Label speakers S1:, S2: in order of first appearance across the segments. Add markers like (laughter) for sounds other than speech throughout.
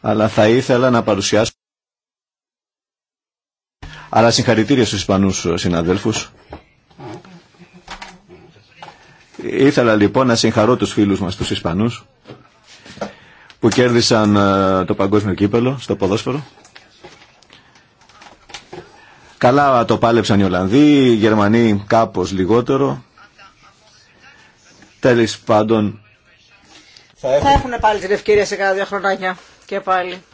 S1: αλλά θα ήθελα να παρουσιάσω αλλά συγχαρητήρια στους Ισπανούς συναδέλφους. Ήθελα λοιπόν να συγχαρώ τους φίλους μας τους Ισπανούς που κέρδισαν ε, το παγκόσμιο κύπελο στο ποδόσφαιρο. Καλά το πάλεψαν οι Ολλανδοί, οι Γερμανοί κάπως λιγότερο. Τέλος πάντων
S2: θα έχουν... πάλι την ευκαιρία σε κάνα δύο χρονάκια και πάλι.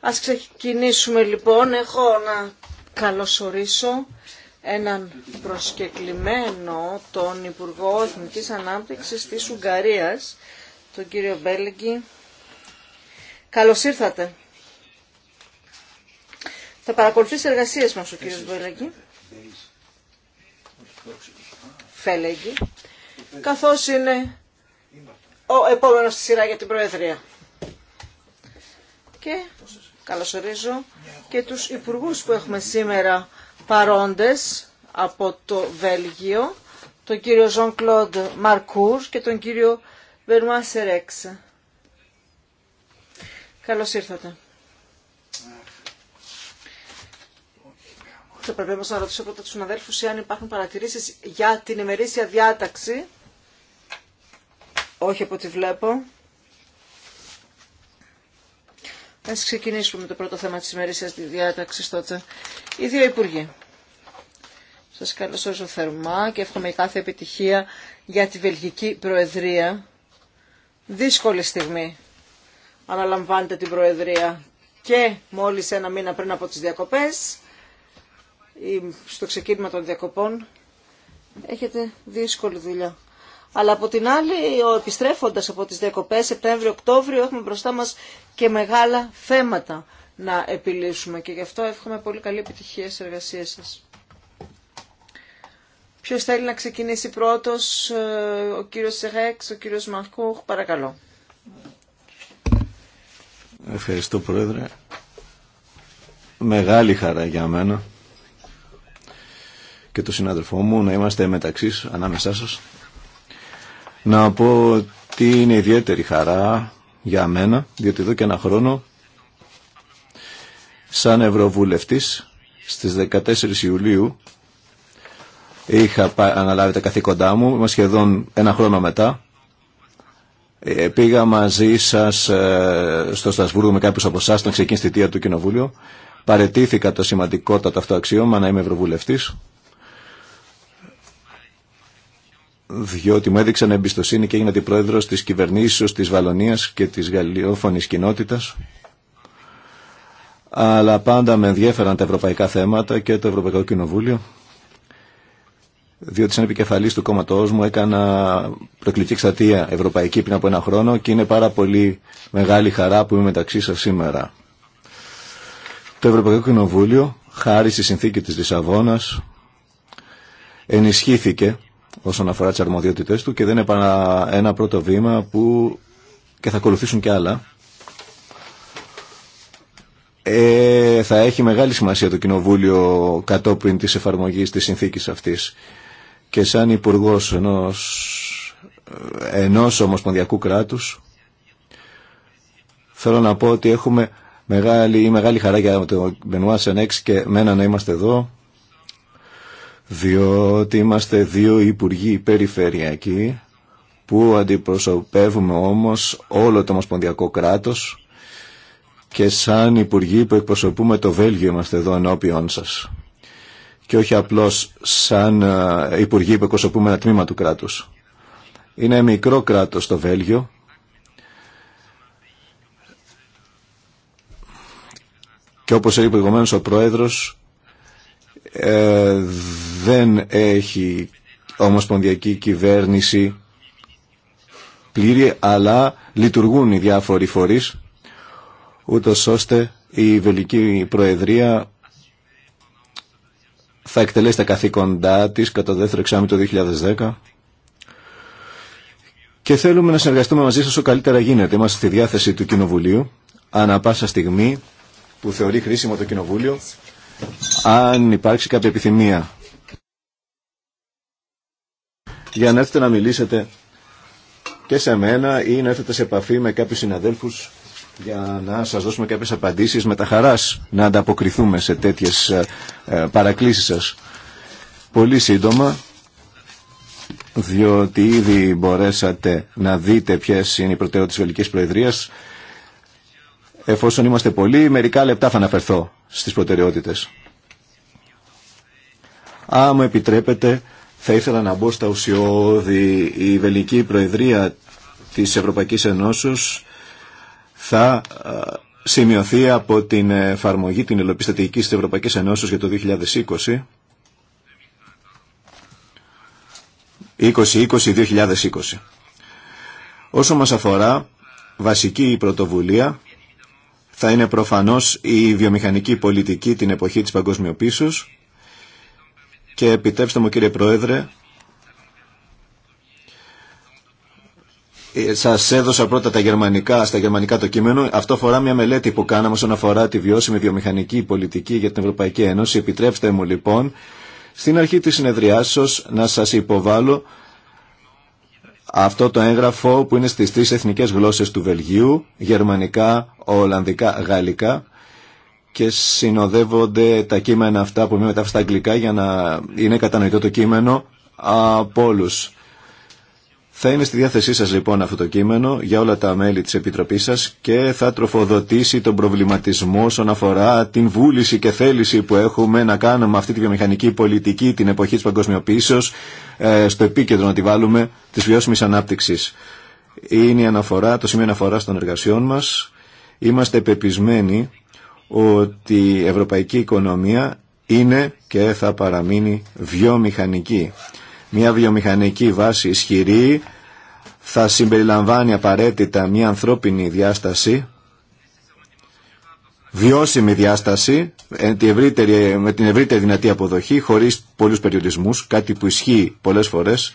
S2: Ας ξεκινήσουμε λοιπόν. Έχω να καλωσορίσω έναν προσκεκλημένο τον Υπουργό Εθνική Ανάπτυξη τη Ουγγαρία, τον κύριο Μπέλγκη. Καλώς ήρθατε. Θα παρακολουθήσει εργασίες μας ο κύριος Μπέλγκη. Φέλεγγι. Καθώς είναι ο επόμενος στη σειρά για την Προεδρία και καλωσορίζω και τους υπουργούς που έχουμε σήμερα παρόντες από το Βέλγιο, τον κύριο Ζων Κλοντ Μαρκούρ και τον κύριο Βερμά Σερέξ. Καλώς ήρθατε. Θα πρέπει όμως να ρωτήσω πρώτα τους συναδέλφους αν υπάρχουν παρατηρήσεις για την ημερήσια διάταξη. Όχι από ό,τι βλέπω. Ας ξεκινήσουμε το πρώτο θέμα της τη διάταξη τότε. Οι δύο Υπουργοί. Σας καλωσορίζω θερμά και εύχομαι κάθε επιτυχία για τη Βελγική Προεδρία. Δύσκολη στιγμή αναλαμβάνετε την Προεδρία και μόλις ένα μήνα πριν από τις διακοπές ή στο ξεκίνημα των διακοπών έχετε δύσκολη δουλειά. Αλλά από την άλλη, επιστρέφοντας από τις διακοπές, Σεπτέμβριο-Οκτώβριο, έχουμε μπροστά μας και μεγάλα θέματα να επιλύσουμε. Και γι' αυτό εύχομαι πολύ καλή επιτυχία στις εργασίες σας. Ποιος θέλει να ξεκινήσει πρώτος, ε, ο κύριος Σεγέξ, ο κύριος Μαρκούχ, παρακαλώ.
S1: Ευχαριστώ Πρόεδρε. Μεγάλη χαρά για μένα και το συνάδελφό μου να είμαστε μεταξύ ανάμεσά σας να πω ότι είναι ιδιαίτερη χαρά για μένα, διότι εδώ και ένα χρόνο, σαν Ευρωβουλευτής, στις 14 Ιουλίου, είχα αναλάβει τα καθήκοντά μου, είμαι σχεδόν ένα χρόνο μετά, ε, πήγα μαζί σας ε, στο Στασβούργο με κάποιους από εσάς, να ξεκίνησε τη του Κοινοβούλιο, παρετήθηκα το σημαντικότατο αυτό αξίωμα να είμαι Ευρωβουλευτής, διότι μου έδειξαν εμπιστοσύνη και έγινε την πρόεδρος της κυβερνήσεως της Βαλονίας και της γαλλιόφωνης κοινότητας. Αλλά πάντα με ενδιέφεραν τα ευρωπαϊκά θέματα και το Ευρωπαϊκό Κοινοβούλιο. Διότι σαν επικεφαλής του κόμματός μου έκανα προκλητική εξατία ευρωπαϊκή πριν από ένα χρόνο και είναι πάρα πολύ μεγάλη χαρά που είμαι μεταξύ σας σήμερα. Το Ευρωπαϊκό Κοινοβούλιο, χάρη στη συνθήκη της Λισαβόνας, ενισχύθηκε όσον αφορά τις αρμοδιότητές του και δεν είναι ένα πρώτο βήμα που και θα ακολουθήσουν και άλλα. Ε, θα έχει μεγάλη σημασία το Κοινοβούλιο κατόπιν της εφαρμογής της συνθήκης αυτής. Και σαν υπουργό ενός, ενός ομοσπονδιακού κράτους θέλω να πω ότι έχουμε μεγάλη, μεγάλη χαρά για το Μπενουά Σενέξ και μένα να είμαστε εδώ διότι είμαστε δύο υπουργοί περιφερειακοί που αντιπροσωπεύουμε όμως όλο το Ομοσπονδιακό κράτος και σαν υπουργοί που εκπροσωπούμε το Βέλγιο είμαστε εδώ ενώπιον σας και όχι απλώς σαν ε, υπουργοί που εκπροσωπούμε ένα τμήμα του κράτους. Είναι μικρό κράτος το Βέλγιο και όπως είπε ο Πρόεδρος ε, δεν έχει ομοσπονδιακή κυβέρνηση πλήρη, αλλά λειτουργούν οι διάφοροι φορείς, ούτως ώστε η Βελική Προεδρία θα εκτελέσει τα καθήκοντά της κατά το δεύτερο εξάμεινο του 2010 και θέλουμε να συνεργαστούμε μαζί σας όσο καλύτερα γίνεται. Είμαστε στη διάθεση του Κοινοβουλίου, ανά πάσα στιγμή που θεωρεί χρήσιμο το Κοινοβούλιο αν υπάρξει κάποια επιθυμία. Για να έρθετε να μιλήσετε και σε μένα ή να έρθετε σε επαφή με κάποιους συναδέλφους για να σας δώσουμε κάποιες απαντήσεις με τα χαράς να ανταποκριθούμε σε τέτοιες ε, ε, παρακλήσεις σας. Πολύ σύντομα, διότι ήδη μπορέσατε να δείτε ποιες είναι οι προτεραιότητες της Βελικής Προεδρίας Εφόσον είμαστε πολλοί, μερικά λεπτά θα αναφερθώ στις προτεραιότητες. Αν μου επιτρέπετε, θα ήθελα να μπω στα ουσιώδη. Η Βελική Προεδρία της Ευρωπαϊκής Ενώσεως θα σημειωθεί από την εφαρμογή, την ελοπιστατική της Ευρωπαϊκής Ενώσεως για το 2020. 2020-2020. Όσο μας αφορά, βασική πρωτοβουλία θα είναι προφανώς η βιομηχανική πολιτική την εποχή της παγκοσμιοποίησης και επιτρέψτε μου κύριε Πρόεδρε ε, Σα έδωσα πρώτα τα γερμανικά, στα γερμανικά το κείμενο. Αυτό αφορά μια μελέτη που κάναμε όσον αφορά τη βιώσιμη βιομηχανική πολιτική για την Ευρωπαϊκή Ένωση. Επιτρέψτε μου λοιπόν στην αρχή της συνεδριάσεως να σας υποβάλω αυτό το έγγραφο που είναι στις τρεις εθνικές γλώσσες του Βελγίου, γερμανικά, ολλανδικά, γαλλικά και συνοδεύονται τα κείμενα αυτά που είναι μετά στα αγγλικά για να είναι κατανοητό το κείμενο από όλους. Θα είναι στη διάθεσή σας λοιπόν αυτό το κείμενο για όλα τα μέλη της Επιτροπής σας και θα τροφοδοτήσει τον προβληματισμό όσον αφορά την βούληση και θέληση που έχουμε να κάνουμε αυτή τη βιομηχανική πολιτική την εποχή της παγκοσμιοποίησεως ε, στο επίκεντρο να τη βάλουμε της βιώσιμης ανάπτυξης. Είναι η αναφορά, το σημείο αναφορά των εργασιών μας. Είμαστε πεπισμένοι ότι η ευρωπαϊκή οικονομία είναι και θα παραμείνει βιομηχανική. Μια βιομηχανική βάση ισχυρή θα συμπεριλαμβάνει απαραίτητα μια ανθρώπινη διάσταση, βιώσιμη διάσταση, ε, με την ευρύτερη δυνατή αποδοχή, χωρίς πολλούς περιορισμούς, κάτι που ισχύει πολλές φορές,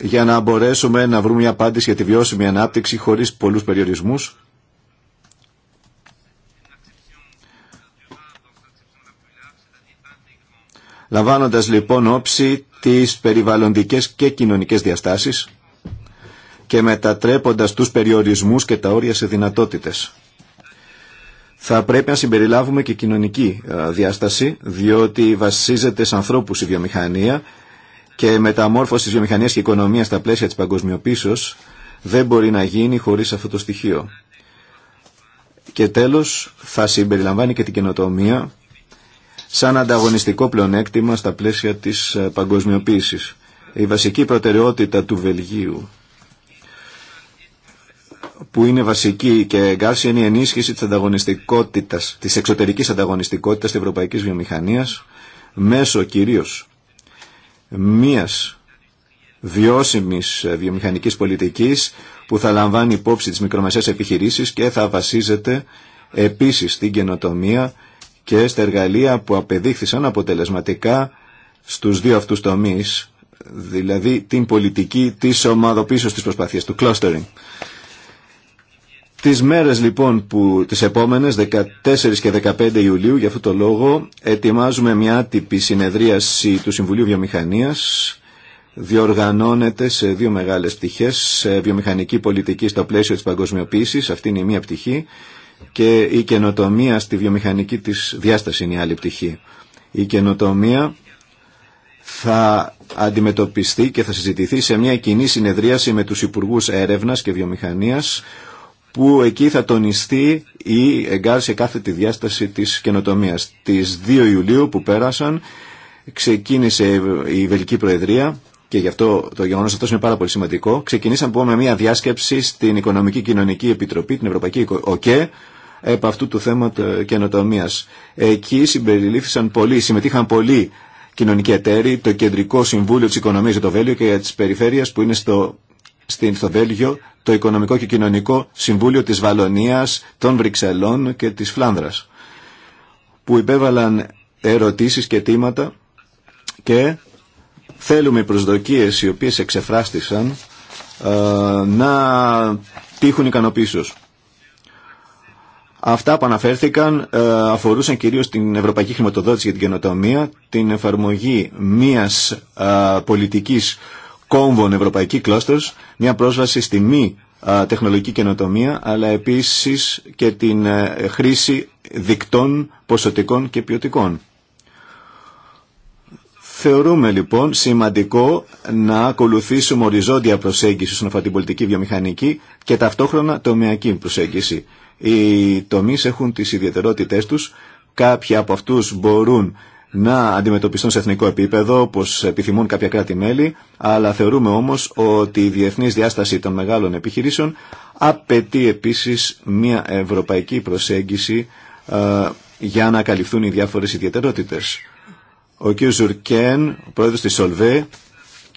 S1: για να μπορέσουμε να βρούμε μια απάντηση για τη βιώσιμη ανάπτυξη χωρίς πολλούς περιορισμούς Λαμβάνοντας λοιπόν όψη τις περιβαλλοντικές και κοινωνικές διαστάσεις και μετατρέποντας τους περιορισμούς και τα όρια σε δυνατότητες. Θα πρέπει να συμπεριλάβουμε και κοινωνική διάσταση, διότι βασίζεται σε ανθρώπους η βιομηχανία και η μεταμόρφωση της βιομηχανίας και οικονομίας στα πλαίσια της παγκοσμιοποίησεως δεν μπορεί να γίνει χωρίς αυτό το στοιχείο. Και τέλος θα συμπεριλαμβάνει και την καινοτομία σαν ανταγωνιστικό πλεονέκτημα στα πλαίσια της ε, παγκοσμιοποίησης. Η βασική προτεραιότητα του Βελγίου που είναι βασική και εγκάρσια είναι η ενίσχυση της ανταγωνιστικότητας, της εξωτερικής ανταγωνιστικότητας της ευρωπαϊκής βιομηχανίας μέσω κυρίως μίας βιώσιμης ε, βιομηχανικής πολιτικής που θα λαμβάνει υπόψη τις μικρομεσαίες επιχειρήσεις και θα βασίζεται επίσης στην καινοτομία και στα εργαλεία που απεδείχθησαν αποτελεσματικά στους δύο αυτούς τομείς, δηλαδή την πολιτική της ομαδοποίησης της προσπάθειας του clustering. Τις μέρες λοιπόν που τις επόμενες 14 και 15 Ιουλίου για αυτό το λόγο ετοιμάζουμε μια άτυπη συνεδρίαση του Συμβουλίου Βιομηχανίας διοργανώνεται σε δύο μεγάλες πτυχές σε βιομηχανική πολιτική στο πλαίσιο της παγκοσμιοποίησης αυτή είναι η μία πτυχή και η καινοτομία στη βιομηχανική της διάσταση είναι η άλλη πτυχή. Η καινοτομία θα αντιμετωπιστεί και θα συζητηθεί σε μια κοινή συνεδρίαση με τους Υπουργούς Έρευνας και Βιομηχανίας που εκεί θα τονιστεί η εγκάρση κάθε τη διάσταση της καινοτομίας. Τις 2 Ιουλίου που πέρασαν ξεκίνησε η Βελική Προεδρία και γι' αυτό το γεγονό αυτό είναι πάρα πολύ σημαντικό. Ξεκινήσαμε πούμε, λοιπόν με μια διάσκεψη στην Οικονομική Κοινωνική Επιτροπή, την Ευρωπαϊκή ΟΚΕ, επ' αυτού του θέματο ε, καινοτομία. Εκεί συμπεριλήφθησαν πολλοί, συμμετείχαν πολλοί κοινωνικοί εταίροι, το Κεντρικό Συμβούλιο τη Οικονομία για το Βέλγιο και τη Περιφέρεια που είναι στο, στην, στο Βέλγιο, το Οικονομικό και Κοινωνικό Συμβούλιο τη Βαλονία, των Βρυξελών και τη Φλάνδρα. Που υπέβαλαν ερωτήσει και αιτήματα και Θέλουμε οι προσδοκίες οι οποίες εξεφράστησαν ε, να τύχουν ικανοποίησεως. Αυτά που αναφέρθηκαν ε, αφορούσαν κυρίως την ευρωπαϊκή χρηματοδότηση για την καινοτομία, την εφαρμογή μιας ε, πολιτικής κόμβων ευρωπαϊκή κλώστος, μια πρόσβαση στη μη τεχνολογική καινοτομία, αλλά επίσης και την χρήση δικτών ποσοτικών και ποιοτικών. Θεωρούμε λοιπόν σημαντικό να ακολουθήσουμε οριζόντια προσέγγιση στον αφορά την πολιτική βιομηχανική και ταυτόχρονα τομεακή προσέγγιση. Οι τομεί έχουν τι ιδιαιτερότητέ του, Κάποιοι από αυτού μπορούν να αντιμετωπιστούν σε εθνικό όπω όπως επιθυμούν κάποια κράτη-μέλη, αλλά θεωρούμε όμως ότι η διεθνή διάσταση των μεγάλων επιχειρήσεων απαιτεί επίση μια ευρωπαϊκή προσέγγιση ε, για να καλυφθούν οι διάφορε ιδιαίτερότητε. Ο κ. Ζουρκέν, ο πρόεδρος της Σολβέ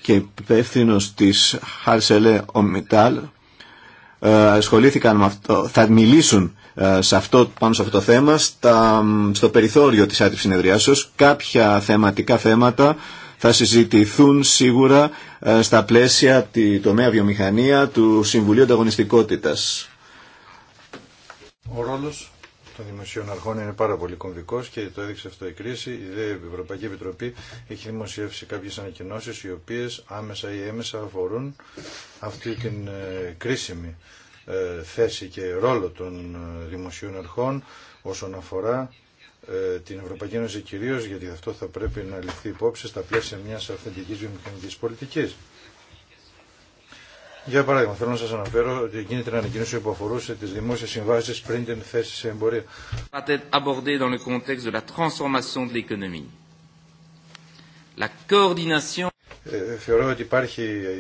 S1: και υπεύθυνο της Χάρσελε Ομιτάλ ε, ασχολήθηκαν με αυτό, θα μιλήσουν ε, σε αυτό, πάνω σε αυτό το θέμα στο περιθώριο της άτυπης συνεδριάσεως. Κάποια θεματικά θέματα θα συζητηθούν σίγουρα ε, στα πλαίσια τη τομέα βιομηχανία του Συμβουλίου Ανταγωνιστικότητας.
S3: Ο των δημοσίων αρχών είναι πάρα πολύ κομβικός και το έδειξε αυτό η κρίση. Η Ευρωπαϊκή Επιτροπή έχει δημοσιεύσει κάποιες ανακοινώσει, οι οποίες άμεσα ή έμεσα αφορούν αυτή την ε, κρίσιμη ε, θέση και ρόλο των ε, δημοσίων αρχών όσον αφορά την Ευρωπαϊκή Ένωση κυρίως γιατί αυτό θα πρέπει να ληφθεί υπόψη στα πλαίσια μια αυθεντική βιομηχανική πολιτική. Για παράδειγμα, θέλω να σα αναφέρω ότι γίνεται να ανακοίνωση που αφορούσε τι δημόσιε συμβάσει πριν την θέση σε εμπορία. Ε, θεωρώ ότι υπάρχει ε,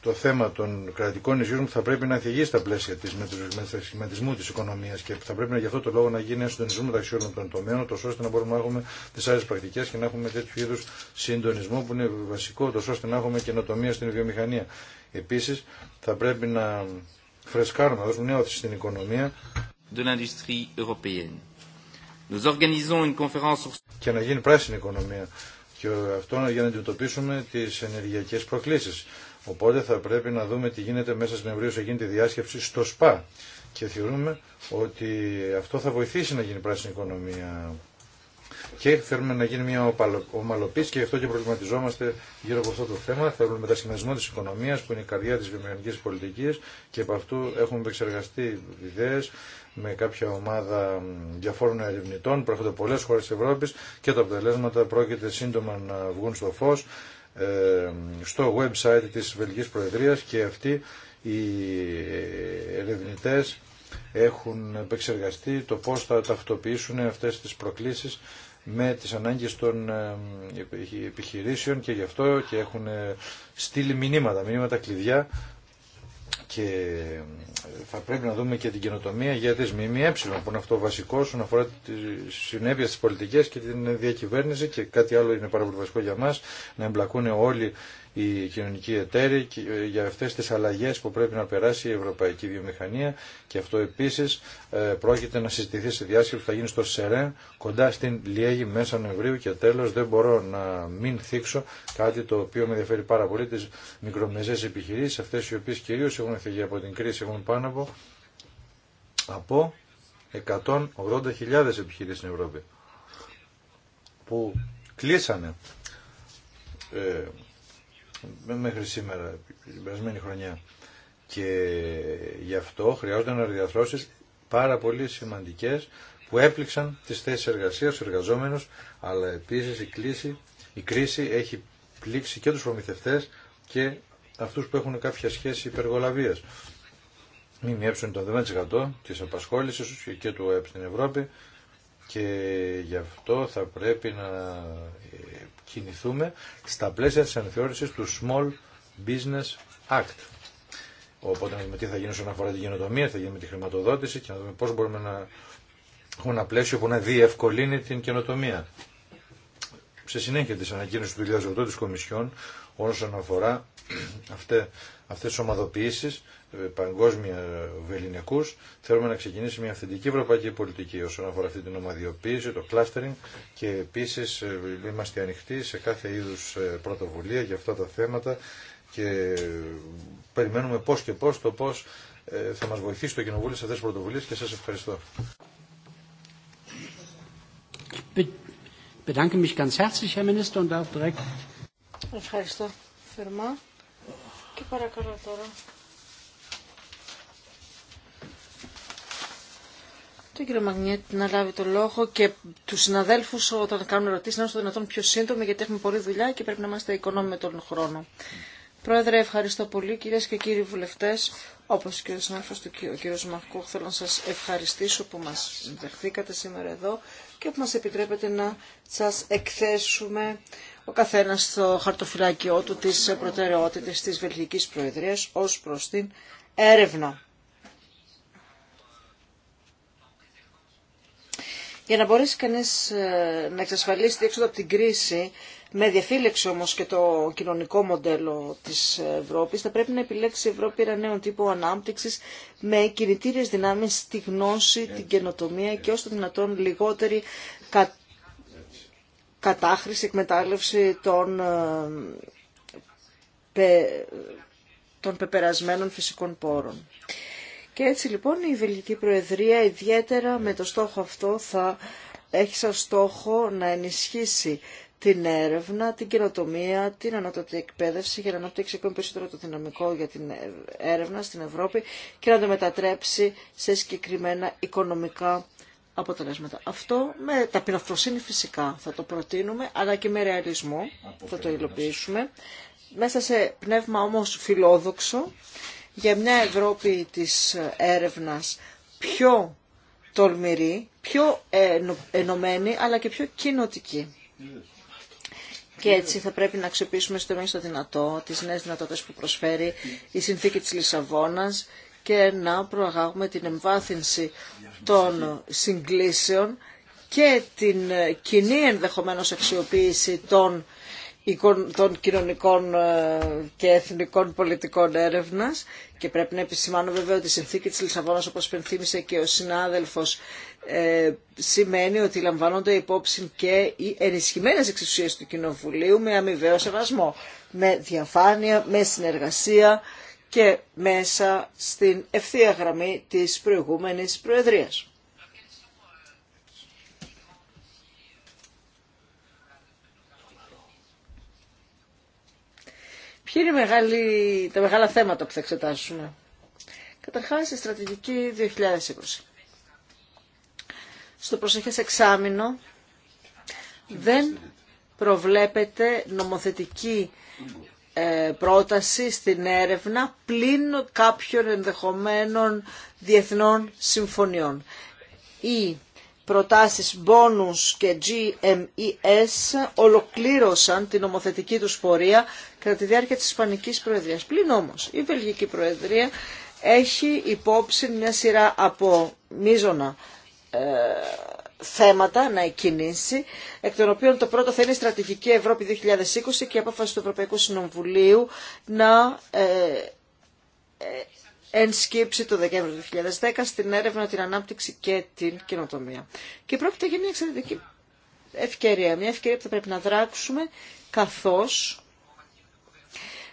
S3: το θέμα των κρατικών ισχύων που θα πρέπει να θυγεί στα πλαίσια τη μετασχηματισμού τη οικονομία και θα πρέπει γι' αυτό το λόγο να γίνει ένα συντονισμό μεταξύ όλων των τομέων, τόσο ώστε να μπορούμε να έχουμε τι άλλε πρακτικέ και να έχουμε τέτοιου είδου συντονισμό που είναι βασικό, τόσο ώστε να έχουμε καινοτομία στην βιομηχανία. Επίση, θα πρέπει να φρεσκάρουμε, να δώσουμε νέα όθηση στην οικονομία
S4: de l'industrie européenne. Nous
S3: organisons une conférence και να γίνει πράσινη οικονομία και αυτό για να αντιμετωπίσουμε τι ενεργειακέ προκλήσει. Οπότε θα πρέπει να δούμε τι γίνεται μέσα στην Ευρύωση σε γίνει τη διάσκεψη στο ΣΠΑ και θεωρούμε ότι αυτό θα βοηθήσει να γίνει πράσινη οικονομία και θέλουμε να γίνει μια ομαλοποίηση και γι' αυτό και προβληματιζόμαστε γύρω από αυτό το θέμα. Θέλουμε μετασχηματισμό τη οικονομία που είναι η καρδιά τη βιομηχανική πολιτική και από αυτού έχουμε επεξεργαστεί ιδέε με κάποια ομάδα διαφόρων ερευνητών. Προέρχονται πολλέ χώρε τη Ευρώπη και τα αποτελέσματα πρόκειται σύντομα να βγουν στο φω ε, στο website τη Βελγική Προεδρία και αυτοί οι ερευνητέ έχουν επεξεργαστεί το πώς θα ταυτοποιήσουν αυτές τις προκλήσεις με τις ανάγκες των ε, επιχειρήσεων και γι' αυτό και έχουν ε, στείλει μηνύματα, μηνύματα κλειδιά και ε, θα πρέπει να δούμε και την καινοτομία για τις ΜΜΕ που είναι αυτό βασικό όσον αφορά τη συνέπεια της πολιτικές και την διακυβέρνηση και κάτι άλλο είναι πάρα πολύ βασικό για μας να εμπλακούν όλοι η κοινωνική εταίρη ε, για αυτές τις αλλαγές που πρέπει να περάσει η ευρωπαϊκή βιομηχανία και αυτό επίσης ε, πρόκειται να συζητηθεί σε διάσκεψη που θα γίνει στο ΣΕΡΕΝ κοντά στην Λιέγη μέσα Νοεμβρίου και τέλος δεν μπορώ να μην θίξω κάτι το οποίο με ενδιαφέρει πάρα πολύ τις μικρομεζές επιχειρήσεις αυτές οι οποίες κυρίως έχουν φύγει από την κρίση έχουν πάνω από από 180.000 επιχειρήσεις στην Ευρώπη που κλείσανε ε, μέχρι σήμερα, την περασμένη χρονιά. Και γι' αυτό χρειάζονταν αρδιαθρώσεις πάρα πολύ σημαντικές που έπληξαν τις θέσεις εργασίας, τους εργαζόμενους, αλλά επίσης η, κλίση, η κρίση έχει πλήξει και τους προμηθευτές και αυτούς που έχουν κάποια σχέση υπεργολαβίας. μιέψουν το 10% της απασχόλησης και του ΕΕ στην Ευρώπη και γι' αυτό θα πρέπει να κινηθούμε στα πλαίσια της αναθεώρησης του Small Business Act. Οπότε να δούμε τι θα γίνει όσον αφορά την καινοτομία, θα γίνει με τη χρηματοδότηση και να δούμε πώς μπορούμε να έχουμε ένα πλαίσιο που να διευκολύνει την καινοτομία. Σε συνέχεια της ανακοίνωσης του 2008 της Κομισιόν όσον αφορά (clears throat) αυτές αυτές τις ομαδοποιήσεις ε, παγκόσμια βεληνικού, θέλουμε να ξεκινήσει μια αυθεντική ευρωπαϊκή πολιτική όσον αφορά αυτή την ομαδιοποίηση, το clustering και επίσης ε, είμαστε ανοιχτοί σε κάθε είδους ε, πρωτοβουλία για αυτά τα θέματα και περιμένουμε πώς και πώς το πώς θα μας βοηθήσει το Κοινοβούλιο σε αυτές τις πρωτοβουλίες και σας ευχαριστώ.
S2: Ευχαριστώ και παρακαλώ τώρα. Τον κύριο Μαγνιέτη να λάβει το λόγο και του συναδέλφου όταν κάνουν ερωτήσει να είναι στο δυνατόν πιο σύντομοι γιατί έχουμε πολλή δουλειά και πρέπει να είμαστε οικονόμοι με τον χρόνο. Πρόεδρε, ευχαριστώ πολύ κυρίε και κύριοι βουλευτέ. Όπως και ο συνάδελφος του ο κύριος Μαρκού, θέλω να σας ευχαριστήσω που μας δεχθήκατε σήμερα εδώ και που μας επιτρέπετε να σας εκθέσουμε ο καθένας στο χαρτοφυλάκιό του τις προτεραιότητες της Βελγικής Προεδρίας ως προς την έρευνα. Για να μπορέσει κανείς ε, να εξασφαλίσει έξοδο από την κρίση με διαφύλεξη όμω και το κοινωνικό μοντέλο της Ευρώπης, θα πρέπει να επιλέξει η Ευρώπη ένα νέο τύπο ανάπτυξης με κινητήριες δυνάμει στη γνώση, την καινοτομία και όσο δυνατόν λιγότερη κα... κατάχρηση, εκμετάλλευση των, ε, πε... των πεπερασμένων φυσικών πόρων. Και έτσι λοιπόν η Βελγική Προεδρία ιδιαίτερα με το στόχο αυτό θα έχει σαν στόχο να ενισχύσει την έρευνα, την καινοτομία, την ανώτατη εκπαίδευση για να αναπτύξει ακόμη περισσότερο το δυναμικό για την έρευνα στην Ευρώπη και να το μετατρέψει σε συγκεκριμένα οικονομικά αποτελέσματα. Αυτό με ταπεινοφροσύνη φυσικά θα το προτείνουμε, αλλά και με ρεαλισμό θα το υλοποιήσουμε. Μέσα σε πνεύμα όμως φιλόδοξο για μια Ευρώπη της έρευνας πιο τολμηρή, πιο ενωμένη αλλά και πιο κοινοτική. Και έτσι θα πρέπει να αξιοποιήσουμε στο μέγιστο δυνατό τις νέες δυνατότητε που προσφέρει η συνθήκη της Λισαβόνας και να προαγάγουμε την εμβάθυνση των συγκλήσεων και την κοινή ενδεχομένως αξιοποίηση των, των κοινωνικών ε, και εθνικών πολιτικών έρευνας και πρέπει να επισημάνω βέβαια ότι η συνθήκη της Λισαβόνας όπως πενθύμησε και ο συνάδελφος ε, σημαίνει ότι λαμβάνονται υπόψη και οι ενισχυμένες εξουσίες του Κοινοβουλίου με αμοιβαίο σεβασμό, με διαφάνεια, με συνεργασία και μέσα στην ευθεία γραμμή της προηγούμενης Προεδρίας. Ποια είναι μεγάλη, τα μεγάλα θέματα που θα εξετάσουμε. Καταρχάς η στρατηγική 2020 στο προσεχές εξάμεινο δεν προβλέπεται νομοθετική ε, πρόταση στην έρευνα πλην κάποιων ενδεχομένων διεθνών συμφωνιών. Οι προτάσεις Bonus και GMES ολοκλήρωσαν την νομοθετική τους πορεία κατά τη διάρκεια της Ισπανικής Προεδρίας. Πλην όμως η Βελγική Προεδρία έχει υπόψη μια σειρά από μίζωνα ε, θέματα να εκκινήσει, εκ των οποίων το πρώτο θα είναι η Στρατηγική Ευρώπη 2020 και η απόφαση του Ευρωπαϊκού Συνομβουλίου να ε, ε, ενσκύψει το Δεκέμβριο του 2010 στην έρευνα, την ανάπτυξη και την καινοτομία. Και πρόκειται για μια εξαιρετική ευκαιρία, μια ευκαιρία που θα πρέπει να δράξουμε καθώς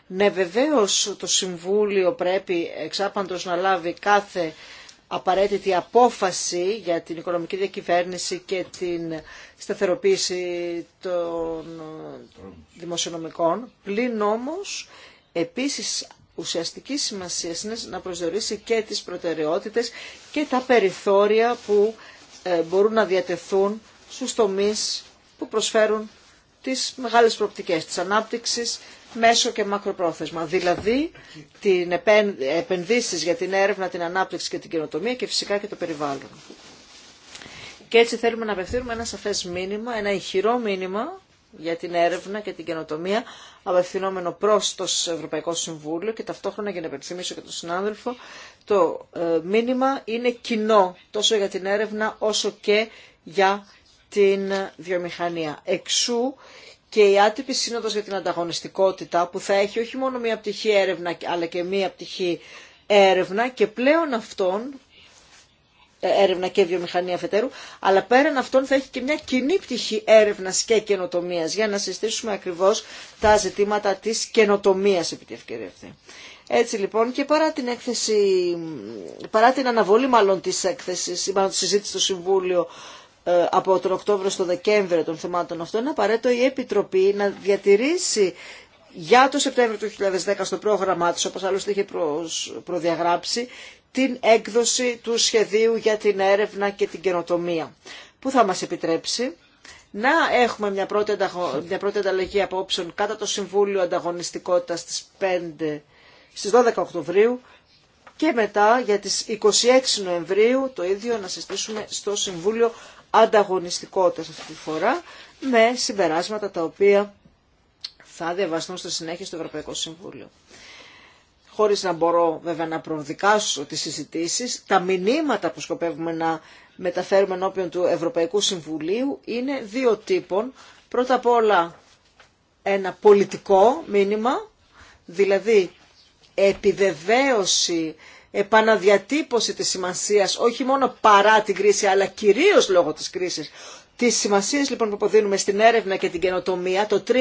S2: ναι βεβαίως το Συμβούλιο πρέπει εξάπαντος να λάβει κάθε απαραίτητη απόφαση για την οικονομική διακυβέρνηση και την σταθεροποίηση των δημοσιονομικών, πλην όμως επίσης ουσιαστική σημασία είναι να προσδιορίσει και τις προτεραιότητες και τα περιθώρια που ε, μπορούν να διατεθούν στους τομείς που προσφέρουν τις μεγάλες προοπτικές της ανάπτυξης, μέσο και μακροπρόθεσμα. Δηλαδή την επενδύσεις για την έρευνα, την ανάπτυξη και την καινοτομία και φυσικά και το περιβάλλον. Και έτσι θέλουμε να απευθύνουμε ένα σαφές μήνυμα, ένα ηχηρό μήνυμα για την έρευνα και την καινοτομία απευθυνόμενο προς το Ευρωπαϊκό Συμβούλιο και ταυτόχρονα για να υπενθυμίσω και τον συνάδελφο το ε, μήνυμα είναι κοινό τόσο για την έρευνα όσο και για την βιομηχανία. Εξού και η άτυπη σύνοδος για την ανταγωνιστικότητα που θα έχει όχι μόνο μία πτυχή έρευνα αλλά και μία πτυχή έρευνα και πλέον αυτόν ε, έρευνα και βιομηχανία αφετέρου, αλλά πέραν αυτών θα έχει και μια κοινή πτυχή έρευνα και πλεον αυτων ερευνα και βιομηχανια φετερου αλλα περαν αυτων θα εχει και μια κοινη πτυχη ερευνα και καινοτομια για να συστήσουμε ακριβώ τα ζητήματα τη καινοτομία επί τη ευκαιρία αυτή. Έτσι λοιπόν και παρά την έκθεση, παρά την αναβολή μάλλον της έκθεσης, ή μάλλον τη συζήτηση στο Συμβούλιο ε, από τον Οκτώβριο στο Δεκέμβριο των θεμάτων αυτών, είναι απαραίτητο η Επιτροπή να διατηρήσει για το Σεπτέμβριο του 2010 στο πρόγραμμά της, όπως άλλωστε είχε προδιαγράψει, την έκδοση του σχεδίου για την έρευνα και την καινοτομία, που θα μας επιτρέψει να έχουμε μια πρώτη, ανταγω... μια πρώτη ανταλλαγή απόψεων κατά το Συμβούλιο Ανταγωνιστικότητας στις 5 στις 12 Οκτωβρίου και μετά για τις 26 Νοεμβρίου το ίδιο να συστήσουμε στο Συμβούλιο Ανταγωνιστικότητας αυτή τη φορά με συμπεράσματα τα οποία θα διαβαστούν στη συνέχεια στο Ευρωπαϊκό Συμβούλιο. Χωρίς να μπορώ βέβαια να προδικάσω τις συζητήσεις, τα μηνύματα που σκοπεύουμε να μεταφέρουμε ενώπιον του Ευρωπαϊκού Συμβουλίου είναι δύο τύπων. Πρώτα απ' όλα ένα πολιτικό μήνυμα, δηλαδή επιβεβαίωση, επαναδιατύπωση της σημασίας, όχι μόνο παρά την κρίση, αλλά κυρίως λόγω της κρίσης, τις σημασίες λοιπόν που αποδίνουμε στην έρευνα και την καινοτομία, το 3%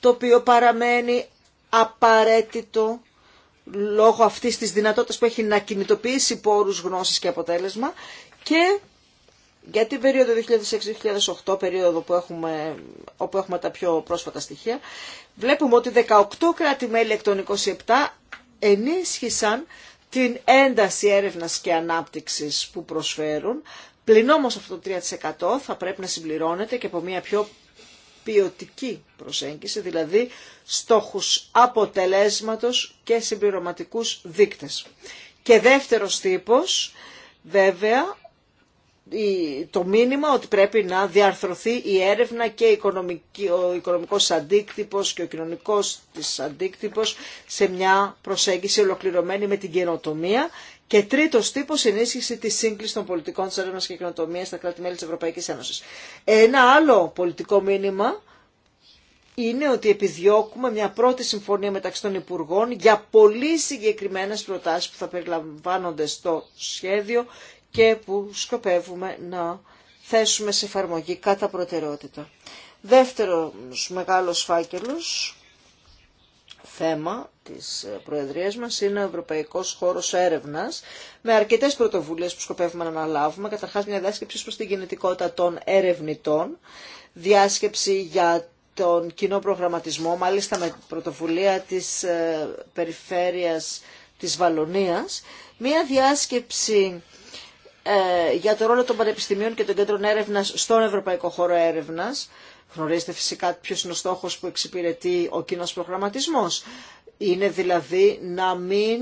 S2: το οποίο παραμένει απαραίτητο λόγω αυτής της δυνατότητας που έχει να κινητοποιήσει πόρους γνώσης και αποτέλεσμα και για την περίοδο 2006-2008, περίοδο που έχουμε, όπου έχουμε τα πιο πρόσφατα στοιχεία, βλέπουμε ότι 18 κράτη-μέλη εκ των 27 ενίσχυσαν την ένταση έρευνας και ανάπτυξης που προσφέρουν. Πλην όμως αυτό το 3% θα πρέπει να συμπληρώνεται και από μια πιο ποιοτική προσέγγιση, δηλαδή στόχους αποτελέσματος και συμπληρωματικούς δείκτες. Και δεύτερος τύπος, βέβαια, το μήνυμα ότι πρέπει να διαρθρωθεί η έρευνα και ο οικονομικός αντίκτυπος και ο κοινωνικός της αντίκτυπος σε μια προσέγγιση ολοκληρωμένη με την καινοτομία. Και τρίτο τύπο, ενίσχυση τη σύγκληση των πολιτικών τη έρευνα και κοινοτομία στα κράτη-μέλη τη Ευρωπαϊκή Ένωση. Ένα άλλο πολιτικό μήνυμα είναι ότι επιδιώκουμε μια πρώτη συμφωνία μεταξύ των Υπουργών για πολύ συγκεκριμένες προτάσεις που θα περιλαμβάνονται στο σχέδιο και που σκοπεύουμε να θέσουμε σε εφαρμογή κατά προτεραιότητα. Δεύτερος μεγάλος φάκελος, θέμα της Προεδρίας μας είναι ο Ευρωπαϊκός Χώρος Έρευνας με αρκετές πρωτοβουλίες που σκοπεύουμε να αναλάβουμε. Καταρχάς μια διάσκεψη προς την κινητικότητα των ερευνητών, διάσκεψη για τον κοινό προγραμματισμό, μάλιστα με πρωτοβουλία της ε, περιφέρειας της Βαλωνίας, μια διάσκεψη ε, για το ρόλο των πανεπιστημίων και των κέντρων έρευνα στον Ευρωπαϊκό Χώρο Έρευνα. Γνωρίζετε φυσικά ποιο είναι ο στόχο που εξυπηρετεί ο κοινό προγραμματισμό. Είναι δηλαδή να μην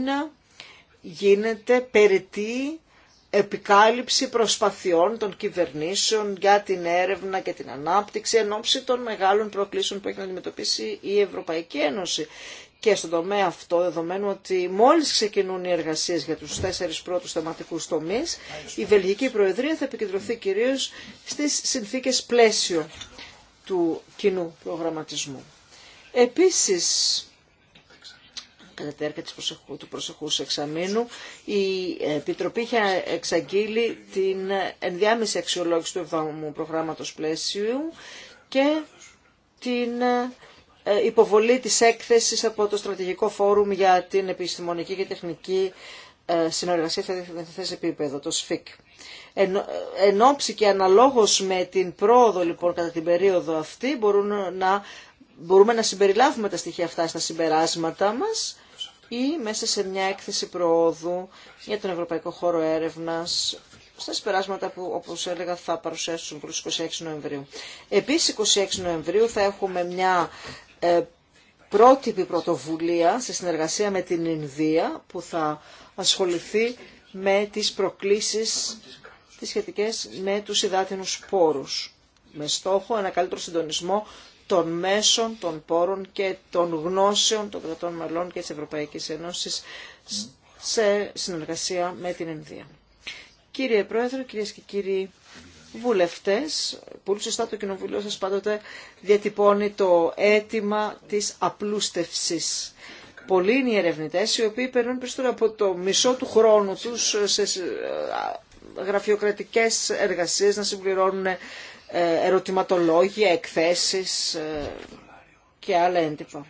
S2: γίνεται περιττή επικάλυψη προσπαθειών των κυβερνήσεων για την έρευνα και την ανάπτυξη εν ώψη των μεγάλων προκλήσεων που έχει να αντιμετωπίσει η Ευρωπαϊκή Ένωση και στον τομέα αυτό, δεδομένου ότι μόλις ξεκινούν οι εργασίες για τους τέσσερις πρώτους θεματικούς τομείς, η Βελγική Προεδρία θα επικεντρωθεί κυρίως στις συνθήκες πλαίσιο του κοινού προγραμματισμού. Επίσης, κατά τη του προσεχού εξαμήνου, η Επιτροπή είχε εξαγγείλει την ενδιάμεση αξιολόγηση του Εβδομού προγράμματος πλαίσιου και την ε, υποβολή της έκθεσης από το Στρατηγικό Φόρουμ για την Επιστημονική και Τεχνική ε, Συνεργασία σε διεθνές επίπεδο, το ΣΦΙΚ. Εν, όψη ε, και αναλόγως με την πρόοδο λοιπόν κατά την περίοδο αυτή μπορούν να, μπορούμε να συμπεριλάβουμε τα στοιχεία αυτά στα συμπεράσματα μας ή μέσα σε μια έκθεση προόδου για τον Ευρωπαϊκό Χώρο Έρευνας στα συμπεράσματα που, όπως έλεγα, θα παρουσιάσουν προς 26 Νοεμβρίου. Επίσης, 26 Νοεμβρίου θα έχουμε μια ε, πρότυπη πρωτοβουλία σε συνεργασία με την Ινδία που θα ασχοληθεί με τις προκλήσεις τις σχετικές με τους υδάτινους πόρους με στόχο ένα καλύτερο συντονισμό των μέσων, των πόρων και των γνώσεων των κρατών μελών και της Ευρωπαϊκής Ένωσης σε συνεργασία με την Ινδία. Κύριε Πρόεδρε, κυρίες και κύριοι βουλευτές. Πολύ σωστά το Κοινοβουλίο σας πάντοτε διατυπώνει το αίτημα της απλούστευσης. Πολλοί είναι οι ερευνητές οι οποίοι περνούν περισσότερο από το μισό του χρόνου τους σε ε, γραφειοκρατικές εργασίες να συμπληρώνουν ε, ερωτηματολόγια, εκθέσεις ε, και άλλα έντυπα.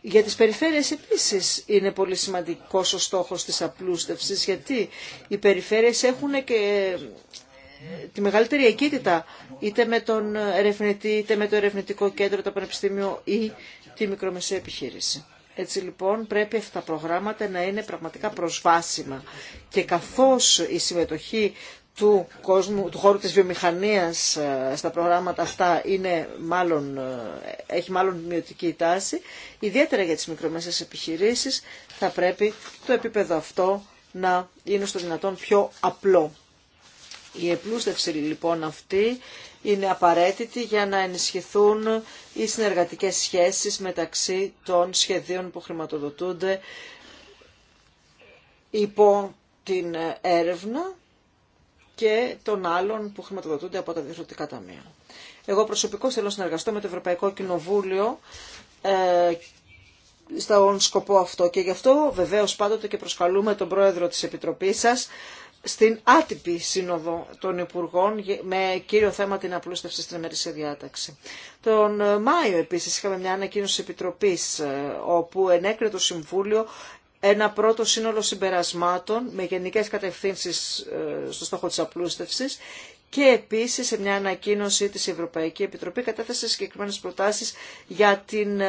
S2: Για τις περιφέρειες επίσης είναι πολύ σημαντικός ο στόχος της απλούστευσης γιατί οι περιφέρειες έχουν και τη μεγαλύτερη εκείτητα είτε με τον ερευνητή, είτε με το ερευνητικό κέντρο, το πανεπιστήμιο ή τη μικρομεσαία επιχείρηση. Έτσι λοιπόν πρέπει αυτά τα προγράμματα να είναι πραγματικά προσβάσιμα και καθώς η συμμετοχή του, κόσμου, του χώρου της βιομηχανίας ε, στα προγράμματα αυτά είναι μάλλον, ε, έχει μάλλον μειωτική τάση, ιδιαίτερα για τις μικρομεσαίες επιχειρήσεις θα πρέπει το επίπεδο αυτό να είναι στο δυνατόν πιο απλό. Η επλούστευση λοιπόν αυτή είναι απαραίτητη για να ενισχυθούν οι συνεργατικές σχέσεις μεταξύ των σχεδίων που χρηματοδοτούνται υπό την έρευνα και των άλλων που χρηματοδοτούνται από τα διευθυντικά ταμεία. Εγώ προσωπικώς θέλω να συνεργαστώ με το Ευρωπαϊκό Κοινοβούλιο ε, στον σκοπό αυτό. Και γι' αυτό βεβαίως πάντοτε και προσκαλούμε τον πρόεδρο της Επιτροπής σας στην άτυπη σύνοδο των Υπουργών με κύριο θέμα την απλούστευση στην ημερήσια διάταξη. Τον ε, Μάιο επίσης είχαμε μια ανακοίνωση επιτροπής ε, όπου ενέκρινε το Συμβούλιο ένα πρώτο σύνολο συμπερασμάτων με γενικές κατευθύνσεις ε, στο στόχο της απλούστευσης και επίσης σε μια ανακοίνωση της Ευρωπαϊκή Επιτροπή κατέθεσε συγκεκριμένες προτάσεις για την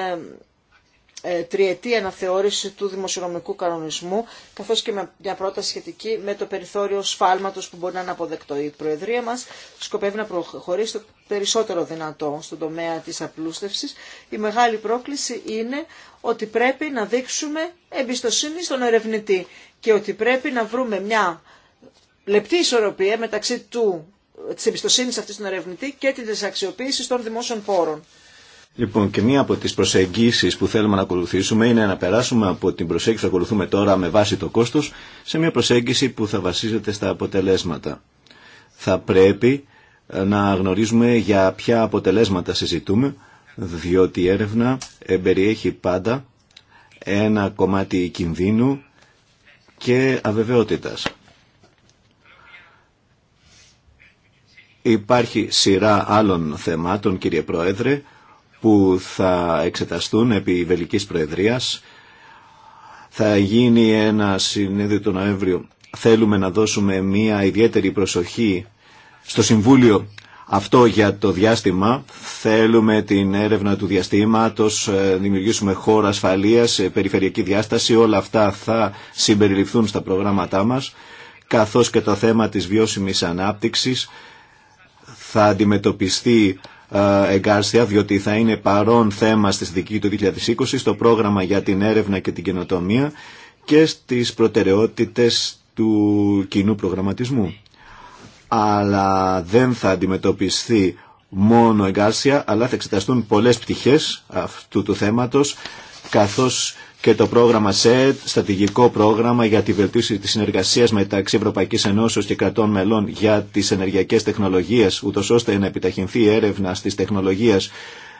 S2: ε, τριετή αναθεώρηση του δημοσιονομικού κανονισμού, καθώς και με μια πρόταση σχετική με το περιθώριο σφάλματος που μπορεί να είναι αποδεκτό. Η Προεδρία μας σκοπεύει να προχωρήσει το περισσότερο δυνατό στον τομέα της απλούστευσης. Η μεγάλη πρόκληση είναι ότι πρέπει να δείξουμε εμπιστοσύνη στον ερευνητή και ότι πρέπει να βρούμε μια λεπτή ισορροπία μεταξύ του, της εμπιστοσύνης αυτής στον ερευνητή και της αξιοποίησης των δημόσιων πόρων.
S1: Λοιπόν, και μία από τις προσεγγίσεις που θέλουμε να ακολουθήσουμε είναι να περάσουμε από την προσέγγιση που ακολουθούμε τώρα με βάση το κόστος σε μία προσέγγιση που θα βασίζεται στα αποτελέσματα. Θα πρέπει ε, να γνωρίζουμε για ποια αποτελέσματα συζητούμε, διότι η έρευνα περιέχει πάντα ένα κομμάτι κινδύνου και αβεβαιότητας. Υπάρχει σειρά άλλων θεμάτων, κύριε Πρόεδρε, που θα εξεταστούν επί Βελικής Προεδρίας. Θα γίνει ένα συνέδριο τον Νοέμβριο. Θέλουμε να δώσουμε μια ιδιαίτερη προσοχή στο Συμβούλιο αυτό για το διάστημα. Θέλουμε την έρευνα του διαστήματος, ε, δημιουργήσουμε χώρα ασφαλείας, ε, περιφερειακή διάσταση. Όλα αυτά θα συμπεριληφθούν στα προγράμματά μας, καθώς και το θέμα της βιώσιμης ανάπτυξης θα αντιμετωπιστεί ε, εγκάρσια, διότι θα είναι παρόν θέμα στη δική του 2020, στο πρόγραμμα για την έρευνα και την καινοτομία και στις προτεραιότητες του κοινού προγραμματισμού. Αλλά δεν θα αντιμετωπιστεί μόνο εγκάρσια, αλλά θα εξεταστούν πολλές πτυχές αυτού του θέματος, καθώς και το πρόγραμμα ΣΕΤ, στρατηγικό πρόγραμμα για τη βελτίωση της συνεργασίας μεταξύ Ευρωπαϊκής Ενώσεως και κρατών μελών για τις ενεργειακές τεχνολογίες, ούτως ώστε να επιταχυνθεί η έρευνα στις τεχνολογίες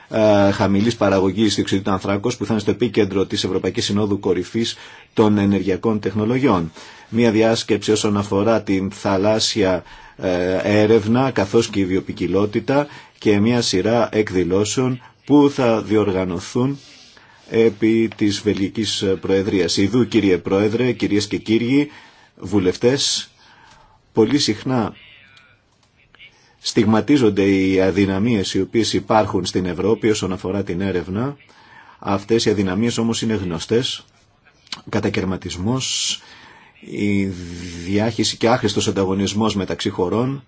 S1: ε, χαμηλή παραγωγή διοξιδίου του που θα είναι στο επίκεντρο της Ευρωπαϊκής Συνόδου κορυφής των Ενεργειακών Τεχνολογιών. Μία διάσκεψη όσον αφορά την θαλάσσια ε, έρευνα καθώς και η βιοπικιλότητα και μια σειρά εκδηλώσεων που θα διοργανωθούν επί της Βελγικής Προεδρίας. Ιδού κύριε Πρόεδρε, κυρίες και κύριοι, βουλευτές, πολύ συχνά στιγματίζονται οι αδυναμίες οι οποίες υπάρχουν στην Ευρώπη όσον αφορά την έρευνα. Αυτές οι αδυναμίες όμως είναι γνωστές. Κατακαιρματισμός, η διάχυση και άχρηστος ανταγωνισμός μεταξύ χωρών,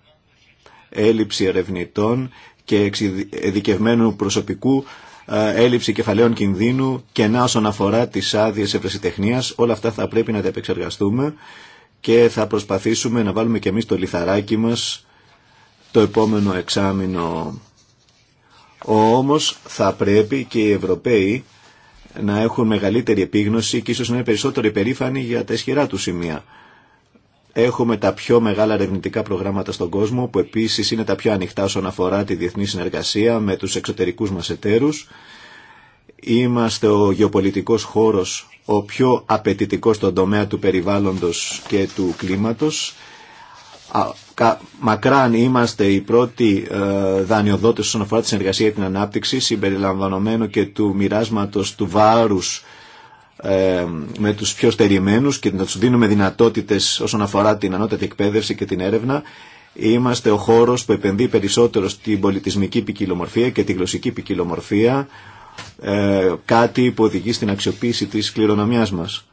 S1: έλλειψη ερευνητών και εξειδικευμένου προσωπικού ε, έλλειψη κεφαλαίων κινδύνου, κενά όσον αφορά τι άδειε ευρεσιτεχνία, Όλα αυτά θα πρέπει να τα επεξεργαστούμε και θα προσπαθήσουμε να βάλουμε και εμείς το λιθαράκι μας το επόμενο εξάμεινο. Όμως θα πρέπει και οι Ευρωπαίοι να έχουν μεγαλύτερη επίγνωση και ίσως να είναι περισσότερο υπερήφανοι για τα ισχυρά του σημεία. Έχουμε τα πιο μεγάλα ερευνητικά προγράμματα στον κόσμο που επίσης είναι τα πιο ανοιχτά όσον αφορά τη διεθνή συνεργασία με τους εξωτερικούς μας εταίρους. Είμαστε ο γεωπολιτικός χώρος ο πιο απαιτητικός στον τομέα του περιβάλλοντος και του κλίματος. Μακράν είμαστε οι πρώτοι ε, δανειοδότες όσον αφορά τη συνεργασία και την ανάπτυξη συμπεριλαμβανομένου και του μοιράσματο του βάρους ε, με τους πιο στερημένους και να τους δίνουμε δυνατότητες όσον αφορά την ανώτατη εκπαίδευση και την έρευνα. Είμαστε ο χώρος που επενδύει περισσότερο στην πολιτισμική ποικιλομορφία και τη γλωσσική ποικιλομορφία, ε, κάτι που οδηγεί στην αξιοποίηση της κληρονομιάς μας.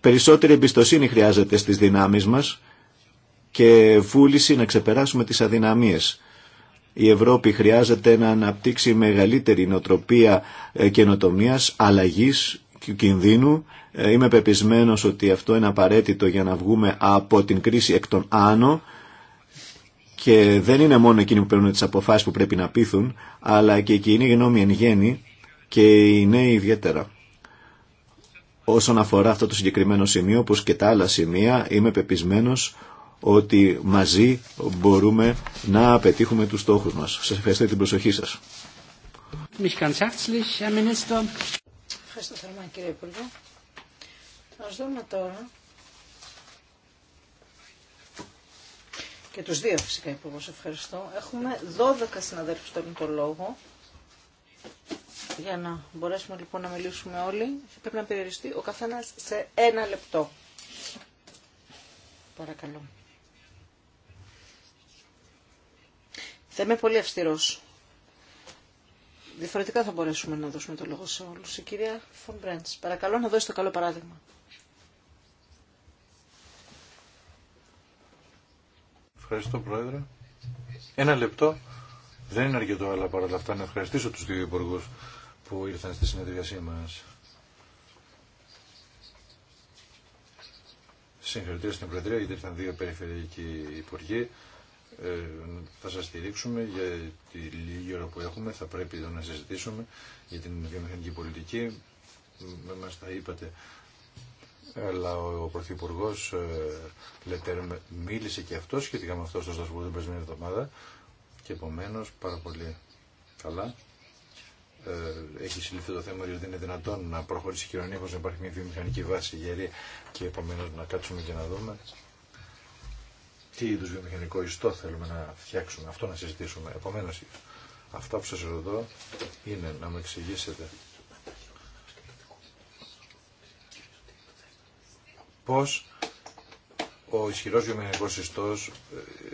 S1: Περισσότερη εμπιστοσύνη χρειάζεται στις δυνάμεις μας και βούληση να ξεπεράσουμε τις αδυναμίες η Ευρώπη χρειάζεται να αναπτύξει μεγαλύτερη νοοτροπία ε, καινοτομίας, αλλαγής κινδύνου. Ε, είμαι πεπισμένος ότι αυτό είναι απαραίτητο για να βγούμε από την κρίση εκ των άνω και δεν είναι μόνο εκείνοι που παίρνουν τις αποφάσεις που πρέπει να πείθουν, αλλά και η κοινή γνώμη εν γέννη και οι νέοι ιδιαίτερα. Όσον αφορά αυτό το συγκεκριμένο σημείο, όπως και τα άλλα σημεία, είμαι πεπισμένος ότι μαζί μπορούμε να πετύχουμε τους στόχους μας. Σας ευχαριστώ την προσοχή σας.
S5: Ευχαριστώ
S2: θερμά κύριε Υπουργέ. Ας δούμε τώρα και τους δύο φυσικά υπουργού ευχαριστώ. Έχουμε 12 συναδέλφους το λόγο. Για να μπορέσουμε λοιπόν να μιλήσουμε όλοι, πρέπει να περιοριστεί ο καθένας σε ένα λεπτό. Παρακαλώ. Θα είμαι πολύ αυστηρός. Διαφορετικά θα μπορέσουμε να δώσουμε το λόγο σε όλου. Η κυρία Φον παρακαλώ να δώσει το καλό παράδειγμα.
S3: Ευχαριστώ Πρόεδρε. Ένα λεπτό δεν είναι αρκετό, αλλά παρόλα αυτά να ευχαριστήσω τους δύο υπουργού που ήρθαν στη συνεδριασή μας. Συγχαρητήρια στην Προεδρία, γιατί ήρθαν δύο περιφερειακοί υπουργοί. Ε, θα σας στηρίξουμε για τη λίγη ώρα που έχουμε. Θα πρέπει εδώ να συζητήσουμε για την βιομηχανική πολιτική. Με μας τα είπατε. Αλλά ο Πρωθυπουργό ε, Λετέρ μίλησε και αυτό σχετικά με αυτό στο Στασβούργο την περσμένη εβδομάδα και επομένω πάρα πολύ καλά ε, έχει συλληφθεί το θέμα ότι είναι δυνατόν να προχωρήσει η κοινωνία όπως να υπάρχει μια βιομηχανική βάση γερή και επομένως να κάτσουμε και να δούμε τι είδου βιομηχανικό ιστό θέλουμε να φτιάξουμε, αυτό να συζητήσουμε. επομένω. αυτά που σα ρωτώ είναι να μου εξηγήσετε πώς ο ισχυρό βιομηχανικό ιστό ε,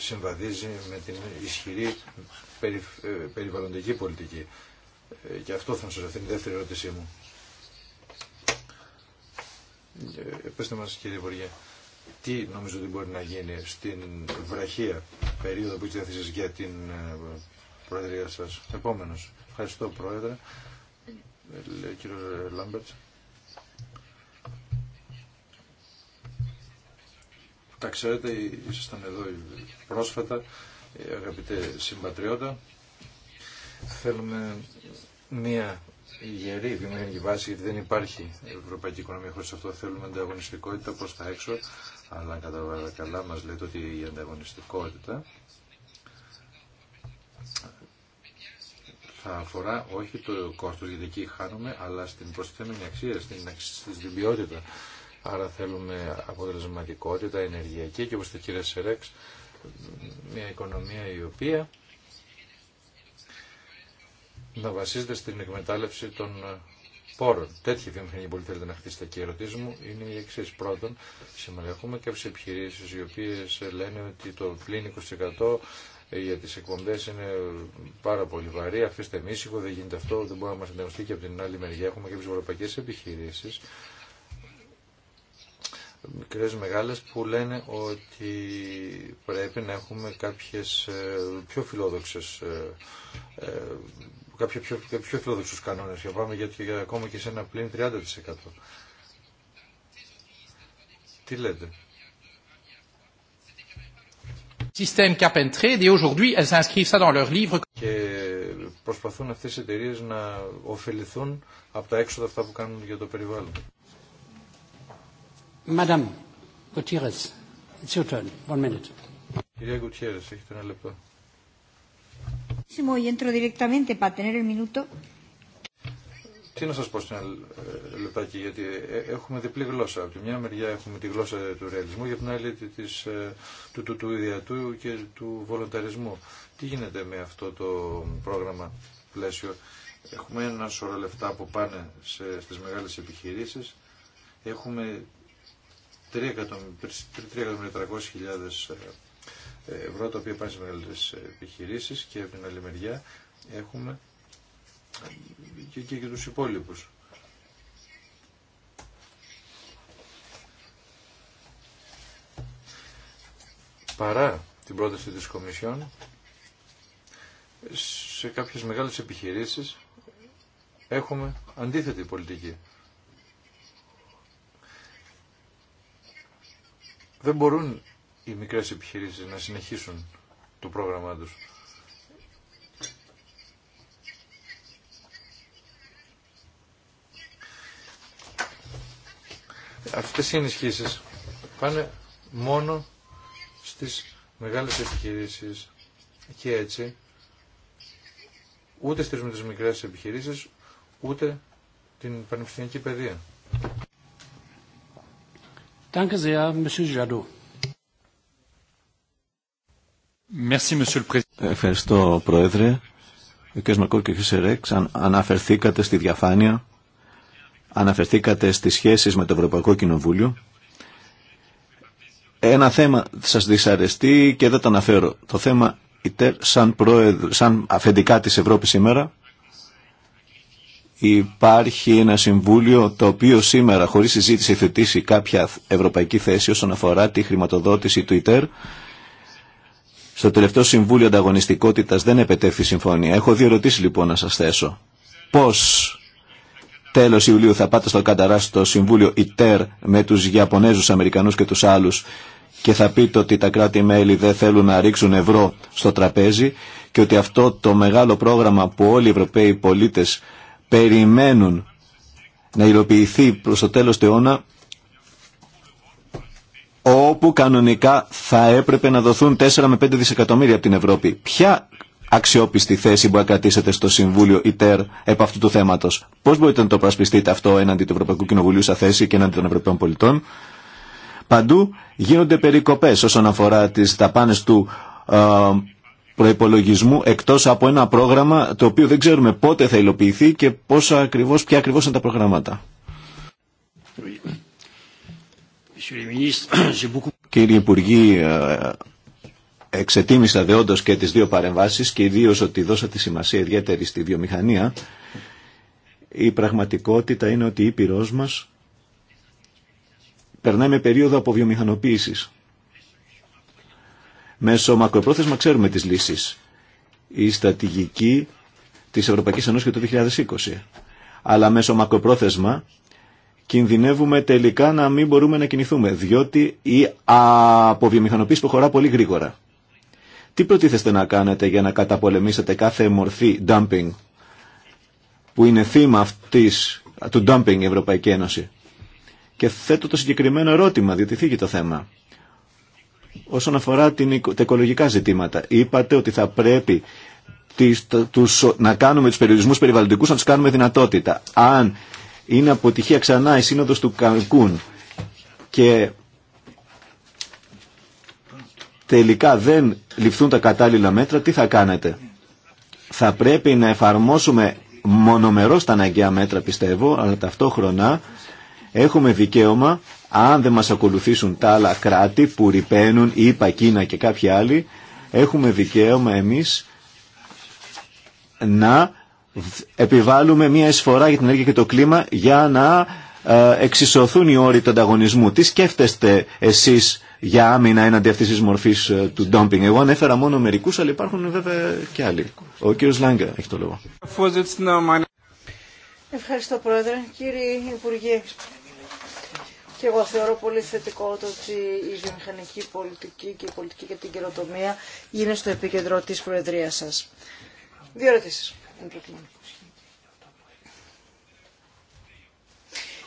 S3: συμβαδίζει με την ισχυρή ε, περιβαλλοντική πολιτική. Ε, και αυτό θα σας είναι η δεύτερη ερώτησή μου. Πετε μας κύριε Υπουργέ, τι νομίζω ότι μπορεί να γίνει στην βραχία περίοδο που έχετε για την ε, Προεδρία σας. Επόμενος. Ευχαριστώ Πρόεδρε. Λέει ο κύριος Λάμπερτς. Τα ξέρετε, ήσασταν εδώ πρόσφατα, αγαπητέ συμπατριώτα. Θέλουμε μία γερή η βάση, γιατί δεν υπάρχει ευρωπαϊκή οικονομία χωρίς αυτό. Θέλουμε ανταγωνιστικότητα προς τα έξω, αλλά κατά καλά μας λέτε ότι η ανταγωνιστικότητα θα αφορά όχι το κόστος, γιατί εκεί χάνουμε, αλλά στην προσθέμενη αξία, στην, στην ποιότητα. Άρα θέλουμε αποτελεσματικότητα, ενεργειακή και όπως το κύριε Σερέξ, μια οικονομία η οποία να βασίζεται στην εκμετάλλευση των ε, πόρων. Τέτοια βιομηχανία που θέλετε να χτίσετε και η ερωτήση μου είναι η εξή. Πρώτον, σήμερα έχουμε κάποιε επιχειρήσει οι οποίε ε, λένε ότι το πλήν 20% ε, για τι εκπομπέ είναι πάρα πολύ βαρύ. Αφήστε με ήσυχο, δεν γίνεται αυτό, δεν μπορεί να μα ενταγωνιστεί και από την άλλη μεριά. Έχουμε κάποιε ευρωπαϊκέ επιχειρήσει μικρές μεγάλε που λένε ότι πρέπει να έχουμε κάποιε πιο φιλόδοξε κάποιο πιο, πιο φιλόδοξους κανόνες για πάμε για, για, ακόμα και σε ένα πλήν 30%. Τι λέτε. Και προσπαθούν αυτές οι εταιρείε να ωφεληθούν από τα έξοδα αυτά που κάνουν για το περιβάλλον. Κυρία Gutierrez, έχετε ένα λεπτό. Τι να σας πω στην ε, λεπτάκι, γιατί ε, ε, έχουμε διπλή γλώσσα. Από τη μια μεριά έχουμε τη γλώσσα του ρεαλισμού, για την άλλη της, του, του, ιδιατού και του βολονταρισμού. Τι γίνεται με αυτό το πρόγραμμα πλαίσιο. Έχουμε ένα σωρό λεφτά που πάνε σε, στις μεγάλες επιχειρήσεις. Έχουμε 3.300.000 ευρώ το οποίο πάνε σε μεγάλες επιχειρήσεις και από την άλλη μεριά έχουμε και, και, και τους υπόλοιπους. Παρά την πρόταση της Κομισιόν, σε κάποιες μεγάλες επιχειρήσεις έχουμε αντίθετη πολιτική. Δεν μπορούν οι μικρές επιχειρήσεις να συνεχίσουν το πρόγραμμά τους. Αυτές οι ενισχύσεις πάνε μόνο στις μεγάλες επιχειρήσεις και έτσι ούτε στηρίζουμε τις μικρές επιχειρήσεις ούτε την πανεπιστημιακή παιδεία.
S5: Danke sehr, Monsieur Jadot.
S1: Ευχαριστώ, Πρόεδρε. Ο κ. Μακόρ και ο κ. Σερέξ, αναφερθήκατε στη διαφάνεια, αναφερθήκατε στις σχέσεις με το Ευρωπαϊκό Κοινοβούλιο. Ένα θέμα σας δυσαρεστεί και δεν το αναφέρω. Το θέμα ΙΤΕΡ σαν, σαν αφεντικά της Ευρώπης σήμερα υπάρχει ένα συμβούλιο το οποίο σήμερα χωρίς συζήτηση θετήσει κάποια ευρωπαϊκή θέση όσον αφορά τη χρηματοδότηση του ΙΤΕΡ στο τελευταίο Συμβούλιο Ανταγωνιστικότητα δεν επετέφθη συμφωνία. Έχω δύο ερωτήσει λοιπόν να σα θέσω. Πώ τέλο Ιουλίου θα πάτε στο Καταρά στο Συμβούλιο ΙΤΕΡ με του Ιαπωνέζου, Αμερικανού και του άλλου και θα πείτε ότι τα κράτη-μέλη δεν θέλουν να ρίξουν ευρώ στο τραπέζι και ότι αυτό το μεγάλο πρόγραμμα που όλοι οι Ευρωπαίοι πολίτες περιμένουν να υλοποιηθεί προς το τέλος του αιώνα όπου κανονικά θα έπρεπε να δοθούν 4 με 5 δισεκατομμύρια από την Ευρώπη. Ποια αξιόπιστη θέση μπορεί να κρατήσετε στο Συμβούλιο ΙΤΕΡ επ' αυτού του θέματο. Πώ μπορείτε να το προασπιστείτε αυτό έναντι του Ευρωπαϊκού Κοινοβουλίου σαν θέση και έναντι των Ευρωπαίων πολιτών. Παντού γίνονται περικοπέ όσον αφορά τι δαπάνε του ε, προπολογισμού εκτό από ένα πρόγραμμα το οποίο δεν ξέρουμε πότε θα υλοποιηθεί και πόσα ακριβώς, ποια ακριβώ είναι τα προγράμματα. Κύριοι Υπουργοί, ε, εξετίμησα δεόντως και τις δύο παρεμβάσεις και ιδίως ότι δώσατε σημασία ιδιαίτερη στη βιομηχανία. Η πραγματικότητα είναι ότι η Ήπειρός μας περνάει με περίοδο από αποβιομηχανοποίησης. Μέσω μακροπρόθεσμα ξέρουμε τις λύσεις. Η στρατηγική της Ευρωπαϊκής Ενώσης και το 2020. Αλλά μέσω μακροπρόθεσμα κινδυνεύουμε τελικά να μην μπορούμε να κινηθούμε, διότι η αποβιομηχανοποίηση προχωρά πολύ γρήγορα. Τι προτίθεστε να κάνετε για να καταπολεμήσετε κάθε μορφή dumping που είναι θύμα αυτής, του dumping η Ευρωπαϊκή Ένωση. Και θέτω το συγκεκριμένο ερώτημα, διότι θίγει το θέμα. Όσον αφορά την, τα οικολογικά ζητήματα, είπατε ότι θα πρέπει τις, τους, να κάνουμε τους περιορισμούς περιβαλλοντικούς, να τους κάνουμε δυνατότητα. Αν είναι αποτυχία ξανά η σύνοδος του Κανκούν και τελικά δεν ληφθούν τα κατάλληλα μέτρα, τι θα κάνετε. Θα πρέπει να εφαρμόσουμε μονομερώς τα αναγκαία μέτρα πιστεύω, αλλά ταυτόχρονα έχουμε δικαίωμα αν δεν μας ακολουθήσουν τα άλλα κράτη που ρηπαίνουν, η και κάποιοι άλλοι, έχουμε δικαίωμα εμείς να επιβάλλουμε μια εισφορά για την ενέργεια και το κλίμα για να ε, εξισωθούν οι όροι του ανταγωνισμού. Τι σκέφτεστε εσείς για άμυνα έναντι αυτής της μορφής ε, του ντόμπινγκ. Εγώ ανέφερα μόνο μερικούς, αλλά υπάρχουν βέβαια και άλλοι. Ο κύριος Λάγκα έχει το λόγο.
S2: Ευχαριστώ Πρόεδρε. Κύριε Υπουργέ, και εγώ θεωρώ πολύ θετικό το ότι η βιομηχανική πολιτική και η πολιτική για την καινοτομία είναι στο επίκεντρο της Προεδρία σα. Δύο ερωτήσει.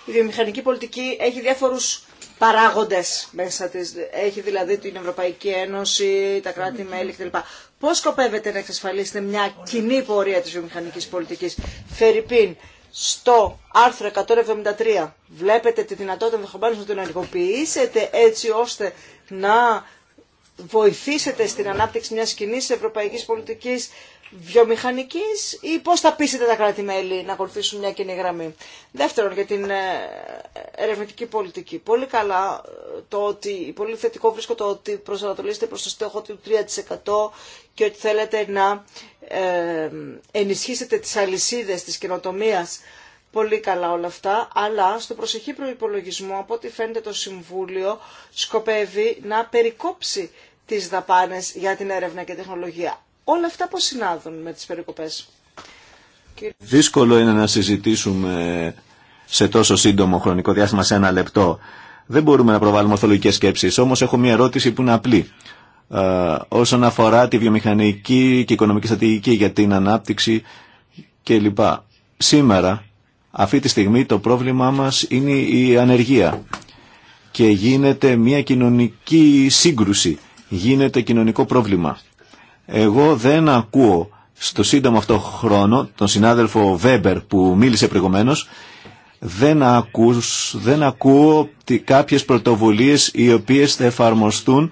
S2: Η βιομηχανική πολιτική έχει διάφορους παράγοντες μέσα της. Έχει δηλαδή την Ευρωπαϊκή Ένωση, τα κράτη-μέλη κτλ. Πώς σκοπεύετε να εξασφαλίσετε μια κοινή πορεία της βιομηχανικής πολιτικής. Φερρυπίν, στο άρθρο 173 βλέπετε τη δυνατότητα ενδεχομένω να την ενεργοποιήσετε έτσι ώστε να βοηθήσετε στην ανάπτυξη μιας κοινή ευρωπαϊκής πολιτικής βιομηχανικής ή πώς θα πείσετε τα κράτη-μέλη να ακολουθήσουν μια κοινή γραμμή. Δεύτερον, για την ε, ερευνητική πολιτική. Πολύ καλά ε, το ότι, πολύ θετικό βρίσκω το ότι προσανατολίζετε προς το στόχο του 3% και ότι θέλετε να ε, ενισχύσετε τις αλυσίδες της καινοτομία. Πολύ καλά όλα αυτά, αλλά στο προσεχή προϋπολογισμό, από ό,τι φαίνεται το Συμβούλιο, σκοπεύει να περικόψει τις δαπάνες για την έρευνα και τεχνολογία. Όλα αυτά πώς συνάδουν με τις περικοπές.
S1: Δύσκολο είναι να συζητήσουμε σε τόσο σύντομο χρονικό διάστημα, σε ένα λεπτό. Δεν μπορούμε να προβάλλουμε ορθολογικές σκέψεις, όμως έχω μια ερώτηση που είναι απλή. Ε, όσον αφορά τη βιομηχανική και οικονομική στρατηγική για την ανάπτυξη κλπ. Σήμερα, αυτή τη στιγμή, το πρόβλημά μας είναι η ανεργία και γίνεται μια κοινωνική σύγκρουση, γίνεται κοινωνικό πρόβλημα. Εγώ δεν ακούω στο σύντομο αυτό χρόνο τον συνάδελφο Βέμπερ που μίλησε προηγουμένω, δεν, δεν ακούω τι, κάποιες πρωτοβουλίες οι οποίες θα εφαρμοστούν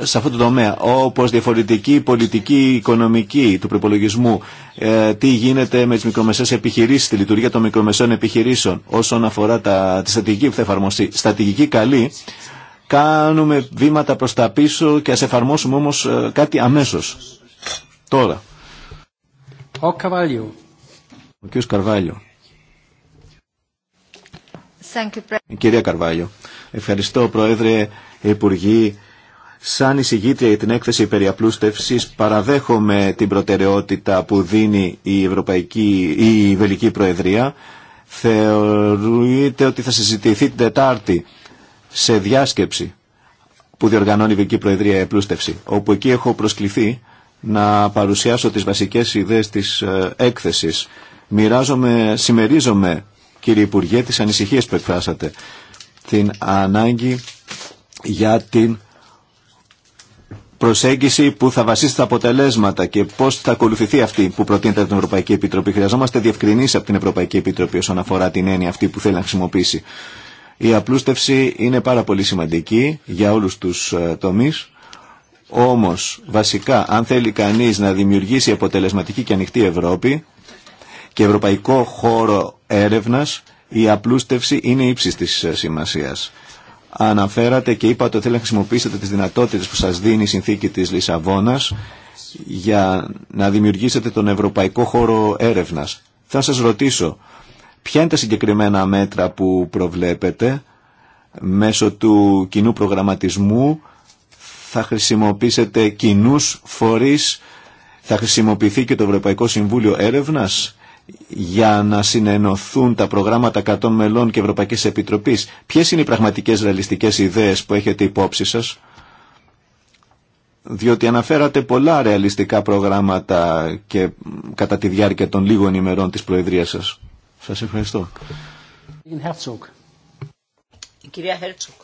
S1: ε, σε αυτό το τομέα, όπως διαφορετική πολιτική οικονομική του προπολογισμού, ε, τι γίνεται με τις μικρομεσαίες επιχειρήσεις, τη λειτουργία των μικρομεσαίων επιχειρήσεων όσον αφορά τα, τη στρατηγική που θα εφαρμοστεί. στρατηγική καλή, κάνουμε βήματα προς τα πίσω και ας εφαρμόσουμε όμως ε, κάτι αμέσως. Τώρα.
S5: Ο Καρβάλιο.
S1: Ο κ. Καρβάλιο. κυρία Καρβάλιο. Ευχαριστώ Πρόεδρε, Υπουργή. Σαν εισηγήτρια για την έκθεση περί απλούστευσης παραδέχομαι την προτεραιότητα που δίνει η, Ευρωπαϊκή, η Βελική Προεδρία. Θεωρείτε ότι θα συζητηθεί την Τετάρτη σε διάσκεψη που διοργανώνει η Βική Προεδρία Επλούστευση, όπου εκεί έχω προσκληθεί να παρουσιάσω τις βασικές ιδέες της ε, έκθεσης. Μοιράζομαι, συμμερίζομαι, κύριε Υπουργέ, τις ανησυχίες που εκφράσατε, την ανάγκη για την προσέγγιση που θα βασίσει τα αποτελέσματα και πώ θα ακολουθηθεί αυτή που προτείνεται από την Ευρωπαϊκή Επιτροπή. Χρειαζόμαστε διευκρινήσει από την Ευρωπαϊκή Επιτροπή όσον αφορά την έννοια αυτή που θέλει να χρησιμοποιήσει. Η απλούστευση είναι πάρα πολύ σημαντική για όλους τους ε, τομείς. Όμως, βασικά, αν θέλει κανείς να δημιουργήσει αποτελεσματική και ανοιχτή Ευρώπη και ευρωπαϊκό χώρο έρευνας, η απλούστευση είναι ύψης της ε, σημασίας. Αναφέρατε και είπατε ότι θέλετε να χρησιμοποιήσετε τις δυνατότητες που σας δίνει η συνθήκη της Λισαβόνας για να δημιουργήσετε τον ευρωπαϊκό χώρο έρευνας. Θα σας ρωτήσω, Ποια είναι τα συγκεκριμένα μέτρα που προβλέπετε μέσω του κοινού προγραμματισμού θα χρησιμοποιήσετε κοινού φορείς, θα χρησιμοποιηθεί και το Ευρωπαϊκό Συμβούλιο Έρευνας για να συνενωθούν τα προγράμματα 100 μελών και Ευρωπαϊκής Επιτροπής. Ποιες είναι οι πραγματικές ρεαλιστικές ιδέες που έχετε υπόψη σας διότι αναφέρατε πολλά ρεαλιστικά προγράμματα και κατά τη διάρκεια των λίγων ημερών της Προεδρίας σας. Σας ευχαριστώ.
S2: κυρία Χέρτσοκ.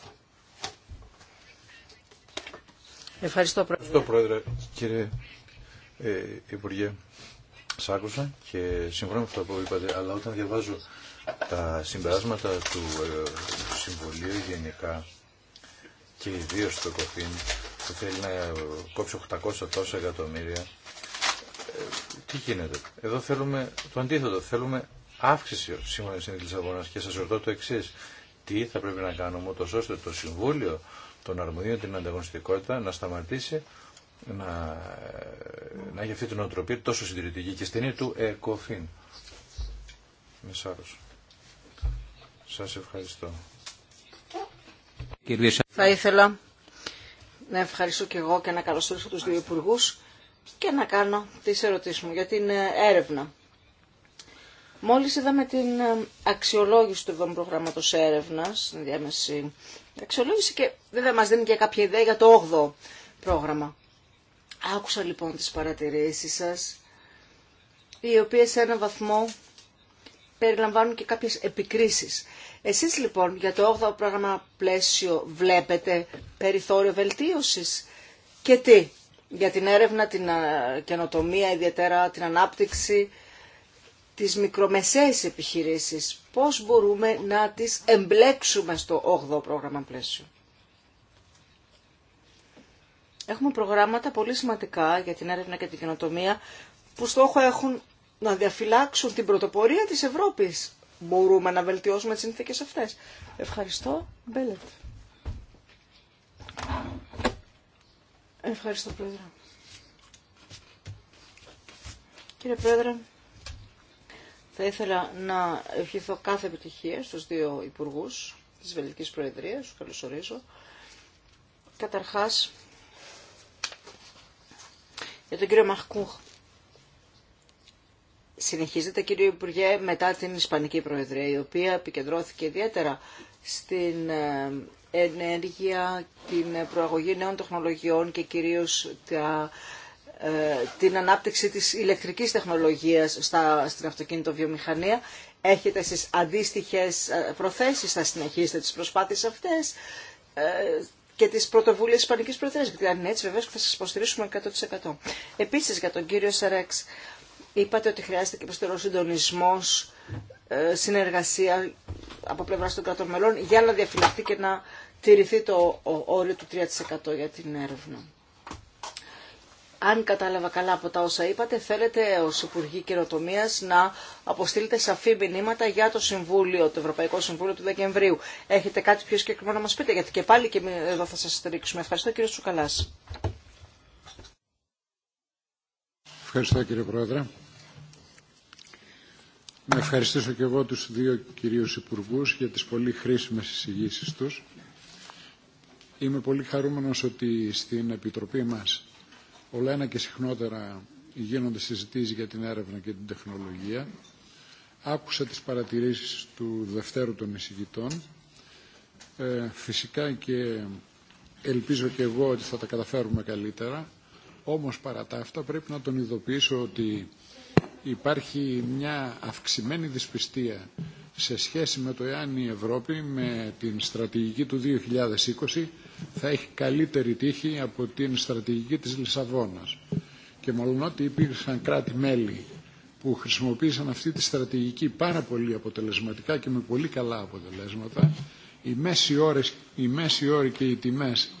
S2: Ευχαριστώ πρόεδρε. Ευχαριστώ πρόεδρε κύριε
S3: ε, Υπουργέ. Σ' άκουσα και συμφωνώ με αυτό που είπατε, αλλά όταν διαβάζω τα συμπεράσματα του, ε, Συμβουλίου γενικά και ιδίω του ΕΚΟΦΗΝ που θέλει να κόψει 800 τόσα εκατομμύρια, ε, τι γίνεται. Εδώ θέλουμε το αντίθετο, θέλουμε αύξηση σήμερα στην Λισαβόνα και σα ρωτώ το εξή. Τι θα πρέπει να κάνουμε ούτως ώστε το Συμβούλιο των Αρμοδίων την ανταγωνιστικότητα να σταματήσει να, να έχει αυτή την οτροπία τόσο συντηρητική και στενή του ΕΚΟΦΗΝ. Μεσάρος. Σας ευχαριστώ.
S2: Θα ήθελα να ευχαριστώ και εγώ και να καλωσορίσω τους δύο υπουργού και να κάνω τις ερωτήσεις μου για την ε, έρευνα. Μόλις είδαμε την ε, αξιολόγηση του 7ου προγράμματος έρευνας, διάμεση αξιολόγηση και βέβαια μας δίνει και κάποια ιδέα για το 8ο πρόγραμμα. Άκουσα λοιπόν τις παρατηρήσεις σας, οι οποίες σε έναν βαθμό περιλαμβάνουν και κάποιες επικρίσεις. Εσείς λοιπόν για το 8ο πρόγραμμα πλαίσιο βλέπετε περιθώριο βελτίωσης και τι για την έρευνα, την ε, καινοτομία, ιδιαίτερα την ανάπτυξη, τις μικρομεσαίες επιχειρήσεις, πώς μπορούμε να τις εμπλέξουμε στο 8ο πρόγραμμα πλαίσιο. Έχουμε προγράμματα πολύ σημαντικά για την έρευνα και την καινοτομία που στόχο έχουν να διαφυλάξουν την πρωτοπορία της Ευρώπης. Μπορούμε να βελτιώσουμε τις συνθήκες αυτές. Ευχαριστώ. Μπέλετ. Ευχαριστώ, Πρόεδρε. Κύριε Πρόεδρε, θα ήθελα να ευχηθώ κάθε επιτυχία στους δύο υπουργούς της Βελικής Προεδρίας, καλωσορίζω. Καταρχάς, για τον κύριο Μαχκούχ. Συνεχίζεται, κύριο Υπουργέ, μετά την Ισπανική Προεδρία, η οποία επικεντρώθηκε ιδιαίτερα στην ε, ενέργεια, την προαγωγή νέων τεχνολογιών και κυρίως τα ε, την ανάπτυξη της ηλεκτρικής τεχνολογίας στα, στην βιομηχανία Έχετε στις αντίστοιχες ε, προθέσεις, θα συνεχίσετε τις προσπάθειες αυτές ε, και τις πρωτοβουλίες της Ισπανικής Προεδρίας, γιατί αν είναι έτσι βεβαίως θα σας υποστηρίσουμε 100%. Επίσης για τον κύριο Σερέξ, είπατε ότι χρειάζεται και περισσότερο συντονισμό συνεργασία από πλευράς των κρατών μελών για να διαφυλαχθεί και να τηρηθεί το όριο του 3% για την έρευνα αν κατάλαβα καλά από τα όσα είπατε, θέλετε ω Υπουργή Καιροτομία να αποστείλετε σαφή μηνύματα για το Συμβούλιο, το Ευρωπαϊκό Συμβούλιο του Δεκεμβρίου. Έχετε κάτι πιο συγκεκριμένο να μα πείτε, γιατί και πάλι και εδώ θα σα στηρίξουμε. Ευχαριστώ, κύριε Σουκαλά.
S6: Ευχαριστώ, κύριε Πρόεδρε. Να ευχαριστήσω και εγώ τους δύο κυρίους Υπουργούς για τις πολύ χρήσιμες εισηγήσεις τους. Είμαι πολύ χαρούμενος ότι στην Επιτροπή μας Όλα ένα και συχνότερα γίνονται συζητήσεις για την έρευνα και την τεχνολογία. Άκουσα τις παρατηρήσεις του Δευτέρου των εισηγητών. Ε, φυσικά και ελπίζω και εγώ ότι θα τα καταφέρουμε καλύτερα. Όμως παρά τα αυτά πρέπει να τον ειδοποιήσω ότι υπάρχει μια αυξημένη δυσπιστία σε σχέση με το εάν η Ευρώπη με την στρατηγική του 2020 θα έχει καλύτερη τύχη από την στρατηγική της Λισαβόνας. Και μολονότι υπήρξαν κράτη-μέλη που χρησιμοποίησαν αυτή τη στρατηγική πάρα πολύ αποτελεσματικά και με πολύ καλά αποτελέσματα, οι μέση, ώρες, οι μέση όροι και οι τιμές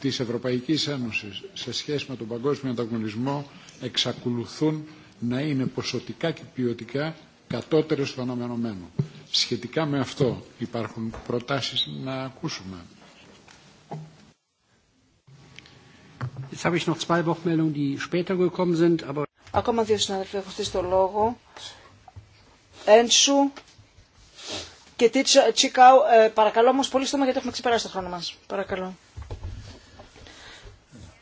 S6: της Ευρωπαϊκής Ένωσης σε σχέση με τον παγκόσμιο ανταγωνισμό εξακολουθούν να είναι ποσοτικά και ποιοτικά κατώτερες του αναμενωμένου. Σχετικά με αυτό υπάρχουν προτάσεις να ακούσουμε.
S2: Ακόμα δύο συνάδελφοι έχουν στήσει το λόγο. Έντσου και Τσίκαου. Ε, ε, παρακαλώ όμως πολύ στόμα γιατί έχουμε ξεπεράσει το χρόνο μας. Παρακαλώ.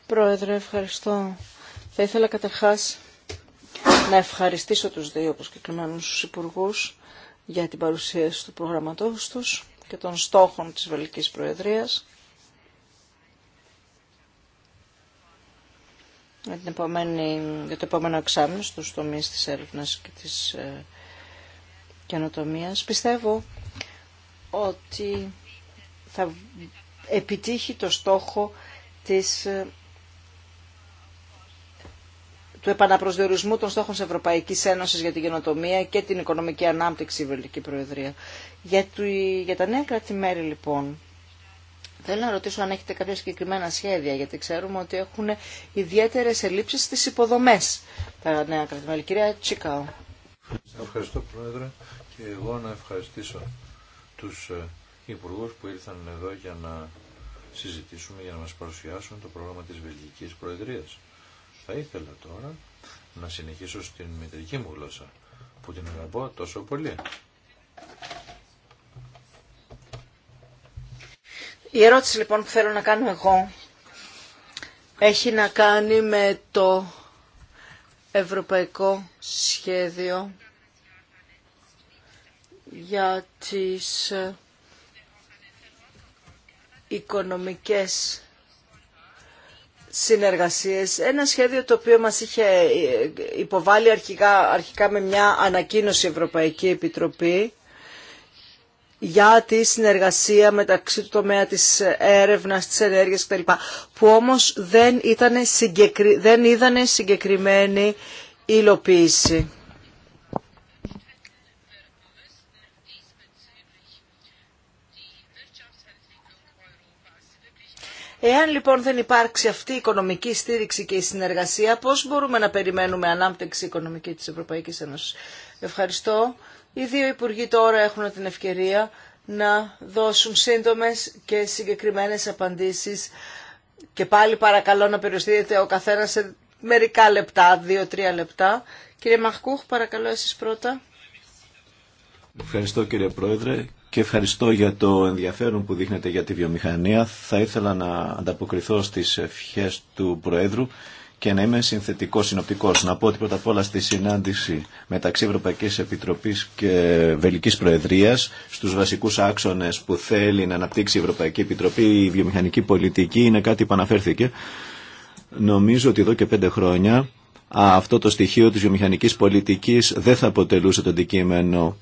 S2: Πρόεδρε, ευχαριστώ. Θα ήθελα καταρχάς να ευχαριστήσω τους δύο προσκεκλημένους υπουργού για την παρουσίαση του προγραμματός τους και των στόχων της Βελικής Προεδρίας. για, την επόμενη, για το επόμενο εξάμεινο στους τομείς της έρευνας και της ε, καινοτομίας. Πιστεύω ότι θα επιτύχει το στόχο της, ε, του επαναπροσδιορισμού των στόχων της Ευρωπαϊκής Ένωσης για την καινοτομία και την οικονομική ανάπτυξη η Βελική Προεδρία. Για, του, για τα νέα κράτη-μέρη λοιπόν, Θέλω να ρωτήσω αν έχετε κάποια συγκεκριμένα σχέδια, γιατί ξέρουμε ότι έχουν ιδιαίτερε ελλείψει στι υποδομέ τα νέα κρατημέλη. Κυρία Τσίκαο.
S3: Ευχαριστώ, Πρόεδρε, και εγώ να ευχαριστήσω του ε, υπουργού που ήρθαν εδώ για να συζητήσουμε, για να μα παρουσιάσουν το πρόγραμμα τη Βελγική Προεδρία. Θα ήθελα τώρα να συνεχίσω στην μητρική μου γλώσσα, που την αγαπώ τόσο πολύ.
S2: Η ερώτηση λοιπόν που θέλω να κάνω εγώ έχει να κάνει με το ευρωπαϊκό σχέδιο για τις οικονομικές συνεργασίες. Ένα σχέδιο το οποίο μας είχε υποβάλει αρχικά, αρχικά με μια ανακοίνωση Ευρωπαϊκή Επιτροπή για τη συνεργασία μεταξύ του τομέα της έρευνας, της ενέργειας κτλ. Που όμως δεν, ήταν δεν είδανε συγκεκριμένη υλοποίηση. Εάν λοιπόν δεν υπάρξει αυτή η οικονομική στήριξη και η συνεργασία, πώς μπορούμε να περιμένουμε ανάπτυξη οικονομική της Ευρωπαϊκής Ένωσης. Ευχαριστώ. Οι δύο υπουργοί τώρα έχουν την ευκαιρία να δώσουν σύντομες και συγκεκριμένες απαντήσεις και πάλι παρακαλώ να περιοριστείτε ο καθένας σε μερικά λεπτά, δύο-τρία λεπτά. Κύριε Μαχκούχ, παρακαλώ εσείς πρώτα.
S1: Ευχαριστώ κύριε Πρόεδρε και ευχαριστώ για το ενδιαφέρον που δείχνετε για τη βιομηχανία. Θα ήθελα να ανταποκριθώ στις ευχές του Προέδρου και να είμαι συνθετικό, συνοπτικό. Να πω ότι πρώτα απ' όλα στη συνάντηση μεταξύ Ευρωπαϊκή Επιτροπή και Βελική Προεδρία, στου βασικού άξονε που θέλει να αναπτύξει η Ευρωπαϊκή Επιτροπή, η βιομηχανική πολιτική είναι κάτι που αναφέρθηκε. Νομίζω ότι εδώ και πέντε χρόνια αυτό το στοιχείο της βιομηχανικής πολιτικής δεν θα αποτελούσε το αντικείμενο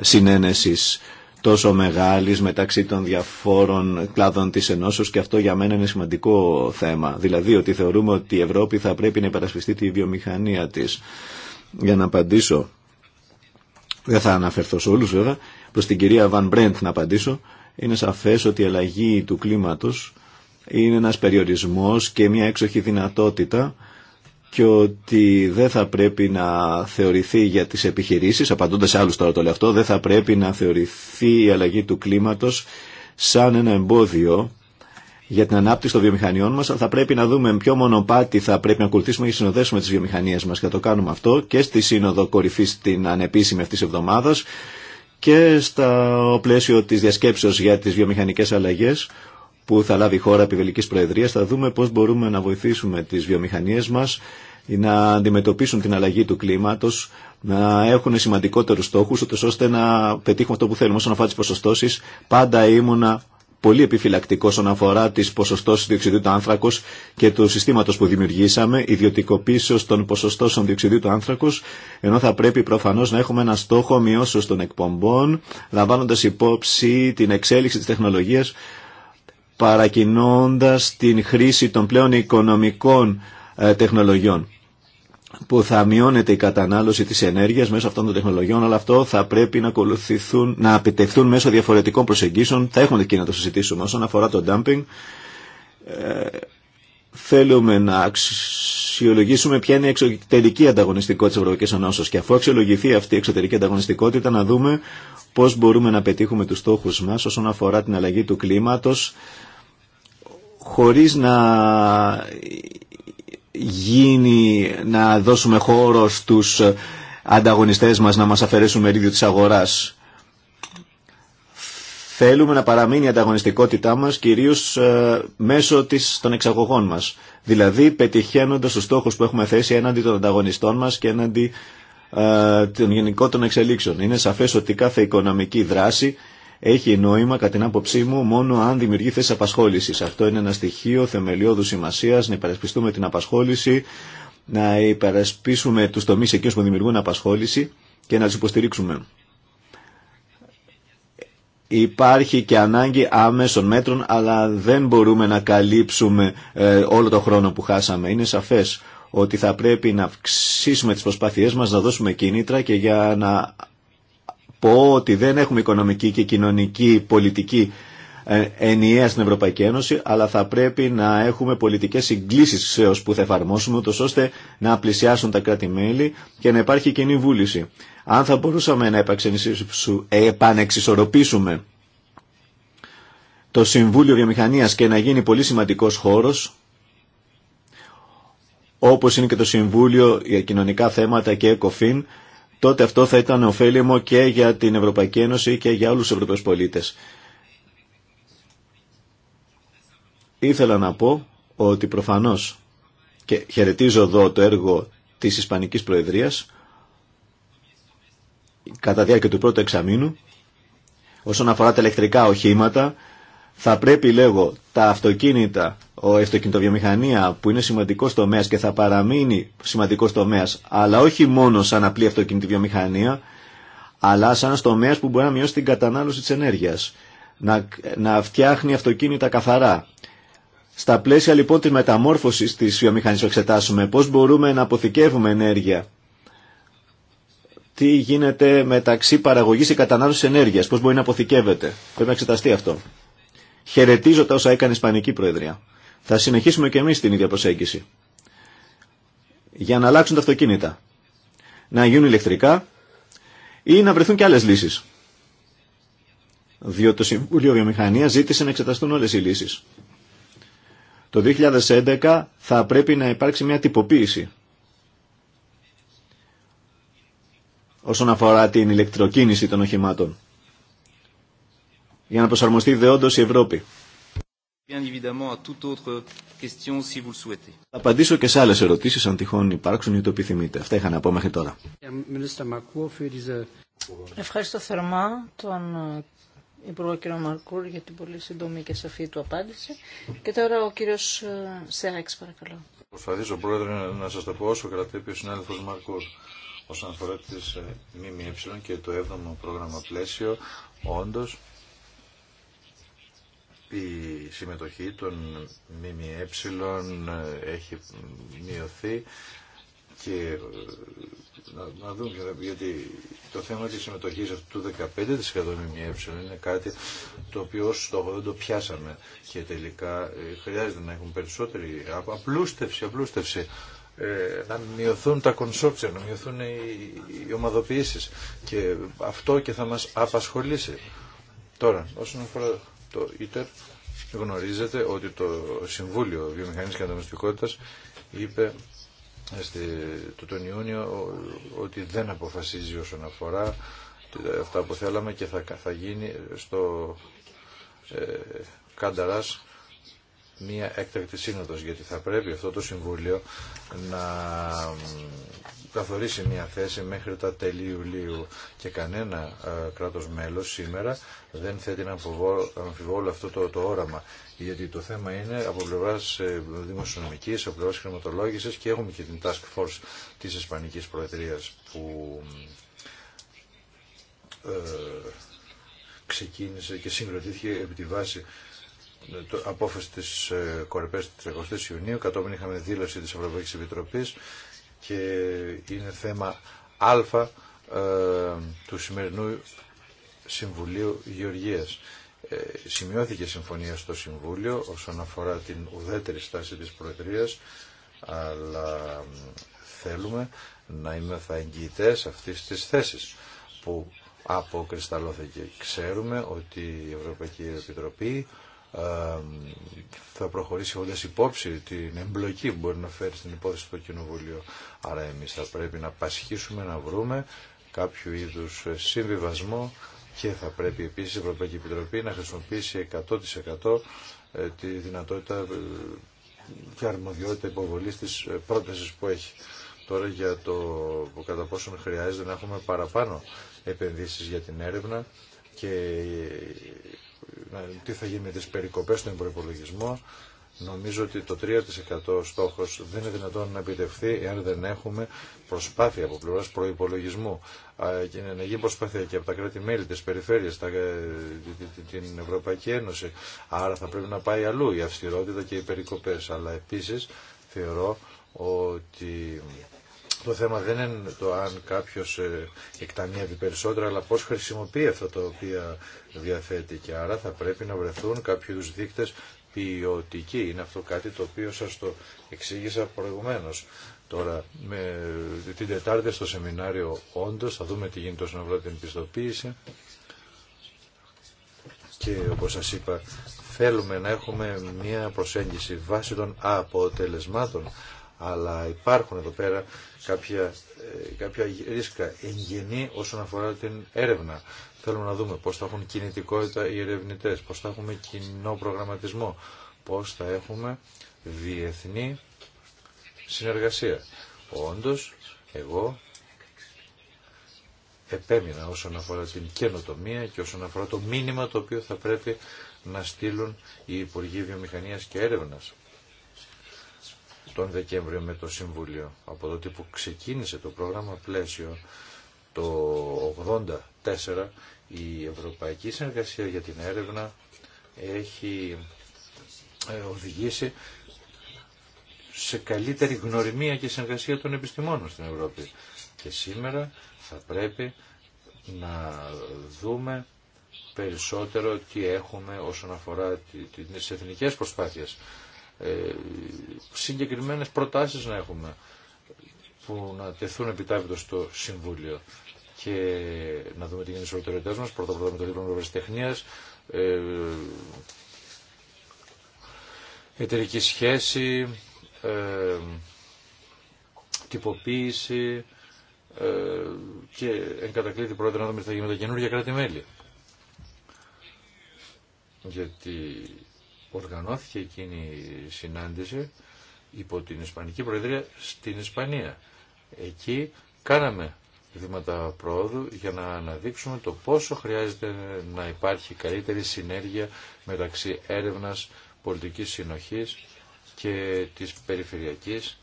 S1: συνένεσης τόσο μεγάλης μεταξύ των διαφόρων κλάδων της ενώσεως και αυτό για μένα είναι σημαντικό θέμα. Δηλαδή ότι θεωρούμε ότι η Ευρώπη θα πρέπει να υπερασπιστεί τη βιομηχανία της. Για να απαντήσω, δεν θα αναφερθώ σε όλους βέβαια, προς την κυρία Βαν Μπρέντ να απαντήσω, είναι σαφές ότι η αλλαγή του κλίματος είναι ένας περιορισμός και μια έξοχη δυνατότητα και ότι δεν θα πρέπει να θεωρηθεί για τις επιχειρήσεις, απαντώντας σε άλλους τώρα το λέω αυτό, δεν θα πρέπει να θεωρηθεί η αλλαγή του κλίματος σαν ένα εμπόδιο για την ανάπτυξη των βιομηχανιών μας, θα πρέπει να δούμε ποιο μονοπάτι θα πρέπει να ακολουθήσουμε και συνοδέσουμε τις βιομηχανίες μας και το κάνουμε αυτό και στη Σύνοδο Κορυφής την ανεπίσημη αυτής εβδομάδας και στο πλαίσιο της διασκέψεως για τις βιομηχανικές αλλαγές που θα λάβει η χώρα επί Βελικής Προεδρίας. Θα δούμε πώς μπορούμε να βοηθήσουμε τις βιομηχανίες μας να αντιμετωπίσουν την αλλαγή του κλίματος, να έχουν σημαντικότερους στόχους, ώστε να πετύχουμε αυτό που θέλουμε. Όσον αφορά τις ποσοστώσεις, πάντα ήμουνα πολύ επιφυλακτικό όσον αφορά τι ποσοστώσει διοξιδίου του άνθρακο και του συστήματο που δημιουργήσαμε, ιδιωτικοποίησεω των ποσοστώσεων διοξιδίου του άνθρακο, ενώ θα πρέπει προφανώ να έχουμε ένα στόχο μειώσεω των εκπομπών, λαμβάνοντα υπόψη την εξέλιξη τη τεχνολογία παρακινώντας την χρήση των πλέον οικονομικών ε, τεχνολογιών που θα μειώνεται η κατανάλωση της ενέργειας μέσω αυτών των τεχνολογιών, αλλά αυτό θα πρέπει να ακολουθηθούν, να επιτευχθούν μέσω διαφορετικών προσεγγίσεων. Θα έχουμε εκεί να το συζητήσουμε. Όσον αφορά το dumping, ε, θέλουμε να αξιολογήσουμε ποια είναι η εξωτερική ανταγωνιστικότητα της Ευρωπαϊκής Ενώσεως και αφού αξιολογηθεί αυτή η εξωτερική ανταγωνιστικότητα να δούμε πώς μπορούμε να πετύχουμε τους στόχους μας όσον αφορά την αλλαγή του κλίματος χωρίς να γίνει να δώσουμε χώρο στους ανταγωνιστές μας να μας αφαιρέσουν μερίδιο της αγοράς. Θέλουμε να παραμείνει η ανταγωνιστικότητά μας κυρίως ε, μέσω της, των εξαγωγών μας. Δηλαδή πετυχαίνοντας τους στόχους που έχουμε θέσει έναντι των ανταγωνιστών μας και έναντι ε, των γενικών εξελίξεων. Είναι σαφές ότι κάθε οικονομική δράση έχει νόημα, κατά την άποψή μου, μόνο αν δημιουργεί θέσει απασχόληση. Αυτό είναι ένα στοιχείο θεμελιώδου σημασία, να υπερασπιστούμε την απασχόληση, να υπερασπίσουμε του τομεί εκεί που δημιουργούν απασχόληση και να του υποστηρίξουμε. Υπάρχει και ανάγκη άμεσων μέτρων, αλλά δεν μπορούμε να καλύψουμε ε, όλο το χρόνο που χάσαμε. Είναι σαφές ότι θα πρέπει να αυξήσουμε τις προσπάθειές μας, να δώσουμε κίνητρα και για να πω ότι δεν έχουμε οικονομική και κοινωνική πολιτική ε, ενιαία στην Ευρωπαϊκή Ένωση, αλλά θα πρέπει να έχουμε πολιτικές συγκλήσεις σε που θα εφαρμόσουμε, ώστε να πλησιάσουν τα κράτη-μέλη και να υπάρχει κοινή βούληση. Αν θα μπορούσαμε να επανεξισορροπήσουμε το Συμβούλιο Βιομηχανίας και να γίνει πολύ σημαντικός χώρος, όπως είναι και το Συμβούλιο για κοινωνικά θέματα και ΕΚΟΦΗΝ, τότε αυτό θα ήταν ωφέλιμο και για την Ευρωπαϊκή Ένωση και για όλους τους Ευρωπαίους πολίτες. Ήθελα να πω ότι προφανώς και χαιρετίζω εδώ το έργο της Ισπανικής Προεδρίας κατά διάρκεια του πρώτου εξαμήνου όσον αφορά τα ηλεκτρικά οχήματα θα πρέπει λέγω τα αυτοκίνητα ο αυτοκινητοβιομηχανία που είναι σημαντικός τομέας και θα παραμείνει σημαντικός τομέας αλλά όχι μόνο σαν απλή αυτοκινητοβιομηχανία αλλά σαν ένα τομέα που μπορεί να μειώσει την κατανάλωση της ενέργειας να, να φτιάχνει αυτοκίνητα καθαρά στα πλαίσια λοιπόν της μεταμόρφωσης της βιομηχανίας που εξετάσουμε πώς μπορούμε να αποθηκεύουμε ενέργεια τι γίνεται μεταξύ παραγωγής και κατανάλωσης ενέργειας, πώς μπορεί να αποθηκεύεται. Πρέπει να εξεταστεί αυτό. Χαιρετίζω τα όσα έκανε η Ισπανική Προεδρία. Θα συνεχίσουμε και εμείς την ίδια προσέγγιση. Για να αλλάξουν τα αυτοκίνητα. Να γίνουν ηλεκτρικά ή να βρεθούν και άλλες λύσεις. Διότι το Συμβούλιο Βιομηχανία ζήτησε να εξεταστούν όλες οι λύσεις. Το 2011 θα πρέπει να υπάρξει μια τυποποίηση όσον αφορά την ηλεκτροκίνηση των οχημάτων για να προσαρμοστεί δεόντως η Ευρώπη. Θα απαντήσω και σε άλλες ερωτήσεις αν τυχόν υπάρξουν ή το επιθυμείτε. Αυτά είχα να πω μέχρι τώρα.
S2: Ε, Ευχαριστώ θερμά τον ε, Υπουργό κ. Μαρκούρ για την πολύ σύντομη και σαφή του απάντηση. Και τώρα ο κ. Ε, Σέαξ παρακαλώ.
S3: Προσπαθήσω πρόεδρε να σας το πω όσο κρατεί ο συνάδελφος Μαρκούρ όσον αφορά τις ΜΜΕ και το 7ο πρόγραμμα πλαίσιο όντως η συμμετοχή των ΜΜΕ έχει μειωθεί και ε, να, δούμε γιατί το θέμα της συμμετοχής αυτού του 15% ΜΜΕ είναι κάτι το οποίο ως στόχο δεν το πιάσαμε και τελικά ε, χρειάζεται να έχουν περισσότερη απλούστευση, απλούστευση ε, να μειωθούν τα κονσόρτσια, να μειωθούν οι, οι ομαδοποιήσεις και αυτό και θα μας απασχολήσει. Τώρα, όσον αφορά το ΙΤΕΡ γνωρίζετε ότι το Συμβούλιο Βιομηχανής και Ανταγωνιστικότητας είπε ε, τον Ιούνιο ότι δεν αποφασίζει όσον αφορά ε, αυτά που θέλαμε και θα, θα γίνει στο ε, Κάνταρας μία έκτακτη σύνοδος, γιατί θα πρέπει αυτό το Συμβούλιο να καθορίσει μια θέση μέχρι τα τέλη Ιουλίου και κανένα ε, κράτος μέλος σήμερα δεν θέτει να αμφιβόλω αυτό το, το όραμα. Γιατί το θέμα είναι από πλευρά ε, δημοσιονομικής, από πλευράς χρηματολόγησης και έχουμε και την Task Force της Ισπανικής Προεδρίας που ε, ξεκίνησε και συγκροτήθηκε επί τη βάση απόφαση της ε, κορυφές τη 30 Ιουνίου, κατόπιν είχαμε δήλωση της Ευρωπαϊκής Επιτροπής και είναι θέμα α ε, του σημερινού Συμβουλίου Γεωργίας. Ε, σημειώθηκε συμφωνία στο Συμβούλιο όσον αφορά την ουδέτερη στάση της Προεδρίας, αλλά θέλουμε να είμαστε εγγυητέ αυτής της θέσης που αποκρισταλώθηκε. Ξέρουμε ότι η Ευρωπαϊκή Επιτροπή θα προχωρήσει όλες υπόψη την εμπλοκή που μπορεί να φέρει στην υπόθεση του Κοινοβουλίου. Άρα εμείς θα πρέπει να πασχίσουμε, να βρούμε κάποιο είδους συμβιβασμό και θα πρέπει επίσης η Ευρωπαϊκή Επιτροπή να χρησιμοποιήσει 100% ε, τη δυνατότητα ε, και αρμοδιότητα υποβολής της ε, πρότασης που έχει τώρα για το κατά πόσον χρειάζεται να έχουμε παραπάνω επενδύσεις για την έρευνα και ε, τι θα γίνει με τις περικοπές στον προπολογισμό. Νομίζω ότι το 3% στόχος δεν είναι δυνατόν να επιτευχθεί εάν δεν έχουμε προσπάθεια από πλευράς προϋπολογισμού. Και να γίνει προσπάθεια και από τα κράτη-μέλη, τις περιφέρειες, τα, ε, την Ευρωπαϊκή Ένωση. Άρα θα πρέπει να πάει αλλού η αυστηρότητα και οι περικοπές. Αλλά επίσης θεωρώ ότι το θέμα δεν είναι το αν κάποιο ε, εκταμιεύει περισσότερα, αλλά πώ χρησιμοποιεί αυτά τα οποία διαθέτει. Και άρα θα πρέπει να βρεθούν κάποιου δείκτε ποιοτικοί. Είναι αυτό κάτι το οποίο σα το εξήγησα προηγουμένω. Τώρα, με την Τετάρτη στο σεμινάριο, όντω, θα δούμε τι γίνεται όσον αφορά την πιστοποίηση. Και όπως σας είπα, θέλουμε να έχουμε μια προσέγγιση βάσει των αποτελεσμάτων αλλά υπάρχουν εδώ πέρα κάποια, ε, κάποια ρίσκα εγγενή όσον αφορά την έρευνα. Θέλουμε να δούμε πώς θα έχουν κινητικότητα οι ερευνητές, πώς θα έχουμε κοινό προγραμματισμό, πώς θα έχουμε διεθνή συνεργασία. Όντως, εγώ επέμεινα όσον αφορά την καινοτομία και όσον αφορά το μήνυμα το οποίο θα πρέπει να στείλουν οι Υπουργοί Βιομηχανίας και Έρευνας τον Δεκέμβριο με το Συμβούλιο. Από τότε που ξεκίνησε το πρόγραμμα πλαίσιο το 1984 η Ευρωπαϊκή Συνεργασία για την Έρευνα έχει ε, οδηγήσει σε καλύτερη γνωριμία και συνεργασία των επιστημόνων στην Ευρώπη. Και σήμερα θα πρέπει να δούμε περισσότερο τι έχουμε όσον αφορά τις εθνικές προσπάθειες ε, συγκεκριμένες προτάσεις να έχουμε που να τεθούν επιτάπητο στο Συμβούλιο και να δούμε τι γίνεται στις προτεραιότητες μας, πρώτα πρώτα με το δίπλωμα ευρεσιτεχνίας, ε, εταιρική σχέση, ε, τυποποίηση ε, και εν κατακλείδη πρώτα να δούμε τι θα γίνει με τα καινούργια κράτη-μέλη. Γιατί οργανώθηκε εκείνη η συνάντηση υπό την Ισπανική Προεδρία στην Ισπανία. Εκεί κάναμε βήματα πρόοδου για να αναδείξουμε το πόσο χρειάζεται να υπάρχει καλύτερη συνέργεια μεταξύ έρευνας, πολιτικής συνοχής και της περιφερειακής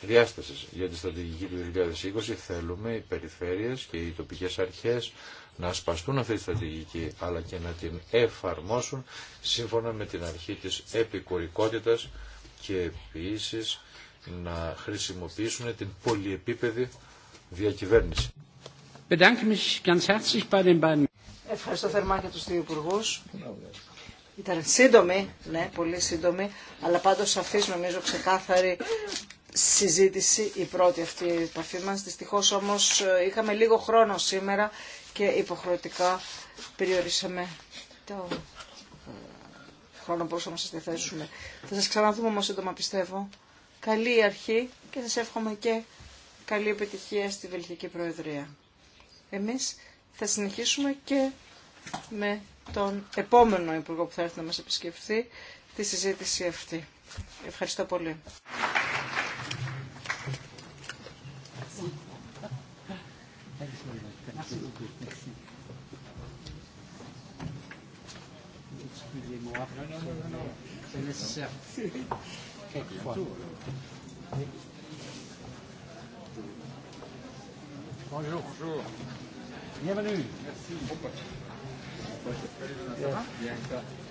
S3: διάστασης. Για τη στρατηγική του 2020 θέλουμε οι περιφέρειες και οι τοπικές αρχές να ασπαστούν αυτή τη στρατηγική αλλά και να την εφαρμόσουν σύμφωνα με την αρχή της επικορικότητας και επίσης να χρησιμοποιήσουν την πολυεπίπεδη διακυβέρνηση.
S2: Ευχαριστώ θερμά και τους δύο υπουργούς. Ήταν σύντομη, ναι, πολύ σύντομη, αλλά πάντως σαφής νομίζω ξεκάθαρη συζήτηση η πρώτη αυτή επαφή μας. Δυστυχώς όμως ε, είχαμε λίγο χρόνο σήμερα και υποχρεωτικά περιορίσαμε το ε, χρόνο που μπορούσαμε να σας διαθέσουμε. Θα σας ξαναδούμε όμως σύντομα πιστεύω. Καλή αρχή και σας εύχομαι και καλή επιτυχία στη Βελγική Προεδρία. Εμείς θα συνεχίσουμε και με τον επόμενο Υπουργό που θα έρθει να μας επισκεφθεί τη συζήτηση αυτή. Ευχαριστώ πολύ.
S4: Excusez-moi. C'est nécessaire. Quelquefois. Bonjour.
S5: Bonjour. Bienvenue.
S2: Merci.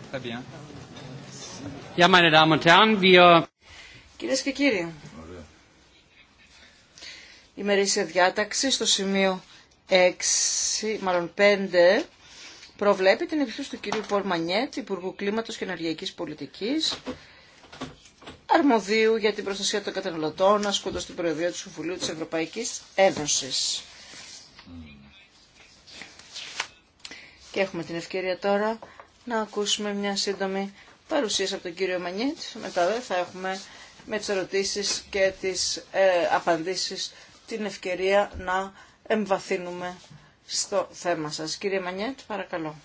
S2: Très
S3: bien.
S5: Ja, meine Damen und Herren, wir...
S2: Κυρίες και κύριοι, η διάταξη στο σημείο 6, μάλλον 5, προβλέπει την επιχείρηση του κυρίου Πολ Μανιέτ, Υπουργού Κλίματος και Ενεργειακής Πολιτικής, αρμοδίου για την προστασία των καταναλωτών, ασκούντα την Προεδρία του Συμβουλίου της Ευρωπαϊκής Ένωσης. Και έχουμε την ευκαιρία τώρα να ακούσουμε μια σύντομη παρουσίαση από τον κύριο Μανιέτ. Μετά δε θα έχουμε με τις ερωτήσεις και τις ε, την ευκαιρία να εμβαθύνουμε στο θέμα σας. Κύριε Μανιέτ, παρακαλώ.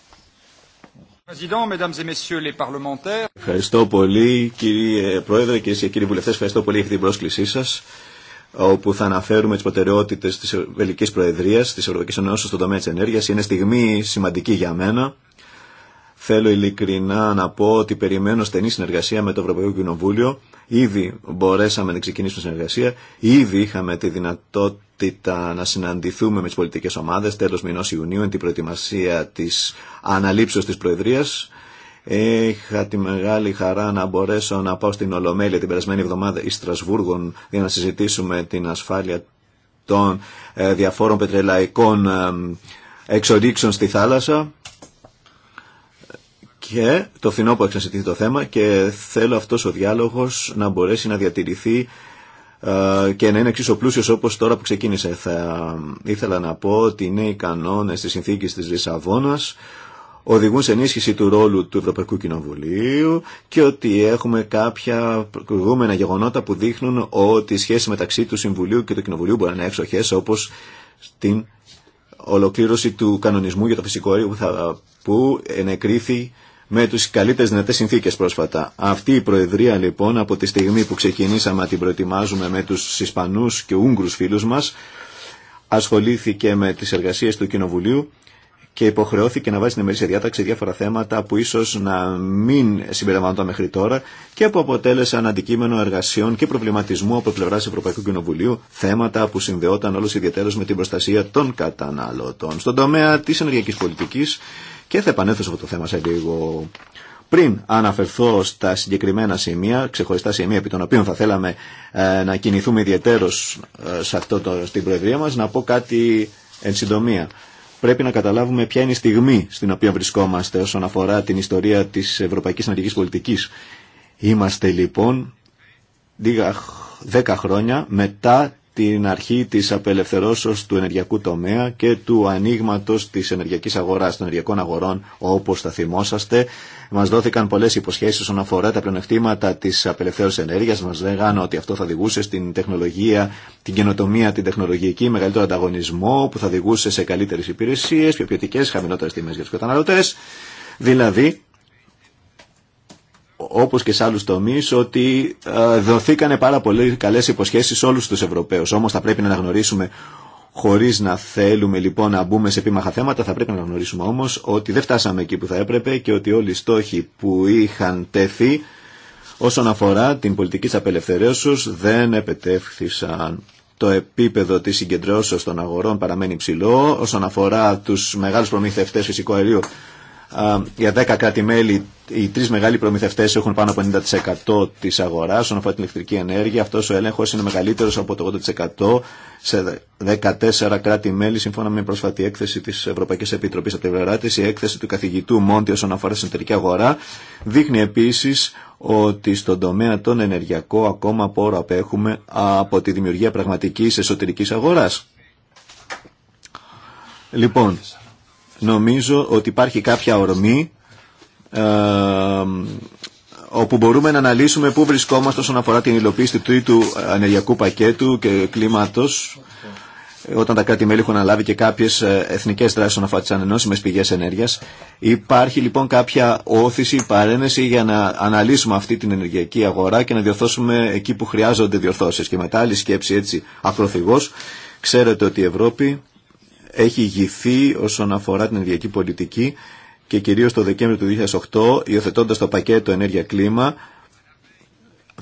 S1: Ευχαριστώ πολύ κύριε Πρόεδρε και κύριοι βουλευτές, ευχαριστώ πολύ για την πρόσκλησή σας όπου θα αναφέρουμε τις προτεραιότητες της Βελικής Προεδρίας, της Ευρωπαϊκής Ενώσης στον τομέα της ενέργειας. Είναι στιγμή σημαντική για μένα. Θέλω ειλικρινά να πω ότι περιμένω στενή συνεργασία με το Ευρωπαϊκό Κοινοβούλιο Ήδη μπορέσαμε να ξεκινήσουμε συνεργασία, ήδη είχαμε τη δυνατότητα να συναντηθούμε με τις πολιτικές ομάδες τέλος μηνός Ιουνίου εν την προετοιμασία της αναλήψεως της Προεδρίας. Είχα τη μεγάλη χαρά να μπορέσω να πάω στην Ολομέλεια την περασμένη εβδομάδα εις για να συζητήσουμε την ασφάλεια των ε, διαφόρων πετρελαϊκών ε, εξορίξεων στη θάλασσα και το φθηνό που το θέμα και θέλω αυτός ο διάλογος να μπορέσει να διατηρηθεί ε, και να είναι εξίσου πλούσιο όπως τώρα που ξεκίνησε. Θα ήθελα να πω ότι οι νέοι κανόνες της συνθήκης της Λισαβόνας οδηγούν σε ενίσχυση του ρόλου του Ευρωπαϊκού Κοινοβουλίου και ότι έχουμε κάποια προηγούμενα γεγονότα που δείχνουν ότι η σχέση μεταξύ του Συμβουλίου και του Κοινοβουλίου μπορεί να είναι εξοχές όπως στην ολοκλήρωση του κανονισμού για το φυσικό αέριο που, θα, που ενεκρίθη με τους καλύτερες δυνατές συνθήκες πρόσφατα. Αυτή η Προεδρία λοιπόν από τη στιγμή που ξεκινήσαμε να την προετοιμάζουμε με τους Ισπανούς και Ούγγρους φίλους μας ασχολήθηκε με τις εργασίες του Κοινοβουλίου και υποχρεώθηκε να βάζει στην ημερήσια διάταξη διάφορα θέματα που ίσω να μην συμπεριλαμβάνονταν μέχρι τώρα και που αποτέλεσαν αντικείμενο εργασιών και προβληματισμού από πλευρά Ευρωπαϊκού Κοινοβουλίου, θέματα που συνδεόταν όλο ιδιαίτερω με την προστασία των καταναλωτών. Στον τομέα τη ενεργειακή πολιτική, και θα επανέλθω σε αυτό το θέμα σε λίγο. Πριν αναφερθώ στα συγκεκριμένα σημεία, ξεχωριστά σημεία επί των οποίων θα θέλαμε ε, να κινηθούμε ιδιαίτερω ε, σε αυτό το, στην Προεδρία μας, να πω κάτι εν συντομία. Πρέπει να καταλάβουμε ποια είναι η στιγμή στην οποία βρισκόμαστε όσον αφορά την ιστορία της ευρωπαϊκής πολιτικής. Είμαστε λοιπόν δέκα χρόνια μετά την αρχή της απελευθερώσεως του ενεργειακού τομέα και του ανοίγματο της ενεργειακής αγοράς, των ενεργειακών αγορών, όπως θα θυμόσαστε. Μας δόθηκαν πολλές υποσχέσεις όσον αφορά τα πλεονεκτήματα της απελευθέρωσης ενέργειας. Μας λέγανε ότι αυτό θα οδηγούσε στην τεχνολογία, την καινοτομία, την τεχνολογική, μεγαλύτερο ανταγωνισμό που θα οδηγούσε σε καλύτερες υπηρεσίες, πιο ποιοτικές, χαμηλότερες τιμές για τους καταναλωτές. Δηλαδή, όπως και σε άλλους τομείς ότι ε, δοθήκανε πάρα πολύ καλές υποσχέσεις σε όλους τους Ευρωπαίους. Όμως θα πρέπει να αναγνωρίσουμε χωρίς να θέλουμε λοιπόν να μπούμε σε επίμαχα θέματα θα πρέπει να αναγνωρίσουμε όμως ότι δεν φτάσαμε εκεί που θα έπρεπε και ότι όλοι οι στόχοι που είχαν τέθει όσον αφορά την πολιτική της απελευθερώσεως δεν επετεύχθησαν. Το επίπεδο της συγκεντρώσεως των αγορών παραμένει ψηλό. Όσον αφορά τους μεγάλους προμηθευτές φυσικού αερίου για 10 κράτη-μέλη οι τρει μεγάλοι προμηθευτέ έχουν πάνω από 90% τη αγορά όσον αφορά την ηλεκτρική ενέργεια. Αυτό ο έλεγχο είναι μεγαλύτερο από το 80% σε 14 κράτη-μέλη, σύμφωνα με πρόσφατη έκθεση τη Ευρωπαϊκή Επιτροπή από την πλευρά τη. Η έκθεση του καθηγητού Μόντι όσον αφορά την εσωτερική αγορά δείχνει επίση ότι στον τομέα των ενεργειακό ακόμα πόρο απέχουμε από τη δημιουργία πραγματική εσωτερική αγορά. Λοιπόν, νομίζω ότι υπάρχει κάποια ορμή ε, όπου μπορούμε να αναλύσουμε πού βρισκόμαστε όσον αφορά την υλοποίηση του τρίτου ενεργειακού πακέτου και κλίματος όταν τα κράτη-μέλη έχουν αναλάβει και κάποιε εθνικέ δράσει όσον αφορά τι ανενώσιμε πηγέ ενέργεια. Υπάρχει λοιπόν κάποια όθηση, παρένεση για να αναλύσουμε αυτή την ενεργειακή αγορά και να διορθώσουμε εκεί που χρειάζονται διορθώσει. Και μετά άλλη σκέψη έτσι ακροθυγό, Ξέρετε ότι η Ευρώπη έχει ηγηθεί όσον αφορά την ενεργειακή πολιτική και κυρίως το Δεκέμβριο του 2008 υιοθετώντα το πακέτο ενέργεια κλίμα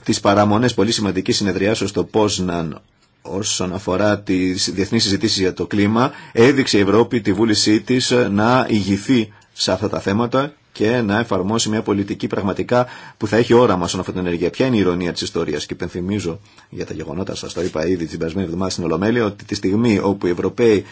S1: τις παραμονές πολύ σημαντική συνεδριάσεως στο Πόσναν όσον αφορά τις διεθνείς συζητήσεις για το κλίμα έδειξε η Ευρώπη τη βούλησή της να ηγηθεί σε αυτά τα θέματα και να εφαρμόσει μια πολιτική πραγματικά που θα έχει όραμα στον αυτή την ενέργεια. Ποια είναι η ηρωνία τη ιστορία, και υπενθυμίζω για τα γεγονότα, σα το είπα ήδη την περασμένη εβδομάδα στην Ολομέλεια, ότι τη στιγμή όπου οι Ευρωπαίοι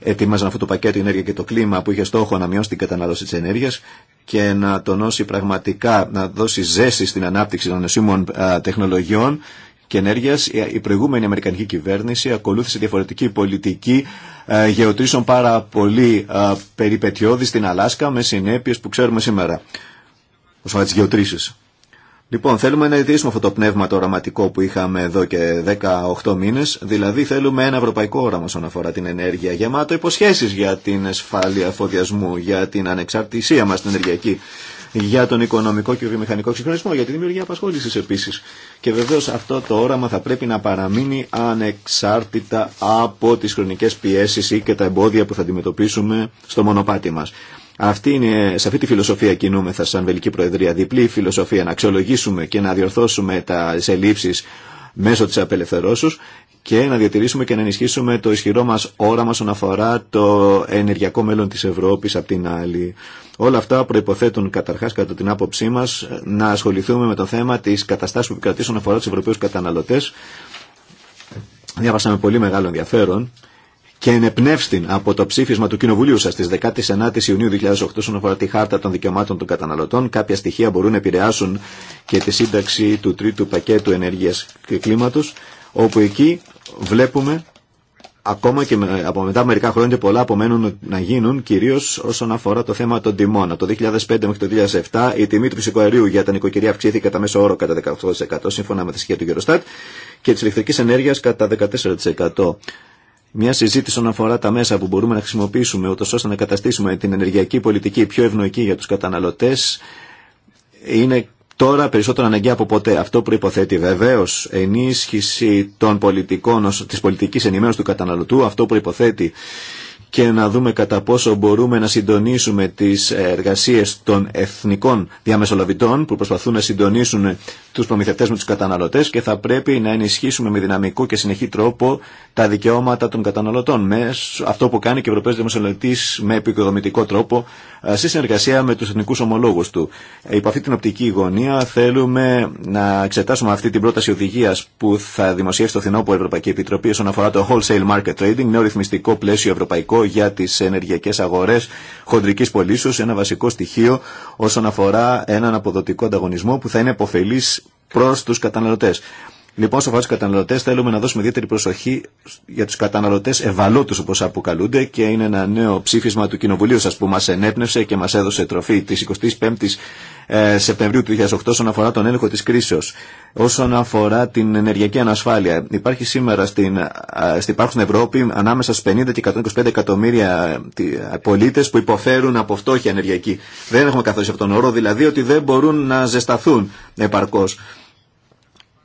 S1: ετοιμάζαν αυτό το πακέτο ενέργεια και το κλίμα που είχε στόχο να μειώσει την κατανάλωση της ενέργειας και να τονώσει πραγματικά, να δώσει ζέση στην ανάπτυξη των νοσημών τεχνολογιών και ενέργειας. Η προηγούμενη Αμερικανική κυβέρνηση ακολούθησε διαφορετική πολιτική γεωτρήσεων πάρα πολύ περιπετειώδη στην Αλάσκα με συνέπειες που ξέρουμε σήμερα. ως φορά τις γεωτρήσεις. Λοιπόν, θέλουμε να ιδρύσουμε αυτό το πνεύμα το οραματικό που είχαμε εδώ και 18 μήνε. Δηλαδή, θέλουμε ένα ευρωπαϊκό όραμα όσον αφορά την ενέργεια, γεμάτο υποσχέσει για την ασφάλεια φωδιασμού, για την ανεξαρτησία μα την ενεργειακή, για τον οικονομικό και βιομηχανικό συγχρονισμό, για τη δημιουργία απασχόληση επίση. Και βεβαίω αυτό το όραμα θα πρέπει να παραμείνει ανεξάρτητα από τι χρονικέ πιέσει ή και τα εμπόδια που θα αντιμετωπίσουμε στο μονοπάτι μα. Αυτή είναι, σε αυτή τη φιλοσοφία κινούμεθα σαν Βελική Προεδρία. Διπλή φιλοσοφία να αξιολογήσουμε και να διορθώσουμε τα ελλείψει μέσω της απελευθερώσεως και να διατηρήσουμε και να ενισχύσουμε το ισχυρό μας όραμα όσον αφορά το ενεργειακό μέλλον της Ευρώπης απ' την άλλη. Όλα αυτά προϋποθέτουν καταρχάς κατά την άποψή μας να ασχοληθούμε με το θέμα της καταστάσεις που κρατήσουν όσον αφορά τους Ευρωπαίους καταναλωτές. Διάβασαμε πολύ μεγάλο ενδιαφέρον και ενεπνεύστην από το ψήφισμα του Κοινοβουλίου σας στις 19 Ιουνίου 2008 όσον αφορά τη Χάρτα των Δικαιωμάτων των Καταναλωτών. Κάποια στοιχεία μπορούν να επηρεάσουν και τη σύνταξη του τρίτου πακέτου ενέργειας και κλίματος, όπου εκεί βλέπουμε ακόμα και από μετά μερικά χρόνια πολλά απομένουν να γίνουν, κυρίω όσον αφορά το θέμα των τιμών. Από το 2005 μέχρι το 2007 η τιμή του φυσικού για την νοικοκυριά αυξήθηκε κατά μέσο όρο κατά 18% σύμφωνα με τη σχέση του Γεροστάτ και τη ηλεκτρική ενέργεια κατά 14% μια συζήτηση όσον αφορά τα μέσα που μπορούμε να χρησιμοποιήσουμε ούτως ώστε να καταστήσουμε την ενεργειακή πολιτική πιο ευνοϊκή για τους καταναλωτές είναι τώρα περισσότερο αναγκαία από ποτέ. Αυτό προϋποθέτει βεβαίως ενίσχυση των πολιτικών, της πολιτικής ενημέρωσης του καταναλωτού. Αυτό προϋποθέτει και να δούμε κατά πόσο μπορούμε να συντονίσουμε τις εργασίες των εθνικών διαμεσολαβητών που προσπαθούν να συντονίσουν τους προμηθευτές με τους καταναλωτές και θα πρέπει να ενισχύσουμε με δυναμικό και συνεχή τρόπο τα δικαιώματα των καταναλωτών με αυτό που κάνει και ο Ευρωπαίος Διαμεσολαβητής με επικοδομητικό τρόπο ε, στη συνεργασία με τους εθνικούς ομολόγους του. Ε, υπό αυτή την οπτική γωνία θέλουμε να εξετάσουμε αυτή την πρόταση οδηγίας που θα δημοσιεύσει το Θηνόπο Ευρωπαϊκή Επιτροπή όσον αφορά το wholesale market trading, νέο ρυθμιστικό πλαίσιο ευρωπαϊκό για τις ενεργειακές αγορές χοντρική πωλήσεως, ένα βασικό στοιχείο όσον αφορά έναν αποδοτικό ανταγωνισμό που θα είναι επωφελής προς τους καταναλωτές. Λοιπόν, στο φάσμα του καταναλωτέ, θέλουμε να δώσουμε ιδιαίτερη προσοχή για του καταναλωτέ ευαλώτου, όπω αποκαλούνται, και είναι ένα νέο ψήφισμα του Κοινοβουλίου σα που μα ενέπνευσε και μα έδωσε τροφή τη 25η ε, Σεπτεμβρίου του 2008 όσον αφορά τον έλεγχο τη κρίσεω. Όσον αφορά την ενεργειακή ανασφάλεια, υπάρχει σήμερα στην, ε, υπάρχουν στην Ευρώπη ανάμεσα στου 50 και 125 εκατομμύρια ε, πολίτε που υποφέρουν από φτώχεια ενεργειακή. Δεν έχουμε καθόλου αυτόν τον όρο, δηλαδή ότι δεν μπορούν να ζεσταθούν επαρκώ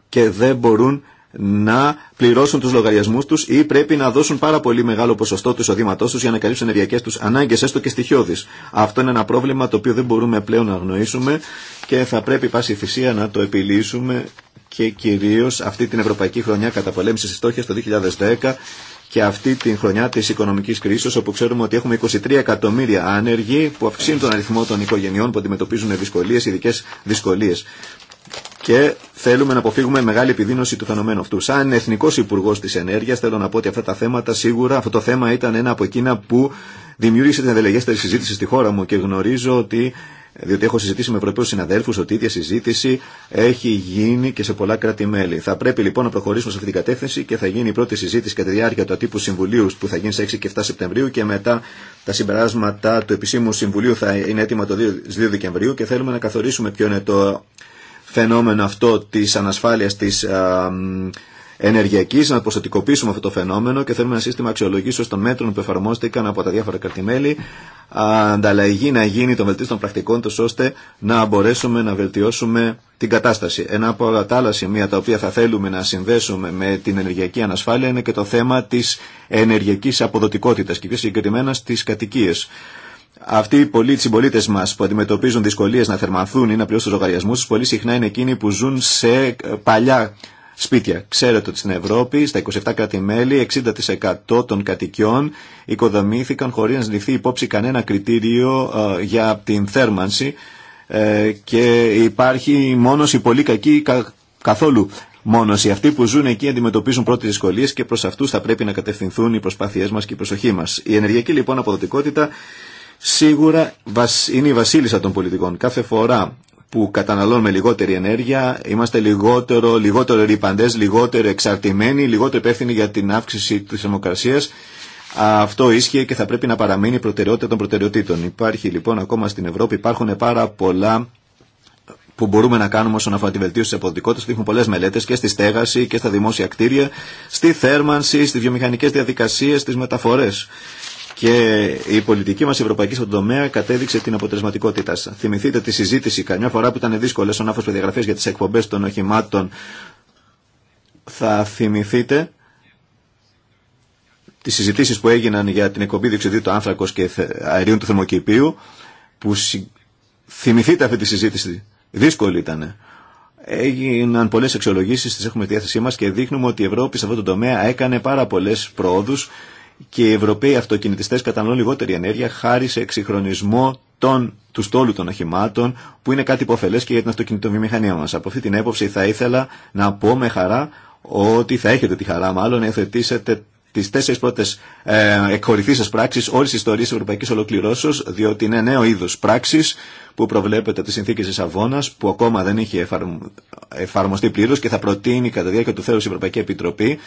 S1: και δεν μπορούν να πληρώσουν τους λογαριασμούς τους ή πρέπει να δώσουν πάρα πολύ μεγάλο ποσοστό του εισοδήματός τους για να καλύψουν ενεργειακές τους ανάγκες έστω και στοιχειώδεις. Αυτό είναι ένα πρόβλημα το οποίο δεν μπορούμε πλέον να αγνοήσουμε και θα πρέπει πάση θυσία να το επιλύσουμε και κυρίως αυτή την Ευρωπαϊκή Χρονιά Καταπολέμησης της Στόχιας το 2010 και αυτή την χρονιά της οικονομικής κρίσης όπου ξέρουμε ότι έχουμε 23 εκατομμύρια άνεργοι που αυξήνουν τον αριθμό των οικογενειών που αντιμετωπίζουν δυσκολίες, ειδικέ δυσκολίες και θέλουμε να αποφύγουμε μεγάλη επιδείνωση του φαινομένου αυτού. Σαν Εθνικό Υπουργό τη Ενέργεια, θέλω να πω ότι αυτά τα θέματα σίγουρα, αυτό το θέμα ήταν ένα από εκείνα που δημιούργησε την ενδελεγέστερη συζήτηση στη χώρα μου και γνωρίζω ότι, διότι έχω συζητήσει με Ευρωπαίου συναδέλφου, ότι η ίδια συζήτηση έχει γίνει και σε πολλά κράτη-μέλη. Θα πρέπει λοιπόν να προχωρήσουμε σε αυτή την κατεύθυνση και θα γίνει η πρώτη συζήτηση κατά τη διάρκεια του ατύπου συμβουλίου που θα γίνει σε 6 και 7 Σεπτεμβρίου και μετά τα συμπεράσματα του επισήμου συμβουλίου θα είναι έτοιμα το 2 Δεκεμβρίου και θέλουμε να καθορίσουμε ποιο είναι το φαινόμενο αυτό της ανασφάλειας της α, ενεργειακής, να προστατικοποιήσουμε αυτό το φαινόμενο και θέλουμε ένα σύστημα αξιολογήσεως των μέτρων που εφαρμόστηκαν από τα διάφορα κρατημέλη, ανταλλαγή να γίνει των βελτίστων πρακτικών τους ώστε να μπορέσουμε να βελτιώσουμε την κατάσταση. Ένα από τα άλλα σημεία τα οποία θα θέλουμε να συνδέσουμε με την ενεργειακή ανασφάλεια είναι και το θέμα της ενεργειακής αποδοτικότητας και πιο συγκεκριμένα στις κατοικίες. Αυτοί οι πολλοί συμπολίτε μα που αντιμετωπίζουν δυσκολίε να θερμανθούν ή να πληρώσουν του λογαριασμού του, πολύ συχνά είναι εκείνοι που ζουν σε ε, παλιά σπίτια. Ξέρετε ότι στην Ευρώπη, στα 27 κράτη-μέλη, 60% των κατοικιών οικοδομήθηκαν χωρί να ληφθεί υπόψη κανένα κριτήριο ε, για την θέρμανση ε, και υπάρχει μόνος πολύ κακή καθόλου μόνος. Οι αυτοί που ζουν εκεί αντιμετωπίζουν πρώτε δυσκολίε και προ αυτού θα πρέπει να κατευθυνθούν οι προσπάθειέ μα και η προσοχή μα. Η ενεργειακή λοιπόν αποδοτικότητα σίγουρα είναι η βασίλισσα των πολιτικών. Κάθε φορά που καταναλώνουμε λιγότερη ενέργεια, είμαστε λιγότερο, λιγότερο ρηπαντές, λιγότερο εξαρτημένοι, λιγότερο υπεύθυνοι για την αύξηση της θερμοκρασία. Αυτό ίσχυε και θα πρέπει να παραμείνει προτεραιότητα των προτεραιοτήτων. Υπάρχει λοιπόν ακόμα στην Ευρώπη, υπάρχουν πάρα πολλά που μπορούμε να κάνουμε όσον αφορά τη βελτίωση τη αποδοτικότητα. Υπάρχουν πολλέ μελέτε και στη στέγαση και στα δημόσια κτίρια, στη θέρμανση, στι βιομηχανικέ διαδικασίε, στι μεταφορέ. Και η πολιτική μα ευρωπαϊκή στον τομέα κατέδειξε την αποτελεσματικότητά Θυμηθείτε τη συζήτηση καμιά φορά που ήταν δύσκολε ο άφο περιγραφέ για τι εκπομπέ των οχημάτων. Θα θυμηθείτε τι συζητήσει που έγιναν για την εκπομπή διοξιδίου του άνθρακο και αερίων του θερμοκηπίου. Που Θυμηθείτε αυτή τη συζήτηση. Δύσκολη ήταν. Έγιναν πολλέ αξιολογήσει, τι έχουμε στη διάθεσή μα και δείχνουμε ότι η Ευρώπη σε αυτό το τομέα έκανε πάρα πολλέ πρόοδου και οι Ευρωπαίοι αυτοκινητιστές καταναλώνουν λιγότερη ενέργεια χάρη σε εξυγχρονισμό των, του στόλου των οχημάτων που είναι κάτι υποφελές και για την αυτοκινητοβιομηχανία μας. Από αυτή την έποψη θα ήθελα να πω με χαρά ότι θα έχετε τη χαρά μάλλον να εθετήσετε τι τέσσερι πρώτε ε, εκχωρηθήσει πράξει όλη τη ιστορία τη Ευρωπαϊκή Ολοκληρώσεω, διότι είναι νέο είδο πράξη που προβλέπεται από τι συνθήκε τη Αβώνα, που ακόμα δεν είχε εφαρμοστεί πλήρω και θα προτείνει κατά διάρκεια του θέλου η Ευρωπαϊκή Επιτροπή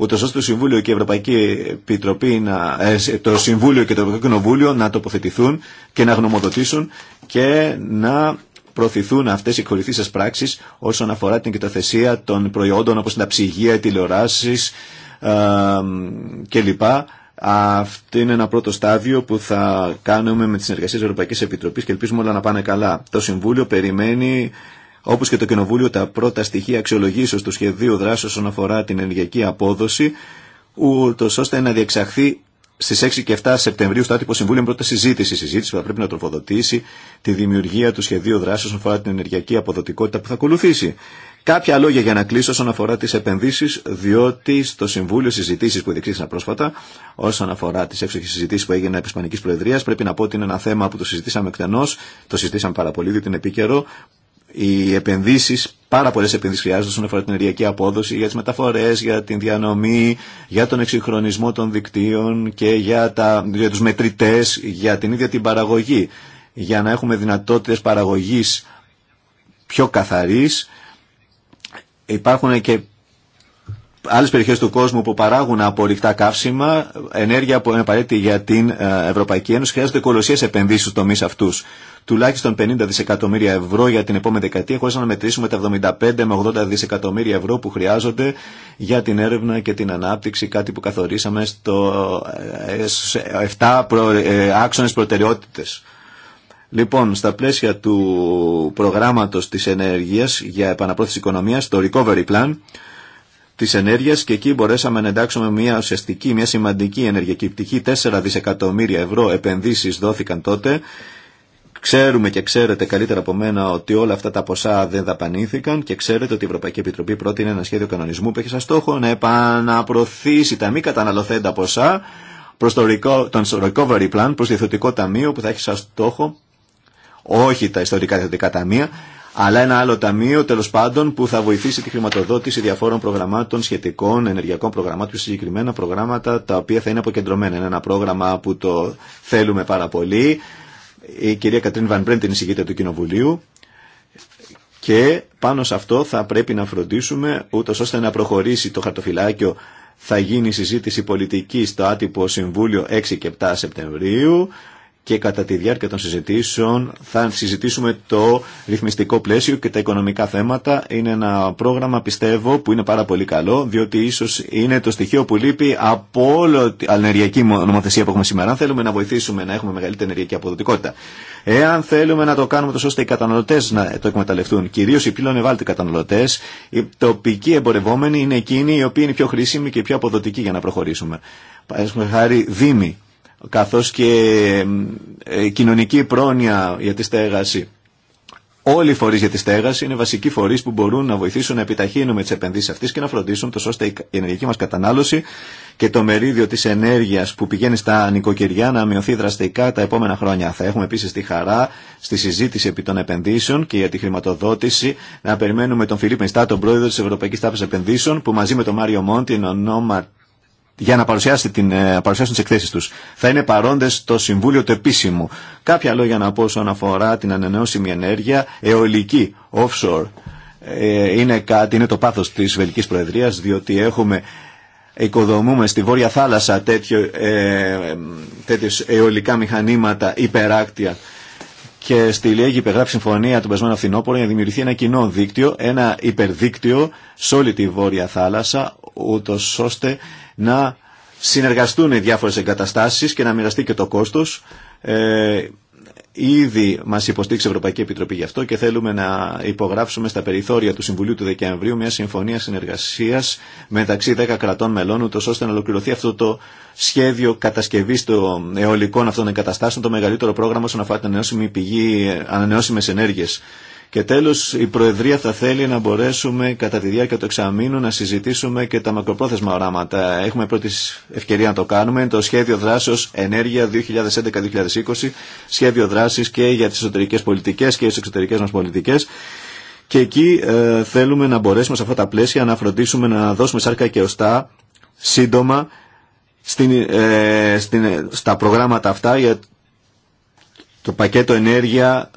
S1: ούτω ώστε το Συμβούλιο και η Ευρωπαϊκή Επιτροπή, να, ε, το Συμβούλιο και το Ευρωπαϊκό Κοινοβούλιο να τοποθετηθούν και να γνωμοδοτήσουν και να προωθηθούν αυτέ οι κορυφήσει πράξει όσον αφορά την κοιτοθεσία των προϊόντων όπω τα ψυγεία, οι τηλεοράσει ε, κλπ. Αυτό είναι ένα πρώτο στάδιο που θα κάνουμε με τις συνεργασίες της Ευρωπαϊκή Επιτροπή και ελπίζουμε όλα να πάνε καλά. Το Συμβούλιο περιμένει Όπω και το Κοινοβούλιο, τα πρώτα στοιχεία αξιολογήσεω του σχεδίου δράση όσον αφορά την ενεργειακή απόδοση, ούτω ώστε να διεξαχθεί στι 6 και 7 Σεπτεμβρίου στο Άτυπο Συμβούλιο με πρώτα συζήτηση. Συζήτηση που θα πρέπει να τροφοδοτήσει τη δημιουργία του σχεδίου δράση όσον αφορά την ενεργειακή αποδοτικότητα που θα ακολουθήσει. Κάποια λόγια για να κλείσω όσον αφορά τι επενδύσει, διότι στο Συμβούλιο συζητήσει που διεξήχθησαν πρόσφατα, όσον αφορά τι έξοχε συζητήσει που έγιναν επί Ισπανική Προεδρία, πρέπει να πω ότι είναι ένα θέμα που το συζητήσαμε εκτενώ, το συζητήσαμε πάρα πολύ, διότι είναι επίκαιρο, οι επενδύσεις, πάρα πολλές επενδύσεις χρειάζονται όσον αφορά την ενεργειακή απόδοση για τις μεταφορές, για την διανομή, για τον εξυγχρονισμό των δικτύων και για, τα, για τους μετρητές, για την ίδια την παραγωγή. Για να έχουμε δυνατότητες παραγωγής πιο καθαρής υπάρχουν και άλλες περιοχές του κόσμου που παράγουν απορριχτά καύσιμα, ενέργεια που είναι απαραίτητη για την ε, Ευρωπαϊκή Ένωση, χρειάζονται κολοσσίες επενδύσεις στους τομείς αυτούς τουλάχιστον 50 δισεκατομμύρια ευρώ για την επόμενη δεκαετία, χωρίς να μετρήσουμε τα 75 με 80 δισεκατομμύρια ευρώ που χρειάζονται για την έρευνα και την ανάπτυξη, κάτι που καθορίσαμε στο 7 ε, ε, ε, προ, άξονες προτεραιότητες. Λοιπόν, στα πλαίσια του προγράμματος της ενέργειας για επαναπρόθεση οικονομίας, το Recovery Plan, της ενέργειας και εκεί μπορέσαμε να εντάξουμε μια ουσιαστική, μια σημαντική ενεργειακή πτυχή. 4 δισεκατομμύρια ευρώ επενδύσεις δόθηκαν τότε Ξέρουμε και ξέρετε καλύτερα από μένα ότι όλα αυτά τα ποσά δεν δαπανήθηκαν και ξέρετε ότι η Ευρωπαϊκή Επιτροπή πρότεινε ένα σχέδιο κανονισμού που έχει σαν στόχο να επαναπροωθήσει τα μη καταναλωθέντα ποσά προς το Recovery Plan, προς ιδιωτικό ταμείο που θα έχει σαν στόχο όχι τα ιστορικά ιδιωτικά ταμεία, αλλά ένα άλλο ταμείο τέλο πάντων που θα βοηθήσει τη χρηματοδότηση διαφόρων προγραμμάτων σχετικών ενεργειακών προγραμμάτων συγκεκριμένα προγράμματα τα οποία θα είναι αποκεντρωμένα. Είναι ένα πρόγραμμα που το θέλουμε πάρα πολύ η κυρία Κατρίν Βανπρέν την εισηγήτρια του Κοινοβουλίου και πάνω σε αυτό θα πρέπει να φροντίσουμε ούτω ώστε να προχωρήσει το χαρτοφυλάκιο θα γίνει συζήτηση πολιτική στο άτυπο Συμβούλιο 6 και 7 Σεπτεμβρίου και κατά τη διάρκεια των συζητήσεων θα συζητήσουμε το ρυθμιστικό πλαίσιο και τα οικονομικά θέματα. Είναι ένα πρόγραμμα, πιστεύω, που είναι πάρα πολύ καλό, διότι ίσω είναι το στοιχείο που λείπει από όλη την ενεργειακή νομοθεσία που έχουμε σήμερα. Αν θέλουμε να βοηθήσουμε να έχουμε μεγαλύτερη ενεργειακή αποδοτικότητα, εάν θέλουμε να το κάνουμε τόσο ώστε οι καταναλωτέ να το εκμεταλλευτούν, κυρίω οι πλέον ευάλωτοι καταναλωτέ, οι τοπικοί εμπορευόμενοι είναι εκείνοι οι οποίοι είναι πιο χρήσιμοι και πιο αποδοτικοί για να προχωρήσουμε. Παραδείγματο χάρη, Δήμοι καθώς και ε, κοινωνική πρόνοια για τη στέγαση. Όλοι οι φορεί για τη στέγαση είναι βασικοί φορεί που μπορούν να βοηθήσουν να επιταχύνουμε τι επενδύσει αυτέ και να φροντίσουν τόσο ώστε η ενεργειακή μα κατανάλωση και το μερίδιο τη ενέργεια που πηγαίνει στα νοικοκυριά να μειωθεί δραστικά τα επόμενα χρόνια. Θα έχουμε επίση τη χαρά στη συζήτηση επί των επενδύσεων και για τη χρηματοδότηση να περιμένουμε τον Φιλίπ Μιστά, τον πρόεδρο τη Ευρωπαϊκή Τάπεζα Επενδύσεων, που μαζί με τον Μάριο Μόντιν, ονόμα για να παρουσιάσει την, ε, παρουσιάσουν τι εκθέσει τους. Θα είναι παρόντες στο Συμβούλιο το επίσημο. Κάποια λόγια να πω όσον αφορά την ανανεώσιμη ενέργεια, αιωλική, offshore. Ε, είναι, κάτι, είναι το πάθο τη Βελική Προεδρία, διότι έχουμε οικοδομούμε στη Βόρεια Θάλασσα τέτοιο, ε, τέτοιες αιωλικά μηχανήματα υπεράκτια και στη Λέγη υπεγράφει συμφωνία του περσμένο Αθηνόπορου για να δημιουργηθεί ένα κοινό δίκτυο, ένα υπερδίκτυο σε όλη τη Βόρεια Θάλασσα, ούτω ώστε να συνεργαστούν οι διάφορες εγκαταστάσεις και να μοιραστεί και το κόστος. Ε, ήδη μας υποστήριξε η Ευρωπαϊκή Επιτροπή γι' αυτό και θέλουμε να υπογράψουμε στα περιθώρια του Συμβουλίου του Δεκεμβρίου μια συμφωνία συνεργασίας μεταξύ 10 κρατών μελών ούτως ώστε να ολοκληρωθεί αυτό το σχέδιο κατασκευής των αιωλικών αυτών εγκαταστάσεων το μεγαλύτερο πρόγραμμα όσον αφορά την ανανεώσιμη πηγή, ανανεώσιμες ενέργειες. Και τέλος η Προεδρία θα θέλει να μπορέσουμε κατά τη διάρκεια του εξαμήνου να συζητήσουμε και τα μακροπρόθεσμα οράματα. Έχουμε πρώτη ευκαιρία να το κάνουμε. Το σχέδιο δράσεως Ενέργεια 2011-2020, σχέδιο δράσης και για τις εσωτερικές πολιτικές και τις εξωτερικές μας πολιτικές. Και εκεί ε, θέλουμε να μπορέσουμε σε αυτά τα πλαίσια να φροντίσουμε να δώσουμε σάρκα και οστά σύντομα στην, ε, στην, στα προγράμματα αυτά για το πακέτο ενέργεια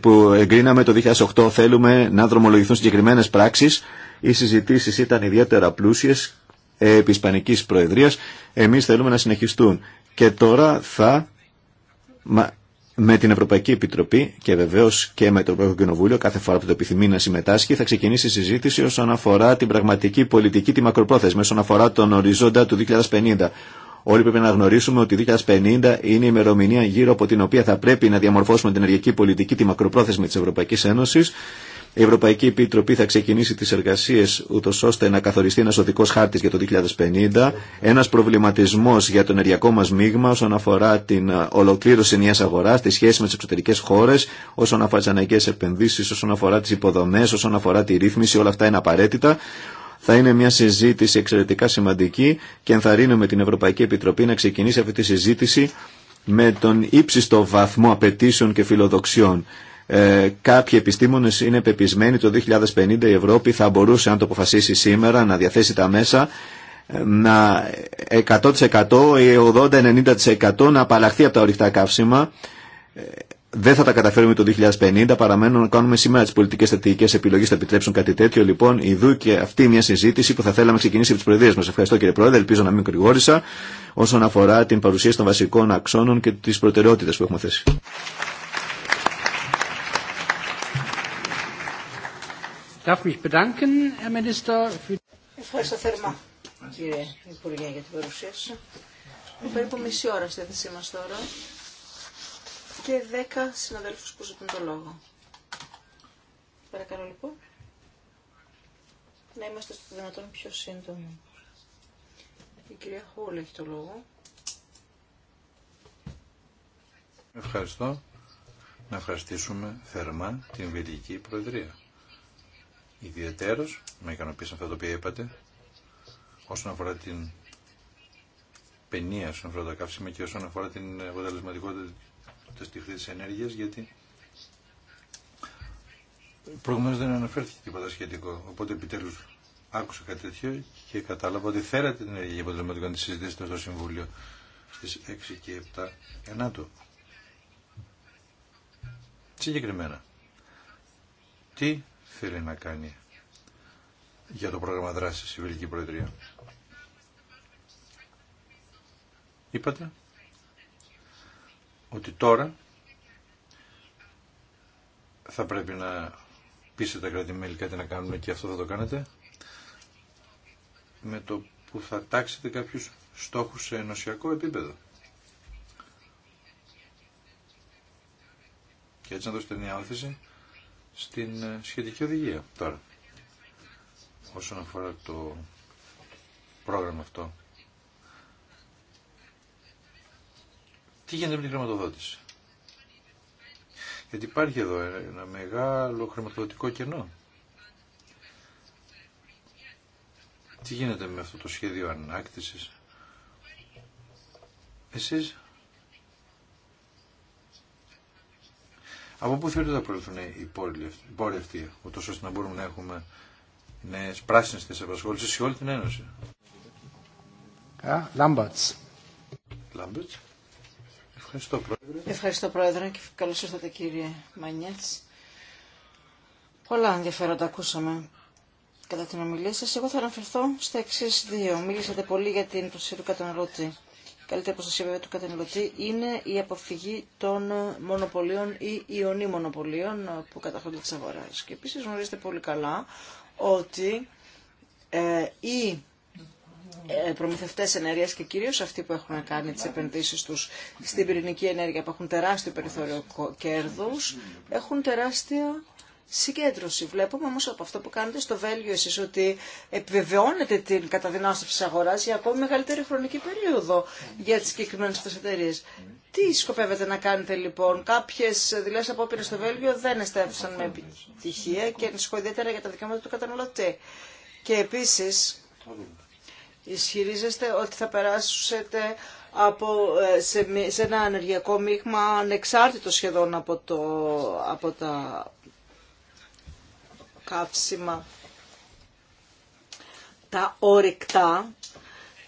S1: που εγκρίναμε το 2008 θέλουμε να δρομολογηθούν συγκεκριμένε πράξεις. Οι συζητήσεις ήταν ιδιαίτερα πλούσιες επί Ισπανική Προεδρία. Εμείς θέλουμε να συνεχιστούν. Και τώρα θα με την Ευρωπαϊκή Επιτροπή και βεβαίω και με το Ευρωπαϊκό Κοινοβούλιο, κάθε φορά που το επιθυμεί να συμμετάσχει, θα ξεκινήσει η συζήτηση όσον αφορά την πραγματική πολιτική, τη μακροπρόθεσμη, όσον αφορά τον οριζόντα του 2050. Όλοι πρέπει να γνωρίσουμε ότι 2050 είναι η ημερομηνία γύρω από την οποία θα πρέπει να διαμορφώσουμε την ενεργειακή πολιτική, τη μακροπρόθεσμη τη Ευρωπαϊκή Ένωση. Η Ευρωπαϊκή Επιτροπή θα ξεκινήσει τι εργασίε ούτω ώστε να καθοριστεί ένα οδικό χάρτη για το 2050, Ένα προβληματισμό για το ενεργειακό μα μείγμα όσον αφορά την ε, ολοκλήρωση ενιαία αγορά τη σχέση με τι εξωτερικέ χώρε, όσον αφορά τι αναγκαίε επενδύσει, όσον αφορά τι υποδομέ, όσον αφορά τη ρύθμιση, όλα αυτά είναι απαραίτητα. Θα είναι μια συζήτηση εξαιρετικά σημαντική και ενθαρρύνουμε την Ευρωπαϊκή Επιτροπή να ξεκινήσει αυτή τη συζήτηση με τον ύψιστο βαθμό απαιτήσεων και φιλοδοξιών. Ε, κάποιοι επιστήμονες είναι πεπισμένοι το 2050 η Ευρώπη θα μπορούσε αν το αποφασίσει σήμερα να διαθέσει τα μέσα ε, να 100% ή 80-90% να απαλλαχθεί από τα ορυκτά καύσιμα ε, δεν θα τα καταφέρουμε το 2050, παραμένουν να κάνουμε σήμερα τι πολιτικέ στρατηγικέ επιλογέ θα επιτρέψουν κάτι τέτοιο. Λοιπόν, ειδού και αυτή μια συζήτηση που θα θέλαμε να ξεκινήσει από τι προεδρίε μα. Ευχαριστώ κύριε Πρόεδρε, ελπίζω να μην κρυγόρισα όσον αφορά την παρουσίαση των βασικών αξώνων και τι προτεραιότητε που έχουμε θέσει.
S2: Ευχαριστώ θερμά, κύριε Υπουργέ, για την παρουσία σας. Περίπου μισή ώρα στη θέση μας τώρα και δέκα συναδέλφους που ζητούν το λόγο. Παρακαλώ λοιπόν να είμαστε στο δυνατόν πιο σύντομοι. Η κυρία Χόλ έχει το λόγο.
S3: Ευχαριστώ. Να ευχαριστήσουμε θερμά την Βελγική Προεδρία. Ιδιαιτέρως, με ικανοποίησαν αυτά τα οποία είπατε, όσον αφορά την παινία, όσον αφορά τα καύσιμα και όσον αφορά την αποτελεσματικότητα αποδοτικότητα στη χρήση της ενέργειας γιατί προηγουμένως δεν αναφέρθηκε τίποτα σχετικό. Οπότε επιτέλους άκουσα κάτι τέτοιο και κατάλαβα ότι θέρατε την ενέργεια να τη συζητήσετε στο Συμβούλιο στις 6 και 7 Ενάτου. Συγκεκριμένα, τι θέλει να κάνει για το πρόγραμμα δράσης η Βελική Προεδρία. Είπατε ότι τώρα θα πρέπει να πείσετε τα κράτη-μέλη κάτι να κάνουμε και αυτό θα το κάνετε με το που θα τάξετε κάποιους στόχους σε ενωσιακό επίπεδο. Και έτσι να δώσετε μια στην ε, σχετική οδηγία τώρα. Όσον αφορά το πρόγραμμα αυτό Τι γίνεται με την χρηματοδότηση. Γιατί υπάρχει εδώ ένα μεγάλο χρηματοδοτικό κενό. Τι γίνεται με αυτό το σχέδιο ανάκτησης. Εσείς Από πού θεωρείτε θα προέλθουν οι πόροι αυτοί, ούτω ώστε να μπορούμε να έχουμε νέε πράσινε θέσει απασχόληση σε όλη την Ένωση.
S5: Λάμπατς. Λάμπερτ. Ευχαριστώ,
S2: Πρόεδρε. Ευχαριστώ, Πρόεδρε, και καλώ ήρθατε, κύριε Μανιέτ. Πολλά ενδιαφέροντα ακούσαμε κατά την ομιλία σα. Εγώ θα αναφερθώ στα εξή δύο. Μίλησατε πολύ για την προστασία του καταναλωτή. Η καλύτερη προστασία βέβαια του καταναλωτή είναι η αποφυγή των μονοπωλίων ή ιονή μονοπωλίων που καταχωρούνται τη αγορά. Και επίση γνωρίζετε πολύ καλά ότι ε, η ε, Προμηθευτέ ενέργεια και κυρίω αυτοί που έχουν κάνει τι επενδύσει του στην πυρηνική ενέργεια που έχουν τεράστιο περιθώριο κέρδους, έχουν τεράστια συγκέντρωση. Βλέπουμε όμως από αυτό που κάνετε στο Βέλγιο εσείς ότι επιβεβαιώνετε την καταδυνάστευση της αγοράς για ακόμη μεγαλύτερη χρονική περίοδο για τις συγκεκριμένε αυτές εταιρείε. Τι σκοπεύετε να κάνετε λοιπόν, κάποιες από απόπειρε στο Βέλγιο δεν εστέφθησαν με επιτυχία και ενισχύω ιδιαίτερα για τα δικαιώματα του καταναλωτή. Και επίσης, ισχυρίζεστε ότι θα περάσετε από, ε, σε, σε ένα ενεργειακό μείγμα ανεξάρτητο σχεδόν από, το, από τα καύσιμα τα ορυκτά,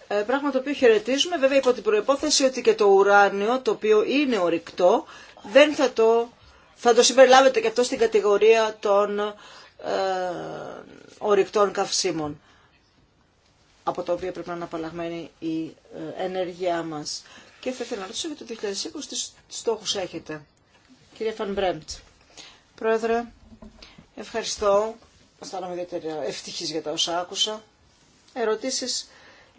S2: ε, πράγμα το οποίο χαιρετίζουμε, βέβαια υπό την προϋπόθεση ότι και το ουράνιο, το οποίο είναι ορυκτό, δεν θα το, θα το συμπεριλάβετε και αυτό στην κατηγορία των ε, ορυκτών καυσίμων από τα οποία πρέπει να είναι απαλλαγμένη η ε, ενέργειά μας. Και θα ήθελα να ρωτήσω για το 2020 τι στόχους έχετε. Κύριε Φανμπρέμπτ. Πρόεδρε, ευχαριστώ. Αισθάνομαι ιδιαίτερα ευτυχή για τα όσα άκουσα. Ερωτήσεις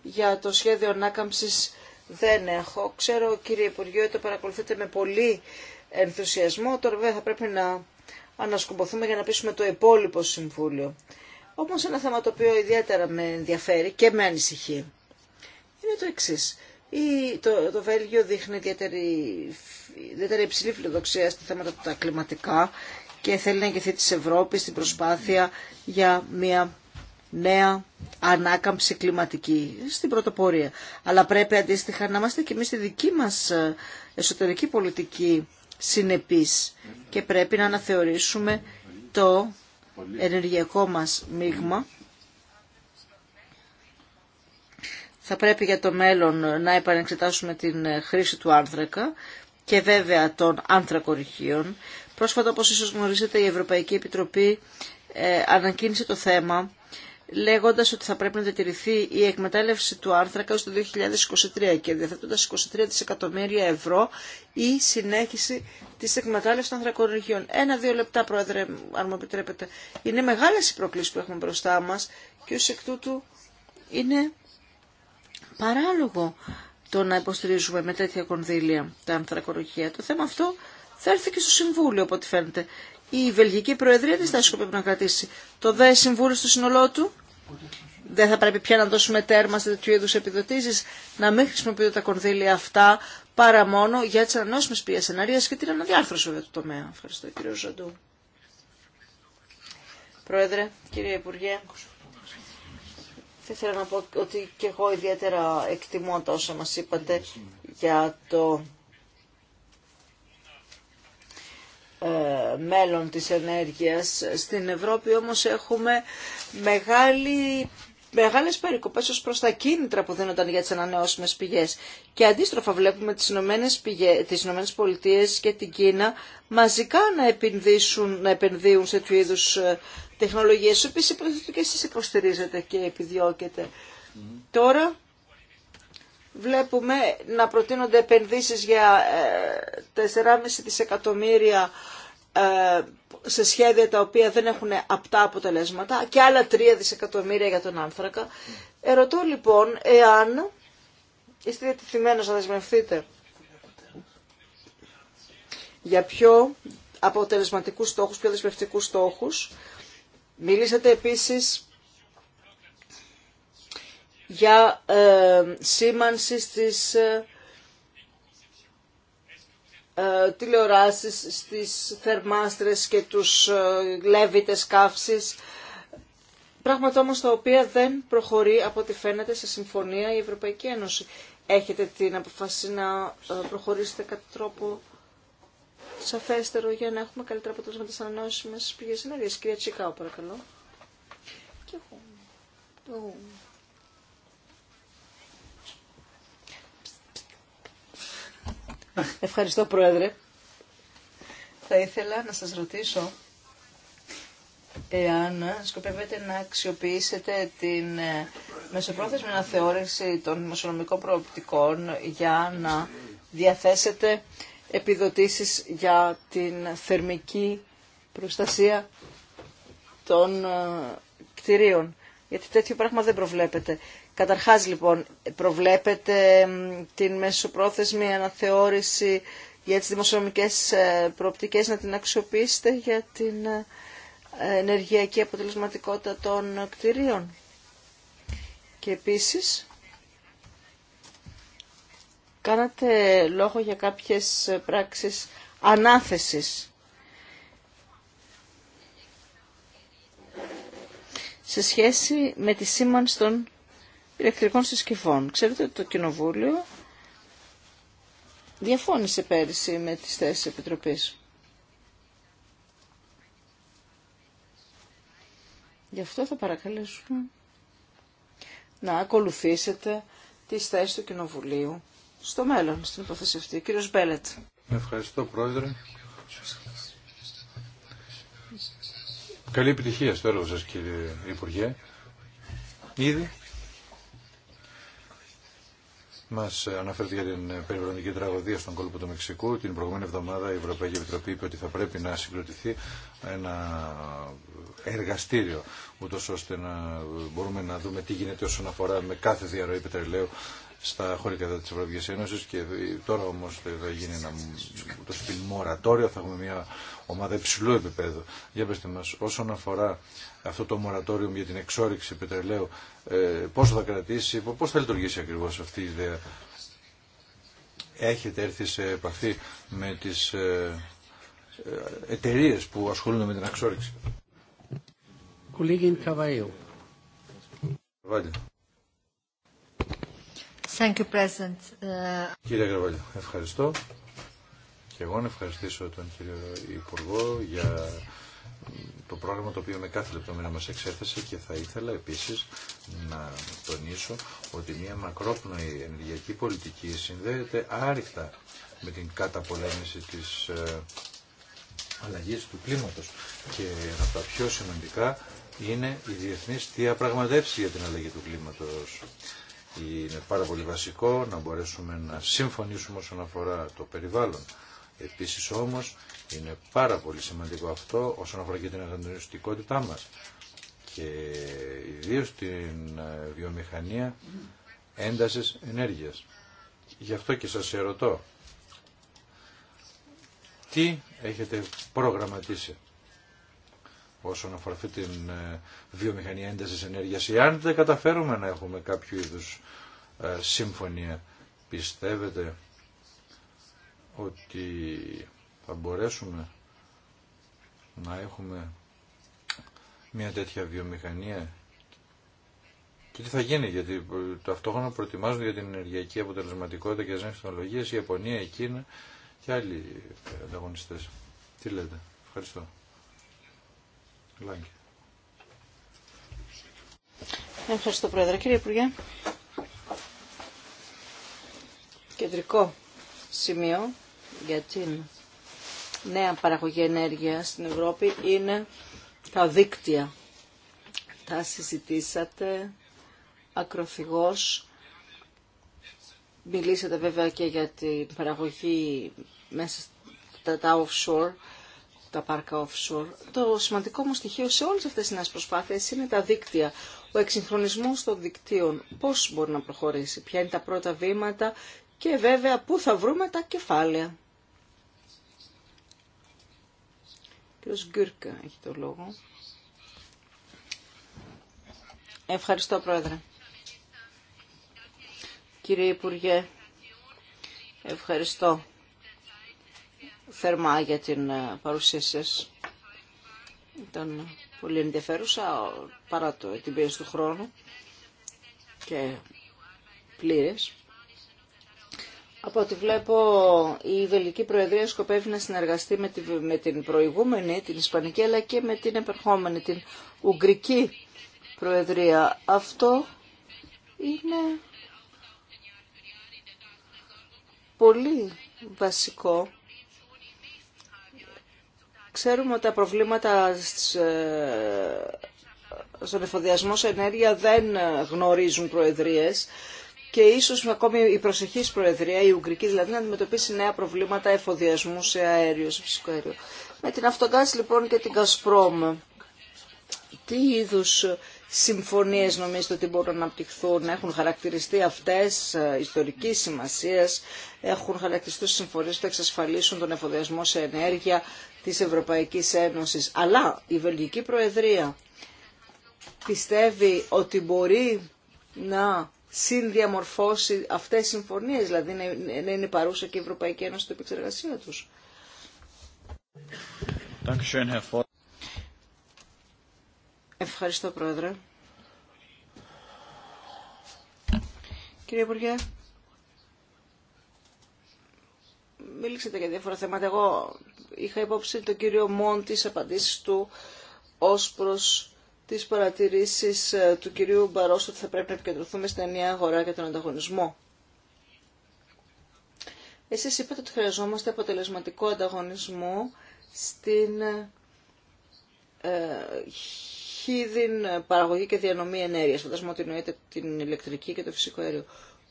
S2: για το σχέδιο ανάκαμψης δεν έχω. Ξέρω κύριε Υπουργείο ότι το παρακολουθείτε με πολύ ενθουσιασμό. Τώρα βέβαια θα πρέπει να ανασκουμποθούμε για να πείσουμε το υπόλοιπο Συμβούλιο. Όμω ένα θέμα το οποίο ιδιαίτερα με ενδιαφέρει και με ανησυχεί είναι το εξή. Το, το Βέλγιο δείχνει ιδιαίτερη, υψηλή φιλοδοξία στα θέματα τα κλιματικά και θέλει να εγγυθεί τη Ευρώπης στην προσπάθεια για μια νέα ανάκαμψη κλιματική στην πρωτοπορία. Αλλά πρέπει αντίστοιχα να είμαστε και εμεί στη δική μας ε, εσωτερική πολιτική συνεπής και πρέπει να αναθεωρήσουμε το ενεργειακό μας μείγμα. Θα πρέπει για το μέλλον να επανεξετάσουμε την χρήση του άνθρακα και βέβαια των άνθρακορυχείων. Πρόσφατα, όπως ίσως γνωρίζετε, η Ευρωπαϊκή Επιτροπή ε, ανακοίνησε το θέμα λέγοντας ότι θα πρέπει να διατηρηθεί η εκμετάλλευση του άνθρακα το 2023 και διαθέτοντας 23 δισεκατομμύρια ευρώ η συνέχιση της εκμετάλλευσης των ανθρακοργείων. Ένα-δύο λεπτά, Πρόεδρε, αν μου επιτρέπετε. Είναι μεγάλες οι προκλήσεις που έχουμε μπροστά μας και ως εκ τούτου είναι παράλογο το να υποστηρίζουμε με τέτοια κονδύλια τα ανθρακοργεία. Το θέμα αυτό θα έρθει και στο Συμβούλιο, από φαίνεται η Βελγική Προεδρία τι θα σκοπεύει να κρατήσει. Το ΔΕ Συμβούλιο στο σύνολό του. Δεν θα πρέπει πια να δώσουμε τέρμα σε τέτοιου είδου επιδοτήσει, να μην χρησιμοποιούνται τα κονδύλια αυτά παρά μόνο για τι ανανεώσιμε πηγέ ενέργεια και την αναδιάρθρωση βέβαια του τομέα. Ευχαριστώ, κύριε Ζαντού. Πρόεδρε, κύριε Υπουργέ, θα ήθελα να πω ότι και εγώ ιδιαίτερα εκτιμώ τα όσα μας είπατε για το Ε, μέλλον της ενέργειας. Στην Ευρώπη όμως έχουμε μεγάλη μεγάλες περικοπές ως προς τα κίνητρα που δίνονταν για τις ανανεώσιμες πηγές. Και αντίστροφα βλέπουμε τις Ηνωμένες, πηγές, τις Πολιτείες και την Κίνα μαζικά να, επενδύσουν, να επενδύουν σε τέτοιου είδου ε, τεχνολογίες, οι οποίες και εσείς υποστηρίζετε και επιδιώκετε. Τώρα βλέπουμε να προτείνονται επενδύσεις για 4,5 ε, δισεκατομμύρια ε, σε σχέδια τα οποία δεν έχουν απτά αποτελέσματα και άλλα 3 δισεκατομμύρια για τον άνθρακα. Ερωτώ λοιπόν εάν είστε διατηθειμένος να δεσμευτείτε για πιο αποτελεσματικούς στόχους, πιο δεσμευτικούς στόχους. Μιλήσατε επίσης για ε, σήμανση στις ε, ε, τηλεοράσεις, στις θερμάστρες και τους λέβητες καύσης. Πράγματα όμως τα οποία δεν προχωρεί από ό,τι φαίνεται σε συμφωνία η Ευρωπαϊκή Ένωση. Έχετε την αποφασή να προχωρήσετε κατά τρόπο σαφέστερο για να έχουμε καλύτερα αποτελέσματα στις ανανεώσιμες πηγές ενέργειας. Κυρία Τσικάου, παρακαλώ.
S4: Και εγώ.
S2: Ευχαριστώ Πρόεδρε. Θα ήθελα να σας ρωτήσω εάν σκοπεύετε να αξιοποιήσετε την ε, μεσοπρόθεσμη αναθεώρηση των δημοσιονομικών προοπτικών για να διαθέσετε επιδοτήσεις για την θερμική προστασία των ε, κτηρίων. Γιατί τέτοιο πράγμα δεν προβλέπεται. Καταρχάς λοιπόν προβλέπετε την μεσοπρόθεσμη αναθεώρηση για τις δημοσιονομικές ε, προοπτικές να την αξιοποιήσετε για την ε, ενεργειακή αποτελεσματικότητα των κτηρίων. Και επίσης, κάνατε λόγο για κάποιες πράξεις ανάθεσης. Σε σχέση με τη σήμανση των ηλεκτρικών συσκευών. Ξέρετε ότι το Κοινοβούλιο διαφώνησε πέρυσι με τις θέσεις της Επιτροπής. Γι' αυτό θα παρακαλέσουμε να ακολουθήσετε τις θέσεις του Κοινοβουλίου στο μέλλον, στην υπόθεση αυτή. Κύριος Μπέλετ.
S3: Ευχαριστώ Πρόεδρε. Καλή επιτυχία στο έργο σας κύριε Υπουργέ. Ήδη Μα αναφέρεται για την περιβαλλοντική τραγωδία στον κόλπο του Μεξικού. Την προηγούμενη εβδομάδα η Ευρωπαϊκή Επιτροπή είπε ότι θα πρέπει να συγκροτηθεί ένα εργαστήριο, ούτω ώστε να μπορούμε να δούμε τι γίνεται όσον αφορά με κάθε διαρροή πετρελαίου στα χωρικά τη Ευρωπαϊκή Ένωση και τώρα όμω θα γίνει ένα, το μορατόριο, θα έχουμε μια ομάδα υψηλού επίπεδου. Για πετε μα, όσον αφορά αυτό το μορατόριο για την εξόριξη πετρελαίου, ε, πόσο θα κρατήσει, πώ θα λειτουργήσει ακριβώ αυτή η ιδέα. Έχετε έρθει σε επαφή με τις ε, ε, εταιρείε που ασχολούνται με την εξόριξη.
S4: Καβαίου. Uh,
S3: Κύριε Γραβάλιο, ευχαριστώ. Και εγώ να ευχαριστήσω τον κύριο Υπουργό για το πρόγραμμα το οποίο με κάθε λεπτομέρεια μας εξέθεσε και θα ήθελα επίσης να τονίσω ότι μια μακρόπνοη ενεργειακή πολιτική συνδέεται άρρηκτα με την καταπολέμηση της ε, αλλαγής του κλίματος και ένα από τα πιο σημαντικά είναι η διεθνής διαπραγματεύση για την αλλαγή του κλίματος. Είναι πάρα πολύ βασικό να μπορέσουμε να συμφωνήσουμε όσον αφορά το περιβάλλον. Επίσης όμως είναι πάρα πολύ σημαντικό αυτό όσον αφορά και την ανταγωνιστικότητά μας και ιδίω την ε, βιομηχανία έντασης ενέργειας. Γι' αυτό και σας ερωτώ, τι έχετε προγραμματίσει όσον αφορά αυτή την ε, βιομηχανία ένταση ενέργειας. αν δεν καταφέρουμε να έχουμε κάποιο είδους ε, σύμφωνια, πιστεύετε ότι θα μπορέσουμε να έχουμε μια τέτοια βιομηχανία και τι θα γίνει, γιατί ε, ταυτόχρονα προετοιμάζονται για την ενεργειακή αποτελεσματικότητα και τι νέε τεχνολογίες η Ιαπωνία, η Κίνα και άλλοι ανταγωνιστέ. Τι λέτε. Ευχαριστώ. Λάγκη.
S2: Ευχαριστώ, Πρόεδρε. Κύριε Υπουργέ, κεντρικό σημείο για την νέα παραγωγή ενέργεια στην Ευρώπη είναι τα δίκτυα. Τα συζητήσατε ακροφυγώς. Μιλήσατε βέβαια και για την παραγωγή μέσα στα τα offshore τα πάρκα offshore. Το σημαντικό μου στοιχείο σε όλες αυτές τις νέες προσπάθειες είναι τα δίκτυα. Ο εξυγχρονισμός των δικτύων, πώς μπορεί να προχωρήσει, ποια είναι τα πρώτα βήματα και βέβαια πού θα βρούμε τα κεφάλαια. Ο Γκούρκα έχει το λόγο. Ευχαριστώ, Πρόεδρε. Κύριε Υπουργέ, ευχαριστώ θερμά για την ε, παρουσία σα. Ήταν πολύ ενδιαφέρουσα παρά το, την πίεση του χρόνου και πλήρες. Από ό,τι βλέπω, η Βελική Προεδρία σκοπεύει να συνεργαστεί με, με την προηγούμενη, την Ισπανική, αλλά και με την επερχόμενη, την Ουγγρική Προεδρία. Αυτό είναι πολύ βασικό Ξέρουμε ότι τα προβλήματα ε, στον εφοδιασμό σε ενέργεια δεν γνωρίζουν προεδρίες και ίσως ακόμη η προσεχής προεδρία, η Ουγγρική δηλαδή, να αντιμετωπίσει νέα προβλήματα εφοδιασμού σε αέριο, σε φυσικό αέριο. Με την Αυτογκάση λοιπόν και την Κασπρόμ, τι είδους συμφωνίες νομίζετε ότι μπορούν να αναπτυχθούν, έχουν χαρακτηριστεί αυτές ε, ιστορικής σημασίας, έχουν χαρακτηριστεί συμφωνίες που θα εξασφαλίσουν τον εφοδιασμό σε ενέργεια της Ευρωπαϊκής Ένωσης. Αλλά η Βελγική Προεδρία πιστεύει ότι μπορεί να συνδιαμορφώσει αυτές τις συμφωνίες, δηλαδή να είναι παρούσα και η Ευρωπαϊκή Ένωση στην επεξεργασία τους. Ευχαριστώ, Πρόεδρε. Κύριε Υπουργέ, μίληξατε για διάφορα θέματα. Εγώ είχα υπόψη τον κύριο Μον τις απαντήσεις του ως προς τις παρατηρήσεις ε, του κυρίου Μπαρός ότι θα πρέπει να επικεντρωθούμε στην ενιαία αγορά και τον ανταγωνισμό. Εσείς είπατε ότι χρειαζόμαστε αποτελεσματικό ανταγωνισμό στην ε, χίδιν παραγωγή και διανομή ενέργειας. Φαντασμό ότι εννοείται την ηλεκτρική και το φυσικό αέριο.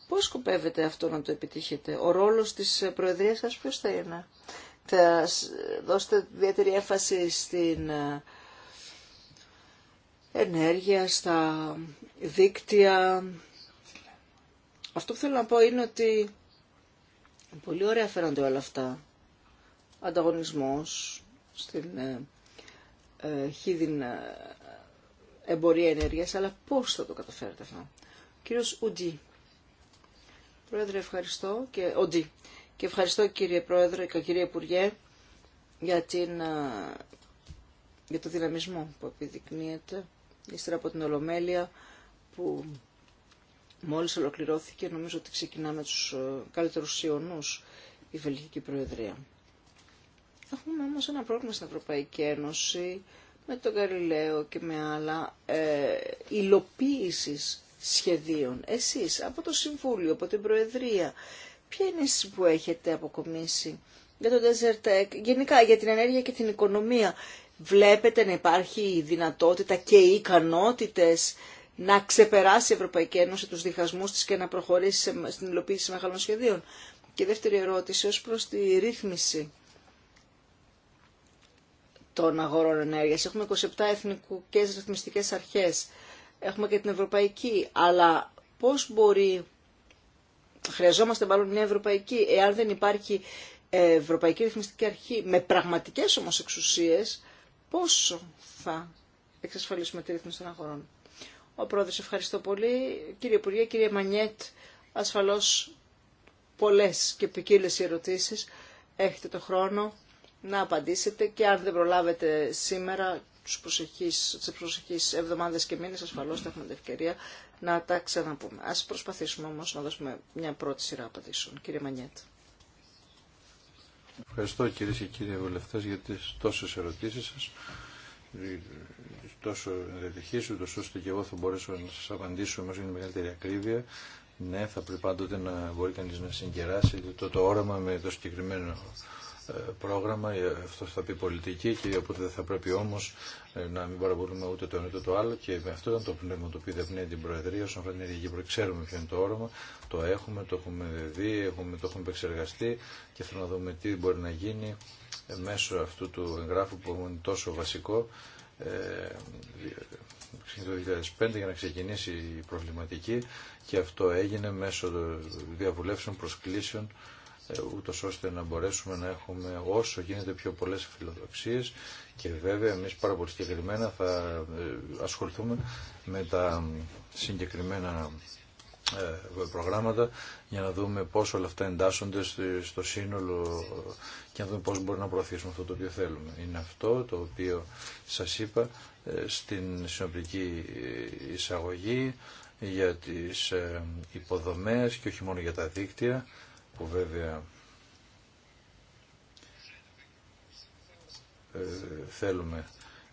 S2: Πώς σκοπεύετε αυτό να το επιτύχετε, ο ρόλος της Προεδρίας σας ποιος θα είναι θα ε, δώσετε ιδιαίτερη έμφαση στην ε, ενέργεια, στα δίκτυα. Αυτό που θέλω να πω είναι ότι πολύ ωραία φαίνονται όλα αυτά. Ανταγωνισμός στην ε, ε χίδιν εμπορία ενέργειας, αλλά πώς θα το καταφέρετε αυτό. Κύριος Ουντζή. Πρόεδρε, ευχαριστώ. Και... Ουντζή και ευχαριστώ κύριε Πρόεδρε και κύριε Υπουργέ για, την, για το δυναμισμό που επιδεικνύεται ύστερα από την Ολομέλεια που μόλις ολοκληρώθηκε νομίζω ότι ξεκινάμε τους καλύτερους σιωνούς, η Βελγική Προεδρία. Έχουμε όμως ένα πρόβλημα στην Ευρωπαϊκή Ένωση με τον Καριλαίο και με άλλα ε, υλοποίησης σχεδίων. Εσείς από το Συμβούλιο, από την Προεδρία, Ποια είναι η που έχετε αποκομίσει για το Desert Tech, γενικά για την ενέργεια και την οικονομία. Βλέπετε να υπάρχει η δυνατότητα και οι ικανότητες να ξεπεράσει η Ευρωπαϊκή Ένωση τους διχασμούς της και να προχωρήσει στην υλοποίηση μεγάλων σχεδίων. Και δεύτερη ερώτηση ως προς τη ρύθμιση των αγορών ενέργειας. Έχουμε 27 εθνικές ρυθμιστικές αρχές. Έχουμε και την Ευρωπαϊκή. Αλλά πώς μπορεί Χρειαζόμαστε μάλλον μια ευρωπαϊκή, εάν δεν υπάρχει ε, ευρωπαϊκή ρυθμιστική αρχή με πραγματικές όμως εξουσίες, πόσο θα εξασφαλίσουμε τη ρύθμιση των αγορών. Ο πρόεδρος, ευχαριστώ πολύ. Κύριε Υπουργέ, κύριε Μανιέτ, ασφαλώς πολλές και ποικίλε ερωτήσεις. Έχετε το χρόνο να απαντήσετε και αν δεν προλάβετε σήμερα τους προσεχείς, τις εβδομάδες και μήνες ασφαλώς θα έχουμε την ευκαιρία να τα ξαναπούμε. Ας προσπαθήσουμε όμως να δώσουμε μια πρώτη σειρά απαντήσεων. Κύριε Μανιέτ.
S3: Ευχαριστώ κυρίε και κύριοι βουλευτές για τις τόσες ερωτήσεις σας. Τόσο ενδελεχείς, ούτως ώστε και εγώ θα μπορέσω να σας απαντήσω όμως για μεγαλύτερη ακρίβεια. Ναι, θα πρέπει πάντοτε να μπορεί κανείς να συγκεράσει το, το όραμα με το συγκεκριμένο ε, πρόγραμμα, ε, αυτό θα πει πολιτική και οπότε δεν θα πρέπει όμω ε, να μην παραπονούμε ούτε το ένα ούτε το άλλο και με αυτό ήταν το πνεύμα το οποίο διαπνέει την Προεδρία όσον αφορά την προεδρία. Ξέρουμε ποιο είναι το όρομα, το έχουμε, το έχουμε δει, έχουμε, το έχουμε επεξεργαστεί και θέλω να δούμε τι μπορεί να γίνει μέσω αυτού του εγγράφου που είναι τόσο βασικό το 2005 για να ξεκινήσει η προβληματική και αυτό έγινε μέσω διαβουλεύσεων προσκλήσεων ε, ούτω ώστε να μπορέσουμε να έχουμε όσο γίνεται πιο πολλές φιλοδοξίε και βέβαια εμεί πάρα πολύ συγκεκριμένα θα ε, ασχοληθούμε με τα συγκεκριμένα ε, προγράμματα για να δούμε πώς όλα αυτά εντάσσονται στο σύνολο και να δούμε πώς μπορούμε να προωθήσουμε αυτό το οποίο θέλουμε. Είναι αυτό το οποίο σας είπα στην συνοπτική εισαγωγή για τις υποδομές και όχι μόνο για τα δίκτυα που βέβαια ε, θέλουμε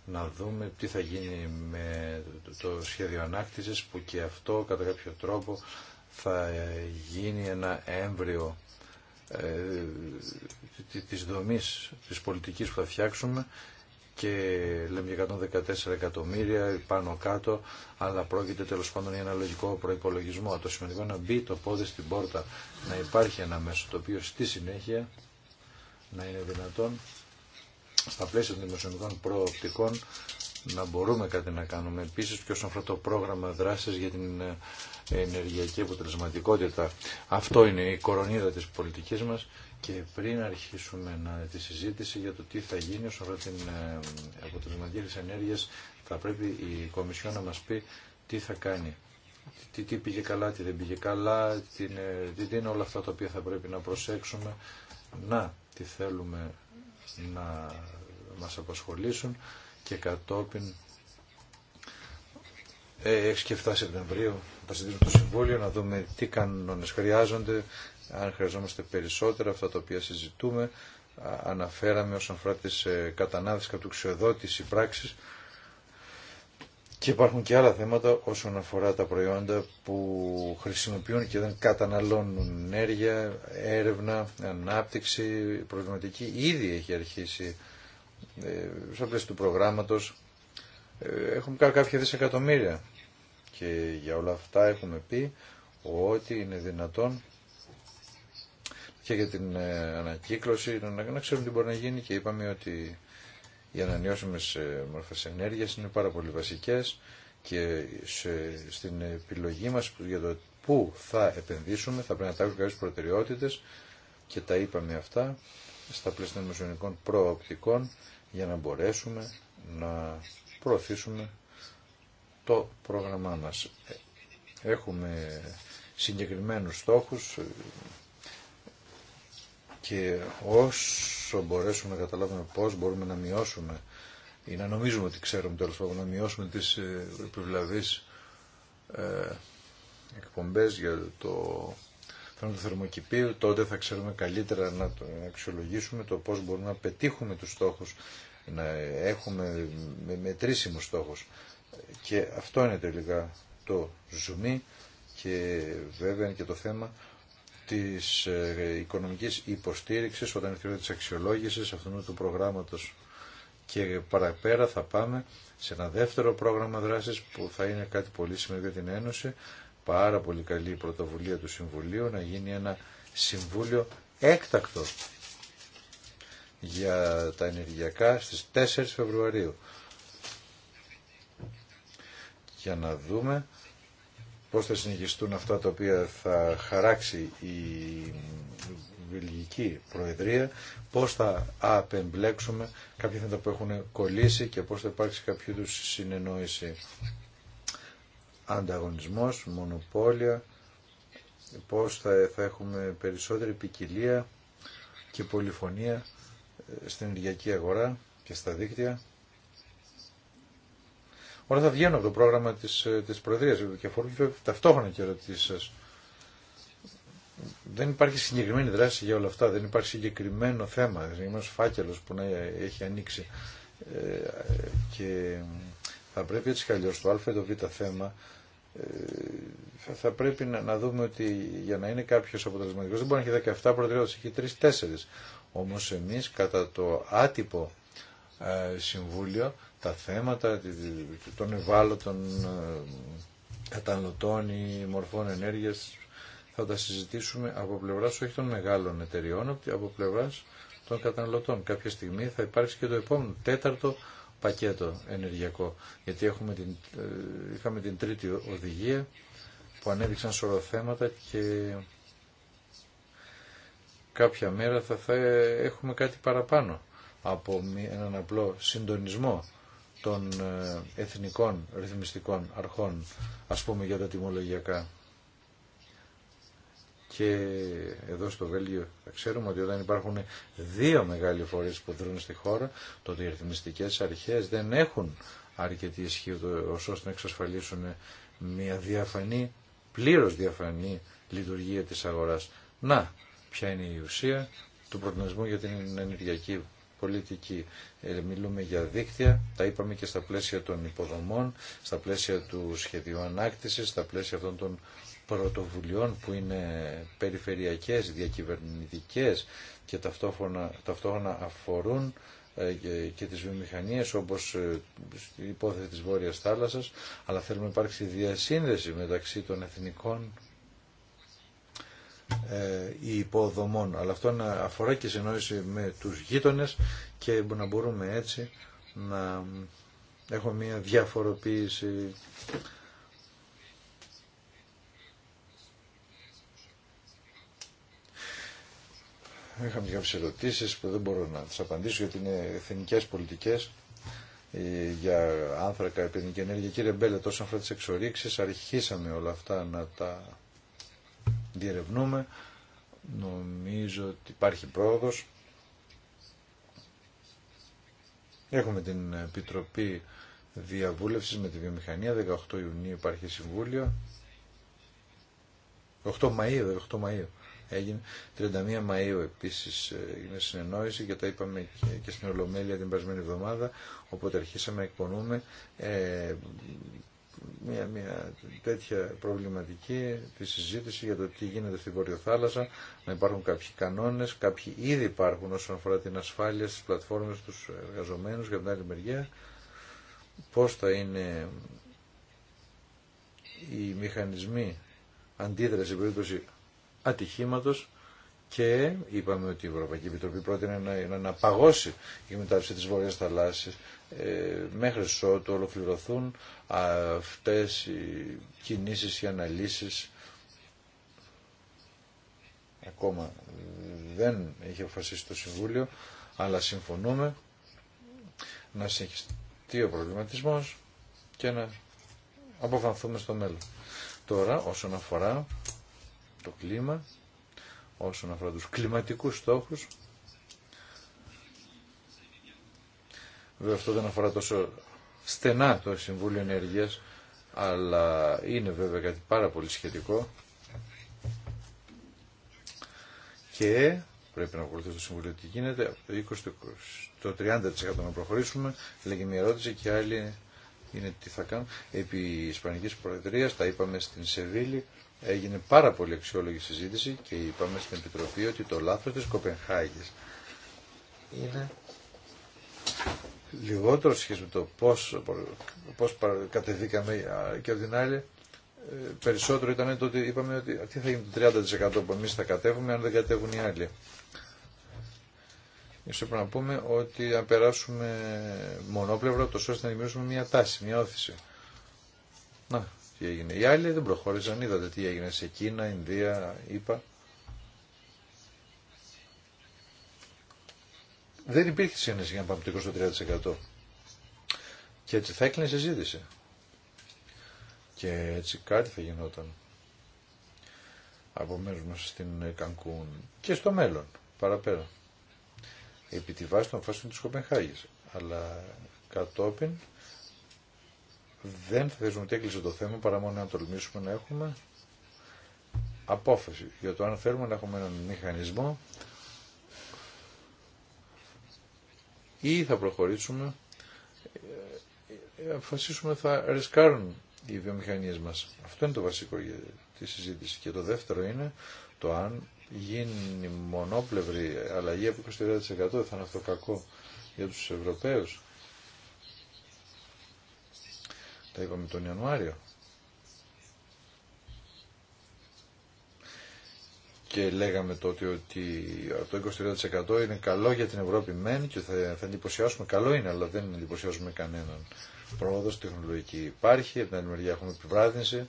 S3: να δούμε τι θα γίνει με το σχέδιο ανάκτησης που και αυτό κατά κάποιο τρόπο θα γίνει ένα έμβριο ε, της δομής της πολιτικής που θα φτιάξουμε και λέμε για 114 εκατομμύρια πάνω κάτω, αλλά πρόκειται τέλο πάντων για ένα λογικό προπολογισμό. Το σημαντικό είναι να μπει το πόδι στην πόρτα, να υπάρχει ένα μέσο το οποίο στη συνέχεια να είναι δυνατόν στα πλαίσια των δημοσιονομικών προοπτικών να μπορούμε κάτι να κάνουμε. επίση και όσον αφορά το πρόγραμμα δράση για την ε, ενεργειακή αποτελεσματικότητα. Αυτό είναι η κορονίδα τη πολιτική μα και πριν αρχίσουμε να, τη συζήτηση για το τι θα γίνει όσον αφορά την ε, αποτελεσματική της ενέργειας, θα πρέπει η Κομισιόν να μας πει τι θα κάνει. Τι, τι πήγε καλά, τι δεν πήγε καλά, τι, ε, τι, τι είναι όλα αυτά τα οποία θα πρέπει να προσέξουμε. Να, τι θέλουμε να μας απασχολήσουν και κατόπιν 6 ε, και 7 Σεπτεμβρίου θα συζητήσουμε το Συμβούλιο να δούμε τι κανόνες χρειάζονται, αν χρειαζόμαστε περισσότερα αυτά τα οποία συζητούμε, αναφέραμε όσον αφορά τις ε, κατανάδες κατουξιοδότηση πράξης και υπάρχουν και άλλα θέματα όσον αφορά τα προϊόντα που χρησιμοποιούν και δεν καταναλώνουν ενέργεια, έρευνα, ανάπτυξη, προβληματική. Ήδη έχει αρχίσει ε, στο πλαίσιο του προγράμματος. Ε, έχουμε κάποια δισεκατομμύρια και για όλα αυτά έχουμε πει ότι είναι δυνατόν και για την ε, ανακύκλωση, να ξέρουν τι μπορεί να γίνει και είπαμε ότι οι ανανεώσιμε μορφές ενέργειας είναι πάρα πολύ βασικές και στην επιλογή μας για το πού θα επενδύσουμε θα πρέπει να τα κάποιες προτεραιότητες και τα είπαμε αυτά στα πλαίσια των προοπτικών για να μπορέσουμε να προωθήσουμε το πρόγραμμά μας. Έχουμε συγκεκριμένους στόχους και όσο μπορέσουμε να καταλάβουμε πώς μπορούμε να μειώσουμε ή να νομίζουμε ότι ξέρουμε τέλος πάντων να μειώσουμε τις ε, επιβλαβείς ε, εκπομπές για το θέμα του θερμοκηπίου, τότε θα ξέρουμε καλύτερα να, το, αξιολογήσουμε το πώς μπορούμε να πετύχουμε τους στόχους, να έχουμε μετρήσιμους στόχους. Και αυτό είναι τελικά το ζουμί και βέβαια είναι και το θέμα της ε, οικονομικής υποστήριξης όταν είναι της αξιολόγησης αυτού του προγράμματος και παραπέρα θα πάμε σε ένα δεύτερο πρόγραμμα δράσης που θα είναι κάτι πολύ σημαντικό για την Ένωση πάρα πολύ καλή πρωτοβουλία του Συμβουλίου να γίνει ένα συμβούλιο έκτακτο για τα ενεργειακά στις 4 Φεβρουαρίου για να δούμε πώς θα συνεχιστούν αυτά τα οποία θα χαράξει η Βελγική Προεδρία, πώς θα απεμπλέξουμε κάποια θέματα που έχουν κολλήσει και πώς θα υπάρξει κάποιο του συνεννόηση. Ανταγωνισμός, μονοπόλια, πώς θα, θα έχουμε περισσότερη ποικιλία και πολυφωνία στην ενεργειακή αγορά και στα δίκτυα. Όλα θα βγαίνουν από το πρόγραμμα της, ε, της Προεδρίας και αφορούν και ταυτόχρονα και ερωτήσεις σας. Δεν υπάρχει συγκεκριμένη δράση για όλα αυτά, δεν υπάρχει συγκεκριμένο θέμα, συγκεκριμένο φάκελος που να έχει ανοίξει. Ε, και θα πρέπει έτσι καλλιώ το α ή το β θέμα ε, θα πρέπει να, να, δούμε ότι για να είναι κάποιος αποτελεσματικός δεν μπορεί να έχει 17 προτεραιότητες, έχει 3-4. Όμως εμείς κατά το άτυπο ε, συμβούλιο τα θέματα των ευάλωτων ε, καταναλωτών ή μορφών ενέργειας θα τα συζητήσουμε από πλευράς όχι των μεγάλων εταιριών, από πλευράς των καταναλωτών. Κάποια στιγμή θα υπάρξει και το επόμενο τέταρτο πακέτο ενεργειακό, γιατί έχουμε την, ε, είχαμε την τρίτη οδηγία που ανέδειξαν σωρό θέματα και κάποια μέρα θα, θα έχουμε κάτι παραπάνω από έναν απλό συντονισμό των ε, εθνικών ρυθμιστικών αρχών, ας πούμε για τα τιμολογιακά. Και εδώ στο Βέλγιο θα ξέρουμε ότι όταν υπάρχουν δύο μεγάλοι φορείς που δρούν στη χώρα, τότε οι ρυθμιστικές αρχές δεν έχουν αρκετή ισχύ ώστε να εξασφαλίσουν μια διαφανή, πλήρως διαφανή λειτουργία της αγοράς. Να, ποια είναι η ουσία του προτινασμού για την ενεργειακή πολιτική. Ε, μιλούμε για δίκτυα, τα είπαμε και στα πλαίσια των υποδομών, στα πλαίσια του σχεδίου ανάκτησης, στα πλαίσια αυτών των πρωτοβουλειών που είναι περιφερειακές, διακυβερνητικές και ταυτόχρονα, ταυτόχρονα αφορούν ε, και τις βιομηχανίες όπως ε, η υπόθεση της Βόρειας Θάλασσας αλλά θέλουμε να υπάρξει διασύνδεση μεταξύ των εθνικών ε, υποδομών. Αλλά αυτό να αφορά και συνόηση με τους γείτονες και να μπορούμε έτσι να έχουμε μια διαφοροποίηση Είχαμε κάποιε ερωτήσει που δεν μπορώ να τι απαντήσω γιατί είναι εθνικέ πολιτικέ ε, για άνθρακα, επενδυτική ενέργεια. Κύριε Μπέλε, τόσο αφορά τι εξορίξει, αρχίσαμε όλα αυτά να τα διερευνούμε. Νομίζω ότι υπάρχει πρόοδος. Έχουμε την Επιτροπή Διαβούλευσης με τη Βιομηχανία. 18 Ιουνίου υπάρχει Συμβούλιο. 8 Μαΐου, 8 Μαΐου έγινε. 31 Μαΐου επίσης ε, έγινε συνεννόηση και τα είπαμε και στην Ολομέλεια την περασμένη εβδομάδα, οπότε αρχίσαμε να εκπονούμε ε, μια, μια τέτοια προβληματική τη συζήτηση για το τι γίνεται στη Βόρειο Θάλασσα, να υπάρχουν κάποιοι κανόνες, κάποιοι ήδη υπάρχουν όσον αφορά την ασφάλεια στις πλατφόρμες τους εργαζομένους για την άλλη μεριά, πώς θα είναι οι μηχανισμοί αντίδραση σε περίπτωση ατυχήματος και είπαμε ότι η Ευρωπαϊκή Επιτροπή πρότεινε να, να, παγώσει η μετάφραση της Βόρειας Θαλάσσης ε, μέχρι ότου ολοκληρωθούν αυτές οι κινήσεις, και αναλύσεις. Ακόμα δεν έχει αποφασίσει το Συμβούλιο, αλλά συμφωνούμε να συνεχιστεί ο προβληματισμός και να αποφανθούμε στο μέλλον. Τώρα, όσον αφορά το κλίμα, όσον αφορά τους κλιματικούς στόχους, Βέβαια αυτό δεν αφορά τόσο στενά το Συμβούλιο Ενέργειας, αλλά είναι βέβαια κάτι πάρα πολύ σχετικό και πρέπει να ακολουθήσει το Συμβούλιο τι γίνεται, από το 20 το 30% να προχωρήσουμε, λέγει μια ερώτηση και άλλη είναι τι θα κάνουν. Επί Ισπανικής Προεδρίας, τα είπαμε στην Σεβίλη, έγινε πάρα πολύ αξιόλογη συζήτηση και είπαμε στην Επιτροπή ότι το λάθος της Κοπενχάγης είναι λιγότερο σχέση με το πώς, πώς κατεβήκαμε και από την άλλη ε, περισσότερο ήταν το ότι είπαμε ότι τι θα γίνει το 30% που εμείς θα κατέβουμε αν δεν κατέβουν οι άλλοι. Ίσως πρέπει να πούμε ότι αν περάσουμε μονόπλευρο, τόσο ώστε να δημιουργήσουμε μια τάση, μια όθηση. Να, τι έγινε. Οι άλλοι δεν προχώρησαν, είδατε τι έγινε σε Κίνα, Ινδία, είπα. δεν υπήρχε σύνεση για να πάμε το 23%. Και έτσι θα έκλεινε συζήτηση. Και έτσι κάτι θα γινόταν από μέρους μας στην Κανκούν και στο μέλλον, παραπέρα. Επί τη βάση των φάσεων της Κοπενχάγης. Αλλά κατόπιν δεν θα θέσουμε ότι έκλεισε το θέμα παρά μόνο να τολμήσουμε να έχουμε απόφαση για το αν θέλουμε να έχουμε έναν μηχανισμό ή θα προχωρήσουμε, ε, ε, αποφασίσουμε θα ρισκάρουν οι βιομηχανίες μας. Αυτό είναι το βασικό για τη συζήτηση. Και το δεύτερο είναι το αν γίνει μονόπλευρη αλλαγή από 23% θα είναι αυτό κακό για τους Ευρωπαίους. Τα είπαμε τον Ιανουάριο. και λέγαμε τότε ότι το 23% είναι καλό για την Ευρώπη μεν και θα, θα εντυπωσιάσουμε. Καλό είναι, αλλά δεν εντυπωσιάζουμε κανέναν. Πρόοδο τεχνολογική υπάρχει, από την άλλη μεριά έχουμε επιβράδυνση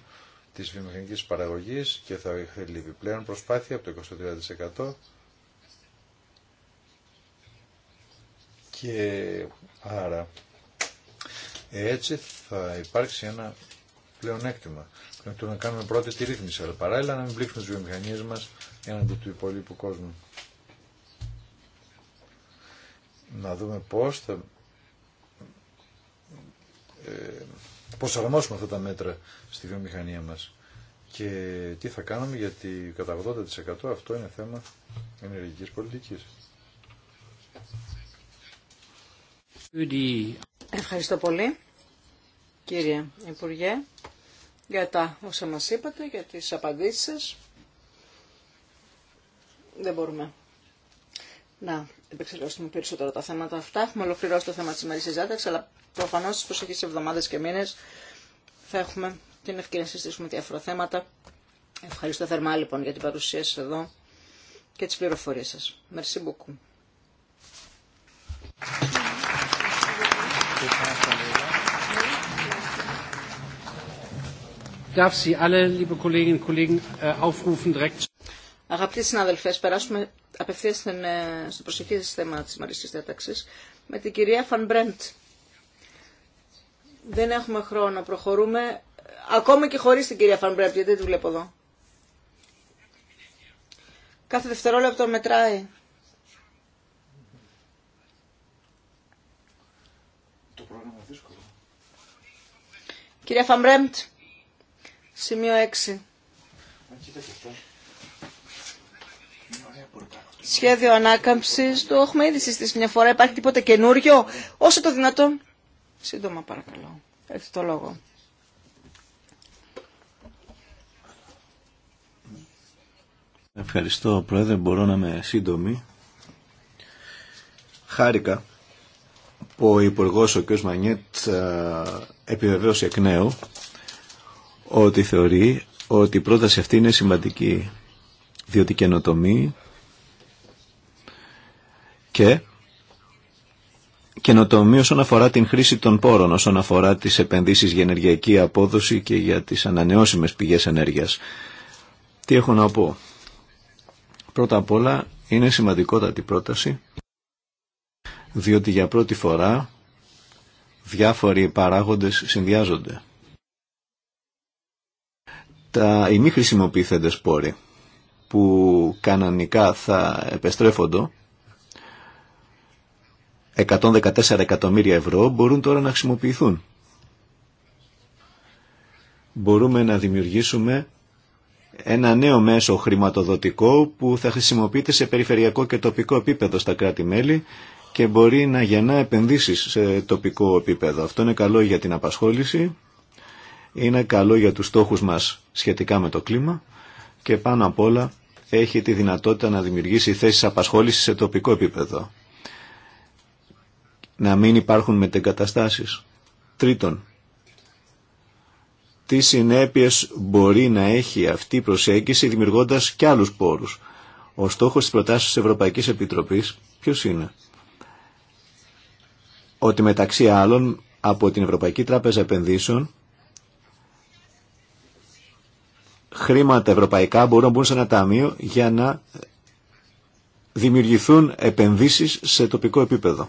S3: τη βιομηχανική παραγωγή και θα θέλει επιπλέον προσπάθεια από το 23%. Και άρα έτσι θα υπάρξει ένα πλεονέκτημα. Πλεονέκτημα να κάνουμε πρώτη τη ρύθμιση, αλλά παράλληλα να μην πλήξουμε τι βιομηχανίε μα έναντι του υπολείπου κόσμου. Να δούμε πώς θα ε, πώς αρμόσουμε αυτά τα μέτρα στη βιομηχανία μας και τι θα κάνουμε γιατί κατά 80% αυτό είναι θέμα ενεργικής πολιτικής.
S2: Ευχαριστώ πολύ κύριε Υπουργέ για τα όσα μας είπατε, για τις απαντήσεις σας δεν μπορούμε να επεξεργαστούμε περισσότερο τα θέματα αυτά. Έχουμε ολοκληρώσει το θέμα τη ημερήσια διάταξης, αλλά προφανώς στι προσεχείς εβδομάδε και μήνες θα έχουμε την ευκαιρία να συζητήσουμε διάφορα θέματα. Ευχαριστώ θερμά λοιπόν για την παρουσία σα εδώ και τις πληροφορίες σας. Merci beaucoup.
S5: darf Sie alle, liebe Kolleginnen und Kollegen, äh, aufrufen,
S2: direkt Αγαπητοί συναδελφέ, περάσουμε απευθεία ε, στο προσεχή θέμα τη μαριστική διάταξη με την κυρία Φαν Μπρέντ. Δεν έχουμε χρόνο, προχωρούμε. Ακόμα και χωρί την κυρία Φαν Μπρέντ, γιατί δεν τη βλέπω εδώ. Κάθε δευτερόλεπτο μετράει.
S3: Το πρόγραμμα δύσκολο.
S2: Κυρία Φαμπρέμπτ, σημείο 6 σχέδιο ανάκαμψης του έχουμε ήδη συστήσει μια φορά. Υπάρχει τίποτα καινούριο. Όσο το δυνατόν. Σύντομα παρακαλώ. Έτσι το λόγο.
S1: Ευχαριστώ Πρόεδρε, μπορώ να είμαι σύντομη. Χάρηκα που ο υπουργό ο κ. Μανιέτ επιβεβαίωσε εκ νέου ότι θεωρεί ότι η πρόταση αυτή είναι σημαντική διότι καινοτομεί και καινοτομή όσον αφορά την χρήση των πόρων, όσον αφορά τις επενδύσεις για ενεργειακή απόδοση και για τις ανανεώσιμες πηγές ενέργειας. Τι έχω να πω. Πρώτα απ' όλα είναι σημαντικότατη πρόταση, διότι για πρώτη φορά διάφοροι παράγοντες συνδυάζονται. Τα ημί χρησιμοποιηθέντες πόροι που κανονικά θα επεστρέφονται 114 εκατομμύρια ευρώ μπορούν τώρα να χρησιμοποιηθούν. Μπορούμε να δημιουργήσουμε ένα νέο μέσο χρηματοδοτικό που θα χρησιμοποιείται σε περιφερειακό και τοπικό επίπεδο στα κράτη-μέλη και μπορεί να γεννά επενδύσεις σε τοπικό επίπεδο. Αυτό είναι καλό για την απασχόληση, είναι καλό για τους στόχους μας σχετικά με το κλίμα και πάνω απ' όλα έχει τη δυνατότητα να δημιουργήσει θέσεις απασχόλησης σε τοπικό επίπεδο να μην υπάρχουν μετεγκαταστάσεις. Τρίτον, τι συνέπειες μπορεί να έχει αυτή η προσέγγιση δημιουργώντας και άλλους πόρους. Ο στόχος της προτάσεως της Ευρωπαϊκής Επιτροπής ποιος είναι. Ότι μεταξύ άλλων από την Ευρωπαϊκή Τράπεζα Επενδύσεων χρήματα ευρωπαϊκά μπορούν να μπουν σε ένα ταμείο για να δημιουργηθούν επενδύσεις σε τοπικό επίπεδο.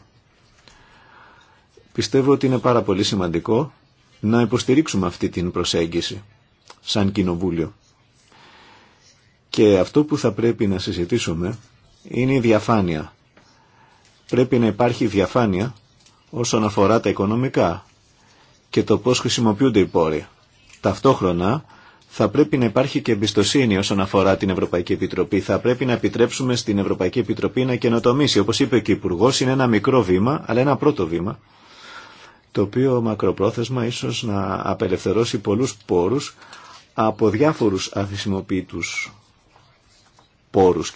S1: Πιστεύω ότι είναι πάρα πολύ σημαντικό να υποστηρίξουμε αυτή την προσέγγιση σαν κοινοβούλιο. Και αυτό που θα πρέπει να συζητήσουμε είναι η διαφάνεια. Πρέπει να υπάρχει διαφάνεια όσον αφορά τα οικονομικά και το πώς χρησιμοποιούνται οι πόροι. Ταυτόχρονα θα πρέπει να υπάρχει και εμπιστοσύνη όσον αφορά την Ευρωπαϊκή Επιτροπή. Θα πρέπει να επιτρέψουμε στην Ευρωπαϊκή Επιτροπή να καινοτομήσει. Όπως είπε και ο Υπουργό, είναι ένα μικρό βήμα, αλλά ένα πρώτο βήμα το οποίο μακροπρόθεσμα ίσως να απελευθερώσει πολλούς πόρους από διάφορους αθυσιμοποιητούς πόρους.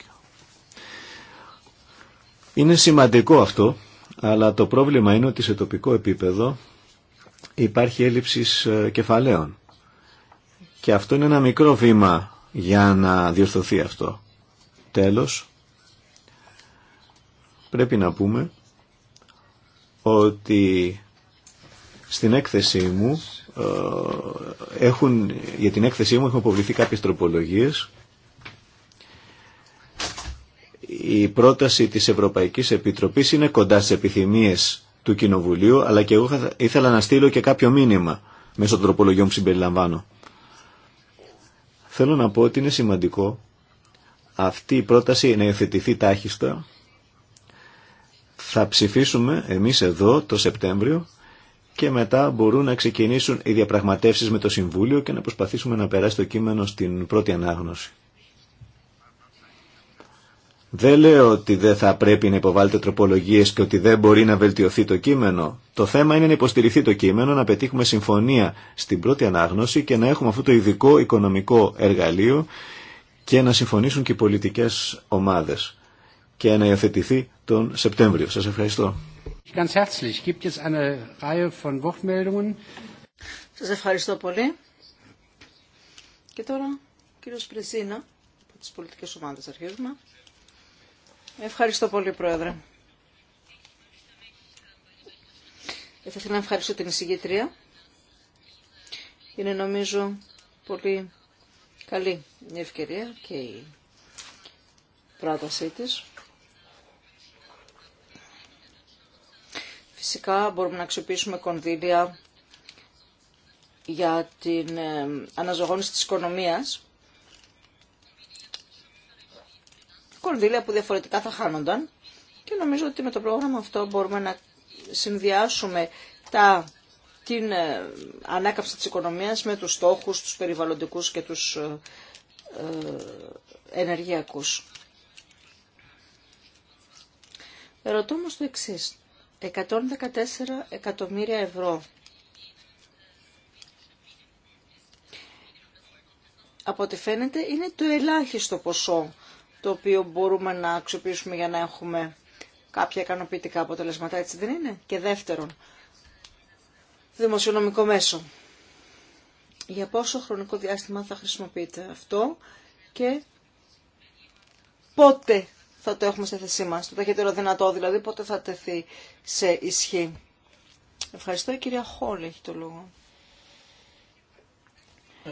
S1: Είναι σημαντικό αυτό, αλλά το πρόβλημα είναι ότι σε τοπικό επίπεδο υπάρχει έλλειψη ε, κεφαλαίων. Και αυτό είναι ένα μικρό βήμα για να διορθωθεί αυτό. Τέλος, πρέπει να πούμε ότι στην έκθεσή μου ε, έχουν, για την έκθεσή μου έχουν αποβληθεί κάποιες τροπολογίες. Η πρόταση της Ευρωπαϊκής Επιτροπής είναι κοντά στις επιθυμίες του Κοινοβουλίου, αλλά και εγώ ήθελα να στείλω και κάποιο μήνυμα μέσω των τροπολογιών που συμπεριλαμβάνω. Θέλω να πω ότι είναι σημαντικό αυτή η πρόταση να υιοθετηθεί τάχιστα. Θα ψηφίσουμε εμείς εδώ το Σεπτέμβριο και μετά μπορούν να ξεκινήσουν οι διαπραγματεύσεις με το Συμβούλιο και να προσπαθήσουμε να περάσει το κείμενο στην πρώτη ανάγνωση. Δεν λέω ότι δεν θα πρέπει να υποβάλλετε τροπολογίες και ότι δεν μπορεί να βελτιωθεί το κείμενο. Το θέμα είναι να υποστηριχθεί το κείμενο, να πετύχουμε συμφωνία στην πρώτη ανάγνωση και να έχουμε αυτό το ειδικό οικονομικό εργαλείο και να συμφωνήσουν και οι πολιτικές ομάδες και να υιοθετηθεί τον Σεπτέμβριο. Σας ευχαριστώ.
S2: Σας ευχαριστώ πολύ. Και τώρα, κύριος Πρεσίνα, από τις πολιτικές ομάδες αρχίζουμε. Ευχαριστώ πολύ, Πρόεδρε. Ε, θα ήθελα να ευχαριστώ την εισηγήτρια. Είναι, νομίζω, πολύ καλή η ευκαιρία και η πρότασή της. Φυσικά μπορούμε να αξιοποιήσουμε κονδύλια για την ε, αναζωογόνηση της οικονομίας. Κονδύλια που διαφορετικά θα χάνονταν και νομίζω ότι με το πρόγραμμα αυτό μπορούμε να συνδυάσουμε τα, την ε, ανάκαμψη της οικονομίας με τους στόχους, τους περιβαλλοντικούς και τους ε, ενεργειακούς. Ερωτώ όμως το εξής. 114 εκατομμύρια ευρώ. Από ό,τι φαίνεται είναι το ελάχιστο ποσό το οποίο μπορούμε να αξιοποιήσουμε για να έχουμε κάποια ικανοποιητικά αποτελέσματα, έτσι δεν είναι. Και δεύτερον, δημοσιονομικό μέσο. Για πόσο χρονικό διάστημα θα χρησιμοποιείται αυτό και πότε θα το έχουμε στη θέση μας. Το ταχύτερο δυνατό δηλαδή πότε θα τεθεί σε ισχύ. Ευχαριστώ η κυρία Χόλ έχει το λόγο.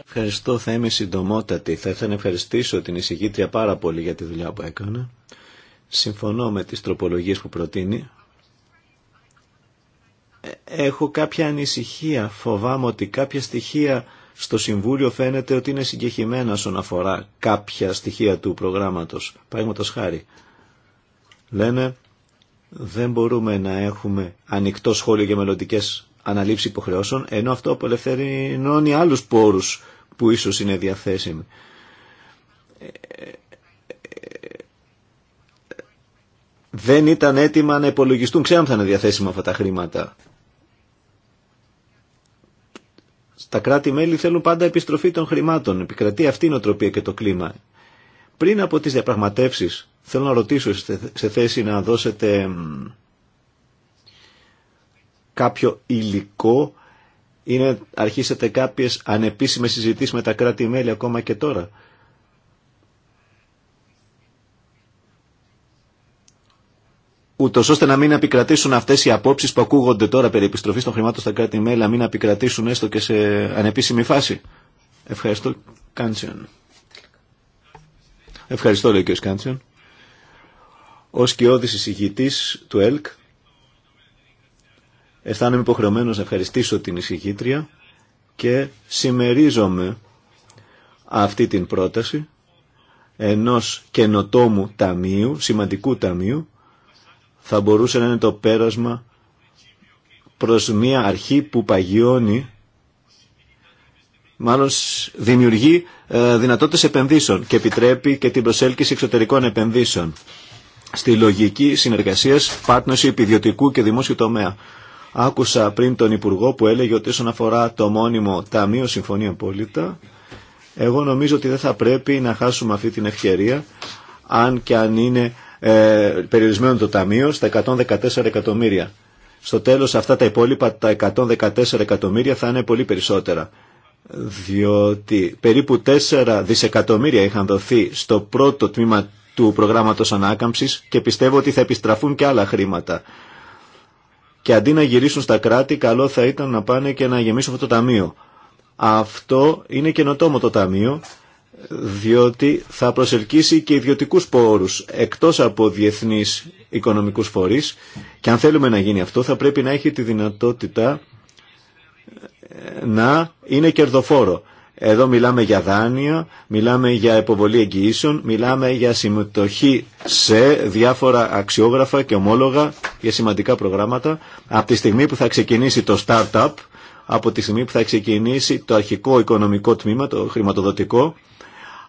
S1: Ευχαριστώ, θα είμαι συντομότατη. Θα ήθελα να ευχαριστήσω την εισηγήτρια πάρα πολύ για τη δουλειά που έκανα. Συμφωνώ με τις τροπολογίες που προτείνει. Ε, έχω κάποια ανησυχία. Φοβάμαι ότι κάποια στοιχεία στο Συμβούλιο φαίνεται ότι είναι συγκεχημένα όσον αφορά κάποια στοιχεία του προγράμματος. Παραδείγματο χάρη. Λένε δεν μπορούμε να έχουμε ανοιχτό σχόλιο για μελλοντικέ αναλήψει υποχρεώσεων, ενώ αυτό απελευθερώνει άλλου πόρου που ίσω είναι διαθέσιμοι. Δεν ήταν έτοιμα να υπολογιστούν, ξέναν θα είναι διαθέσιμα αυτά τα χρήματα Τα κράτη-μέλη θέλουν πάντα επιστροφή των χρημάτων. Επικρατεί αυτή η νοοτροπία και το κλίμα. Πριν από τις διαπραγματεύσεις, θέλω να ρωτήσω σε θέση να δώσετε κάποιο υλικό ή να αρχίσετε κάποιες ανεπίσημες συζητήσεις με τα κράτη-μέλη ακόμα και τώρα ούτως ώστε να μην επικρατήσουν αυτές οι απόψεις που ακούγονται τώρα περί επιστροφής των χρημάτων στα κράτη-μέλη, να μην επικρατήσουν έστω και σε ανεπίσημη φάση. Ευχαριστώ, Κάντσιον. Ευχαριστώ, λέει ο κ. Κάντσιον. Ω κοιόδης εισηγητής του ΕΛΚ, αισθάνομαι υποχρεωμένος να ευχαριστήσω την εισηγήτρια και συμμερίζομαι αυτή την πρόταση ενός καινοτόμου ταμείου, σημαντικού ταμείου, θα μπορούσε να είναι το πέρασμα προς μια αρχή που παγιώνει, μάλλον δημιουργεί ε, δυνατότητες επενδύσεων και επιτρέπει και την προσέλκυση εξωτερικών επενδύσεων στη λογική συνεργασίας partnership επιδιωτικού και δημόσιου τομέα. Άκουσα πριν τον Υπουργό που έλεγε ότι όσον αφορά το μόνιμο Ταμείο Συμφωνία Πόλητα, εγώ νομίζω ότι δεν θα πρέπει να χάσουμε αυτή την ευκαιρία, αν και αν είναι ε, περιορισμένο το ταμείο στα 114 εκατομμύρια. Στο τέλος αυτά τα υπόλοιπα τα 114 εκατομμύρια θα είναι πολύ περισσότερα διότι περίπου 4 δισεκατομμύρια είχαν δοθεί στο πρώτο τμήμα του προγράμματος ανάκαμψης και πιστεύω ότι θα επιστραφούν και άλλα χρήματα. Και αντί να γυρίσουν στα κράτη, καλό θα ήταν να πάνε και να γεμίσουν αυτό το ταμείο. Αυτό είναι καινοτόμο το ταμείο διότι θα προσελκύσει και ιδιωτικούς πόρους εκτός από διεθνείς οικονομικούς φορείς και αν θέλουμε να γίνει αυτό θα πρέπει να έχει τη δυνατότητα ε, να είναι κερδοφόρο. Εδώ μιλάμε για δάνεια, μιλάμε για υποβολή εγγυήσεων, μιλάμε για συμμετοχή σε διάφορα αξιόγραφα και ομόλογα για σημαντικά προγράμματα. Από τη στιγμή που θα ξεκινήσει το startup, από τη στιγμή που θα ξεκινήσει το αρχικό οικονομικό τμήμα, το χρηματοδοτικό,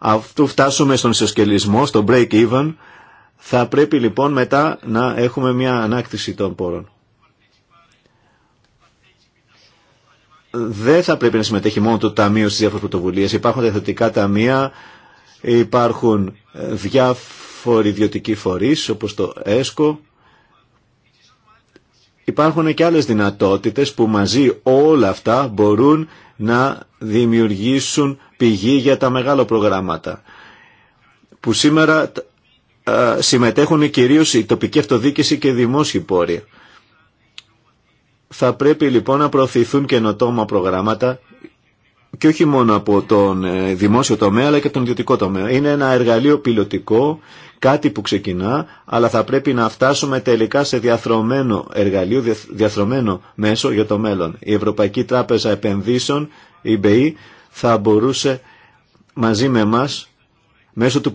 S1: Αφού φτάσουμε στον ισοσκελισμό, στο break even, θα πρέπει λοιπόν μετά να έχουμε μια ανάκτηση των πόρων. Δεν θα πρέπει να συμμετέχει μόνο το Ταμείο στις διάφορες πρωτοβουλίες. Υπάρχουν διαθετικά ταμεία, υπάρχουν διάφοροι ιδιωτικοί φορείς όπως το ΕΣΚΟ. Υπάρχουν και άλλες δυνατότητες που μαζί όλα αυτά μπορούν να δημιουργήσουν πηγή για τα μεγάλα προγράμματα που σήμερα ε, συμμετέχουν κυρίως η τοπική αυτοδίκηση και οι δημόσιοι πόροι. Θα πρέπει λοιπόν να προωθηθούν καινοτόμα προγράμματα και όχι μόνο από τον ε, δημόσιο τομέα αλλά και τον ιδιωτικό τομέα. Είναι ένα εργαλείο πιλωτικό, κάτι που ξεκινά, αλλά θα πρέπει να φτάσουμε τελικά σε διαθρωμένο εργαλείο, διαθρωμένο μέσο για το μέλλον. Η Ευρωπαϊκή Τράπεζα Επενδύσεων, η θα μπορούσε μαζί με μας μέσω του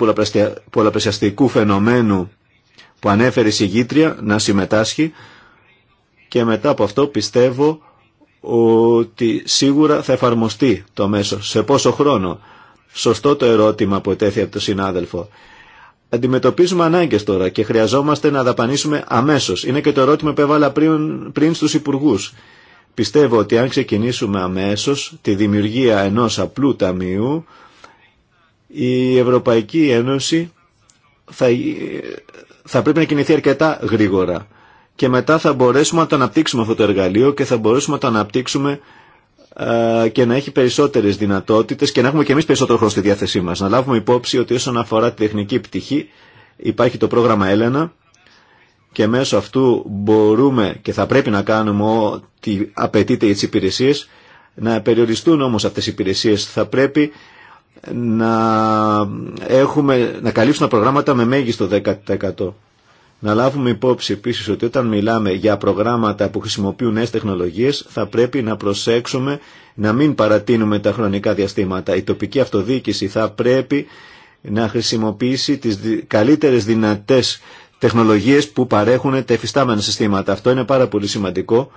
S1: πολλαπλασιαστικού φαινομένου που ανέφερε η συγγήτρια να συμμετάσχει και μετά από αυτό πιστεύω ότι σίγουρα θα εφαρμοστεί το μέσο. Σε πόσο χρόνο. Σωστό το ερώτημα που ετέθη από τον συνάδελφο. Αντιμετωπίζουμε ανάγκες τώρα και χρειαζόμαστε να δαπανίσουμε αμέσως. Είναι και το ερώτημα που έβαλα πριν, πριν στους υπουργούς. Πιστεύω ότι αν ξεκινήσουμε αμέσως τη δημιουργία ενός απλού ταμείου, η Ευρωπαϊκή Ένωση θα, θα πρέπει να κινηθεί αρκετά γρήγορα. Και μετά θα μπορέσουμε να το αναπτύξουμε αυτό το εργαλείο και θα μπορέσουμε να το αναπτύξουμε και να έχει περισσότερε δυνατότητε και να έχουμε και εμεί περισσότερο χρόνο στη διάθεσή μα. Να λάβουμε υπόψη ότι όσον αφορά τη τεχνική πτυχή υπάρχει το πρόγραμμα Έλενα και μέσω αυτού μπορούμε και θα πρέπει να κάνουμε ό,τι απαιτείται για τις υπηρεσίες. Να περιοριστούν όμως αυτές οι υπηρεσίες θα πρέπει να, έχουμε, να καλύψουν προγράμματα με μέγιστο 10%. Να λάβουμε υπόψη επίση ότι όταν μιλάμε για προγράμματα που χρησιμοποιούν νέε τεχνολογίε, θα πρέπει να προσέξουμε να μην παρατείνουμε τα χρονικά διαστήματα. Η τοπική αυτοδιοίκηση θα πρέπει να χρησιμοποιήσει τις καλύτερες δυνατές τεχνολογίες που παρέχουν τα συστήματα. Αυτό είναι πάρα πολύ σημαντικό,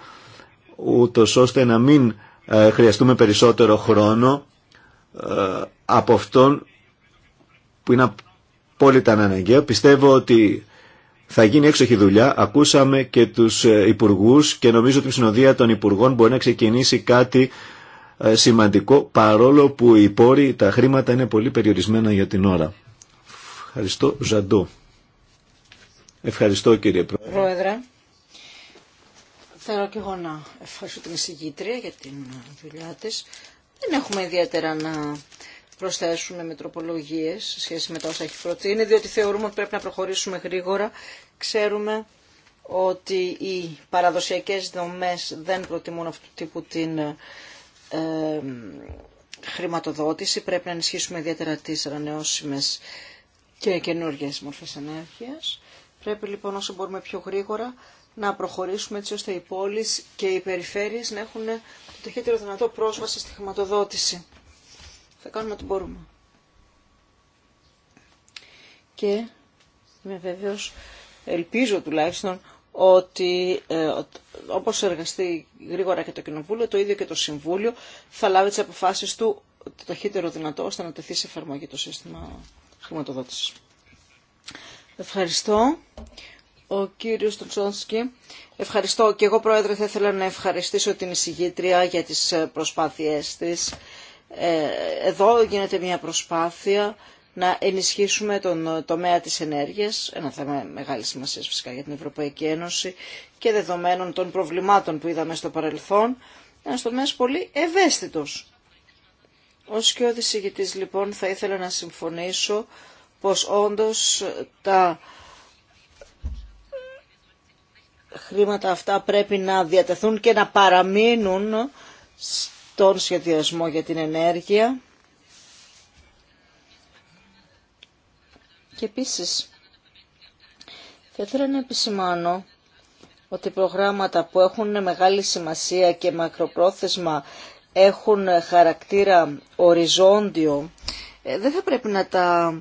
S1: ούτω ώστε να μην ε, χρειαστούμε περισσότερο χρόνο ε, από αυτόν που είναι απόλυτα αναγκαίο. Πιστεύω ότι θα γίνει έξοχη δουλειά. Ακούσαμε και τους ε, υπουργούς και νομίζω ότι η συνοδεία των υπουργών μπορεί να ξεκινήσει κάτι σημαντικό παρόλο που οι πόροι, τα χρήματα είναι πολύ περιορισμένα για την ώρα. Ευχαριστώ. Ζαντού. Ευχαριστώ κύριε Πρόεδρε.
S2: Πρόεδρε. Θέλω και εγώ να ευχαριστώ την εισηγήτρια για την δουλειά τη. Δεν έχουμε ιδιαίτερα να προσθέσουμε με σε σχέση με τα όσα έχει προτείνει, διότι θεωρούμε ότι πρέπει να προχωρήσουμε γρήγορα. Ξέρουμε ότι οι παραδοσιακέ δομέ δεν προτιμούν αυτού του τύπου την ε, χρηματοδότηση. Πρέπει να ενισχύσουμε ιδιαίτερα τις ανανεώσιμες και καινούργιες μορφές ενέργειας. Πρέπει λοιπόν όσο μπορούμε πιο γρήγορα να προχωρήσουμε έτσι ώστε οι πόλεις και οι περιφέρειες να έχουν το ταχύτερο δυνατό πρόσβαση στη χρηματοδότηση. Θα κάνουμε ό,τι μπορούμε. Και είμαι βέβαιος, ελπίζω τουλάχιστον, ότι ε, όπως εργαστεί γρήγορα και το Κοινοβούλιο, το ίδιο και το Συμβούλιο θα λάβει τις αποφάσεις του το ταχύτερο δυνατό ώστε να τεθεί σε εφαρμογή το σύστημα χρηματοδότησης. Ευχαριστώ. Ο κύριος Τσόνσκι. Ευχαριστώ και εγώ Πρόεδρε θα ήθελα να ευχαριστήσω την εισηγήτρια για τις ε, προσπάθειές της. Ε, εδώ γίνεται μια προσπάθεια να ενισχύσουμε τον ε, τομέα της ενέργειας, ένα θέμα μεγάλης σημασίας φυσικά για την Ευρωπαϊκή Ένωση και δεδομένων των προβλημάτων που είδαμε στο παρελθόν, ένα τομέα πολύ ευαίσθητος. Ως και ο λοιπόν θα ήθελα να συμφωνήσω πως όντως τα χρήματα αυτά πρέπει να διατεθούν και να παραμείνουν στον σχεδιασμό για την ενέργεια. Και επίσης, θα ήθελα να επισημάνω ότι προγράμματα που έχουν μεγάλη σημασία και μακροπρόθεσμα έχουν χαρακτήρα οριζόντιο, ε, δεν θα πρέπει να τα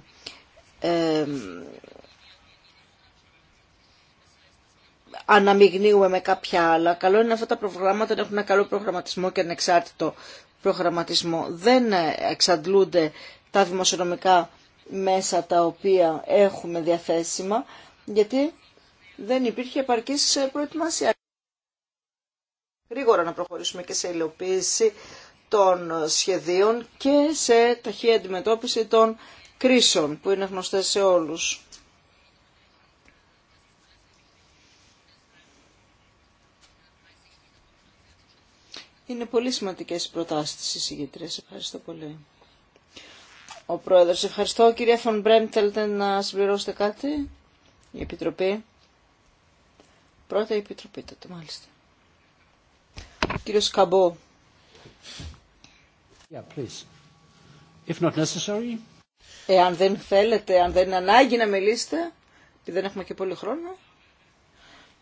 S2: αναμειγνύουμε με κάποια άλλα. Καλό είναι αυτά τα προγράμματα να έχουν ένα καλό προγραμματισμό και ανεξάρτητο προγραμματισμό. Δεν εξαντλούνται τα δημοσιονομικά μέσα τα οποία έχουμε διαθέσιμα, γιατί δεν υπήρχε επαρκής προετοιμασία. Γρήγορα να προχωρήσουμε και σε υλοποίηση των σχεδίων και σε ταχεία αντιμετώπιση των κρίσεων που είναι γνωστές σε όλους. Είναι πολύ σημαντικές οι προτάσεις της εισηγητρίας. Ευχαριστώ πολύ. Ο Πρόεδρος, ευχαριστώ. Κυρία Φον Μπρέμ, θέλετε να συμπληρώσετε κάτι. Η Επιτροπή. Πρώτα η Επιτροπή τότε, μάλιστα. Κύριο κύριος Καμπό.
S5: Yeah, please. If not necessary...
S2: Εάν δεν θέλετε, αν δεν είναι ανάγκη να μιλήσετε, επειδή δεν έχουμε και πολύ χρόνο.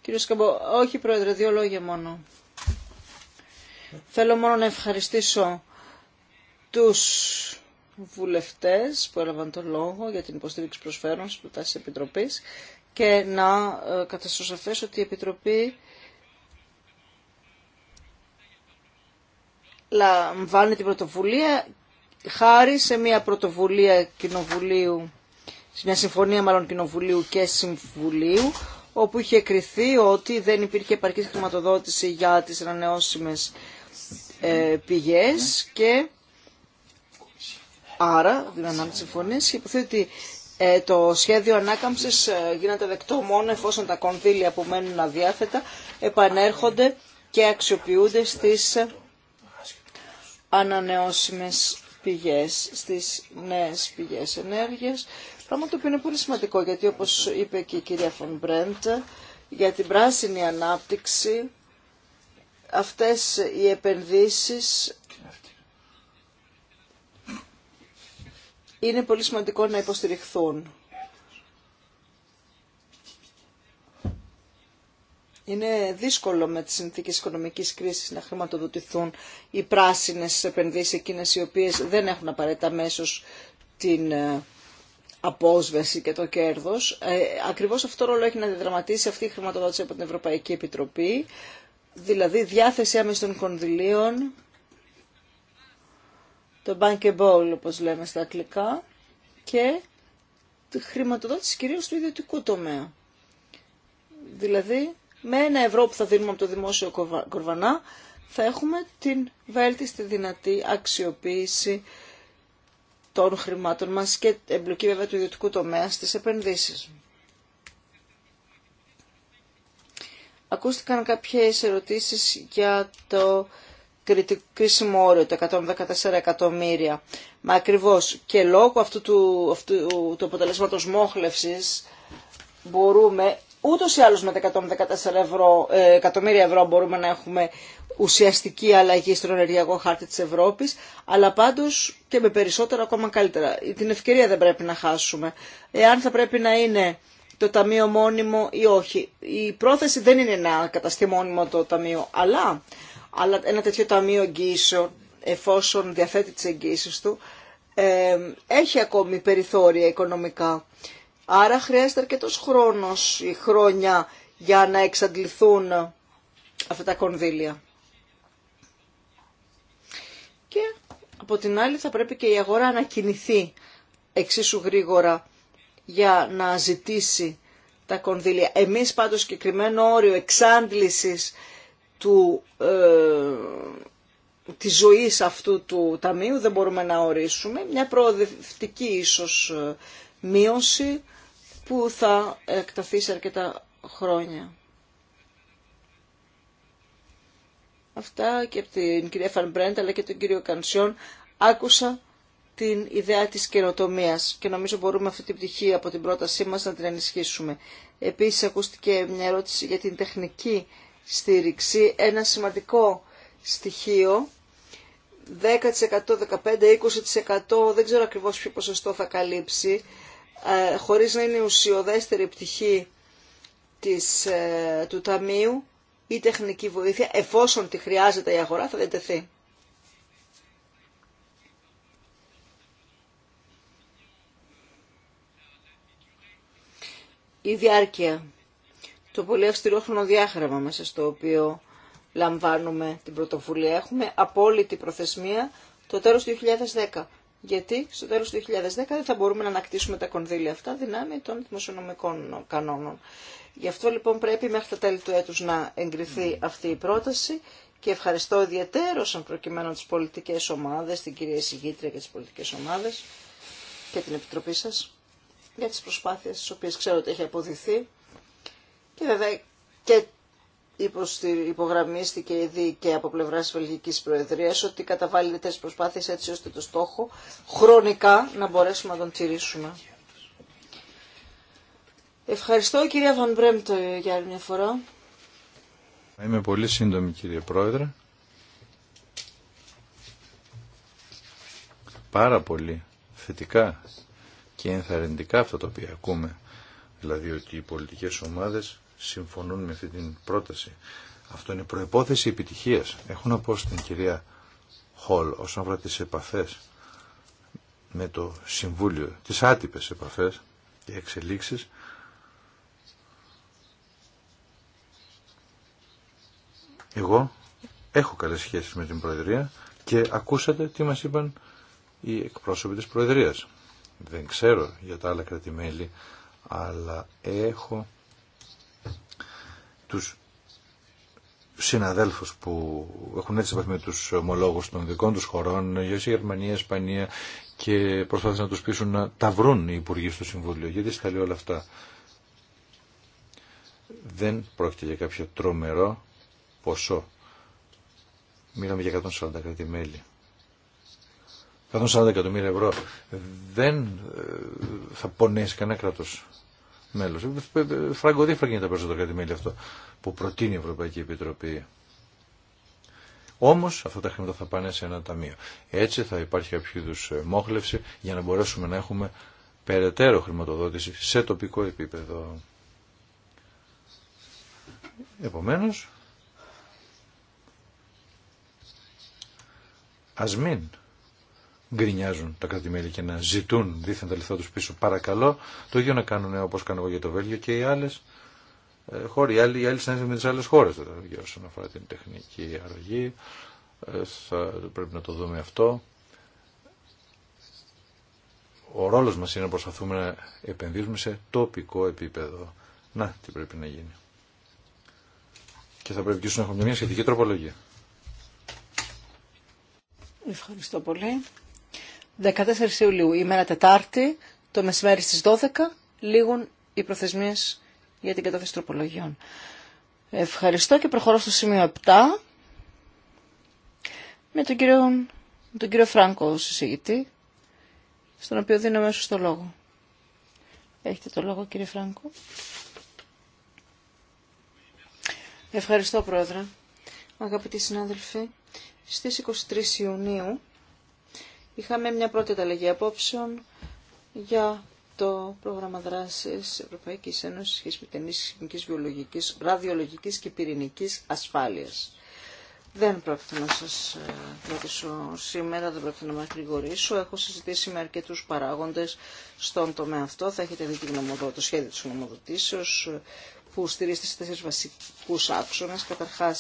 S2: Κύριε Σκαμπό, όχι πρόεδρε, δύο λόγια μόνο. Θέλω μόνο να ευχαριστήσω τους βουλευτές που έλαβαν τον λόγο για την υποστήριξη προσφέρων στις προτάσεις της Επιτροπής και να ε, καταστώ ότι η Επιτροπή λαμβάνει την πρωτοβουλία χάρη σε μια πρωτοβουλία κοινοβουλίου, σε μια συμφωνία μάλλον κοινοβουλίου και συμβουλίου, όπου είχε κριθεί ότι δεν υπήρχε επαρκή χρηματοδότηση για τις ανανεώσιμες ε, πηγές και άρα, δυναμικά δηλαδή, συμφωνίες, υποθέτει ότι ε, το σχέδιο ανάκαμψης ε, γίνεται δεκτό μόνο εφόσον τα κονδύλια που μένουν αδιάθετα επανέρχονται και αξιοποιούνται στις ανανεώσιμες πηγές, στις νέες πηγές ενέργειας, πράγμα το οποίο είναι πολύ σημαντικό γιατί όπως είπε και η κυρία Φον Μπρέντ, για την πράσινη ανάπτυξη αυτές οι επενδύσεις είναι πολύ σημαντικό να υποστηριχθούν Είναι δύσκολο με τις συνθήκες οικονομικής κρίσης να χρηματοδοτηθούν οι πράσινες επενδύσεις εκείνες οι οποίες δεν έχουν απαραίτητα μέσω την ε, απόσβεση και το κέρδος. Ε, ακριβώς αυτό το ρόλο έχει να διδραματίσει αυτή η χρηματοδότηση από την Ευρωπαϊκή Επιτροπή, δηλαδή διάθεση άμεση κονδυλίων, το bankable όπως λέμε στα αγγλικά, και τη χρηματοδότηση κυρίως του ιδιωτικού τομέα. Δηλαδή με ένα ευρώ που θα δίνουμε από το δημόσιο κορβανά, θα έχουμε την βέλτιστη δυνατή αξιοποίηση των χρημάτων μας και εμπλοκή βέβαια του ιδιωτικού τομέα στις επενδύσεις. Ακούστηκαν κάποιες ερωτήσεις για το κρίσιμο όριο, το 114 εκατομμύρια. Μα ακριβώς και λόγω αυτού του, αυτού, του αποτελέσματος μόχλευσης μπορούμε ούτως ή άλλως με τα 114 ευρώ, ε, εκατομμύρια ευρώ μπορούμε να έχουμε ουσιαστική αλλαγή στον ενεργειακό χάρτη της Ευρώπης, αλλά πάντως και με περισσότερα ακόμα καλύτερα. Την ευκαιρία δεν πρέπει να χάσουμε. Εάν θα πρέπει να είναι το ταμείο μόνιμο ή όχι. Η πρόθεση δεν είναι να καταστεί μόνιμο το ταμείο, αλλά, αλλά ένα τέτοιο ταμείο εγγύσεων, εφόσον διαθέτει τις εγγύησεις του, ε, έχει ακόμη περιθώρια οικονομικά Άρα χρειάζεται αρκετός χρόνος ή χρόνια για να εξαντληθούν αυτά τα κονδύλια. Και από την άλλη θα πρέπει και η αγορά να κινηθεί εξίσου γρήγορα για να ζητήσει τα κονδύλια. Εμείς πάντως συγκεκριμένο όριο εξάντλησης του, ε, της ζωής αυτού του ταμείου δεν μπορούμε να ορίσουμε. Μια προοδευτική ίσως ε, μείωση που θα εκταθεί σε αρκετά χρόνια. Αυτά και από την κυρία Φανμπρέντ αλλά και τον κύριο Κανσιόν άκουσα την ιδέα της καινοτομία και νομίζω μπορούμε αυτή την πτυχή από την πρότασή μας να την ενισχύσουμε. Επίσης ακούστηκε μια ερώτηση για την τεχνική στήριξη, ένα σημαντικό στοιχείο 10%, 15%, 20%, δεν ξέρω ακριβώς ποιο ποσοστό θα καλύψει ε, χωρίς να είναι ουσιοδέστερη πτυχή της, ε, του Ταμείου ή τεχνική βοήθεια, εφόσον τη χρειάζεται η αγορά, θα διατεθεί. Η διάρκεια. Το πολύ αυστηρό χρονοδιάγραμμα μέσα στο οποίο λαμβάνουμε την πρωτοβουλία. Έχουμε απόλυτη προθεσμία το τέλος του 2010 γιατί στο τέλος του 2010 δεν θα μπορούμε να ανακτήσουμε τα κονδύλια αυτά δυνάμει των δημοσιονομικών κανόνων. Γι' αυτό λοιπόν πρέπει μέχρι τα τέλη του έτους να εγκριθεί αυτή η πρόταση και ευχαριστώ ιδιαίτερο σαν προκειμένου τις πολιτικές ομάδες, την κυρία Συγήτρια και τις πολιτικές ομάδες και την Επιτροπή σας για τις προσπάθειες τις οποίες ξέρω ότι έχει αποδειθεί και βέβαια και υπογραμμίστηκε ήδη και από πλευρά τη Βελγική Προεδρία ότι καταβάλλεται τέτοιε προσπάθειε έτσι ώστε το στόχο χρονικά να μπορέσουμε να τον τηρήσουμε. Ευχαριστώ κυρία Βαν για άλλη μια φορά.
S3: Είμαι πολύ σύντομη κύριε Πρόεδρε. Πάρα πολύ θετικά και ενθαρρυντικά αυτό το οποίο ακούμε. Δηλαδή ότι οι πολιτικές ομάδες συμφωνούν με αυτή την πρόταση. Αυτό είναι προϋπόθεση επιτυχίας. Έχω να πω στην κυρία Χολ όσον αφορά τις επαφές με το Συμβούλιο, τις άτυπες επαφές και εξελίξεις, Εγώ έχω καλές σχέσεις με την Προεδρία και ακούσατε τι μας είπαν οι εκπρόσωποι της Προεδρίας. Δεν ξέρω για τα άλλα κρατημέλη, αλλά έχω τους συναδέλφους που έχουν έτσι επαφή με τους ομολόγους των δικών τους χωρών, Γερμανία, Ισπανία και προσπάθησαν να τους πείσουν να τα βρουν οι υπουργοί στο Συμβούλιο. Γιατί στα όλα αυτά. Δεν πρόκειται για κάποιο τρομερό ποσό. Μίλαμε για 140 μέλη. 140 εκατομμύρια ευρώ. Δεν ε, θα πονέσει κανένα κράτος μέλος. Φραγκοδίφραγγι είναι τα περισσοτερα τη κράτη-μέλη αυτό που προτείνει η Ευρωπαϊκή Επιτροπή. Όμω αυτά τα χρήματα θα πάνε σε ένα ταμείο. Έτσι θα υπάρχει κάποιο είδου ε, μόχλευση για να μπορέσουμε να έχουμε περαιτέρω χρηματοδότηση σε τοπικό επίπεδο. Επομένω, α μην γκρινιάζουν τα κράτη-μέλη και να ζητούν δίθεν τα λεφτά πίσω. Παρακαλώ, το ίδιο να κάνουν ε, όπω κάνω εγώ για το Βέλγιο και οι άλλε. χώρε. οι άλλοι, οι άλλοι συνέχεια με τι άλλε χώρε τώρα, όσον αφορά την τεχνική αρρωγή. Ε, θα, πρέπει να το δούμε αυτό. Ο ρόλο μα είναι να προσπαθούμε να επενδύσουμε σε τοπικό επίπεδο. Να, τι πρέπει να γίνει. Και θα πρέπει και να έχουμε μια σχετική τροπολογία.
S2: Ευχαριστώ πολύ. 14 Ιουλίου, ημέρα Τετάρτη, το μεσημέρι στις 12, λίγουν οι προθεσμίες για την κατάθεση τροπολογιών. Ευχαριστώ και προχωρώ στο σημείο 7 με τον κύριο, τον κύριο Φράνκο ως συζητητή, στον οποίο δίνω μέσω στο λόγο. Έχετε το λόγο κύριε Φράνκο. Ευχαριστώ πρόεδρε. Αγαπητοί συνάδελφοι, στις 23 Ιουνίου Είχαμε μια πρώτη ανταλλαγή απόψεων για το πρόγραμμα δράση Ευρωπαϊκή Ένωση σχέση με την χημική, βιολογική, ραδιολογική και πυρηνική ασφάλεια. Δεν πρόκειται να σα κρατήσω ε, σήμερα, δεν πρόκειται να με γρηγορήσω. Έχω συζητήσει με αρκετού παράγοντε στον τομέα αυτό. Θα έχετε δει το σχέδιο τη γνωμοδοτήσεω ε, που στηρίζεται σε τέσσερι βασικού άξονε. Καταρχά,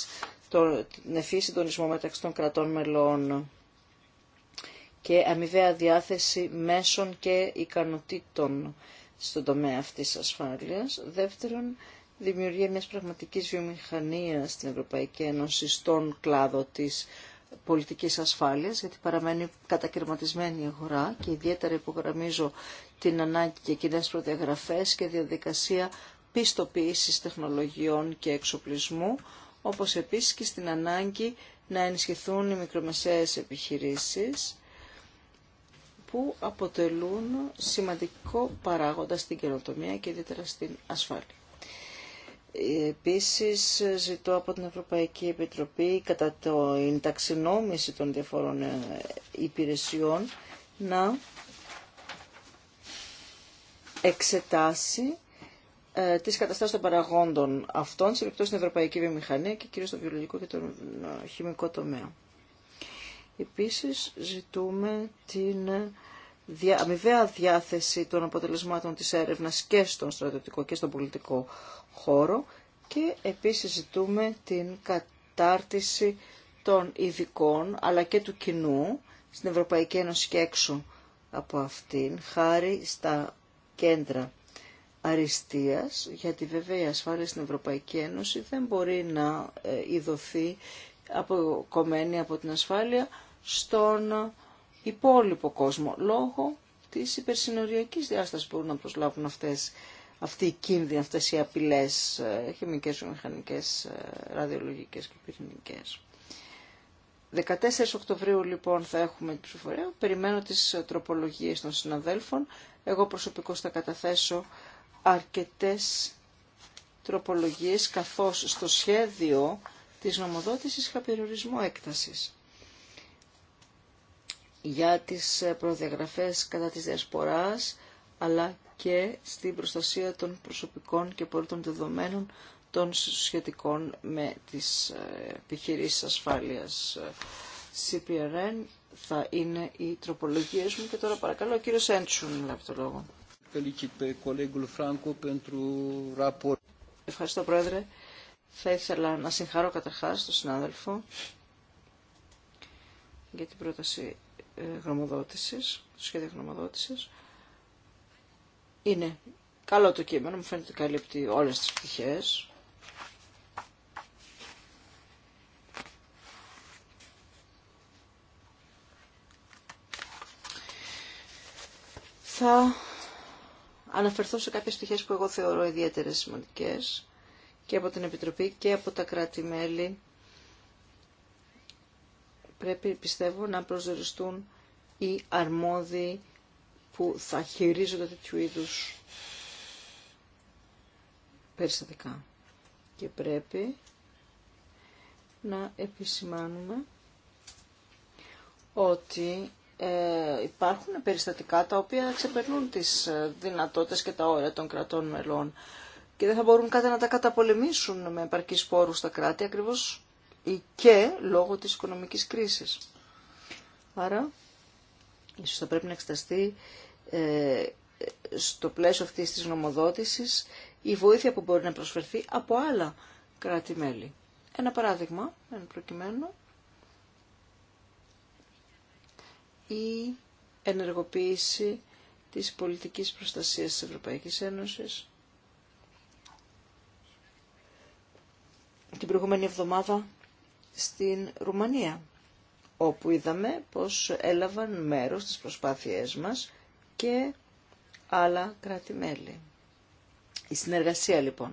S2: το νεφή συντονισμό μεταξύ των κρατών μελών και αμοιβαία διάθεση μέσων και ικανοτήτων στον τομέα αυτής της ασφάλειας. Δεύτερον, δημιουργία μιας πραγματικής βιομηχανίας στην Ευρωπαϊκή Ένωση στον κλάδο της πολιτικής ασφάλειας, γιατί παραμένει κατακαιρματισμένη η αγορά και ιδιαίτερα υπογραμμίζω την ανάγκη για κοινέ προδιαγραφές και διαδικασία πιστοποίησης τεχνολογιών και εξοπλισμού, όπως επίσης και στην ανάγκη να ενισχυθούν οι μικρομεσαίες επιχειρήσεις που αποτελούν σημαντικό παράγοντα στην καινοτομία και ιδιαίτερα στην ασφάλεια. Επίσης ζητώ από την Ευρωπαϊκή Επιτροπή κατά την ταξινόμηση των διαφορών ε, υπηρεσιών να εξετάσει ε, τις καταστάσεις των παραγόντων αυτών σε περιπτώσει στην ευρωπαϊκή βιομηχανία και κυρίως στο βιολογικό και τον ε, χημικό τομέα. Επίσης ζητούμε την δια, αμοιβαία διάθεση των αποτελεσμάτων της έρευνας και στον στρατιωτικό και στον πολιτικό χώρο και επίσης ζητούμε την κατάρτιση των ειδικών αλλά και του κοινού στην Ευρωπαϊκή Ένωση και έξω από αυτήν χάρη στα κέντρα αριστείας γιατί βέβαια η ασφάλεια στην Ευρωπαϊκή Ένωση δεν μπορεί να ε, ειδωθεί αποκομμένη από την ασφάλεια στον υπόλοιπο κόσμο, λόγω της υπερσυνοριακής διάστασης που μπορούν να προσλάβουν αυτές, αυτοί οι κίνδυνοι, αυτές οι απειλές ε, χημικές, μηχανικές, ε, ραδιολογικές και πυρηνικές. 14 Οκτωβρίου λοιπόν θα έχουμε την ψηφοφορία. Περιμένω τις ε, τροπολογίες των συναδέλφων. Εγώ προσωπικώς θα καταθέσω αρκετές τροπολογίες καθώς στο σχέδιο της νομοδότησης είχα περιορισμό έκτασης για τις ε, προδιαγραφές κατά της διασποράς, αλλά και στην προστασία των προσωπικών και πολιτών δεδομένων των σχετικών με τις ε, επιχειρήσεις ασφάλειας CPRN θα είναι οι τροπολογίες μου και τώρα παρακαλώ ο κύριος Έντσουν λάβει το λόγο. Ευχαριστώ Πρόεδρε. Θα ήθελα να συγχαρώ καταρχάς τον συνάδελφο για την πρόταση γνωμοδότησης, το σχέδιο γνωμοδότησης. Είναι καλό το κείμενο, μου φαίνεται καλύπτει όλες τις πτυχές. Θα αναφερθώ σε κάποιες πτυχές που εγώ θεωρώ ιδιαίτερες σημαντικές και από την Επιτροπή και από τα κράτη-μέλη πρέπει πιστεύω να προσδιοριστούν οι αρμόδιοι που θα χειρίζονται τέτοιου είδου. περιστατικά. Και πρέπει να επισημάνουμε ότι ε, υπάρχουν περιστατικά τα οποία ξεπερνούν τις ε, δυνατότητες και τα όρια των κρατών μελών και δεν θα μπορούν κάτι να τα καταπολεμήσουν με επαρκή σπόρους στα κράτη ακριβώς ή και λόγω της οικονομικής κρίσης. Άρα, ίσως θα πρέπει να εξεταστεί ε, στο πλαίσιο αυτής της νομοδότησης η και λόγω της οικονομικής κρίσης. Άρα, ίσως θα πρέπει να εξεταστεί στο πλαίσιο αυτής της νομοδότησης η βοήθεια που μπορεί να προσφερθεί από άλλα κράτη-μέλη. Ένα παράδειγμα, εν προκειμένου, η ενεργοποίηση της πολιτικής προστασίας της Ευρωπαϊκής Ένωσης. Την προηγούμενη εβδομάδα στην Ρουμανία, όπου είδαμε πως έλαβαν μέρος στις προσπάθειές μας και άλλα κράτη-μέλη. Η συνεργασία λοιπόν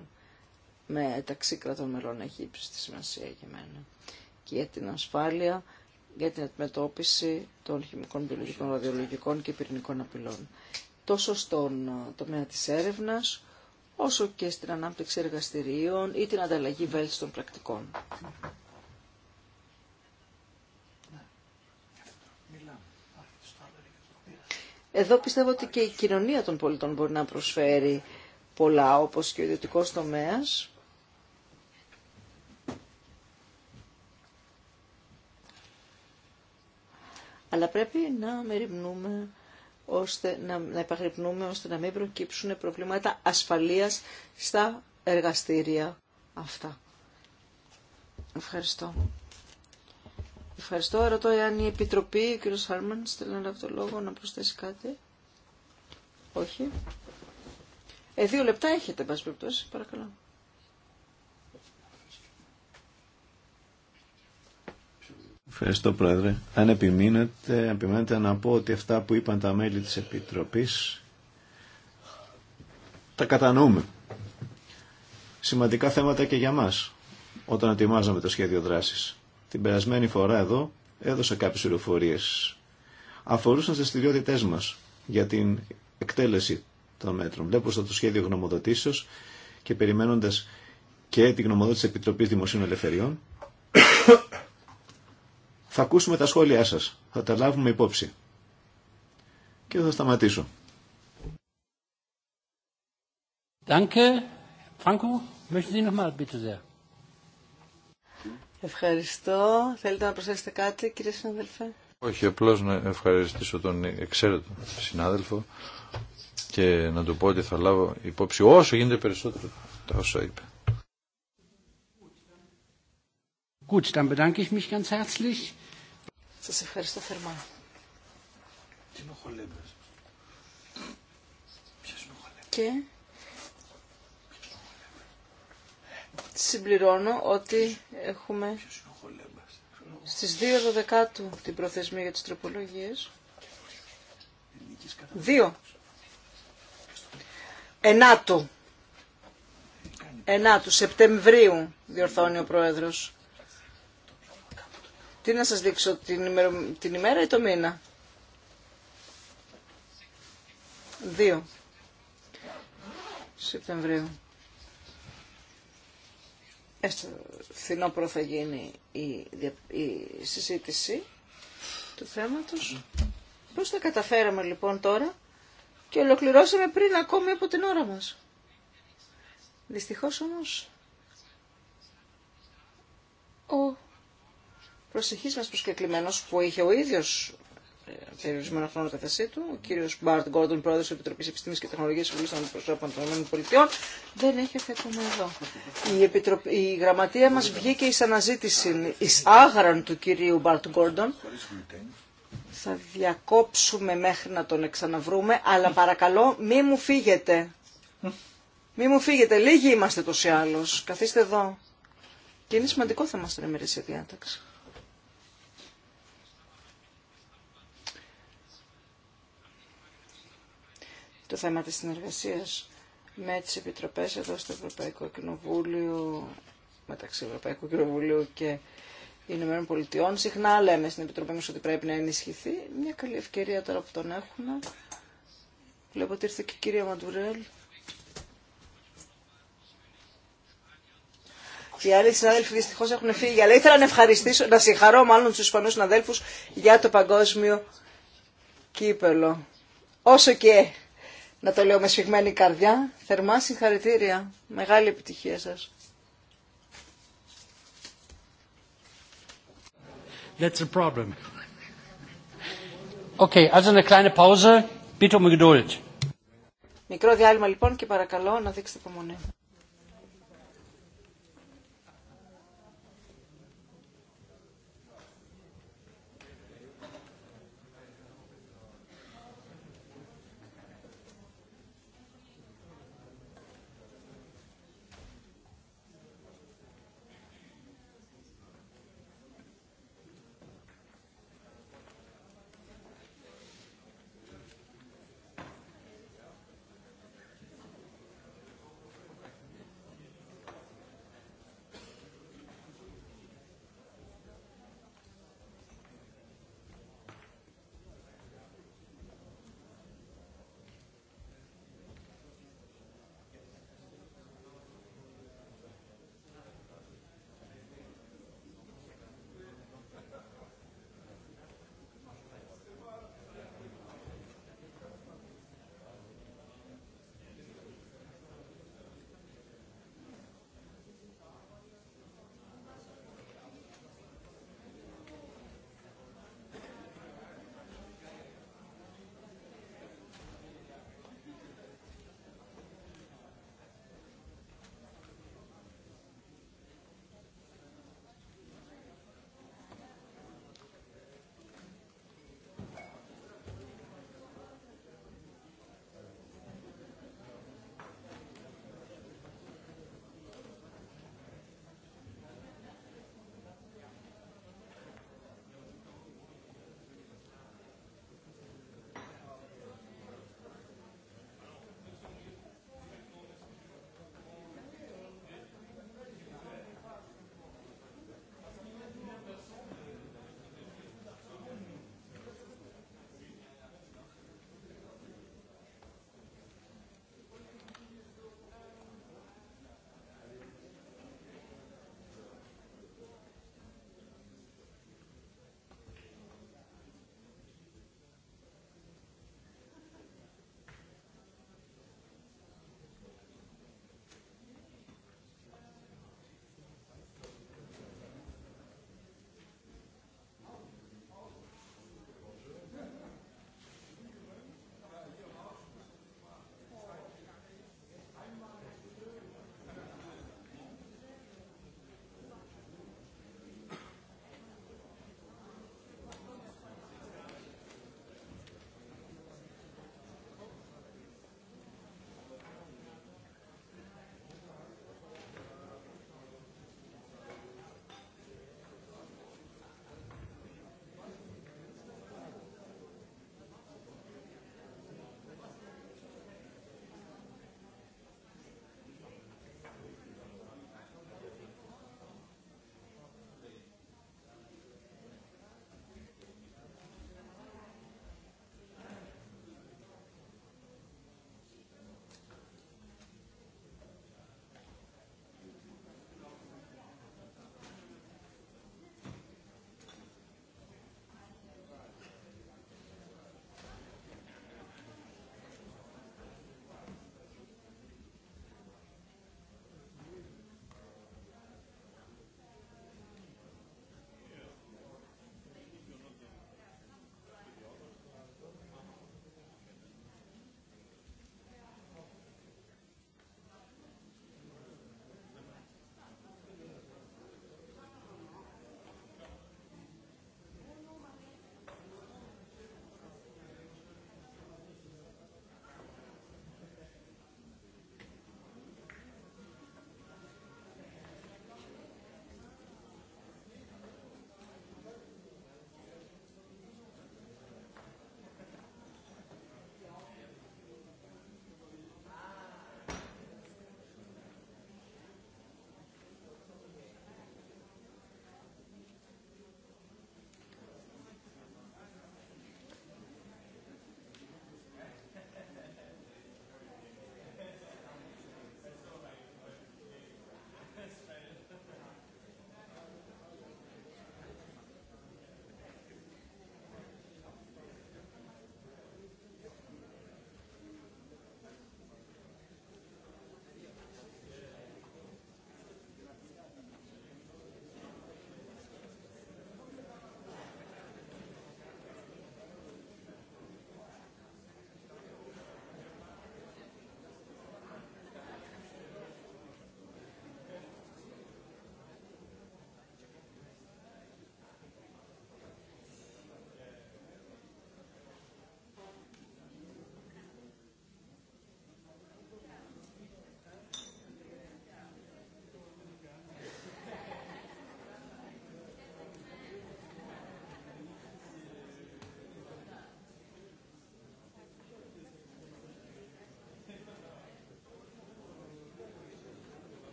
S2: μεταξύ κρατών μελών έχει στη σημασία για μένα και για την ασφάλεια, για την αντιμετώπιση των χημικών, βιολογικών, ραδιολογικών και πυρηνικών απειλών. Τόσο στον ε, τομέα της έρευνας, όσο και στην ανάπτυξη εργαστηρίων ή την ανταλλαγή βέλτιστων πρακτικών. Εδώ πιστεύω ότι και η κοινωνία των πολιτών μπορεί να προσφέρει πολλά, όπως και ο ιδιωτικό τομέας. Αλλά πρέπει να μεριμνούμε ώστε να, να ώστε να μην προκύψουν προβλήματα ασφαλείας στα εργαστήρια αυτά. Ευχαριστώ. Ευχαριστώ. Ρωτώ εάν η Επιτροπή, ο κ. Χάρμαν, θέλει να λάβει το λόγο να προσθέσει κάτι. Όχι. Ε, δύο λεπτά έχετε, εν πάση περιπτώσει. Παρακαλώ.
S1: Ευχαριστώ, Πρόεδρε. Αν επιμείνετε, επιμείνετε να πω ότι αυτά που είπαν τα μέλη της Επιτροπής τα κατανοούμε. Σημαντικά θέματα και για μας όταν ετοιμάζαμε το σχέδιο δράσης. Την περασμένη φορά εδώ έδωσα κάποιες πληροφορίες. Αφορούσαν στις δραστηριότητε μας για την εκτέλεση των μέτρων. στο το σχέδιο γνωμοδοτήσεως και περιμένοντας και την γνωμοδότηση της Επιτροπής Δημοσίων Ελευθεριών, θα ακούσουμε τα σχόλιά σας. Θα τα λάβουμε υπόψη. Και θα σταματήσω.
S5: Danke. Franco, möchten Sie noch mal bitte sehr.
S2: Ευχαριστώ. Θέλετε να προσθέσετε κάτι, κύριε συνάδελφε.
S3: Όχι, απλώ να ευχαριστήσω τον εξαίρετο συνάδελφο και να του πω ότι θα λάβω υπόψη όσο γίνεται περισσότερο τα όσα είπε.
S5: Gut,
S2: Σας ευχαριστώ θερμά. Και συμπληρώνω ότι έχουμε στις 2 του την προθεσμία για τις τροπολογίες. Δύο. Ενάτου. Ενάτου Σεπτεμβρίου διορθώνει ο Πρόεδρος. Τι να σας δείξω, την ημέρα, την ημέρα ή το μήνα. 2. Σεπτεμβρίου έστω φθινόπωρο θα γίνει η, η συζήτηση του θέματος. Πώς θα καταφέραμε λοιπόν τώρα και ολοκληρώσαμε πριν ακόμη από την ώρα μας. Δυστυχώς όμως ο προσεχής μας προσκεκλημένος που είχε ο ίδιος περιορισμένο χρόνο του. Ο κύριο Μπάρτ Γκόρντον, πρόεδρο τη Επιτροπή Επιστήμη και Τεχνολογία Συμβουλή των Αντιπροσώπων των ΗΠΑ, δεν έχει ακόμα εδώ. Η, Επιτροπ... η γραμματεία μα βγήκε ει αναζήτηση ει άγραν του κυρίου Μπάρτ Γκόρντον. Θα διακόψουμε μέχρι να τον εξαναβρούμε, αλλά παρακαλώ μη μου φύγετε. Μη μου φύγετε, λίγοι είμαστε τόσοι άλλως. Καθίστε εδώ. Και είναι σημαντικό θέμα στην ημερήσια διάταξη. το θέμα της συνεργασίας με τις επιτροπές εδώ στο Ευρωπαϊκό Κοινοβούλιο, μεταξύ Ευρωπαϊκού Κοινοβουλίου και Ηνωμένων Πολιτειών. Συχνά λέμε στην Επιτροπή μας ότι πρέπει να ενισχυθεί. Μια καλή ευκαιρία τώρα που τον έχουμε. Βλέπω ότι ήρθε και η κυρία Μαντουρέλ. Και οι άλλοι συνάδελφοι δυστυχώ έχουν φύγει. Αλλά ήθελα να ευχαριστήσω, να συγχαρώ μάλλον του Ισπανού συναδέλφου για το παγκόσμιο κύπελο. Όσο και να το λέω με σφιγμένη καρδιά. Θερμά συγχαρητήρια. Μεγάλη επιτυχία σας.
S5: That's a problem. Okay, also eine kleine Pause. Bitte um Geduld.
S2: Μικρό διάλειμμα λοιπόν και παρακαλώ να δείξετε υπομονή.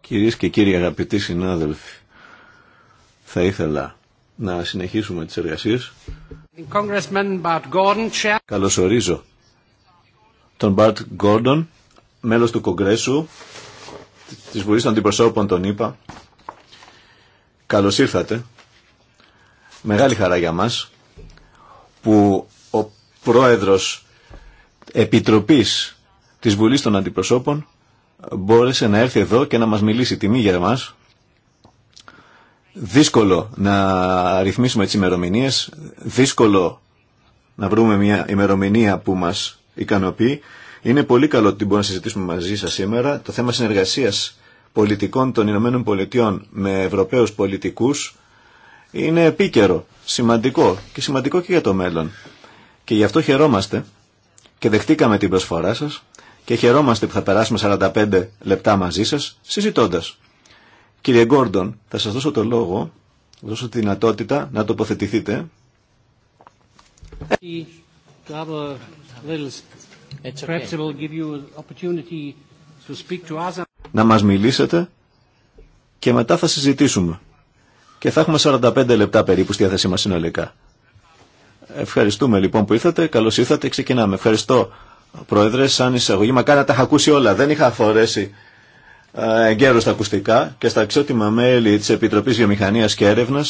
S1: Κυρίες και κύριοι αγαπητοί συνάδελφοι, θα ήθελα να συνεχίσουμε τις εργασίες. Καλωσορίζω τον Μπαρτ Γκόρντον, μέλος του Κογκρέσου της Βουλής των Αντιπροσώπων τον είπα Καλώς ήρθατε. Μεγάλη χαρά για μας που ο πρόεδρος Επιτροπής της Βουλής των Αντιπροσώπων μπόρεσε να έρθει εδώ και να μας μιλήσει τιμή για εμάς. Δύσκολο να ρυθμίσουμε τις ημερομηνίε, δύσκολο να βρούμε μια ημερομηνία που μας ικανοποιεί. Είναι πολύ καλό ότι μπορούμε να συζητήσουμε μαζί σας σήμερα το θέμα συνεργασίας πολιτικών των Ηνωμένων Πολιτειών με Ευρωπαίους πολιτικούς είναι επίκαιρο, σημαντικό και σημαντικό και για το μέλλον. Και γι' αυτό χαιρόμαστε και δεχτήκαμε την προσφορά σας και χαιρόμαστε που θα περάσουμε 45 λεπτά μαζί σας συζητώντας. Κύριε Γκόρντον, θα σας δώσω το λόγο, θα δώσω τη δυνατότητα να τοποθετηθείτε. Να μας μιλήσετε και μετά θα συζητήσουμε. Και θα έχουμε 45 λεπτά περίπου στη διάθεσή μας συνολικά. Ευχαριστούμε λοιπόν που ήρθατε. Καλώ ήρθατε. Ξεκινάμε. Ευχαριστώ, Πρόεδρε, σαν εισαγωγή. Μακάρι να τα είχα ακούσει όλα. Δεν είχα αφορέσει εγκαίρω τα ακουστικά και στα αξιότιμα μέλη τη Επιτροπή Βιομηχανία και Έρευνα.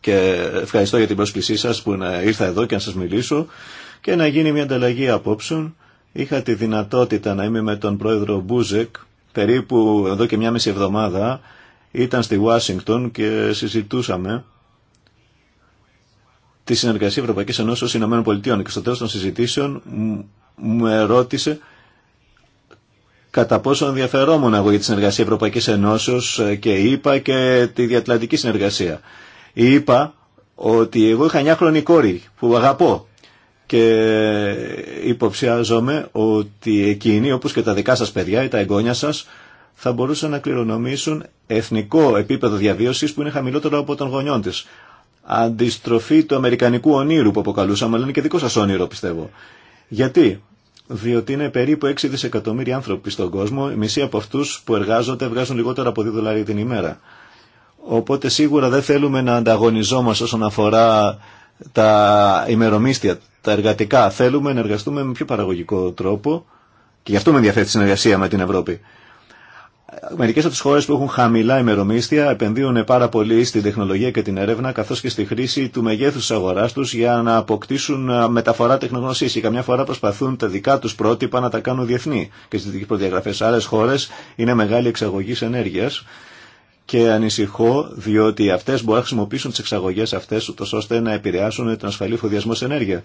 S1: Και ευχαριστώ για την πρόσκλησή σα που ήρθα εδώ και να σα μιλήσω και να γίνει μια ανταλλαγή απόψεων. Είχα τη δυνατότητα να είμαι με τον πρόεδρο Μπούζεκ περίπου εδώ και μια μισή εβδομάδα. Ήταν στη Ουάσιγκτον και συζητούσαμε τη συνεργασία Ευρωπαϊκή Ενώσεω Ηνωμένων Πολιτειών. Και στο τέλο των συζητήσεων μου ρώτησε κατά πόσο ενδιαφερόμουν εγώ για τη συνεργασία Ευρωπαϊκή Ενώσεω και είπα και τη διατλαντική συνεργασία. Είπα ότι εγώ είχα 9 χρονική κόρη που αγαπώ και υποψιάζομαι ότι εκείνοι όπως και τα δικά σας παιδιά ή τα εγγόνια σας θα μπορούσαν να κληρονομήσουν εθνικό επίπεδο διαβίωσης που είναι χαμηλότερο από των γονιών της αντιστροφή του αμερικανικού ονείρου που αποκαλούσαμε, αλλά είναι και δικό σα όνειρο πιστεύω. Γιατί, διότι είναι περίπου 6 δισεκατομμύρια άνθρωποι στον κόσμο, οι μισοί από αυτού που εργάζονται βγάζουν λιγότερο από 2 δολάρια την ημέρα. Οπότε σίγουρα δεν θέλουμε να ανταγωνιζόμαστε όσον αφορά τα ημερομίστια, τα εργατικά. Θέλουμε να εργαστούμε με πιο παραγωγικό τρόπο και γι' αυτό με ενδιαφέρει τη συνεργασία με την Ευρώπη. Μερικέ από τις χώρες που έχουν χαμηλά ημερομίσθια επενδύουν πάρα πολύ στην τεχνολογία και την έρευνα καθώς και στη χρήση του μεγέθους τη αγοράς τους για να αποκτήσουν ε, μεταφορά τεχνογνωσίας και καμιά φορά προσπαθούν τα δικά τους πρότυπα να τα κάνουν διεθνή και στι δικέ προδιαγραφές. Άλλες χώρες είναι μεγάλη εξαγωγή ενέργεια και ανησυχώ διότι αυτέ μπορούν να χρησιμοποιήσουν τι εξαγωγέ αυτέ ούτω ώστε να επηρεάσουν τον ασφαλή φοδιασμό σε ενέργεια.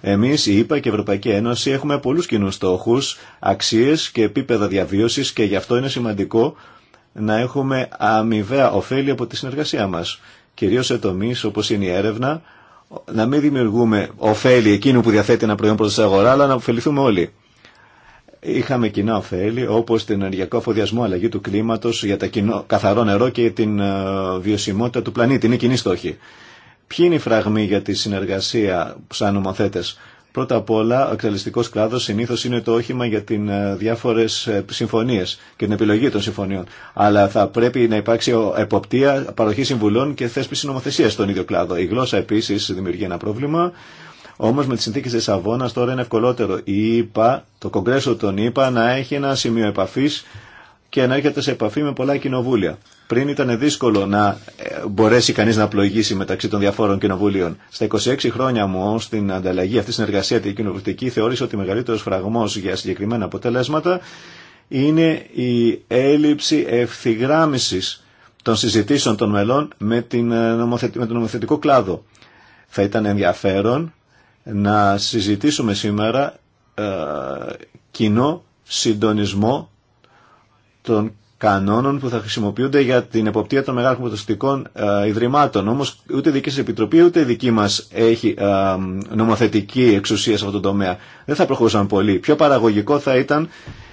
S1: Εμεί, η ΕΠΑ και η Ευρωπαϊκή Ένωση έχουμε πολλού κοινού στόχου, αξίε και επίπεδα διαβίωση και γι' αυτό είναι σημαντικό να έχουμε αμοιβαία ωφέλη από τη συνεργασία μα. Κυρίω σε τομεί όπω είναι η έρευνα, να μην δημιουργούμε ωφέλη εκείνου που διαθέτει ένα προϊόν προ αγορά, αλλά να ωφεληθούμε όλοι. Είχαμε κοινά ωφέλη όπως την ενεργειακό αφοδιασμό, αλλαγή του κλίματος για τα κοινό, καθαρό νερό και την ε, βιωσιμότητα του πλανήτη. Είναι κοινή στόχη. Ποιοι είναι οι φραγμοί για τη συνεργασία σαν νομοθέτες. Πρώτα απ' όλα, ο εκτελεστικό κλάδο συνήθω είναι το όχημα για τι ε, διάφορε συμφωνίε και την επιλογή των συμφωνιών. Αλλά θα πρέπει να υπάρξει εποπτεία, παροχή συμβουλών και θέσπιση νομοθεσία στον ίδιο κλάδο. Η γλώσσα επίση δημιουργεί ένα πρόβλημα. Όμω με τι συνθήκε τη Αβώνα τώρα είναι ευκολότερο η ΕΠΑ, το Κογκρέσο τον ΗΠΑ να έχει ένα σημείο επαφή και να έρχεται σε επαφή με πολλά κοινοβούλια. Πριν ήταν δύσκολο να ε, μπορέσει κανεί να πλοηγήσει μεταξύ των διαφόρων κοινοβουλίων. Στα 26 χρόνια μου στην ανταλλαγή αυτή συνεργασία τη κοινοβουλευτική θεώρησα ότι μεγαλύτερο φραγμό για συγκεκριμένα αποτελέσματα είναι η έλλειψη ευθυγράμμιση των συζητήσεων των μελών με, την, ε, με τον νομοθετικό κλάδο. Θα ήταν ενδιαφέρον να συζητήσουμε σήμερα ε, κοινό συντονισμό των κανόνων που θα χρησιμοποιούνται για την εποπτεία των μεγάλων χρηματοστικών ε, ιδρυμάτων. Όμως ούτε η δική σας επιτροπή ούτε η δική μας έχει ε, νομοθετική εξουσία σε αυτό το τομέα. Δεν θα προχωρούσαν πολύ. Πιο παραγωγικό θα ήταν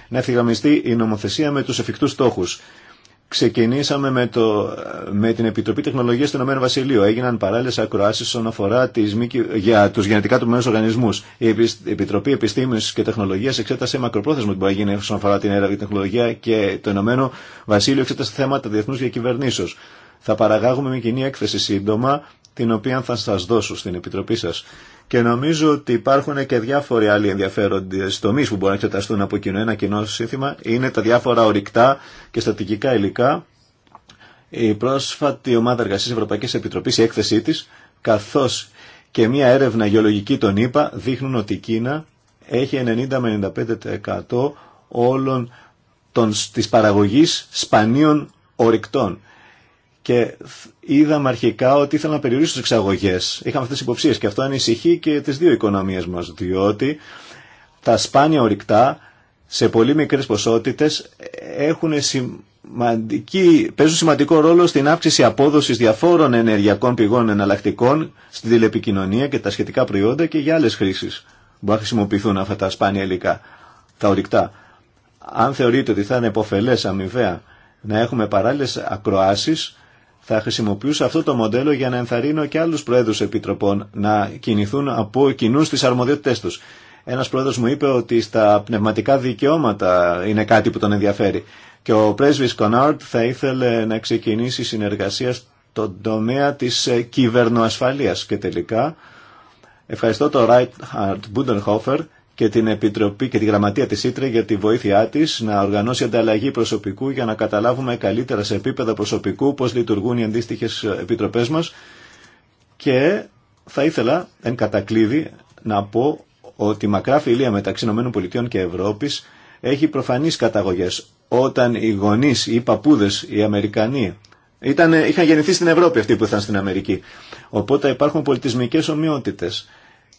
S1: να ευθυγραμμιστεί η νομοθεσία με τους εφικτούς στόχους ξεκινήσαμε με, το, με την Επιτροπή Τεχνολογίας του Ηνωμένου Βασιλείου. Έγιναν παράλληλες ακροάσεις όσον αφορά τις, για τους γενετικά του οργανισμούς. Η Επιτροπή Επιστήμης και Τεχνολογίας εξέτασε μακροπρόθεσμο που έγινε όσον αφορά την έρευνα και τεχνολογία και το Ηνωμένο Βασίλειο εξέτασε θέματα διεθνούς για Θα παραγάγουμε μια κοινή έκθεση σύντομα, την οποία θα σας δώσω στην Επιτροπή σας και νομίζω ότι υπάρχουν και διάφοροι άλλοι ενδιαφέροντες τομείς που μπορούν να εξεταστούν από κοινό. Ένα κοινό σύνθημα είναι τα διάφορα ορυκτά και στατικικά υλικά. Η πρόσφατη ομάδα εργασίας Ευρωπαϊκής Επιτροπής, η έκθεσή τη, καθώς και μια έρευνα γεωλογική των ΗΠΑ δείχνουν ότι η Κίνα έχει 90 με 95% όλων των, της παραγωγής σπανίων ορυκτών. Και είδαμε αρχικά ότι ήθελαν να περιορίσουν τι εξαγωγέ. Είχαμε αυτέ τι υποψίε και αυτό ανησυχεί και τι δύο οικονομίε μα, διότι τα σπάνια ορυκτά σε πολύ μικρέ ποσότητε έχουν σημαντική, παίζουν σημαντικό ρόλο στην αύξηση απόδοση διαφόρων ενεργειακών πηγών εναλλακτικών στην τηλεπικοινωνία και τα σχετικά προϊόντα και για άλλε χρήσει που θα χρησιμοποιηθούν αυτά τα σπάνια υλικά, τα ορυκτά. Αν θεωρείτε ότι θα είναι υποφελέ αμοιβαία να έχουμε παράλληλε ακροάσει, θα χρησιμοποιούσα αυτό το μοντέλο για να ενθαρρύνω και άλλους πρόεδρους επιτροπών να κινηθούν από κοινού στις αρμοδιότητές τους. Ένας πρόεδρος μου είπε ότι στα πνευματικά δικαιώματα είναι κάτι που τον ενδιαφέρει. Και ο πρέσβης Κονάρτ θα ήθελε να ξεκινήσει συνεργασία στον τομέα της κυβερνοασφαλείας. Και τελικά ευχαριστώ τον Χαρτ Μπούντενχόφερ και την Επιτροπή και τη Γραμματεία της Ήτρε για τη βοήθειά της να οργανώσει ανταλλαγή προσωπικού για να καταλάβουμε καλύτερα σε επίπεδα προσωπικού πώς λειτουργούν οι αντίστοιχε επιτροπές μας και θα ήθελα εν κατακλείδη να πω ότι η μακρά φιλία μεταξύ ΗΠΑ και Ευρώπης έχει προφανείς καταγωγές όταν οι γονείς, οι παππούδες, οι Αμερικανοί ήταν, είχαν γεννηθεί στην Ευρώπη αυτοί που ήταν στην Αμερική. Οπότε υπάρχουν πολιτισμικές ομοιότητες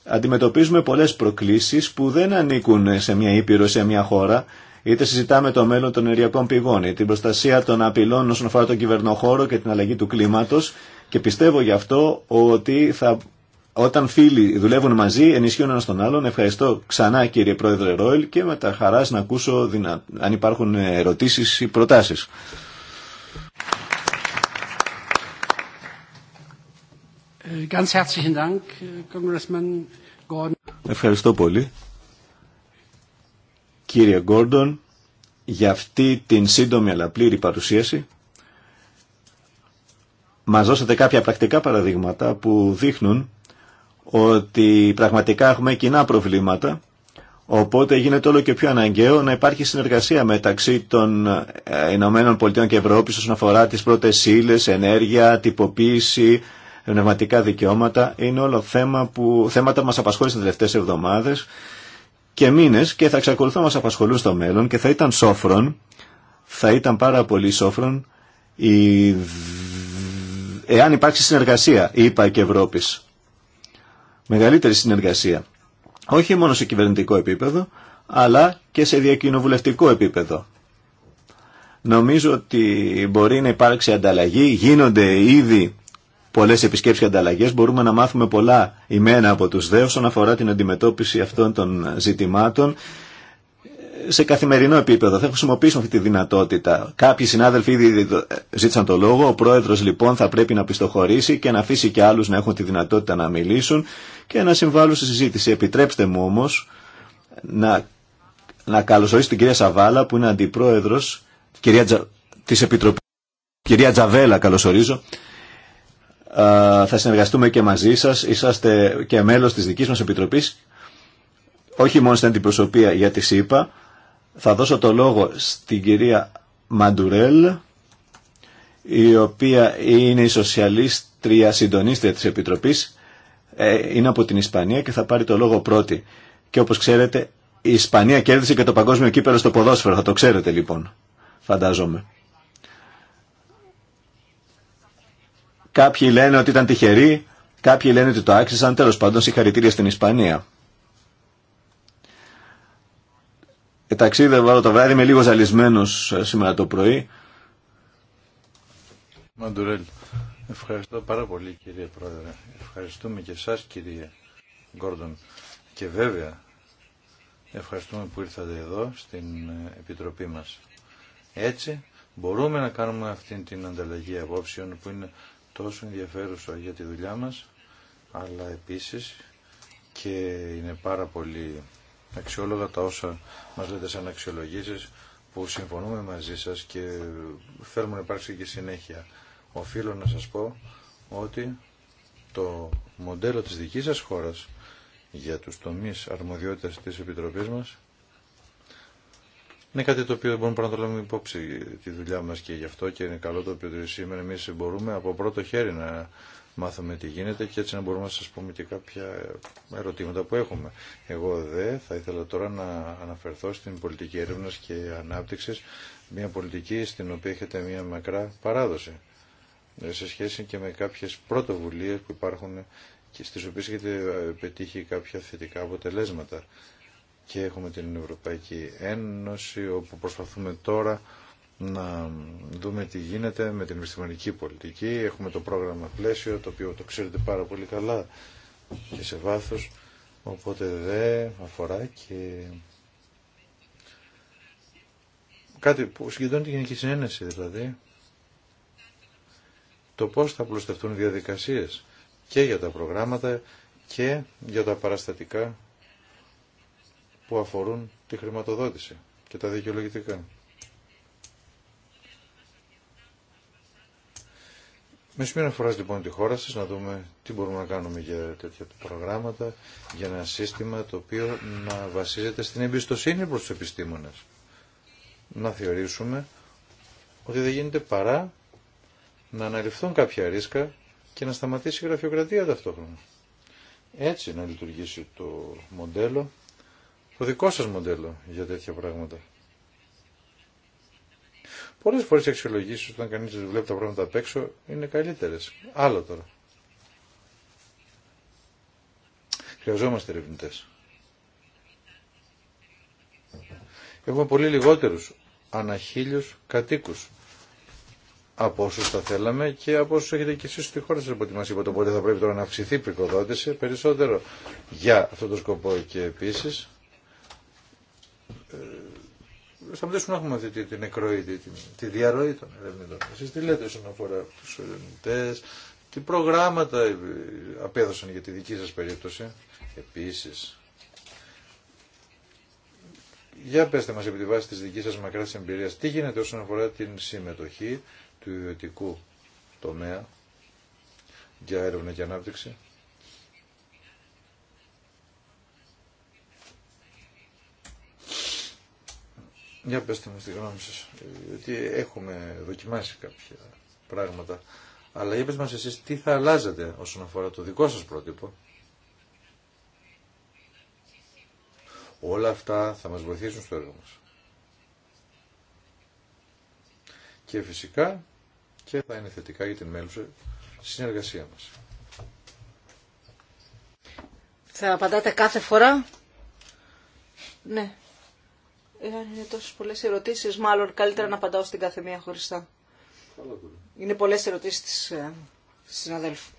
S1: αντιμετωπίζουμε πολλές προκλήσεις που δεν ανήκουν σε μια ήπειρο, σε μια χώρα, είτε συζητάμε το μέλλον των ενεργειακών πηγών, είτε την προστασία των απειλών όσον αφορά τον κυβερνοχώρο και την αλλαγή του κλίματος και πιστεύω γι' αυτό ότι θα, όταν φίλοι δουλεύουν μαζί, ενισχύουν ένα τον άλλον. Ευχαριστώ ξανά κύριε Πρόεδρε Ρόιλ και με τα χαράς να ακούσω αν υπάρχουν ερωτήσεις ή προτάσεις. Ευχαριστώ πολύ, κύριε Γκόρντον, για αυτή την σύντομη αλλά πλήρη παρουσίαση. Μας δώσατε κάποια πρακτικά παραδείγματα που δείχνουν ότι πραγματικά έχουμε κοινά προβλήματα, οπότε γίνεται όλο και πιο αναγκαίο να υπάρχει συνεργασία μεταξύ των ε, Ηνωμένων Πολιτειών και Ευρώπης όσον αφορά τις πρώτες ύλες, ενέργεια, τυποποίηση, πνευματικά δικαιώματα είναι όλο θέμα που, θέματα που μας απασχόλησαν τις τελευταίες εβδομάδες και μήνες και θα εξακολουθούν να μας απασχολούν στο μέλλον και θα ήταν σόφρον, θα ήταν πάρα πολύ σόφρον η... εάν υπάρξει συνεργασία, είπα και Ευρώπης. Μεγαλύτερη συνεργασία. Όχι μόνο σε κυβερνητικό επίπεδο, αλλά και σε διακοινοβουλευτικό επίπεδο. Νομίζω ότι μπορεί να υπάρξει ανταλλαγή, γίνονται ήδη πολλές επισκέψεις και ανταλλαγές. Μπορούμε να μάθουμε πολλά ημένα από τους δε όσον αφορά την αντιμετώπιση αυτών των ζητημάτων σε καθημερινό επίπεδο. Θα χρησιμοποιήσουμε αυτή τη δυνατότητα. Κάποιοι συνάδελφοι ήδη ζήτησαν το λόγο. Ο πρόεδρος λοιπόν θα πρέπει να πιστοχωρήσει και να αφήσει και άλλους να έχουν τη δυνατότητα να μιλήσουν και να συμβάλλουν στη συζήτηση. Επιτρέψτε μου όμως να, να καλωσορίσω την κυρία Σαβάλα που είναι αντιπρόεδρος κυρία επιτροπή, Κυρία Τζαβέλα καλωσορίζω θα συνεργαστούμε και μαζί σας, είσαστε και μέλος της δικής μας Επιτροπής, όχι μόνο στην αντιπροσωπεία για τη ΣΥΠΑ. Θα δώσω το λόγο στην κυρία Μαντουρέλ, η οποία είναι η σοσιαλίστρια συντονίστρια της Επιτροπής, ε, είναι από την Ισπανία και θα πάρει το λόγο πρώτη. Και όπως ξέρετε, η Ισπανία κέρδισε και το παγκόσμιο κύπελο στο ποδόσφαιρο, θα το ξέρετε λοιπόν, φαντάζομαι. Κάποιοι λένε ότι ήταν τυχεροί, κάποιοι λένε ότι το άξισαν, τέλος πάντων συγχαρητήρια στην Ισπανία. Ε, ταξίδευα το βράδυ, είμαι λίγο ζαλισμένος ε, σήμερα το πρωί.
S3: Μαντουρέλ, ευχαριστώ πάρα πολύ κύριε Πρόεδρε. Ευχαριστούμε και εσάς κύριε Γκόρντον. Και βέβαια ευχαριστούμε που ήρθατε εδώ στην ε, Επιτροπή μας. Έτσι μπορούμε να κάνουμε αυτή την ανταλλαγή απόψεων που είναι τόσο ενδιαφέρουσα για τη δουλειά μας, αλλά επίσης και είναι πάρα πολύ αξιόλογα τα όσα μας λέτε σαν αξιολογήσεις που συμφωνούμε μαζί σας και θέλουμε να υπάρξει και συνέχεια. Οφείλω να σας πω ότι το μοντέλο της δικής σας χώρας για τους τομείς αρμοδιότητας της Επιτροπής μας είναι κάτι το οποίο μπορούμε να το λάβουμε υπόψη τη δουλειά μας και γι' αυτό και είναι καλό το οποίο σήμερα εμείς μπορούμε από πρώτο χέρι να μάθουμε τι γίνεται και έτσι να μπορούμε να σας πούμε και κάποια ερωτήματα που έχουμε. Εγώ δε θα ήθελα τώρα να αναφερθώ στην πολιτική έρευνα και ανάπτυξης, μια πολιτική στην οποία έχετε μια μακρά παράδοση ε, σε σχέση και με κάποιες πρωτοβουλίες που υπάρχουν και στις οποίες έχετε ε, πετύχει κάποια θετικά αποτελέσματα και έχουμε την Ευρωπαϊκή Ένωση όπου προσπαθούμε τώρα να δούμε τι γίνεται με την επιστημονική πολιτική. Έχουμε το πρόγραμμα πλαίσιο το οποίο το ξέρετε πάρα πολύ καλά και σε βάθος οπότε δε αφορά και κάτι που συγκεντρώνει τη Γενική Συνένεση δηλαδή το πώς θα οι διαδικασίες και για τα προγράμματα και για τα παραστατικά που αφορούν τη χρηματοδότηση και τα δικαιολογητικά. Με σημείο αφορά λοιπόν τη χώρα σας, να δούμε τι μπορούμε να κάνουμε για τέτοια προγράμματα, για ένα σύστημα το οποίο να βασίζεται στην εμπιστοσύνη προς τους επιστήμονες. Να θεωρήσουμε ότι δεν γίνεται παρά να αναλυφθούν κάποια ρίσκα και να σταματήσει η γραφειοκρατία ταυτόχρονα. Έτσι να λειτουργήσει το μοντέλο δικό σας μοντέλο για τέτοια πράγματα. Πολλέ φορέ οι αξιολογήσει όταν κανεί βλέπει τα πράγματα απ' έξω είναι καλύτερε. Άλλο τώρα. Χρειαζόμαστε ερευνητέ. Έχουμε πολύ λιγότερου αναχίλιου κατοίκου από όσου τα θέλαμε και από όσου έχετε και εσεί στη χώρα σα από ό,τι είπατε. Οπότε θα πρέπει τώρα να αυξηθεί η περισσότερο για αυτόν τον σκοπό και επίση σταματήσουμε να έχουμε αυτή τη, την τη, τη διαρροή των ερευνητών. Εσείς τι λέτε όσον αφορά τους ερευνητές, τι προγράμματα ε, απέδωσαν για τη δική σας περίπτωση. Επίσης, για πέστε μας επί τη βάση της δικής σας μακράς εμπειρίας, τι γίνεται όσον αφορά την συμμετοχή του ιδιωτικού τομέα για έρευνα και ανάπτυξη. Για πέστε μας τη γνώμη σας, γιατί έχουμε δοκιμάσει κάποια πράγματα. Αλλά για πες μας εσείς τι θα αλλάζετε όσον αφορά το δικό σας πρότυπο. Όλα αυτά θα μας βοηθήσουν στο έργο μας. Και φυσικά και θα είναι θετικά για την μέλουσα συνεργασία μας.
S4: Θα
S2: απαντάτε κάθε φορά. Ναι. Εάν είναι τόσε πολλέ ερωτήσει, μάλλον καλύτερα να απαντάω στην κάθε μία χωριστά. Είναι πολλές ερωτήσεις της ε, συναδέλφου.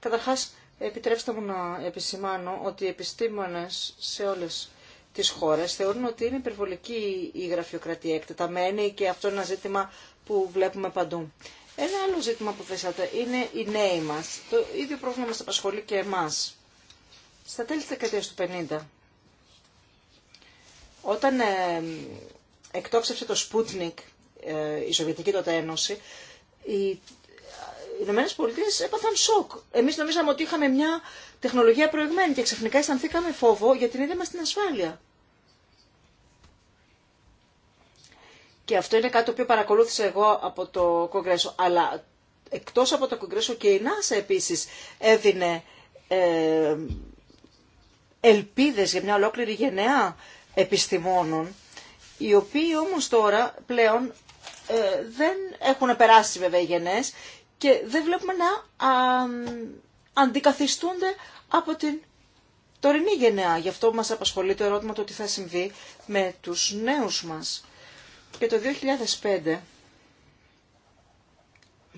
S2: Καταρχά επιτρέψτε μου να επισημάνω ότι οι επιστήμονες σε όλε τι χώρε θεωρούν ότι είναι υπερβολική η γραφειοκρατία εκτεταμένη και αυτό είναι ένα ζήτημα που βλέπουμε παντού. Ένα άλλο ζήτημα που θέσατε είναι οι νέοι μα. Το ίδιο πρόβλημα μα απασχολεί και εμά Στα τέλη τη δεκαετία του 50 όταν ε, εκτόξευσε το Sputnik ε, η Σοβιετική τότε Ένωση, οι ε, Ηνωμένε Πολιτείε έπαθαν σοκ. Εμεί νομίζαμε ότι είχαμε μια τεχνολογία προηγμένη και ξαφνικά αισθανθήκαμε φόβο για την ίδια μα την ασφάλεια. Και αυτό είναι κάτι το οποίο παρακολούθησα εγώ από το Κογκρέσο. Αλλά εκτός από το Κογκρέσο και η ΝΑΣΑ επίσης έδινε ε, ελπίδες για μια ολόκληρη γενεά επιστημόνων, οι οποίοι όμως τώρα πλέον ε, δεν έχουν περάσει βέβαια οι γενές και δεν βλέπουμε να αντικαθιστούνται από την τωρινή γενεά. Γι' αυτό μας απασχολεί το ερώτημα το τι θα συμβεί με τους νέους μας. Και το 2005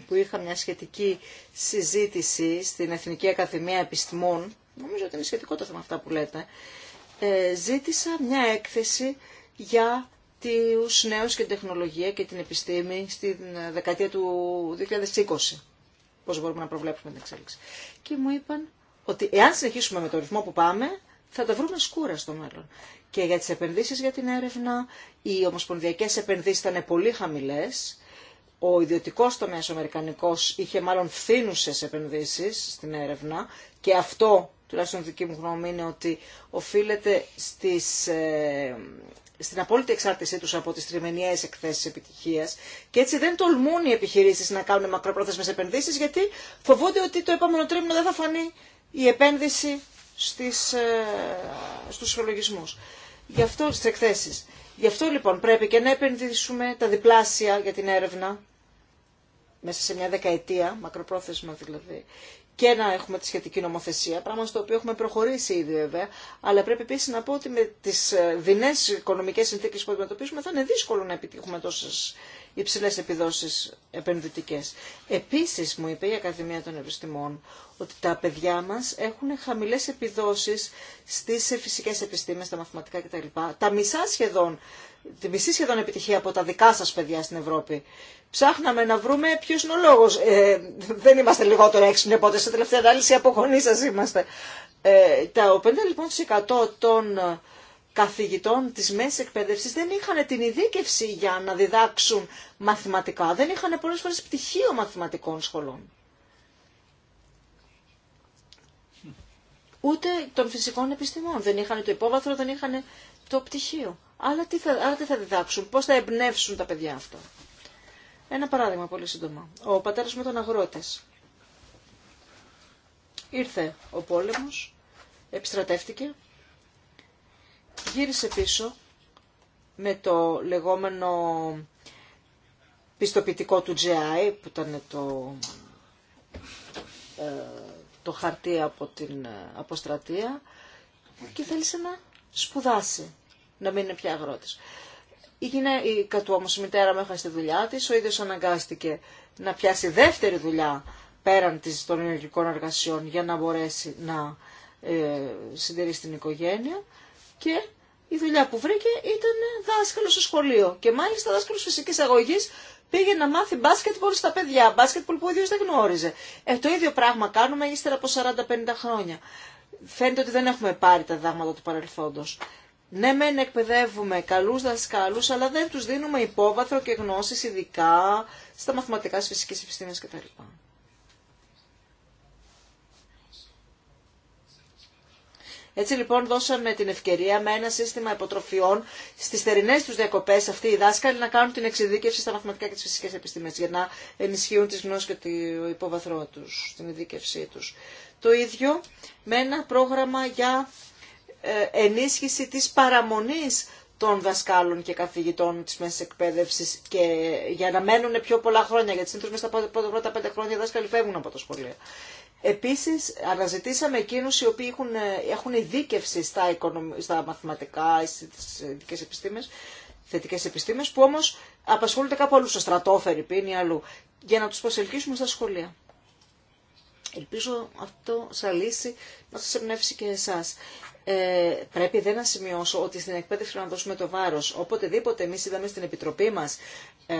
S2: που είχα μια σχετική συζήτηση στην Εθνική Ακαδημία Επιστημών, νομίζω ότι είναι σχετικό το θέμα αυτά που λέτε, ε, ζήτησα μια έκθεση για τους νέους και την τεχνολογία και την επιστήμη στη δεκαετία του 2020. Πώς μπορούμε να προβλέψουμε την εξέλιξη. Και μου είπαν ότι εάν συνεχίσουμε με το ρυθμό που πάμε, θα τα βρούμε σκούρα στο μέλλον. Και για τις επενδύσεις για την έρευνα, οι ομοσπονδιακές επενδύσεις ήταν πολύ χαμηλές. Ο ιδιωτικός τομέας ο είχε μάλλον φθήνουσες επενδύσεις στην έρευνα και αυτό τουλάχιστον δική μου γνώμη είναι ότι οφείλεται στις, ε, στην απόλυτη εξάρτησή τους από τις τριμενιαίες εκθέσεις επιτυχίας και έτσι δεν τολμούν οι επιχειρήσεις να κάνουν μακροπρόθεσμες επενδύσεις γιατί φοβούνται ότι το επόμενο τρίμηνο δεν θα φανεί η επένδυση στις, ε, στους συλλογισμούς. Γι' αυτό στις εκθέσεις. Γι' αυτό λοιπόν πρέπει και να επενδύσουμε τα διπλάσια για την έρευνα μέσα σε μια δεκαετία, μακροπρόθεσμα δηλαδή, και να έχουμε τη σχετική νομοθεσία, πράγμα στο οποίο έχουμε προχωρήσει ήδη βέβαια, αλλά πρέπει επίση να πω ότι με τι ε, δεινέ οικονομικέ συνθήκε που αντιμετωπίζουμε θα είναι δύσκολο να επιτύχουμε τόσε υψηλέ επιδόσει επενδυτικέ. Επίση, μου είπε η Ακαδημία των Επιστημών ότι τα παιδιά μα έχουν χαμηλέ επιδόσει στι φυσικέ επιστήμε, τα μαθηματικά κτλ. Τα μισά σχεδόν τη μισή σχεδόν επιτυχία από τα δικά σας παιδιά στην Ευρώπη. Ψάχναμε να βρούμε ποιο είναι ο λόγο. Ε, δεν είμαστε λιγότερο έξυπνοι από σε τελευταία ανάλυση από σα είμαστε. Ε, τα 50% λοιπόν, των ε, καθηγητών της μέσης εκπαίδευσης δεν είχαν την ειδίκευση για να διδάξουν μαθηματικά. Δεν είχαν πολλέ φορέ πτυχίο μαθηματικών σχολών. Ούτε των φυσικών επιστημών. Δεν είχαν το υπόβαθρο, δεν είχαν το πτυχίο αλλά τι θα, άρα τι θα διδάξουν, πώς θα εμπνεύσουν τα παιδιά αυτό. Ένα παράδειγμα πολύ σύντομα. Ο πατέρας μου ήταν αγρότης. Ήρθε ο πόλεμος, επιστρατεύτηκε, γύρισε πίσω με το λεγόμενο πιστοποιητικό του GI, που ήταν το, ε, το χαρτί από την ε, αποστρατεία, και θέλησε να σπουδάσει να μην είναι πια αγρότη. Η γυναίκα του όμω, η μητέρα μου έχασε τη δουλειά τη, ο ίδιο αναγκάστηκε να πιάσει δεύτερη δουλειά πέραν της των ενεργικών εργασιών για να μπορέσει να ε, συντηρήσει την οικογένεια και η δουλειά που βρήκε ήταν δάσκαλο στο σχολείο και μάλιστα δάσκαλο φυσική αγωγή πήγε να μάθει μπάσκετ χωρίς τα παιδιά, μπάσκετ που ο ίδιο δεν γνώριζε. Ε, το ίδιο πράγμα κάνουμε ύστερα από 40-50 χρόνια. Φαίνεται ότι δεν έχουμε πάρει τα δάγματα του παρελθόντος. Ναι, μεν εκπαιδεύουμε καλού δασκάλου, αλλά δεν του δίνουμε υπόβαθρο και γνώσει ειδικά στα μαθηματικά, στις φυσικές επιστήμες κτλ. Έτσι λοιπόν δώσαμε την ευκαιρία με ένα σύστημα υποτροφιών στι θερινέ του διακοπέ αυτοί οι δάσκαλοι να κάνουν την εξειδίκευση στα μαθηματικά και τι φυσικέ επιστήμε για να ενισχύουν τι γνώσει και το υπόβαθρό του, την ειδίκευσή του. Το ίδιο με ένα πρόγραμμα για ε, ενίσχυση της παραμονής των δασκάλων και καθηγητών τη μέσης εκπαίδευση και για να μένουν πιο πολλά χρόνια, γιατί συνήθω μέσα στα πρώτα πέντε χρόνια οι δάσκαλοι φεύγουν από τα σχολεία. Επίσης αναζητήσαμε εκείνου οι οποίοι έχουν, ε, έχουν ειδίκευση στα, στα μαθηματικά ή στι επιστήμες επιστήμε, θετικέ επιστήμε, που όμως απασχολούνται κάπου αλλού, στο στρατόφερη, πίνει αλλού, για να τους προσελκύσουμε στα σχολεία. Ελπίζω αυτό σαν λύσει να σας εμπνεύσει και εσάς ε, πρέπει δεν να σημειώσω ότι στην εκπαίδευση να δώσουμε το βάρος. Οποτεδήποτε εμείς είδαμε στην Επιτροπή μας ε,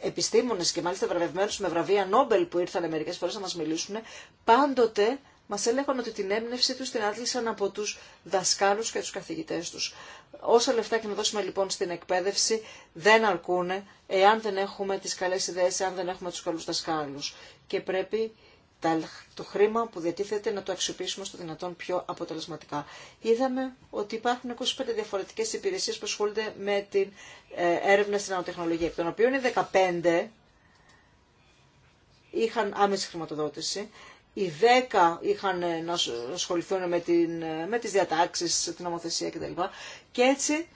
S2: επιστήμονες και μάλιστα βραβευμένους με βραβεία Νόμπελ που ήρθαν μερικές φορές να μας μιλήσουν, πάντοτε μας έλεγαν ότι την έμπνευση τους την άντλησαν από τους δασκάλους και τους καθηγητές τους. Όσα λεφτά και να δώσουμε λοιπόν στην εκπαίδευση δεν αρκούνε εάν δεν έχουμε τις καλές ιδέες, εάν δεν έχουμε τους καλούς δασκάλους. Και πρέπει το χρήμα που διατίθεται να το αξιοποιήσουμε στο δυνατόν πιο αποτελεσματικά. Είδαμε ότι υπάρχουν 25 διαφορετικές υπηρεσίες που ασχολούνται με την ε, έρευνα στην ανατεχνολογία, εκ των οποίων οι 15 είχαν άμεση χρηματοδότηση, οι 10 είχαν ε, να ασχοληθούν με, την, ε, με τις διατάξεις, την νομοθεσία κτλ. Και έτσι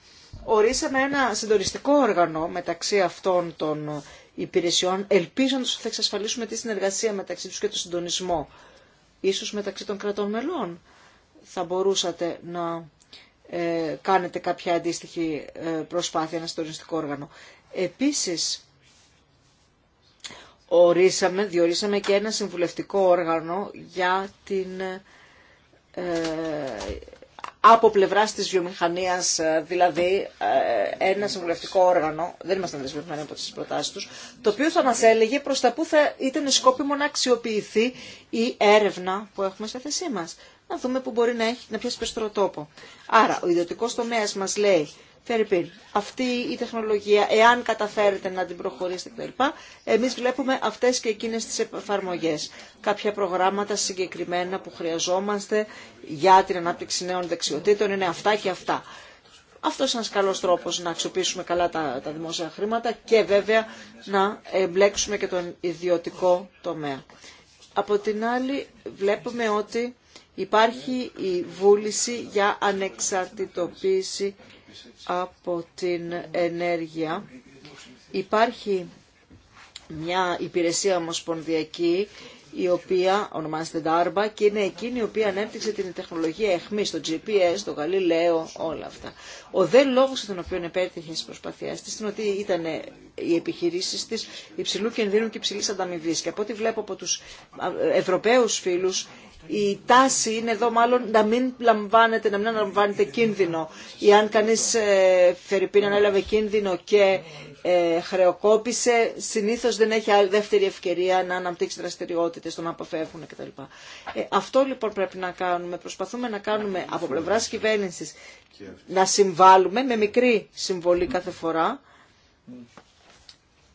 S2: ορίσαμε ένα συντονιστικό όργανο μεταξύ αυτών των υπηρεσιών, ελπίζοντας ότι θα εξασφαλίσουμε τη συνεργασία μεταξύ τους και το συντονισμό, ίσως μεταξύ των κρατών μελών. Θα μπορούσατε να ε, κάνετε κάποια αντίστοιχη ε, προσπάθεια, ένα συντονιστικό όργανο. Επίσης, ορίσαμε, διορίσαμε και ένα συμβουλευτικό όργανο για την ε, από πλευρά τη βιομηχανία, ε, δηλαδή ε, ένα συμβουλευτικό όργανο, δεν είμαστε δεσμευμένοι από τι προτάσει του, το οποίο θα μα έλεγε προ τα που θα ήταν σκόπιμο να αξιοποιηθεί η έρευνα που έχουμε στη θέση μα. Να δούμε πού μπορεί να, έχει, να πιάσει περισσότερο τόπο. Άρα, ο ιδιωτικό τομέα μα λέει Φερρυπίν, αυτή η τεχνολογία, εάν καταφέρετε να την προχωρήσετε κτλ. Εμείς βλέπουμε αυτές και εκείνες τις εφαρμογές. Κάποια προγράμματα συγκεκριμένα που χρειαζόμαστε για την ανάπτυξη νέων δεξιοτήτων είναι αυτά και αυτά. Αυτό είναι ένα καλό τρόπο να αξιοποιήσουμε καλά τα, τα δημόσια χρήματα και βέβαια να εμπλέξουμε και τον ιδιωτικό τομέα. Από την άλλη βλέπουμε ότι υπάρχει η βούληση για ανεξαρτητοποίηση από την ενέργεια. Υπάρχει μια υπηρεσία ομοσπονδιακή η οποία ονομάζεται DARPA και είναι εκείνη η οποία ανέπτυξε την τεχνολογία εχμή το GPS, το Γαλιλαίο, όλα αυτά. Ο δε λόγος για τον οποίο επέτυχε στι προσπαθίε της είναι ότι ήταν οι επιχειρήσει της υψηλού κινδύνου και υψηλή ανταμοιβή. Και από ό,τι βλέπω από τους Ευρωπαίους φίλους, η τάση είναι εδώ μάλλον να μην λαμβάνεται, να μην αναλαμβάνεται κίνδυνο. Ή αν κανείς ε, ανέλαβε κίνδυνο και ε, χρεοκόπησε, συνήθως δεν έχει άλλη δεύτερη ευκαιρία να αναπτύξει δραστηριότητε το να αποφεύγουν κτλ. Ε, αυτό λοιπόν πρέπει να κάνουμε. Προσπαθούμε να κάνουμε από πλευράς κυβέρνηση να συμβάλλουμε με μικρή συμβολή κάθε φορά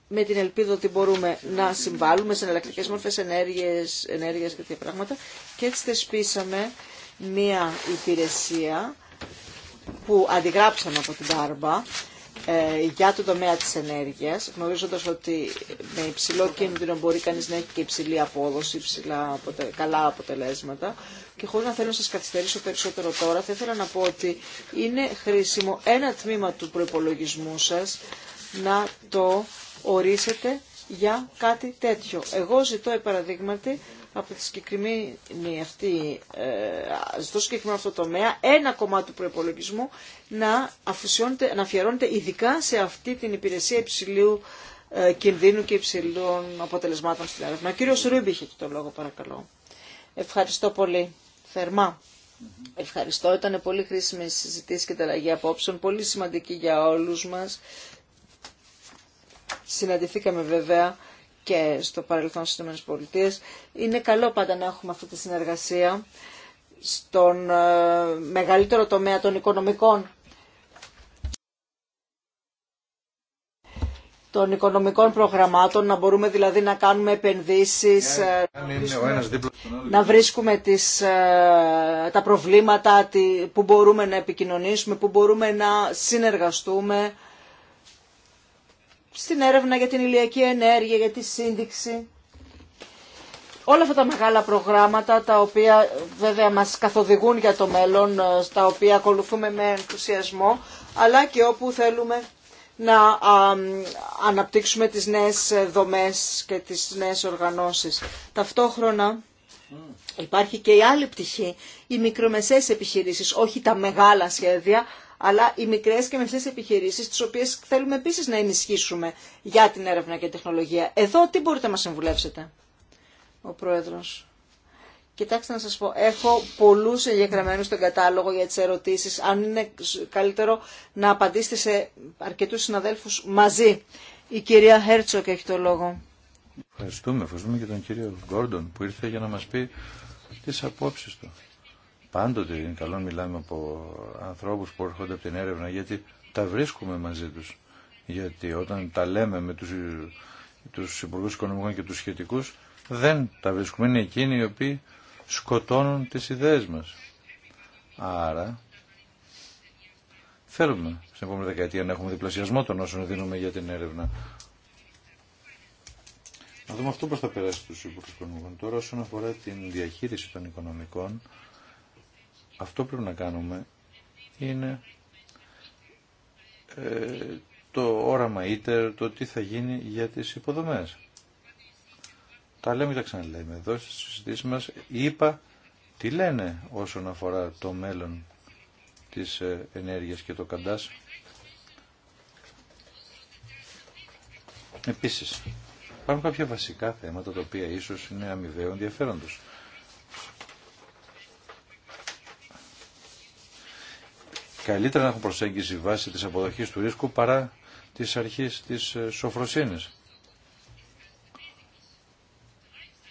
S2: με την ελπίδα ότι μπορούμε να συμβάλλουμε σε εναλλακτικέ μορφέ ενέργεια, και τέτοια πράγματα και έτσι θεσπίσαμε μία υπηρεσία που αντιγράψαμε από την Τάρμπα ε, για το τομέα της ενέργειας, γνωρίζοντας ότι με υψηλό κίνδυνο μπορεί κανείς να έχει και υψηλή απόδοση, υψηλά, καλά αποτελέσματα. Και χωρίς να θέλω να σας καθυστερήσω περισσότερο τώρα, θα ήθελα να πω ότι είναι χρήσιμο ένα τμήμα του προπολογισμού σας να το ορίσετε για κάτι τέτοιο. Εγώ ζητώ, επαραδείγματι, από τη συγκεκριμένη αυτή, στο ε, συγκεκριμένο αυτό το τομέα ένα κομμάτι του προπολογισμού να, να αφιερώνεται ειδικά σε αυτή την υπηρεσία υψηλού ε, κινδύνου και υψηλών αποτελεσμάτων στην έρευνα. Ο κύριος Ρούμπι το λόγο παρακαλώ. Ευχαριστώ πολύ. Θερμά. Ευχαριστώ. Ήταν πολύ χρήσιμε η και τα αλλαγή απόψεων. Πολύ σημαντική για όλους μας. Συναντηθήκαμε βέβαια και στο παρελθόν στι ΗΠΑ. Είναι καλό πάντα να έχουμε αυτή τη συνεργασία στον ε, μεγαλύτερο τομέα των οικονομικών των οικονομικών προγραμμάτων, να μπορούμε δηλαδή να κάνουμε επενδύσεις, ναι, ε, ναι, ναι, να βρίσκουμε, τις, ε, τα προβλήματα που μπορούμε να επικοινωνήσουμε, που μπορούμε να συνεργαστούμε στην έρευνα για την ηλιακή ενέργεια, για τη σύνδεξη. Όλα αυτά τα μεγάλα προγράμματα τα οποία βέβαια μας καθοδηγούν για το μέλλον, ε, τα οποία ακολουθούμε με ενθουσιασμό, αλλά και όπου θέλουμε να αναπτύξουμε τις νέες ε, δομές και τις νέες οργανώσεις. Ταυτόχρονα mm. υπάρχει και η άλλη πτυχή, οι μικρομεσαίες επιχειρήσεις, όχι τα μεγάλα σχέδια, αλλά οι μικρέ και μεσέ επιχειρήσει, τι οποίε θέλουμε επίση να ενισχύσουμε για την έρευνα και τεχνολογία. Εδώ τι μπορείτε να μα συμβουλεύσετε, ο πρόεδρο. Κοιτάξτε να σας πω, έχω πολλούς εγγεγραμμένους στον κατάλογο για τις ερωτήσεις. Αν είναι καλύτερο να απαντήσετε σε αρκετούς συναδέλφους μαζί. Η κυρία Χέρτσοκ έχει το λόγο.
S3: Ευχαριστούμε, ευχαριστούμε και τον κύριο Γκόρντον που ήρθε για να μας πει τις απόψεις του. Πάντοτε είναι καλό να μιλάμε από ανθρώπους που έρχονται από την έρευνα γιατί τα βρίσκουμε μαζί τους. Γιατί όταν τα λέμε με τους, τους υπουργούς οικονομικών και τους σχετικούς δεν τα βρίσκουμε. Είναι εκείνοι οι οποίοι σκοτώνουν τις ιδέες μας. Άρα θέλουμε στην επόμενη δεκαετία να έχουμε διπλασιασμό των όσων δίνουμε για την έρευνα. Να δούμε αυτό πώς θα περάσει τους υπουργούς οικονομικών. Τώρα όσον αφορά την διαχείριση των οικονομικών αυτό πρέπει να κάνουμε είναι ε, το όραμα ίτερ, το τι θα γίνει για τις υποδομές. Τα λέμε και τα ξαναλέμε. Εδώ στις συζητήσεις μας είπα τι λένε όσον αφορά το μέλλον της ε, ενέργειας και το καντάς. Επίσης, υπάρχουν κάποια βασικά θέματα τα οποία ίσως είναι αμοιβαίων ενδιαφέροντος. καλύτερα να έχουν προσέγγιση βάσει της αποδοχής του ρίσκου παρά της αρχής της ε, σοφροσύνης.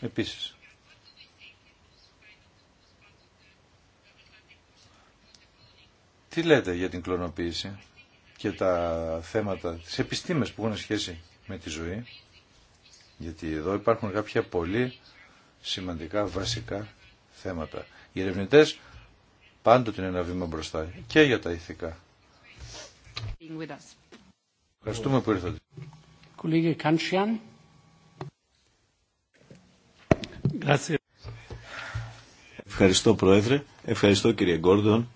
S3: Επίσης, τι λέτε για την κλωνοποίηση και τα θέματα, τις επιστήμες που έχουν σχέση με τη ζωή, γιατί εδώ υπάρχουν κάποια πολύ σημαντικά βασικά θέματα. Οι ερευνητές πάντοτε είναι ένα βήμα μπροστά και για τα ηθικά. Ευχαριστούμε που ήρθατε. Ευχαριστώ
S1: Πρόεδρε, ευχαριστώ κύριε Γκόρντον.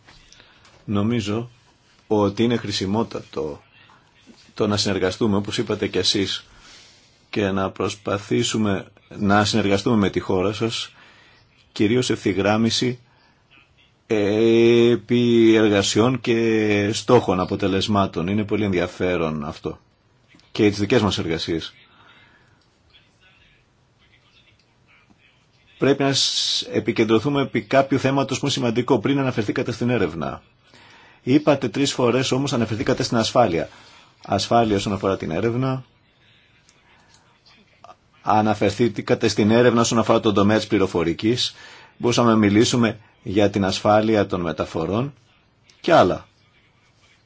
S1: Νομίζω ότι είναι χρησιμότατο το να συνεργαστούμε όπως είπατε κι εσείς και να προσπαθήσουμε να συνεργαστούμε με τη χώρα σας κυρίως ευθυγράμμιση επί εργασιών και στόχων αποτελεσμάτων. Είναι πολύ ενδιαφέρον αυτό και τις δικές μας εργασίες. Πρέπει να επικεντρωθούμε επί κάποιου θέματος που είναι σημαντικό πριν αναφερθήκατε στην έρευνα. Είπατε τρεις φορές όμως αναφερθήκατε στην ασφάλεια. Ασφάλεια όσον αφορά την έρευνα. Αναφερθήκατε στην έρευνα όσον αφορά τον τομέα της πληροφορικής. Μπορούσαμε να μιλήσουμε για την ασφάλεια των μεταφορών και άλλα.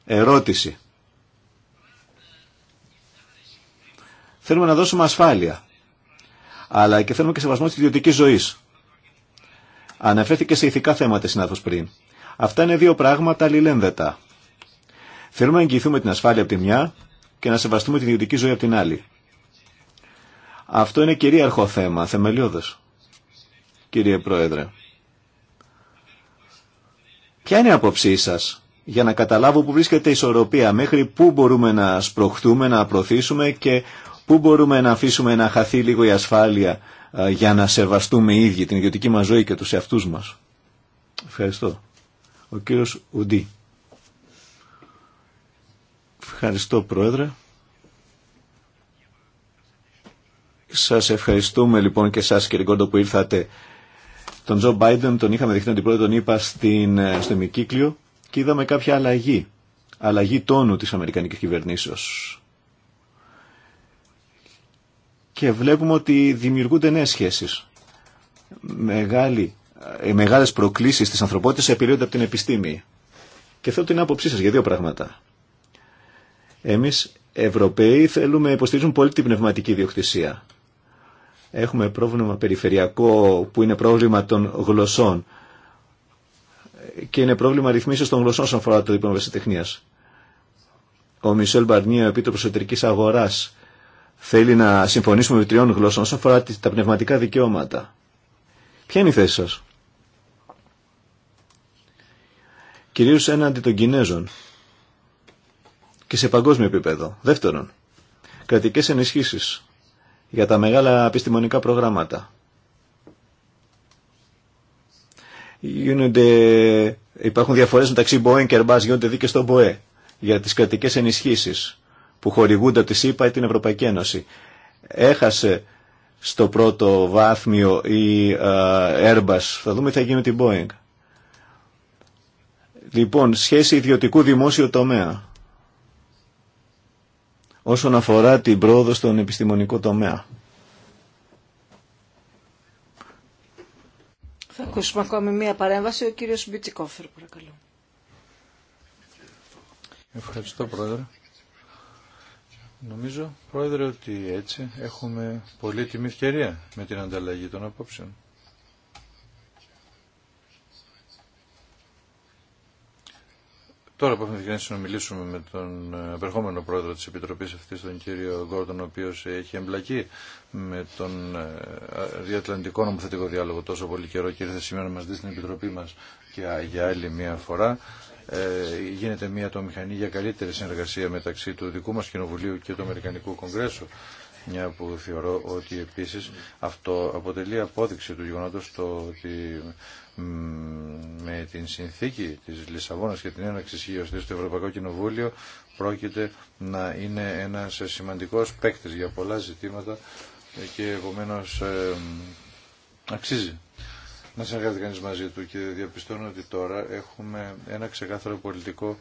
S1: Ερώτηση. Θέλουμε να δώσουμε ασφάλεια, αλλά και θέλουμε και σεβασμό της ιδιωτικής ζωής. Αναφέρθηκε σε ηθικά θέματα συνάδελφος πριν. Αυτά είναι δύο πράγματα αλληλένδετα. Θέλουμε να εγγυηθούμε την ασφάλεια από τη μια και να σεβαστούμε την ιδιωτική ζωή από την άλλη. Αυτό είναι κυρίαρχο θέμα, θεμελιώδες. Κύριε Πρόεδρε, Ποια είναι η άποψή σας για να καταλάβω που βρίσκεται η ισορροπία, μέχρι πού μπορούμε να σπροχτούμε, να προωθήσουμε και πού μπορούμε να αφήσουμε να χαθεί λίγο η ασφάλεια για να σεβαστούμε οι ίδιοι την ιδιωτική μα ζωή και τους εαυτούς μας. Ευχαριστώ. Ο κύριος Ουντή. Ευχαριστώ Πρόεδρε. Σας ευχαριστούμε λοιπόν και σας κύριε Κόντο που ήρθατε τον Τζο Μπάιντεν τον είχαμε δείχνει πρώτη τον είπα στην, ε, στο ημικύκλιο και είδαμε κάποια αλλαγή. Αλλαγή τόνου της Αμερικανικής κυβερνήσεως. Και βλέπουμε ότι δημιουργούνται νέες σχέσεις. Μεγάλη, οι ε, μεγάλες προκλήσεις της ανθρωπότητας επηρεούνται από την επιστήμη. Και θέλω την άποψή σας για δύο πράγματα. Εμείς Ευρωπαίοι θέλουμε να πολύ την πνευματική ιδιοκτησία. Έχουμε πρόβλημα περιφερειακό που είναι πρόβλημα των γλωσσών και είναι πρόβλημα ρυθμίσεως των γλωσσών όσον αφορά το δίπλωμα Ο Μισελ Μπαρνιέ, ο επίτροπος εσωτερικής αγοράς, θέλει να συμφωνήσουμε με τριών γλώσσων όσον αφορά τα πνευματικά δικαιώματα. Ποια είναι η θέση σας? Κυρίως έναντι των Κινέζων και σε παγκόσμιο επίπεδο. Δεύτερον, κρατικές ενισχύσεις για τα μεγάλα επιστημονικά προγράμματα. Γίνονται, υπάρχουν διαφορές μεταξύ Boeing και Airbus, γίνονται δίκες στο ΠΟΕ για τις κρατικές ενισχύσεις που χορηγούνται από τη ΣΥΠΑ ή την Ευρωπαϊκή Ένωση. Έχασε στο πρώτο βάθμιο η Airbus. Θα δούμε τι θα γίνει με την Boeing. Λοιπόν, σχέση ιδιωτικού δημόσιου τομέα όσον αφορά την πρόοδο στον επιστημονικό τομέα.
S2: Θα ακούσουμε ακόμη μία παρέμβαση. Ο κύριος Μπιτσικόφερ, παρακαλώ.
S3: Ευχαριστώ, Πρόεδρε. Νομίζω, Πρόεδρε, ότι έτσι έχουμε πολύτιμη ευκαιρία με την ανταλλαγή των απόψεων. Τώρα που έχουμε την να μιλήσουμε με τον επερχόμενο πρόεδρο της Επιτροπής αυτής, τον κύριο Γκόρτον, ο οποίος έχει εμπλακεί με τον ε, διατλαντικό νομοθετικό διάλογο τόσο πολύ καιρό και ήρθε σήμερα να μας δει στην Επιτροπή μας και για άλλη μια φορά. Ε, γίνεται μια μηχανή για καλύτερη συνεργασία μεταξύ του δικού μας Κοινοβουλίου και του Αμερικανικού Κογκρέσου μια που θεωρώ ότι επίσης αυτό αποτελεί απόδειξη του γεγονότος το ότι με την συνθήκη της Λισαβόνας και την έναρξη τη στο Ευρωπαϊκό Κοινοβούλιο πρόκειται να είναι ένας σημαντικός παίκτη για πολλά ζητήματα και επομένως ε, αξίζει να συνεργάζεται κανείς μαζί του και διαπιστώνω ότι τώρα έχουμε ένα ξεκάθαρο πολιτικό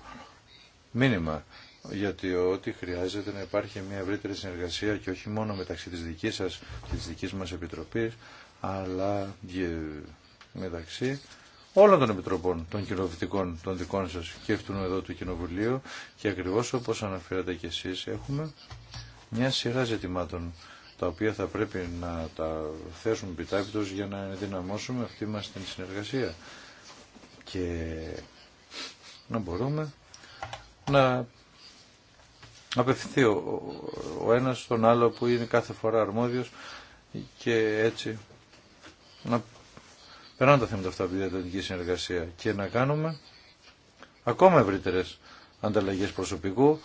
S3: μήνυμα γιατί ό,τι χρειάζεται να υπάρχει μια ευρύτερη συνεργασία και όχι μόνο μεταξύ της δικής σας και της δικής μας Επιτροπής αλλά μεταξύ όλων των επιτροπών των κοινοβουλευτικών των δικών σας και αυτού εδώ του Κοινοβουλίου και ακριβώς όπως αναφέρατε και εσείς έχουμε μια σειρά ζητημάτων τα οποία θα πρέπει να τα θέσουμε επιτάπητος για να ενδυναμώσουμε αυτή μας την συνεργασία και να μπορούμε να απευθυνθεί ο, ο ένας στον άλλο που είναι κάθε φορά αρμόδιος και έτσι να περνάνε τα θέματα αυτά από τη διατατική συνεργασία και να κάνουμε ακόμα ευρύτερε ανταλλαγές προσωπικού,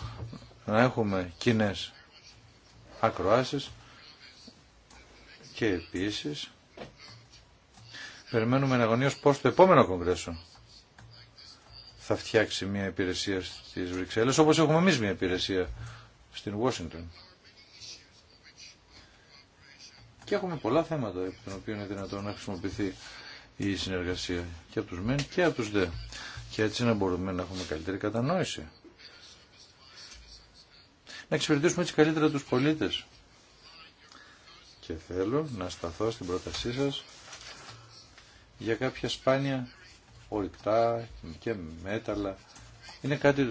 S3: να έχουμε κοινέ ακροάσεις και επίσης περιμένουμε εναγωνίως πώς το επόμενο κογκρέσο θα φτιάξει μια υπηρεσία στις Βρυξέλλες, όπως έχουμε εμείς μια υπηρεσία στην Ουάσιγκτον. Και έχουμε πολλά θέματα από τα οποία είναι δυνατόν να χρησιμοποιηθεί η συνεργασία και από τους μεν και από τους δε. Και έτσι να μπορούμε να έχουμε καλύτερη κατανόηση. Να εξυπηρετήσουμε έτσι καλύτερα τους πολίτες. Και θέλω να σταθώ στην πρότασή σας για κάποια σπάνια ορυκτά και μέταλλα. Είναι κάτι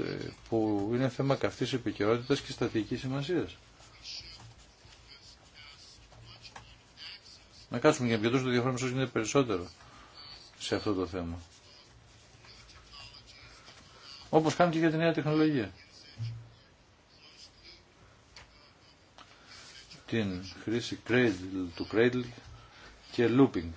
S3: που είναι θέμα καυτής επικαιρότητα και στατικής σημασίας. Να κάτσουμε για να τόσο το διαφορά μας όσο γίνεται περισσότερο σε αυτό το θέμα. Όπως κάνουμε και για τη νέα τεχνολογία. Την χρήση cradle του cradle και looping.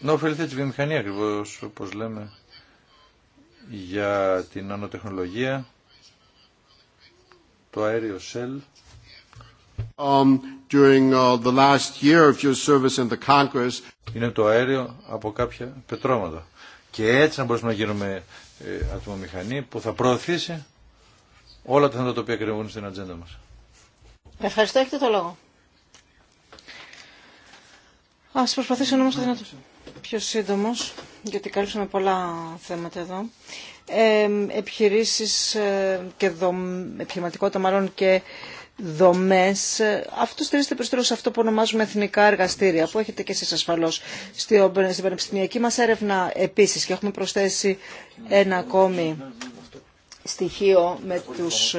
S3: Να ωφεληθεί τη βιομηχανία ακριβώ όπως λέμε για την ανοτεχνολογία, το αέριο cell. Είναι το αέριο από κάποια πετρώματα. Και έτσι να μπορούμε να γίνουμε ε, ατμομηχανοί που θα προωθήσει όλα τα θέματα τα οποία κρυβούν στην ατζέντα μας.
S2: Ευχαριστώ, έχετε το λόγο. Ας προσπαθήσω όμως να πιο σύντομος, γιατί καλύψαμε πολλά θέματα εδώ. Ε, επιχειρήσεις ε, και δομ, επιχειρηματικότητα μάλλον και δομές. Αυτό στηρίζεται περισσότερο σε αυτό που ονομάζουμε εθνικά εργαστήρια, που έχετε και εσείς ασφαλώς στην πανεπιστημιακή μας έρευνα επίσης και έχουμε προσθέσει ένα ακόμη στοιχείο με τους,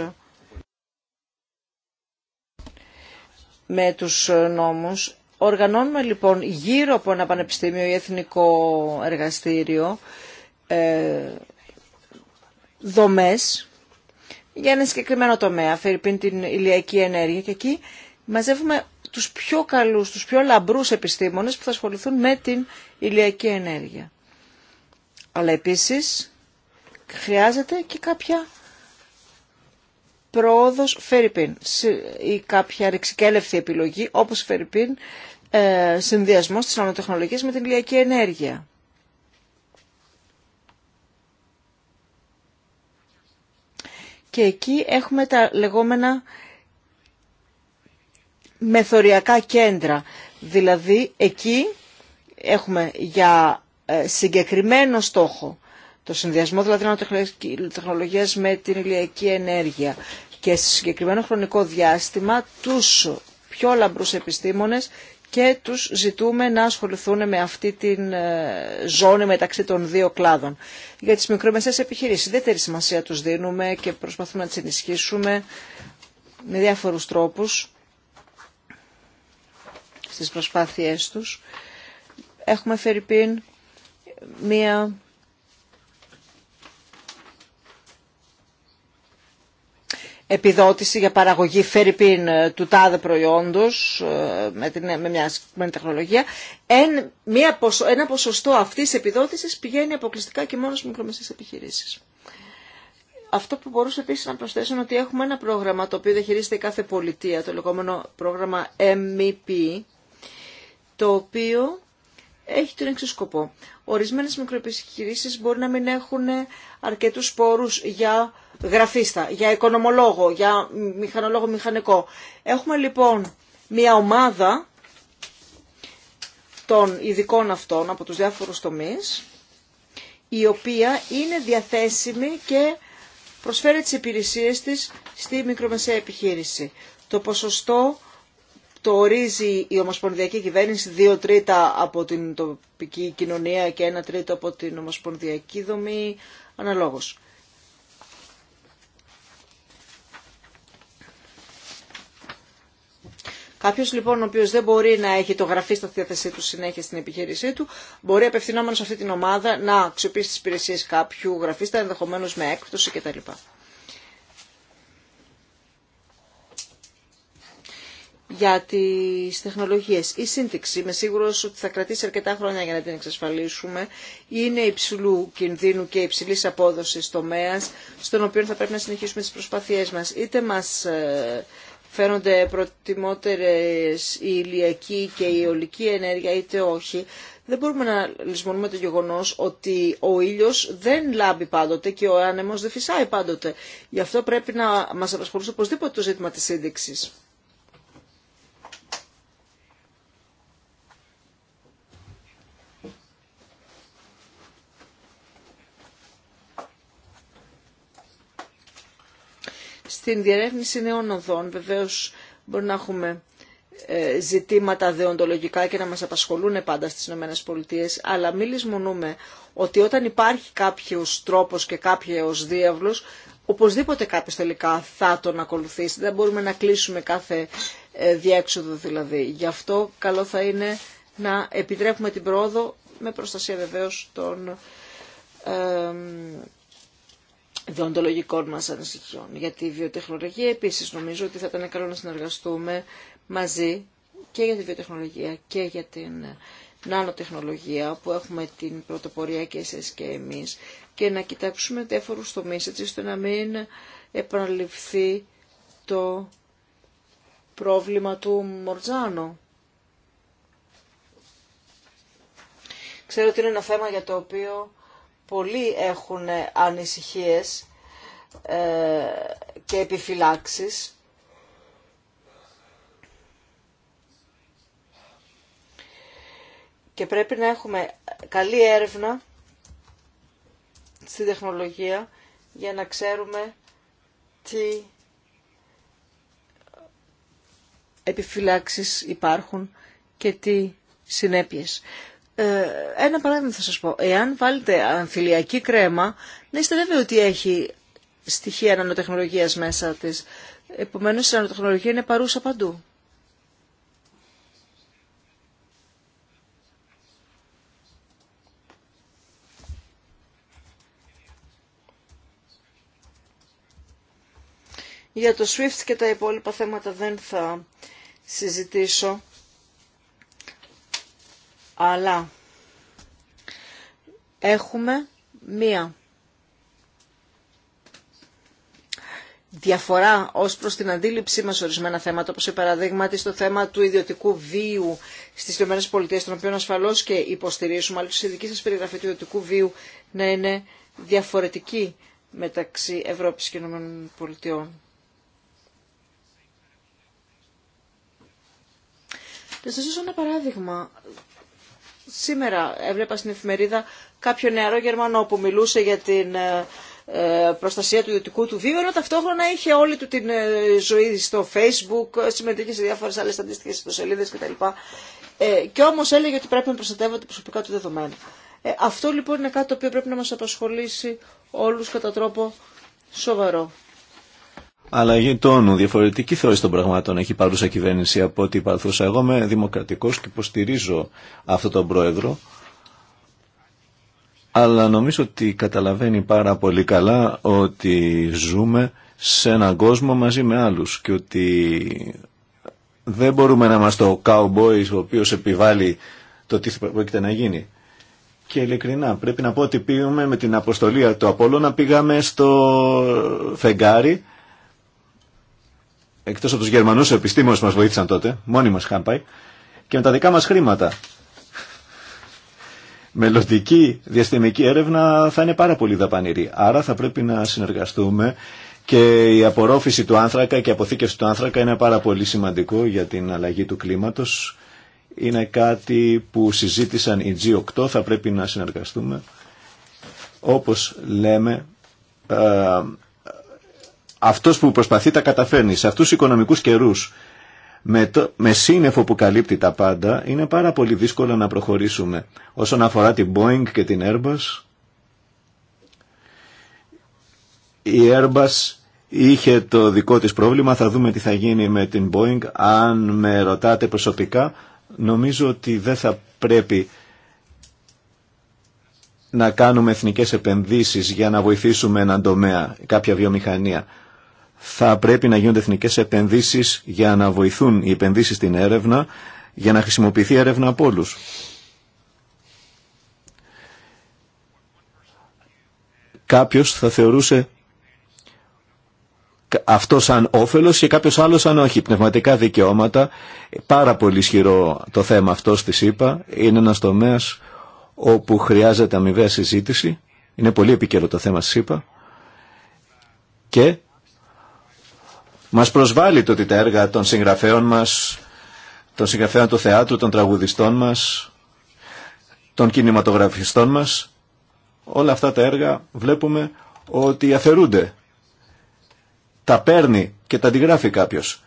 S2: με τους νόμους. Οργανώνουμε λοιπόν γύρω από ένα πανεπιστήμιο ή εθνικό εργαστήριο ε, δομές για ένα συγκεκριμένο τομέα, φερειπίν την ηλιακή ενέργεια και εκεί μαζεύουμε τους πιο καλούς, τους πιο λαμπρούς επιστήμονες που θα ασχοληθούν με την ηλιακή ενέργεια. Αλλά επίσης χρειάζεται και κάποια πρόοδος φερειπίν ή κάποια ρηξικέλευτη επιλογή όπως φερειπίν ε, συνδυασμός της νανοτεχνολογίας με την ηλιακή ενέργεια. και εκεί έχουμε τα λεγόμενα μεθοριακά κέντρα. Δηλαδή εκεί έχουμε για ε, συγκεκριμένο στόχο το συνδυασμό δηλαδή τεχνολογίας με την ηλιακή ενέργεια και σε συγκεκριμένο χρονικό διάστημα τους πιο λαμπρούς επιστήμονες και τους ζητούμε να ασχοληθούν με αυτή τη ε, ζώνη μεταξύ των δύο κλάδων. Για τις μικρομεσαίες επιχειρήσεις, ιδιαίτερη σημασία τους δίνουμε και προσπαθούμε να τις ενισχύσουμε με διάφορους τρόπους στις προσπάθειές τους. Έχουμε φέρει φερειπίν μία επιδότηση για παραγωγή φερρυπίν του τάδε προϊόντος ε, με, την, με μια συγκεκριμένη τεχνολογία, εν, μια ένα ποσοστό αυτής της επιδότησης πηγαίνει αποκλειστικά και μόνο στις μικρομεσαίες επιχειρήσεις. Αυτό που μπορούσα επίσης να προσθέσω είναι ότι έχουμε ένα πρόγραμμα το οποίο διαχειρίζεται κάθε πολιτεία, το λεγόμενο πρόγραμμα MEP, το οποίο έχει τον εξή σκοπό. Ορισμένε μικροεπιχειρήσει μπορεί να μην έχουν αρκετού πόρου για γραφίστα, για οικονομολόγο, για μηχανολόγο μηχανικό. Έχουμε λοιπόν μια ομάδα των ειδικών αυτών από τους διάφορους τομείς, η οποία είναι διαθέσιμη και προσφέρει τις υπηρεσίες της στη μικρομεσαία επιχείρηση. Το ποσοστό το ορίζει η Ομοσπονδιακή Κυβέρνηση, δύο τρίτα από την τοπική κοινωνία και ένα τρίτο από την Ομοσπονδιακή Δομή, αναλόγως. Κάποιο λοιπόν ο οποίο δεν μπορεί να έχει το γραφείο στα διάθεσή του συνέχεια στην επιχείρησή του, μπορεί απευθυνόμενο σε αυτή την ομάδα να αξιοποιήσει τι υπηρεσίε κάποιου γραφίστα, ενδεχομένω με έκπτωση κτλ. για τις τεχνολογίες. Η σύνθηξη, είμαι σίγουρο ότι θα κρατήσει αρκετά χρόνια για να την εξασφαλίσουμε, είναι υψηλού κινδύνου και υψηλής απόδοσης τομέας, στον οποίο θα πρέπει να συνεχίσουμε τις προσπάθειές μας. Είτε μας ε, φαίνονται προτιμότερες η ηλιακή και η αιωλική ενέργεια, είτε όχι, δεν μπορούμε να λησμονούμε το γεγονό ότι ο ήλιο δεν λάμπει πάντοτε και ο άνεμο δεν φυσάει πάντοτε. Γι' αυτό πρέπει να μα απασχολήσει οπωσδήποτε το ζήτημα τη σύνδεξη. στην διερεύνηση νέων οδών. Βεβαίως μπορεί να έχουμε ε, ζητήματα δεοντολογικά και να μας απασχολούν πάντα στις ΗΠΑ, αλλά μην λησμονούμε ότι όταν υπάρχει κάποιος τρόπος και κάποιος διάβλος, οπωσδήποτε κάποιος τελικά θα τον ακολουθήσει. Δεν μπορούμε να κλείσουμε κάθε ε, διέξοδο δηλαδή. Γι' αυτό καλό θα είναι να επιτρέπουμε την πρόοδο με προστασία βεβαίως των ε, διοντολογικών μας ανησυχιών. Για τη βιοτεχνολογία επίσης νομίζω ότι θα ήταν καλό να συνεργαστούμε μαζί και για τη βιοτεχνολογία και για την νανοτεχνολογία που έχουμε την πρωτοπορία και εσείς και εμείς και να κοιτάξουμε διάφορους τομείς έτσι ώστε να μην επαναληφθεί το πρόβλημα του Μορτζάνο. Ξέρω ότι είναι ένα θέμα για το οποίο πολλοί έχουν ανησυχίες ε, και επιφυλάξεις. Και πρέπει να έχουμε καλή έρευνα στην τεχνολογία για να ξέρουμε τι επιφυλάξεις υπάρχουν και τι συνέπειες. Ε, ένα παράδειγμα θα σας πω. Εάν βάλετε αμφιλιακή κρέμα, να είστε βέβαιοι ότι έχει στοιχεία νανοτεχνολογίας μέσα της. Επομένως, η ανανοτεχνολογία είναι παρούσα παντού. Για το SWIFT και τα υπόλοιπα θέματα δεν θα συζητήσω αλλά έχουμε μία διαφορά ως προς την αντίληψή μας ορισμένα θέματα, όπως για παραδείγμα στο θέμα του ιδιωτικού βίου στις ΗΠΑ, τον οποίο ασφαλώς και υποστηρίζουμε, αλλά η δική σας περιγραφή του ιδιωτικού βίου να είναι διαφορετική μεταξύ Ευρώπης και ΗΠΑ. Θα σας δώσω ένα παράδειγμα Σήμερα έβλεπα στην εφημερίδα κάποιο νεαρό Γερμανό που μιλούσε για την ε, ε, προστασία του ιδιωτικού του βίου, ενώ ταυτόχρονα είχε όλη του την ε, ζωή στο facebook, συμμετείχε σε διάφορες άλλες αντίστοιχες ιστοσελίδες κτλ. Ε, και όμως έλεγε ότι πρέπει να προστατεύονται προσωπικά του δεδομένα. αυτό λοιπόν είναι κάτι το οποίο πρέπει να μας απασχολήσει όλους κατά τρόπο σοβαρό.
S1: Αλλαγή τόνου, διαφορετική θεώρηση των πραγμάτων έχει η παρούσα κυβέρνηση από ό,τι παρθούσα. Εγώ είμαι δημοκρατικό και υποστηρίζω αυτόν τον πρόεδρο. Αλλά νομίζω ότι καταλαβαίνει πάρα πολύ καλά ότι ζούμε σε έναν κόσμο μαζί με άλλους και ότι δεν μπορούμε να είμαστε ο cowboy ο οποίος επιβάλλει το τι πρόκειται να γίνει. Και ειλικρινά πρέπει να πω ότι πήγαμε με την αποστολή του Απόλλωνα πήγαμε στο φεγγάρι Εκτό από του Γερμανού επιστήμονες που μας βοήθησαν τότε, μόνοι μας είχαν και με τα δικά μας χρήματα. Μελλοντική διαστημική έρευνα θα είναι πάρα πολύ δαπανηρή. Άρα θα πρέπει να συνεργαστούμε και η απορρόφηση του άνθρακα και η αποθήκευση του άνθρακα είναι πάρα πολύ σημαντικό για την αλλαγή του κλίματος. Είναι κάτι που συζήτησαν οι G8, θα πρέπει να συνεργαστούμε. Όπως λέμε, ε, αυτός που προσπαθεί τα καταφέρνει. Σε αυτούς τους οικονομικούς καιρούς με, με σύννεφο που καλύπτει τα πάντα είναι πάρα πολύ δύσκολο να προχωρήσουμε. Όσον αφορά την Boeing και την Airbus, η Airbus είχε το δικό της πρόβλημα, θα δούμε τι θα γίνει με την Boeing. Αν με ρωτάτε προσωπικά, νομίζω ότι δεν θα πρέπει να κάνουμε εθνικές επενδύσεις για να βοηθήσουμε έναν τομέα, κάποια βιομηχανία θα πρέπει να γίνονται εθνικέ επενδύσεις για να βοηθούν οι επενδύσει στην έρευνα, για να χρησιμοποιηθεί έρευνα από όλου. Κάποιος θα θεωρούσε αυτό σαν όφελος και κάποιο άλλος αν όχι. Πνευματικά δικαιώματα, πάρα πολύ ισχυρό το θέμα αυτό στη ΣΥΠΑ, είναι ένα τομέα όπου χρειάζεται αμοιβαία συζήτηση, είναι πολύ επικαιρό το θέμα στη ΣΥΠΑ και μας προσβάλλει το ότι τα έργα των συγγραφέων μας, των συγγραφέων του θεάτρου, των τραγουδιστών μας, των κινηματογραφιστών μας, όλα αυτά τα έργα βλέπουμε ότι αφαιρούνται. Τα παίρνει και τα αντιγράφει κάποιος.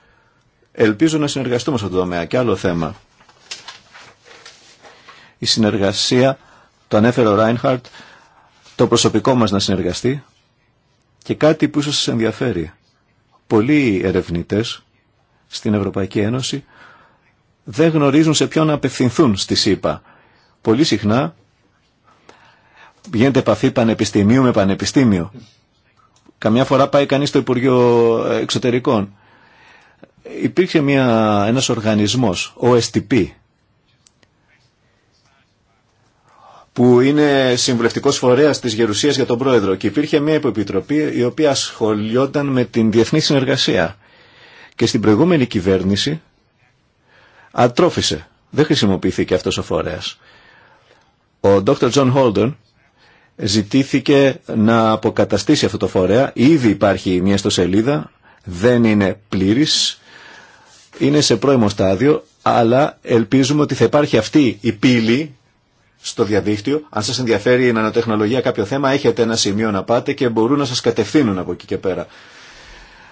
S1: Ελπίζω να συνεργαστούμε σε αυτό το τομέα. Και άλλο θέμα. Η συνεργασία, το ανέφερε ο Ράινχαρτ, το προσωπικό μας να συνεργαστεί και κάτι που ίσως σας ενδιαφέρει πολλοί ερευνητές στην Ευρωπαϊκή Ένωση δεν γνωρίζουν σε ποιον να απευθυνθούν στη ΣΥΠΑ. Πολύ συχνά γίνεται επαφή πανεπιστημίου με πανεπιστήμιο. Καμιά φορά πάει κανείς στο Υπουργείο Εξωτερικών. Υπήρχε μια, ένας οργανισμός, OSTP, που είναι συμβουλευτικό φορέα τη Γερουσία για τον Πρόεδρο. Και υπήρχε μια υποεπιτροπή η οποία ασχολιόταν με την διεθνή συνεργασία. Και στην προηγούμενη κυβέρνηση ατρόφησε. Δεν χρησιμοποιήθηκε αυτό ο φορέα. Ο Dr. John Holden ζητήθηκε να αποκαταστήσει αυτό το φορέα. Ήδη υπάρχει μια ιστοσελίδα, δεν είναι πλήρη, είναι σε πρώιμο στάδιο, αλλά ελπίζουμε ότι θα υπάρχει αυτή η πύλη στο διαδίκτυο. Αν σας ενδιαφέρει η νανοτεχνολογία κάποιο θέμα, έχετε ένα σημείο να πάτε και μπορούν να σας κατευθύνουν από εκεί και πέρα.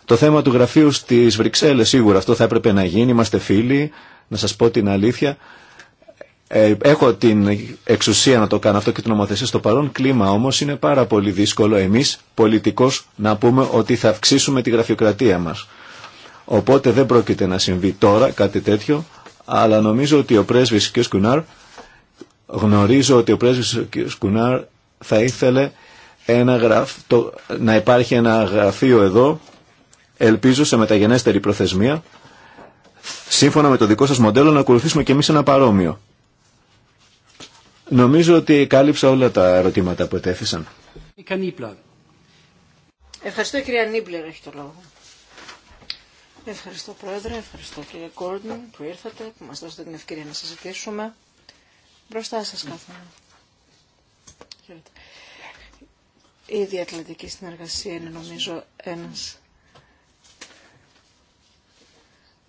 S1: Το θέμα του γραφείου στις Βρυξέλλες, σίγουρα αυτό θα έπρεπε να γίνει, είμαστε φίλοι, να σας πω την αλήθεια. Ε, έχω την εξουσία να το κάνω αυτό και την νομοθεσία στο παρόν κλίμα όμως είναι πάρα πολύ δύσκολο εμείς πολιτικώς να πούμε ότι θα αυξήσουμε τη γραφειοκρατία μας. Οπότε δεν πρόκειται να συμβεί τώρα κάτι τέτοιο, αλλά νομίζω ότι ο πρέσβης κ. Σκουνάρ Γνωρίζω ότι ο πρέσβης κ. Σκουνάρ θα ήθελε ένα γραφ, το, να υπάρχει ένα γραφείο εδώ, ελπίζω σε μεταγενέστερη προθεσμία, σύμφωνα με το δικό σας μοντέλο να ακολουθήσουμε και εμείς ένα παρόμοιο. Νομίζω ότι κάλυψα όλα τα ερωτήματα που ετέθησαν.
S2: Ευχαριστώ κυρία Νίμπλερ, έχει το λόγο. Ευχαριστώ Πρόεδρε, ευχαριστώ κύριε Κόρντιν που ήρθατε, που μας δώσατε την ευκαιρία να συζητήσουμε. Μπροστά σας κάθομαι. Η διατλαντική συνεργασία είναι νομίζω ένας.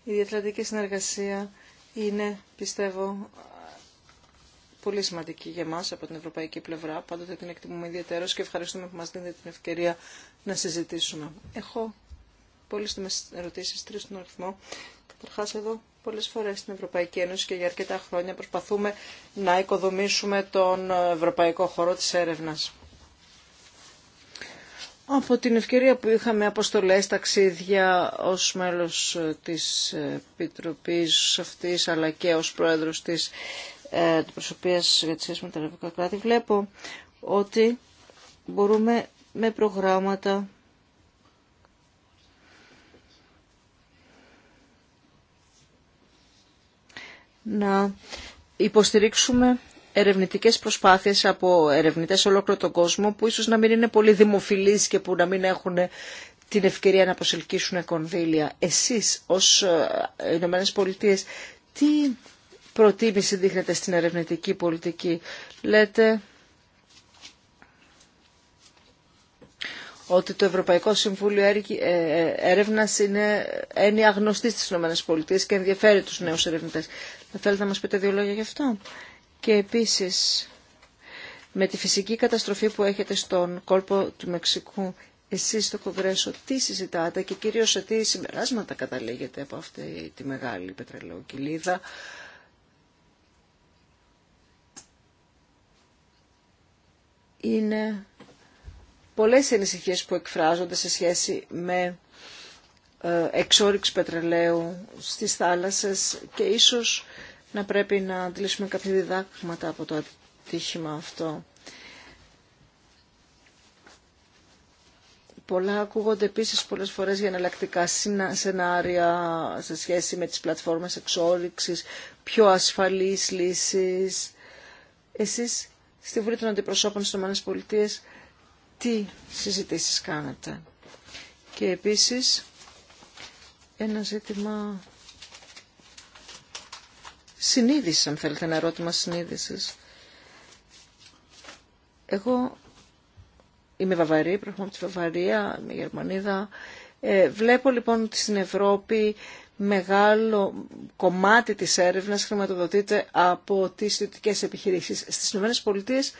S2: Η διατλαντική συνεργασία είναι, πιστεύω, πολύ σημαντική για μας από την ευρωπαϊκή πλευρά. Πάντοτε την εκτιμούμε ιδιαίτερως και ευχαριστούμε που μας δίνετε την ευκαιρία να συζητήσουμε. Έχω πολύ ερωτήσεις, τρεις στον αριθμό. Καταρχάς εδώ Πολλέ φορές στην Ευρωπαϊκή Ένωση και για αρκετά χρόνια προσπαθούμε να οικοδομήσουμε τον ευρωπαϊκό χώρο της έρευνας. Από την ευκαιρία που είχαμε αποστολές, ταξίδια ως μέλος της Επιτροπής αυτής αλλά και ως πρόεδρος της ε, προσωπίας για τη με τα Ευρωπαϊκά κράτη, βλέπω ότι μπορούμε με προγράμματα να υποστηρίξουμε ερευνητικές προσπάθειες από ερευνητές σε ολόκληρο τον κόσμο που ίσως να μην είναι πολύ δημοφιλείς και που να μην έχουν την ευκαιρία να προσελκύσουν κονδύλια. Εσείς ως ε, Ηνωμένες Πολιτείες τι προτίμηση δείχνετε στην ερευνητική πολιτική. Λέτε ότι το Ευρωπαϊκό Συμβούλιο ε, ε, Έρευνας είναι έννοια γνωστή στις ΗΠΑ και ενδιαφέρει τους νέους ερευνητές. Θα θέλετε να μας πείτε δύο λόγια γι' αυτό. Και επίσης, με τη φυσική καταστροφή που έχετε στον κόλπο του Μεξικού, εσείς στο Κογκρέσο τι συζητάτε και κυρίως σε τι συμπεράσματα καταλήγετε από αυτή τη μεγάλη πετρελαιοκυλίδα. Είναι πολλές οι ανησυχίες που εκφράζονται σε σχέση με ε, εξόριξη πετρελαίου στις θάλασσες και ίσως να πρέπει να αντιλήσουμε κάποια διδάγματα από το ατύχημα αυτό. Πολλά ακούγονται επίσης πολλές φορές για εναλλακτικά σενάρια σε σχέση με τις πλατφόρμες εξόριξης, πιο ασφαλείς λύσεις. Εσείς στη Βουλή των Αντιπροσώπων στις ΗΠΑ τι συζητήσεις κάνετε. Και επίσης ένα ζήτημα συνείδησης, αν θέλετε, ένα ερώτημα συνείδησης. Εγώ είμαι Βαβαρή, προχωρώ από τη Βαβαρία, είμαι Γερμανίδα. Ε, βλέπω λοιπόν ότι στην Ευρώπη μεγάλο κομμάτι της έρευνας χρηματοδοτείται από τις ιδιωτικές επιχειρήσεις. Στις ΗΠΑ Πολιτείες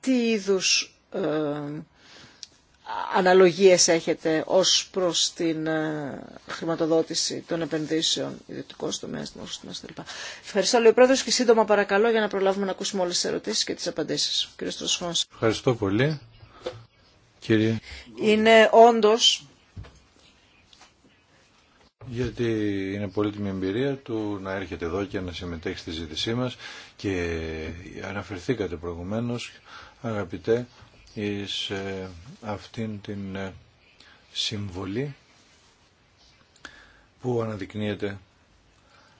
S2: τι είδους ε, αναλογίες έχετε ως προς την ε, χρηματοδότηση των επενδύσεων ιδιωτικό τομέα, δημόσιο τομέα κλπ. Ευχαριστώ, λέει ο Πρόεδρος, και σύντομα παρακαλώ για να προλάβουμε να ακούσουμε όλες τις ερωτήσεις και τις απαντήσεις. Κύριε Στροσχόνης.
S3: Ευχαριστώ πολύ. Κύριε.
S2: Είναι όντως...
S3: Γιατί είναι πολύτιμη εμπειρία του να έρχεται εδώ και να συμμετέχει στη ζήτησή μας και αναφερθήκατε προηγουμένως, αγαπητέ, εις ε, αυτήν την ε, συμβολή που αναδεικνύεται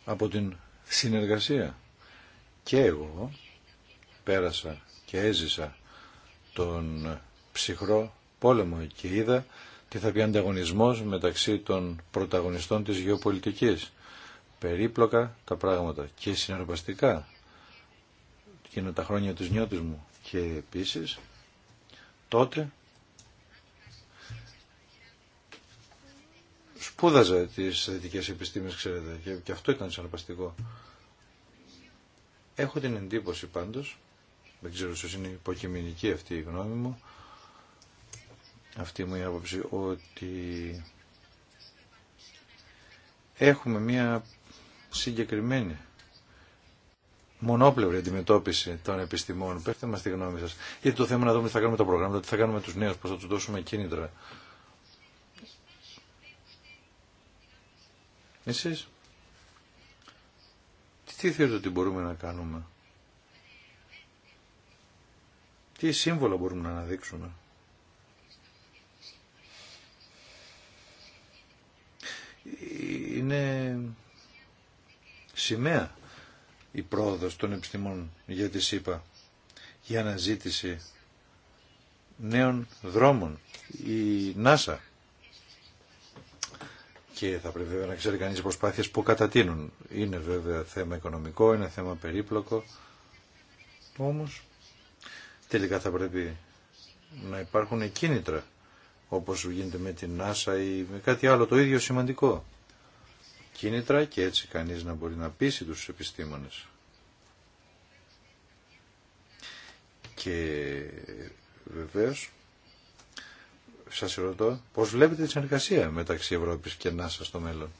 S3: από την συνεργασία. Και εγώ πέρασα και έζησα τον ψυχρό πόλεμο και είδα τι θα πει ανταγωνισμός μεταξύ των πρωταγωνιστών της γεωπολιτικής. Περίπλοκα τα πράγματα και συνεργαστικά και είναι τα χρόνια της νιώτης μου και επίσης τότε σπούδαζα τις δυτικές επιστήμες, ξέρετε, και, αυτό ήταν συναρπαστικό. Έχω την εντύπωση πάντως, δεν ξέρω σωστά, είναι υποκειμενική αυτή η γνώμη μου, αυτή μου η άποψη, ότι έχουμε μία συγκεκριμένη μονόπλευρη αντιμετώπιση των επιστημών. Πέστε μα τη γνώμη σα. Γιατί το θέμα να δούμε τι θα κάνουμε τα προγράμματα, τι θα κάνουμε τους νέους, πώ θα τους δώσουμε κίνητρα. Εσείς, τι θεωρείτε ότι μπορούμε να κάνουμε. Τι σύμβολα μπορούμε να αναδείξουμε. Είναι σημαία η πρόοδος των επιστημών για τη ΣΥΠΑ, η αναζήτηση νέων δρόμων, η ΝΑΣΑ. Και θα πρέπει βέβαια να ξέρει κανείς προσπάθειες που κατατείνουν. Είναι βέβαια θέμα οικονομικό, είναι θέμα περίπλοκο, όμως τελικά θα πρέπει να υπάρχουν κίνητρα όπως γίνεται με την ΝΑΣΑ ή με κάτι άλλο το ίδιο σημαντικό κίνητρα και έτσι κανείς να μπορεί να πείσει τους επιστήμονες. Και βεβαίως σας ρωτώ πώς βλέπετε τη συνεργασία μεταξύ Ευρώπης και ΝΑΣΑ στο μέλλον.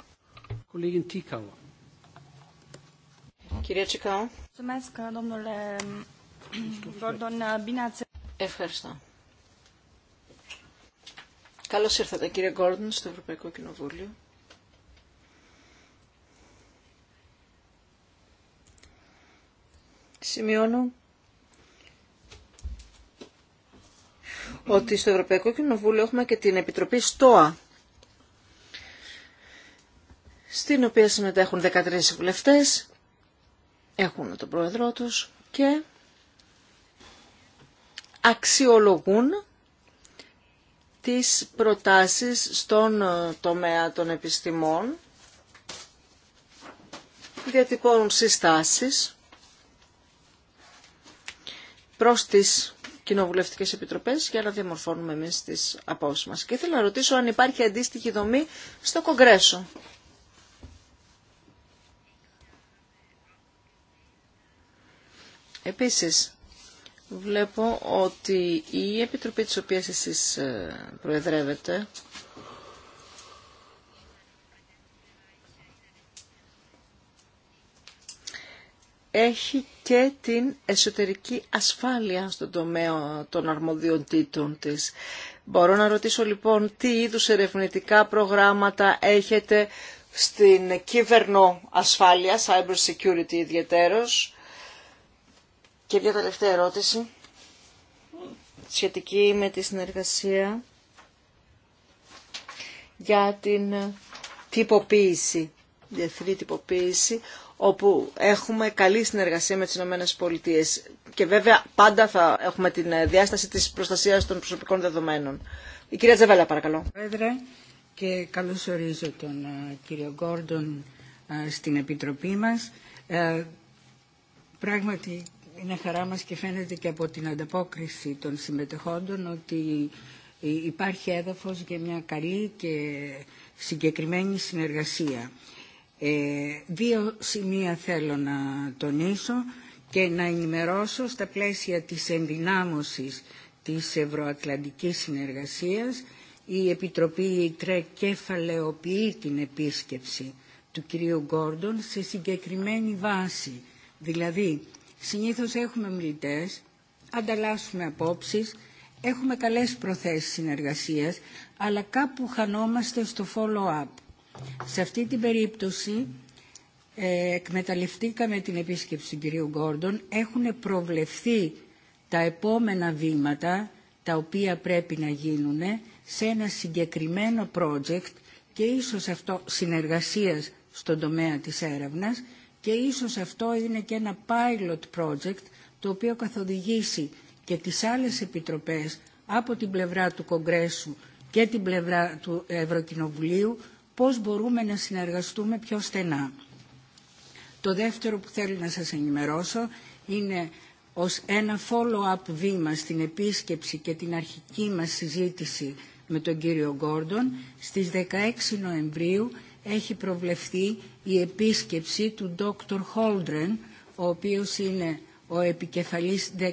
S4: Κυρία Τσικάου. Ευχαριστώ.
S2: Καλώς ήρθατε κύριε Γκόρντον στο Ευρωπαϊκό Κοινοβούλιο. σημειώνω ότι στο Ευρωπαϊκό Κοινοβούλιο έχουμε και την Επιτροπή ΣΤΟΑ, στην οποία συμμετέχουν 13 βουλευτές, έχουν τον πρόεδρό τους και αξιολογούν τις προτάσεις στον τομέα των επιστημών, διατυπώνουν συστάσεις προς τις κοινοβουλευτικές επιτροπές για να διαμορφώνουμε εμείς τις απόψεις μας. Και ήθελα να ρωτήσω αν υπάρχει αντίστοιχη δομή στο Κογκρέσο. Επίσης, βλέπω ότι η Επιτροπή της οποίας εσείς ε, προεδρεύετε έχει και την εσωτερική ασφάλεια στον τομέα των αρμοδιοτήτων της. Μπορώ να ρωτήσω λοιπόν τι είδους ερευνητικά προγράμματα έχετε στην κύβερνο ασφάλεια, cyber security ιδιαίτερος. Και μια τελευταία ερώτηση σχετική με τη συνεργασία για την τυποποίηση, διεθνή τυποποίηση, όπου έχουμε καλή συνεργασία με τις Ηνωμένες και βέβαια πάντα θα έχουμε την ε, διάσταση της προστασίας των προσωπικών δεδομένων. Η κυρία Τζεβέλα παρακαλώ.
S4: Πρόεδρε και καλώς ορίζω τον ε, κύριο Γκόρντον ε, στην Επιτροπή μας. Πράγματι είναι χαρά μας και φαίνεται και από την ανταπόκριση των συμμετεχόντων ότι υπάρχει έδαφος για μια καλή και συγκεκριμένη συνεργασία. Ε, δύο σημεία θέλω να τονίσω και να ενημερώσω στα πλαίσια της ενδυνάμωσης της Ευρωατλαντικής Συνεργασίας η Επιτροπή ΙΤΡΕ κεφαλαιοποιεί την επίσκεψη του κυρίου Γκόρντον σε συγκεκριμένη βάση. Δηλαδή, συνήθως έχουμε μιλητές, ανταλλάσσουμε απόψεις, έχουμε καλές προθέσεις συνεργασίας, αλλά κάπου χανόμαστε στο follow-up. Σε αυτή την περίπτωση ε, εκμεταλλευτήκαμε την επίσκεψη του κυρίου Γκόρντον. Έχουν προβλεφθεί τα επόμενα βήματα τα οποία πρέπει να γίνουν σε ένα συγκεκριμένο project και ίσως αυτό συνεργασίας στον τομέα της έρευνας και ίσως αυτό είναι και ένα pilot project το οποίο καθοδηγήσει και τις άλλες επιτροπές από την πλευρά του Κογκρέσου και την πλευρά του Ευρωκοινοβουλίου πώς μπορούμε να συνεργαστούμε πιο στενά. Το δεύτερο που θέλω να σας ενημερώσω είναι ως ένα follow-up βήμα στην επίσκεψη και την αρχική μας συζήτηση με τον κύριο Γκόρντον, στις 16 Νοεμβρίου έχει προβλεφθεί η επίσκεψη του Dr. Holdren... ο οποίος είναι ο επικεφαλής, 16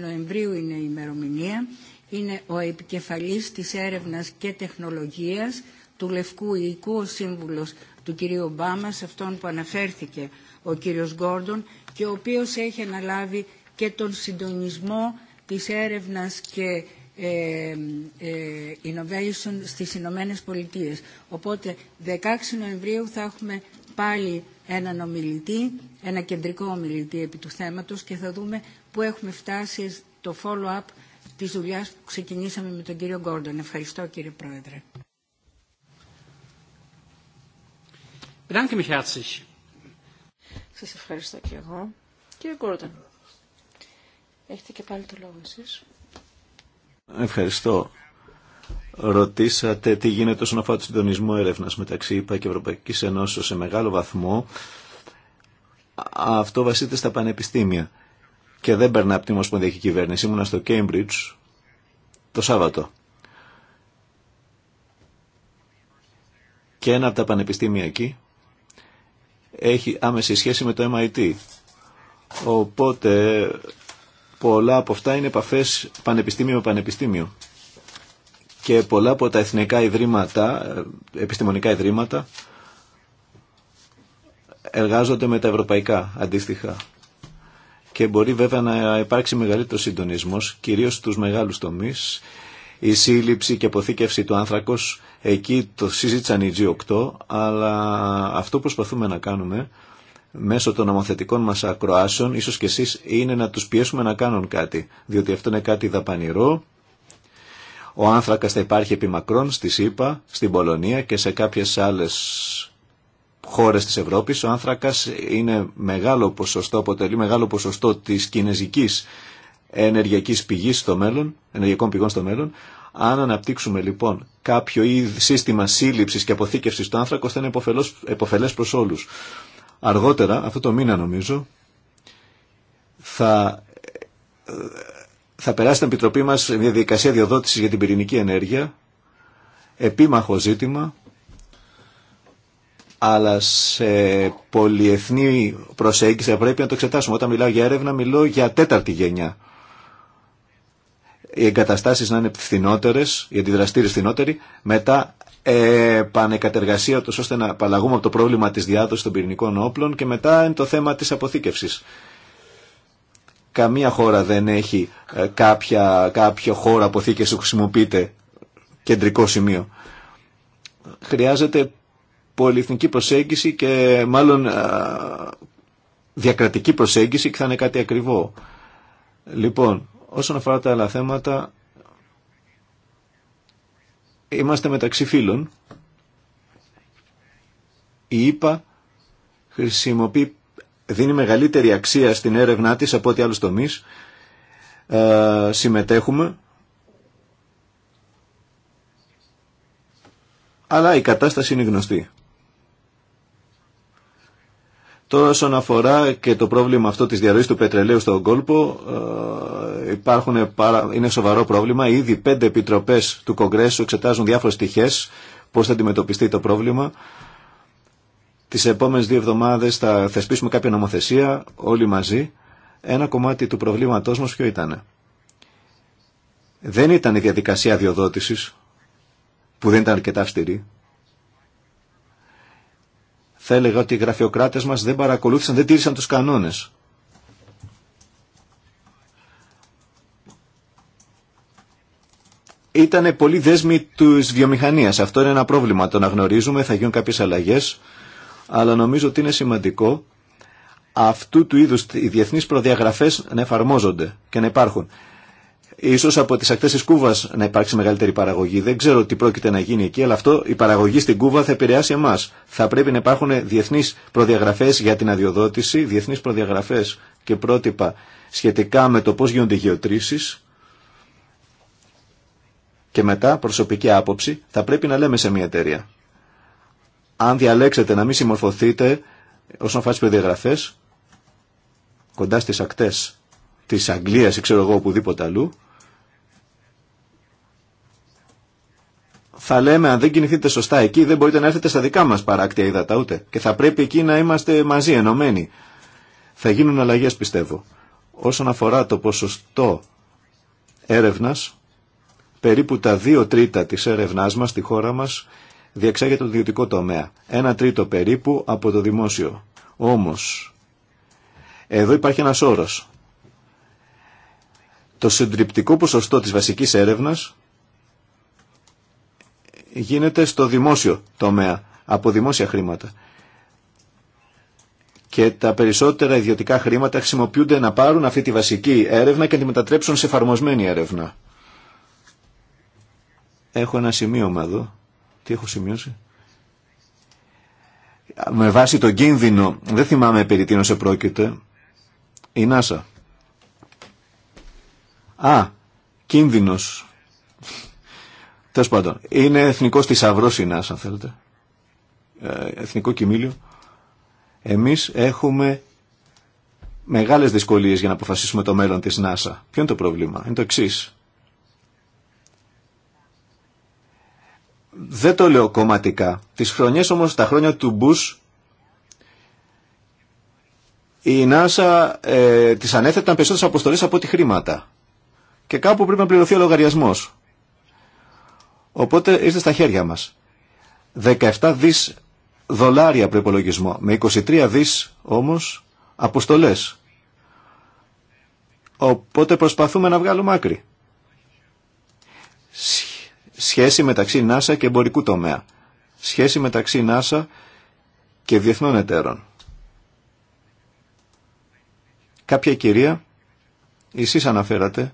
S4: Νοεμβρίου είναι η ημερομηνία, είναι ο επικεφαλής της έρευνας και τεχνολογίας του Λευκού Οικού, ο σύμβουλος του κυρίου Ομπάμα, σε αυτόν που αναφέρθηκε ο κύριος Γκόρντον και ο οποίος έχει αναλάβει και τον συντονισμό της έρευνας και ε, ε, innovation στις Ηνωμένε Πολιτείε. Οπότε 16 Νοεμβρίου θα έχουμε πάλι έναν ομιλητή, ένα κεντρικό ομιλητή επί του θέματος και θα δούμε πού έχουμε φτάσει το follow-up της δουλειάς που ξεκινήσαμε με τον κύριο Γκόρντον. Ευχαριστώ κύριε Πρόεδρε. Bedanke mich ευχαριστώ και
S2: εγώ. Κύριε έχετε και πάλι το λόγο
S1: Ευχαριστώ. Ρωτήσατε τι γίνεται όσον αφορά το συντονισμό έρευνα μεταξύ ΙΠΑ ΕΕ και Ευρωπαϊκή Ενώσεω σε μεγάλο βαθμό. Αυτό βασίζεται στα πανεπιστήμια και δεν περνά από την Ομοσπονδιακή Κυβέρνηση. Ήμουνα στο Cambridge το Σάββατο. Και ένα από τα πανεπιστήμια εκεί έχει άμεση σχέση με το MIT. Οπότε πολλά από αυτά είναι επαφές πανεπιστήμιο με πανεπιστήμιο. Και πολλά από τα εθνικά ιδρύματα, ε, επιστημονικά ιδρύματα, εργάζονται με τα ευρωπαϊκά αντίστοιχα. Και μπορεί βέβαια να υπάρξει μεγαλύτερο συντονισμός, κυρίως στους μεγάλους τομείς η σύλληψη και αποθήκευση του άνθρακος, εκεί το συζήτησαν οι G8, αλλά αυτό που προσπαθούμε να κάνουμε μέσω των ομοθετικών μας ακροάσεων, ίσως και εσείς, είναι να τους πιέσουμε να κάνουν κάτι, διότι αυτό είναι κάτι δαπανηρό. Ο άνθρακας θα υπάρχει μακρόν στη ΣΥΠΑ, στην Πολωνία και σε κάποιες άλλες χώρες της Ευρώπης. Ο άνθρακας είναι μεγάλο ποσοστό, αποτελεί μεγάλο ποσοστό της κινέζικης ενεργειακής πηγής στο μέλλον, ενεργειακών πηγών στο μέλλον. Αν αναπτύξουμε λοιπόν κάποιο είδη σύστημα σύλληψη και αποθήκευση του άνθρακου, θα είναι εποφελές προ όλου. Αργότερα, αυτό το μήνα νομίζω, θα, θα περάσει στην Επιτροπή μα μια διαδικασία διοδότησης για την πυρηνική ενέργεια, επίμαχο ζήτημα, αλλά σε πολυεθνή προσέγγιση θα πρέπει να το εξετάσουμε. Όταν μιλάω για έρευνα, μιλώ για τέταρτη γενιά οι εγκαταστάσεις να είναι φθηνότερες, οι αντιδραστήρες φθηνότεροι, μετά ε, πανεκατεργασία τους ώστε να απαλλαγούμε από το πρόβλημα της διάδοσης των πυρηνικών όπλων και μετά είναι το θέμα της αποθήκευσης. Καμία χώρα δεν έχει ε, κάποια, κάποιο χώρο αποθήκευση που χρησιμοποιείται κεντρικό σημείο. Χρειάζεται πολυεθνική προσέγγιση και μάλλον ε, διακρατική προσέγγιση και θα είναι κάτι ακριβό. Λοιπόν, Όσον αφορά τα άλλα θέματα, είμαστε μεταξύ φίλων. Η ΕΠΑ χρησιμοποιεί, δίνει μεγαλύτερη αξία στην έρευνά της από ό,τι άλλους τομείς. Ε, συμμετέχουμε. Αλλά η κατάσταση είναι γνωστή. Τώρα όσον αφορά και το πρόβλημα αυτό της διαρροής του πετρελαίου στον κόλπο ε, υπάρχουν, είναι σοβαρό πρόβλημα. Ήδη πέντε επιτροπές του Κογκρέσου εξετάζουν διάφορες στοιχές πώς θα αντιμετωπιστεί το πρόβλημα. Τις επόμενες δύο εβδομάδες θα θεσπίσουμε κάποια νομοθεσία όλοι μαζί. Ένα κομμάτι του προβλήματός μας ποιο ήταν. Δεν ήταν η διαδικασία διοδότησης που δεν ήταν αρκετά αυστηρή θα έλεγα ότι οι γραφειοκράτες μας δεν παρακολούθησαν, δεν τήρησαν τους κανόνες. Ήτανε πολύ δέσμοι της βιομηχανίας. Αυτό είναι ένα πρόβλημα. Το να γνωρίζουμε, θα γίνουν κάποιες αλλαγές, αλλά νομίζω ότι είναι σημαντικό αυτού του είδους οι διεθνείς προδιαγραφές να εφαρμόζονται και να υπάρχουν. Ίσως από τις ακτές της Κούβας να υπάρξει μεγαλύτερη παραγωγή. Δεν ξέρω τι πρόκειται να γίνει εκεί, αλλά αυτό η παραγωγή στην Κούβα θα επηρεάσει εμάς. Θα πρέπει να υπάρχουν διεθνείς προδιαγραφές για την αδειοδότηση, διεθνείς προδιαγραφές και πρότυπα σχετικά με το πώς γίνονται οι γεωτρήσεις. Και μετά, προσωπική άποψη, θα πρέπει να λέμε σε μια εταιρεία. Αν διαλέξετε να μην συμμορφωθείτε όσον αφορά τι προδιαγραφέ, κοντά στι ακτέ τη Αγγλία ή ξέρω εγώ οπουδήποτε αλλού, θα λέμε αν δεν κινηθείτε σωστά εκεί δεν μπορείτε να έρθετε στα δικά μας παράκτια ύδατα ούτε. Και θα πρέπει εκεί να είμαστε μαζί ενωμένοι. Θα γίνουν αλλαγές πιστεύω. Όσον αφορά το ποσοστό έρευνας, περίπου τα δύο τρίτα της έρευνάς μας στη χώρα μας διεξάγεται το ιδιωτικό τομέα. Ένα τρίτο περίπου από το δημόσιο. Όμως, εδώ υπάρχει ένας όρος. Το συντριπτικό ποσοστό της βασικής έρευνας γίνεται στο δημόσιο τομέα, από δημόσια χρήματα. Και τα περισσότερα ιδιωτικά χρήματα χρησιμοποιούνται να πάρουν αυτή τη βασική έρευνα και να τη μετατρέψουν σε εφαρμοσμένη έρευνα. Έχω ένα σημείωμα εδώ. Τι έχω σημειώσει. Με βάση τον κίνδυνο, δεν θυμάμαι περί σε πρόκειται η ΝΑΣΑ. Α, κίνδυνος Τέλο πάντων, είναι εθνικό θησαυρό η αν θέλετε. Ε, εθνικό κοιμήλιο. Εμεί έχουμε μεγάλες δυσκολίες για να αποφασίσουμε το μέλλον της ΝΑΣΑ. Ποιο είναι το πρόβλημα, είναι το εξή. Δεν το λέω κομματικά. Τις χρονιές όμως, τα χρόνια του Μπούς, η ΝΑΣΑ ε, της ανέθεταν περισσότερες αποστολές από ό,τι χρήματα. Και κάπου πρέπει να πληρωθεί ο λογαριασμός. Οπότε είστε στα χέρια μας. 17 δις δολάρια προπολογισμό, με 23 δις όμως αποστολέ. Οπότε προσπαθούμε να βγάλουμε άκρη. Σχέση μεταξύ ΝΑΣΑ και εμπορικού τομέα. Σχέση μεταξύ ΝΑΣΑ και διεθνών εταίρων. Κάποια κυρία, εσείς αναφέρατε,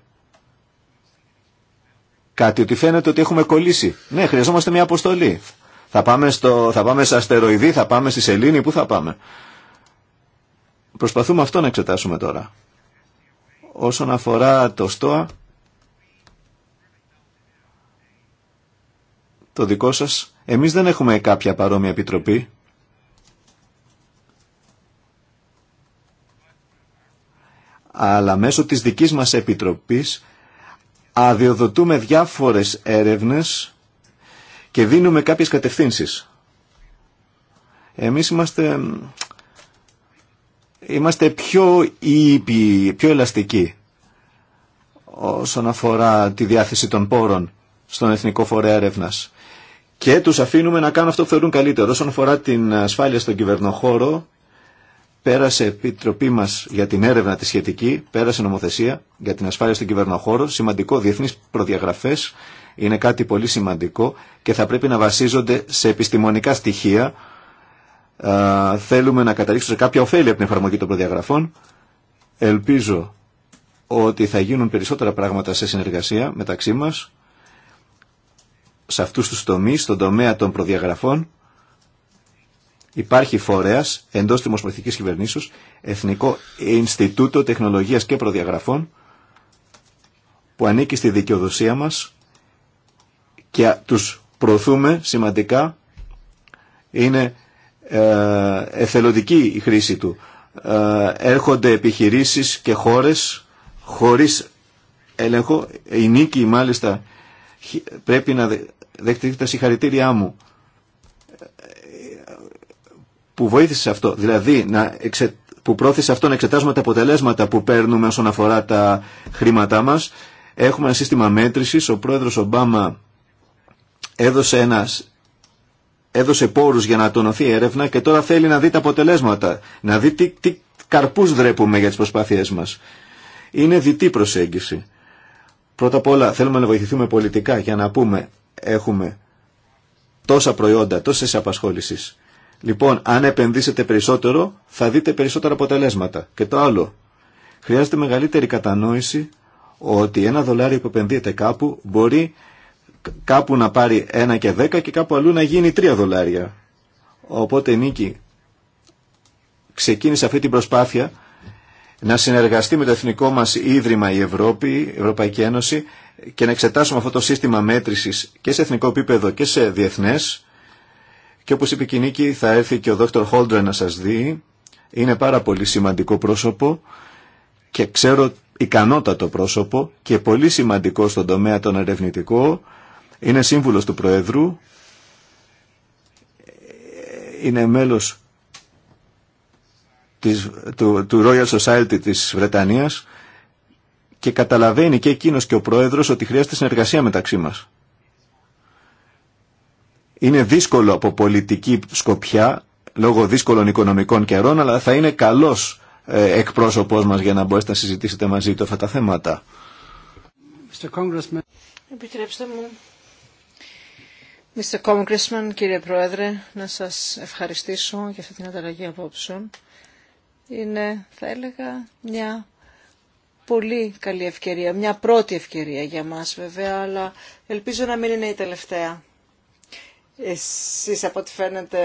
S1: κάτι, ότι φαίνεται ότι έχουμε κολλήσει. Ναι, χρειαζόμαστε μια αποστολή. Θα πάμε, στο, θα πάμε σε αστεροειδή, θα πάμε στη σελήνη, πού θα πάμε. Προσπαθούμε αυτό να εξετάσουμε τώρα. Όσον αφορά το ΣΤΟΑ, το δικό σας, εμείς δεν έχουμε κάποια παρόμοια επιτροπή. Αλλά μέσω της δικής μας επιτροπής αδειοδοτούμε διάφορες έρευνες και δίνουμε κάποιες κατευθύνσεις. Εμείς είμαστε, είμαστε πιο ήπιοι, πιο ελαστικοί όσον αφορά τη διάθεση των πόρων στον Εθνικό Φορέα έρευνα. Και τους αφήνουμε να κάνουν αυτό που θεωρούν καλύτερο. Όσον αφορά την ασφάλεια στον κυβερνοχώρο, Πέρασε η Επιτροπή μα για την έρευνα τη σχετική, πέρασε νομοθεσία για την ασφάλεια στον κυβερνοχώρο, σημαντικό διεθνεί προδιαγραφέ, είναι κάτι πολύ σημαντικό και θα πρέπει να βασίζονται σε επιστημονικά στοιχεία. θέλουμε να καταλήξουμε σε κάποια ωφέλη από την εφαρμογή των προδιαγραφών. Ελπίζω ότι θα γίνουν περισσότερα πράγματα σε συνεργασία μεταξύ μας σε αυτούς τους τομείς, στον τομέα των προδιαγραφών υπάρχει φορέας εντός της Ομοσπονδιακή Κυβερνήσεως, Εθνικό Ινστιτούτο Τεχνολογίας και Προδιαγραφών, που ανήκει στη δικαιοδοσία μας και τους προωθούμε σημαντικά. Είναι ε, εθελοντική η χρήση του. Ε, έρχονται επιχειρήσεις και χώρες χωρίς έλεγχο. Η νίκη μάλιστα πρέπει να δεχτείτε τα συγχαρητήριά μου που βοήθησε αυτό, δηλαδή να εξε... που πρόθεσε αυτό να εξετάσουμε τα αποτελέσματα που παίρνουμε όσον αφορά τα χρήματά μας. Έχουμε ένα σύστημα μέτρησης, ο πρόεδρος Ομπάμα έδωσε ένας έδωσε πόρους για να τονωθεί η έρευνα και τώρα θέλει να δει τα αποτελέσματα, να δει τι, τι καρπούς δρέπουμε για τις προσπάθειές μας. Είναι διτή προσέγγιση. Πρώτα απ' όλα θέλουμε να βοηθηθούμε πολιτικά για να πούμε έχουμε τόσα προϊόντα, τόσες απασχόλησεις Λοιπόν, αν επενδύσετε περισσότερο, θα δείτε περισσότερα αποτελέσματα. Και το άλλο, χρειάζεται μεγαλύτερη κατανόηση ότι ένα δολάριο που επενδύεται κάπου μπορεί κάπου να πάρει ένα και δέκα και κάπου αλλού να γίνει τρία δολάρια. Οπότε Νίκη ξεκίνησε αυτή την προσπάθεια να συνεργαστεί με το εθνικό μας Ίδρυμα η Ευρώπη, η Ευρωπαϊκή Ένωση και να εξετάσουμε αυτό το σύστημα μέτρησης και σε εθνικό επίπεδο και σε διεθνές και όπως είπε η Νίκη, θα έρθει και ο Δόκτωρ Χόλτρε να σας δει. Είναι πάρα πολύ σημαντικό πρόσωπο και ξέρω ικανότατο πρόσωπο και πολύ σημαντικό στον τομέα τον ερευνητικό. Είναι σύμβουλος του Προέδρου. Είναι μέλος της, του, του Royal Society της Βρετανίας και καταλαβαίνει και εκείνος και ο Πρόεδρος ότι χρειάζεται συνεργασία μεταξύ μας. Είναι δύσκολο από πολιτική σκοπιά, λόγω δύσκολων οικονομικών καιρών, αλλά θα είναι καλός ε, εκπρόσωπός μας για να μπορέσετε να συζητήσετε μαζί του αυτά τα θέματα.
S2: Επιτρέψτε μου, Mr. Congressman, κύριε Πρόεδρε, να σας ευχαριστήσω για αυτή την ανταλλαγή απόψεων. Είναι, θα έλεγα, μια πολύ καλή ευκαιρία, μια πρώτη ευκαιρία για μας βέβαια, αλλά ελπίζω να μην είναι η τελευταία. Εσείς από ό,τι φαίνεται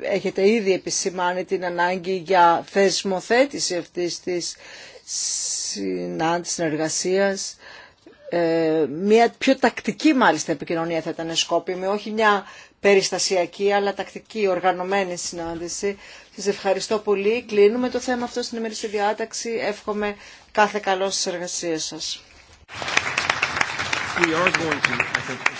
S2: έχετε ήδη επισημάνει την ανάγκη για θεσμοθέτηση αυτής της συνάντησης συνεργασίας. Ε, μια πιο τακτική μάλιστα επικοινωνία θα ήταν σκόπιμη, όχι μια περιστασιακή αλλά τακτική οργανωμένη συνάντηση. Σας ευχαριστώ πολύ. Κλείνουμε το θέμα αυτό στην ημερήσια διάταξη. Εύχομαι κάθε καλό στις εργασίες σας.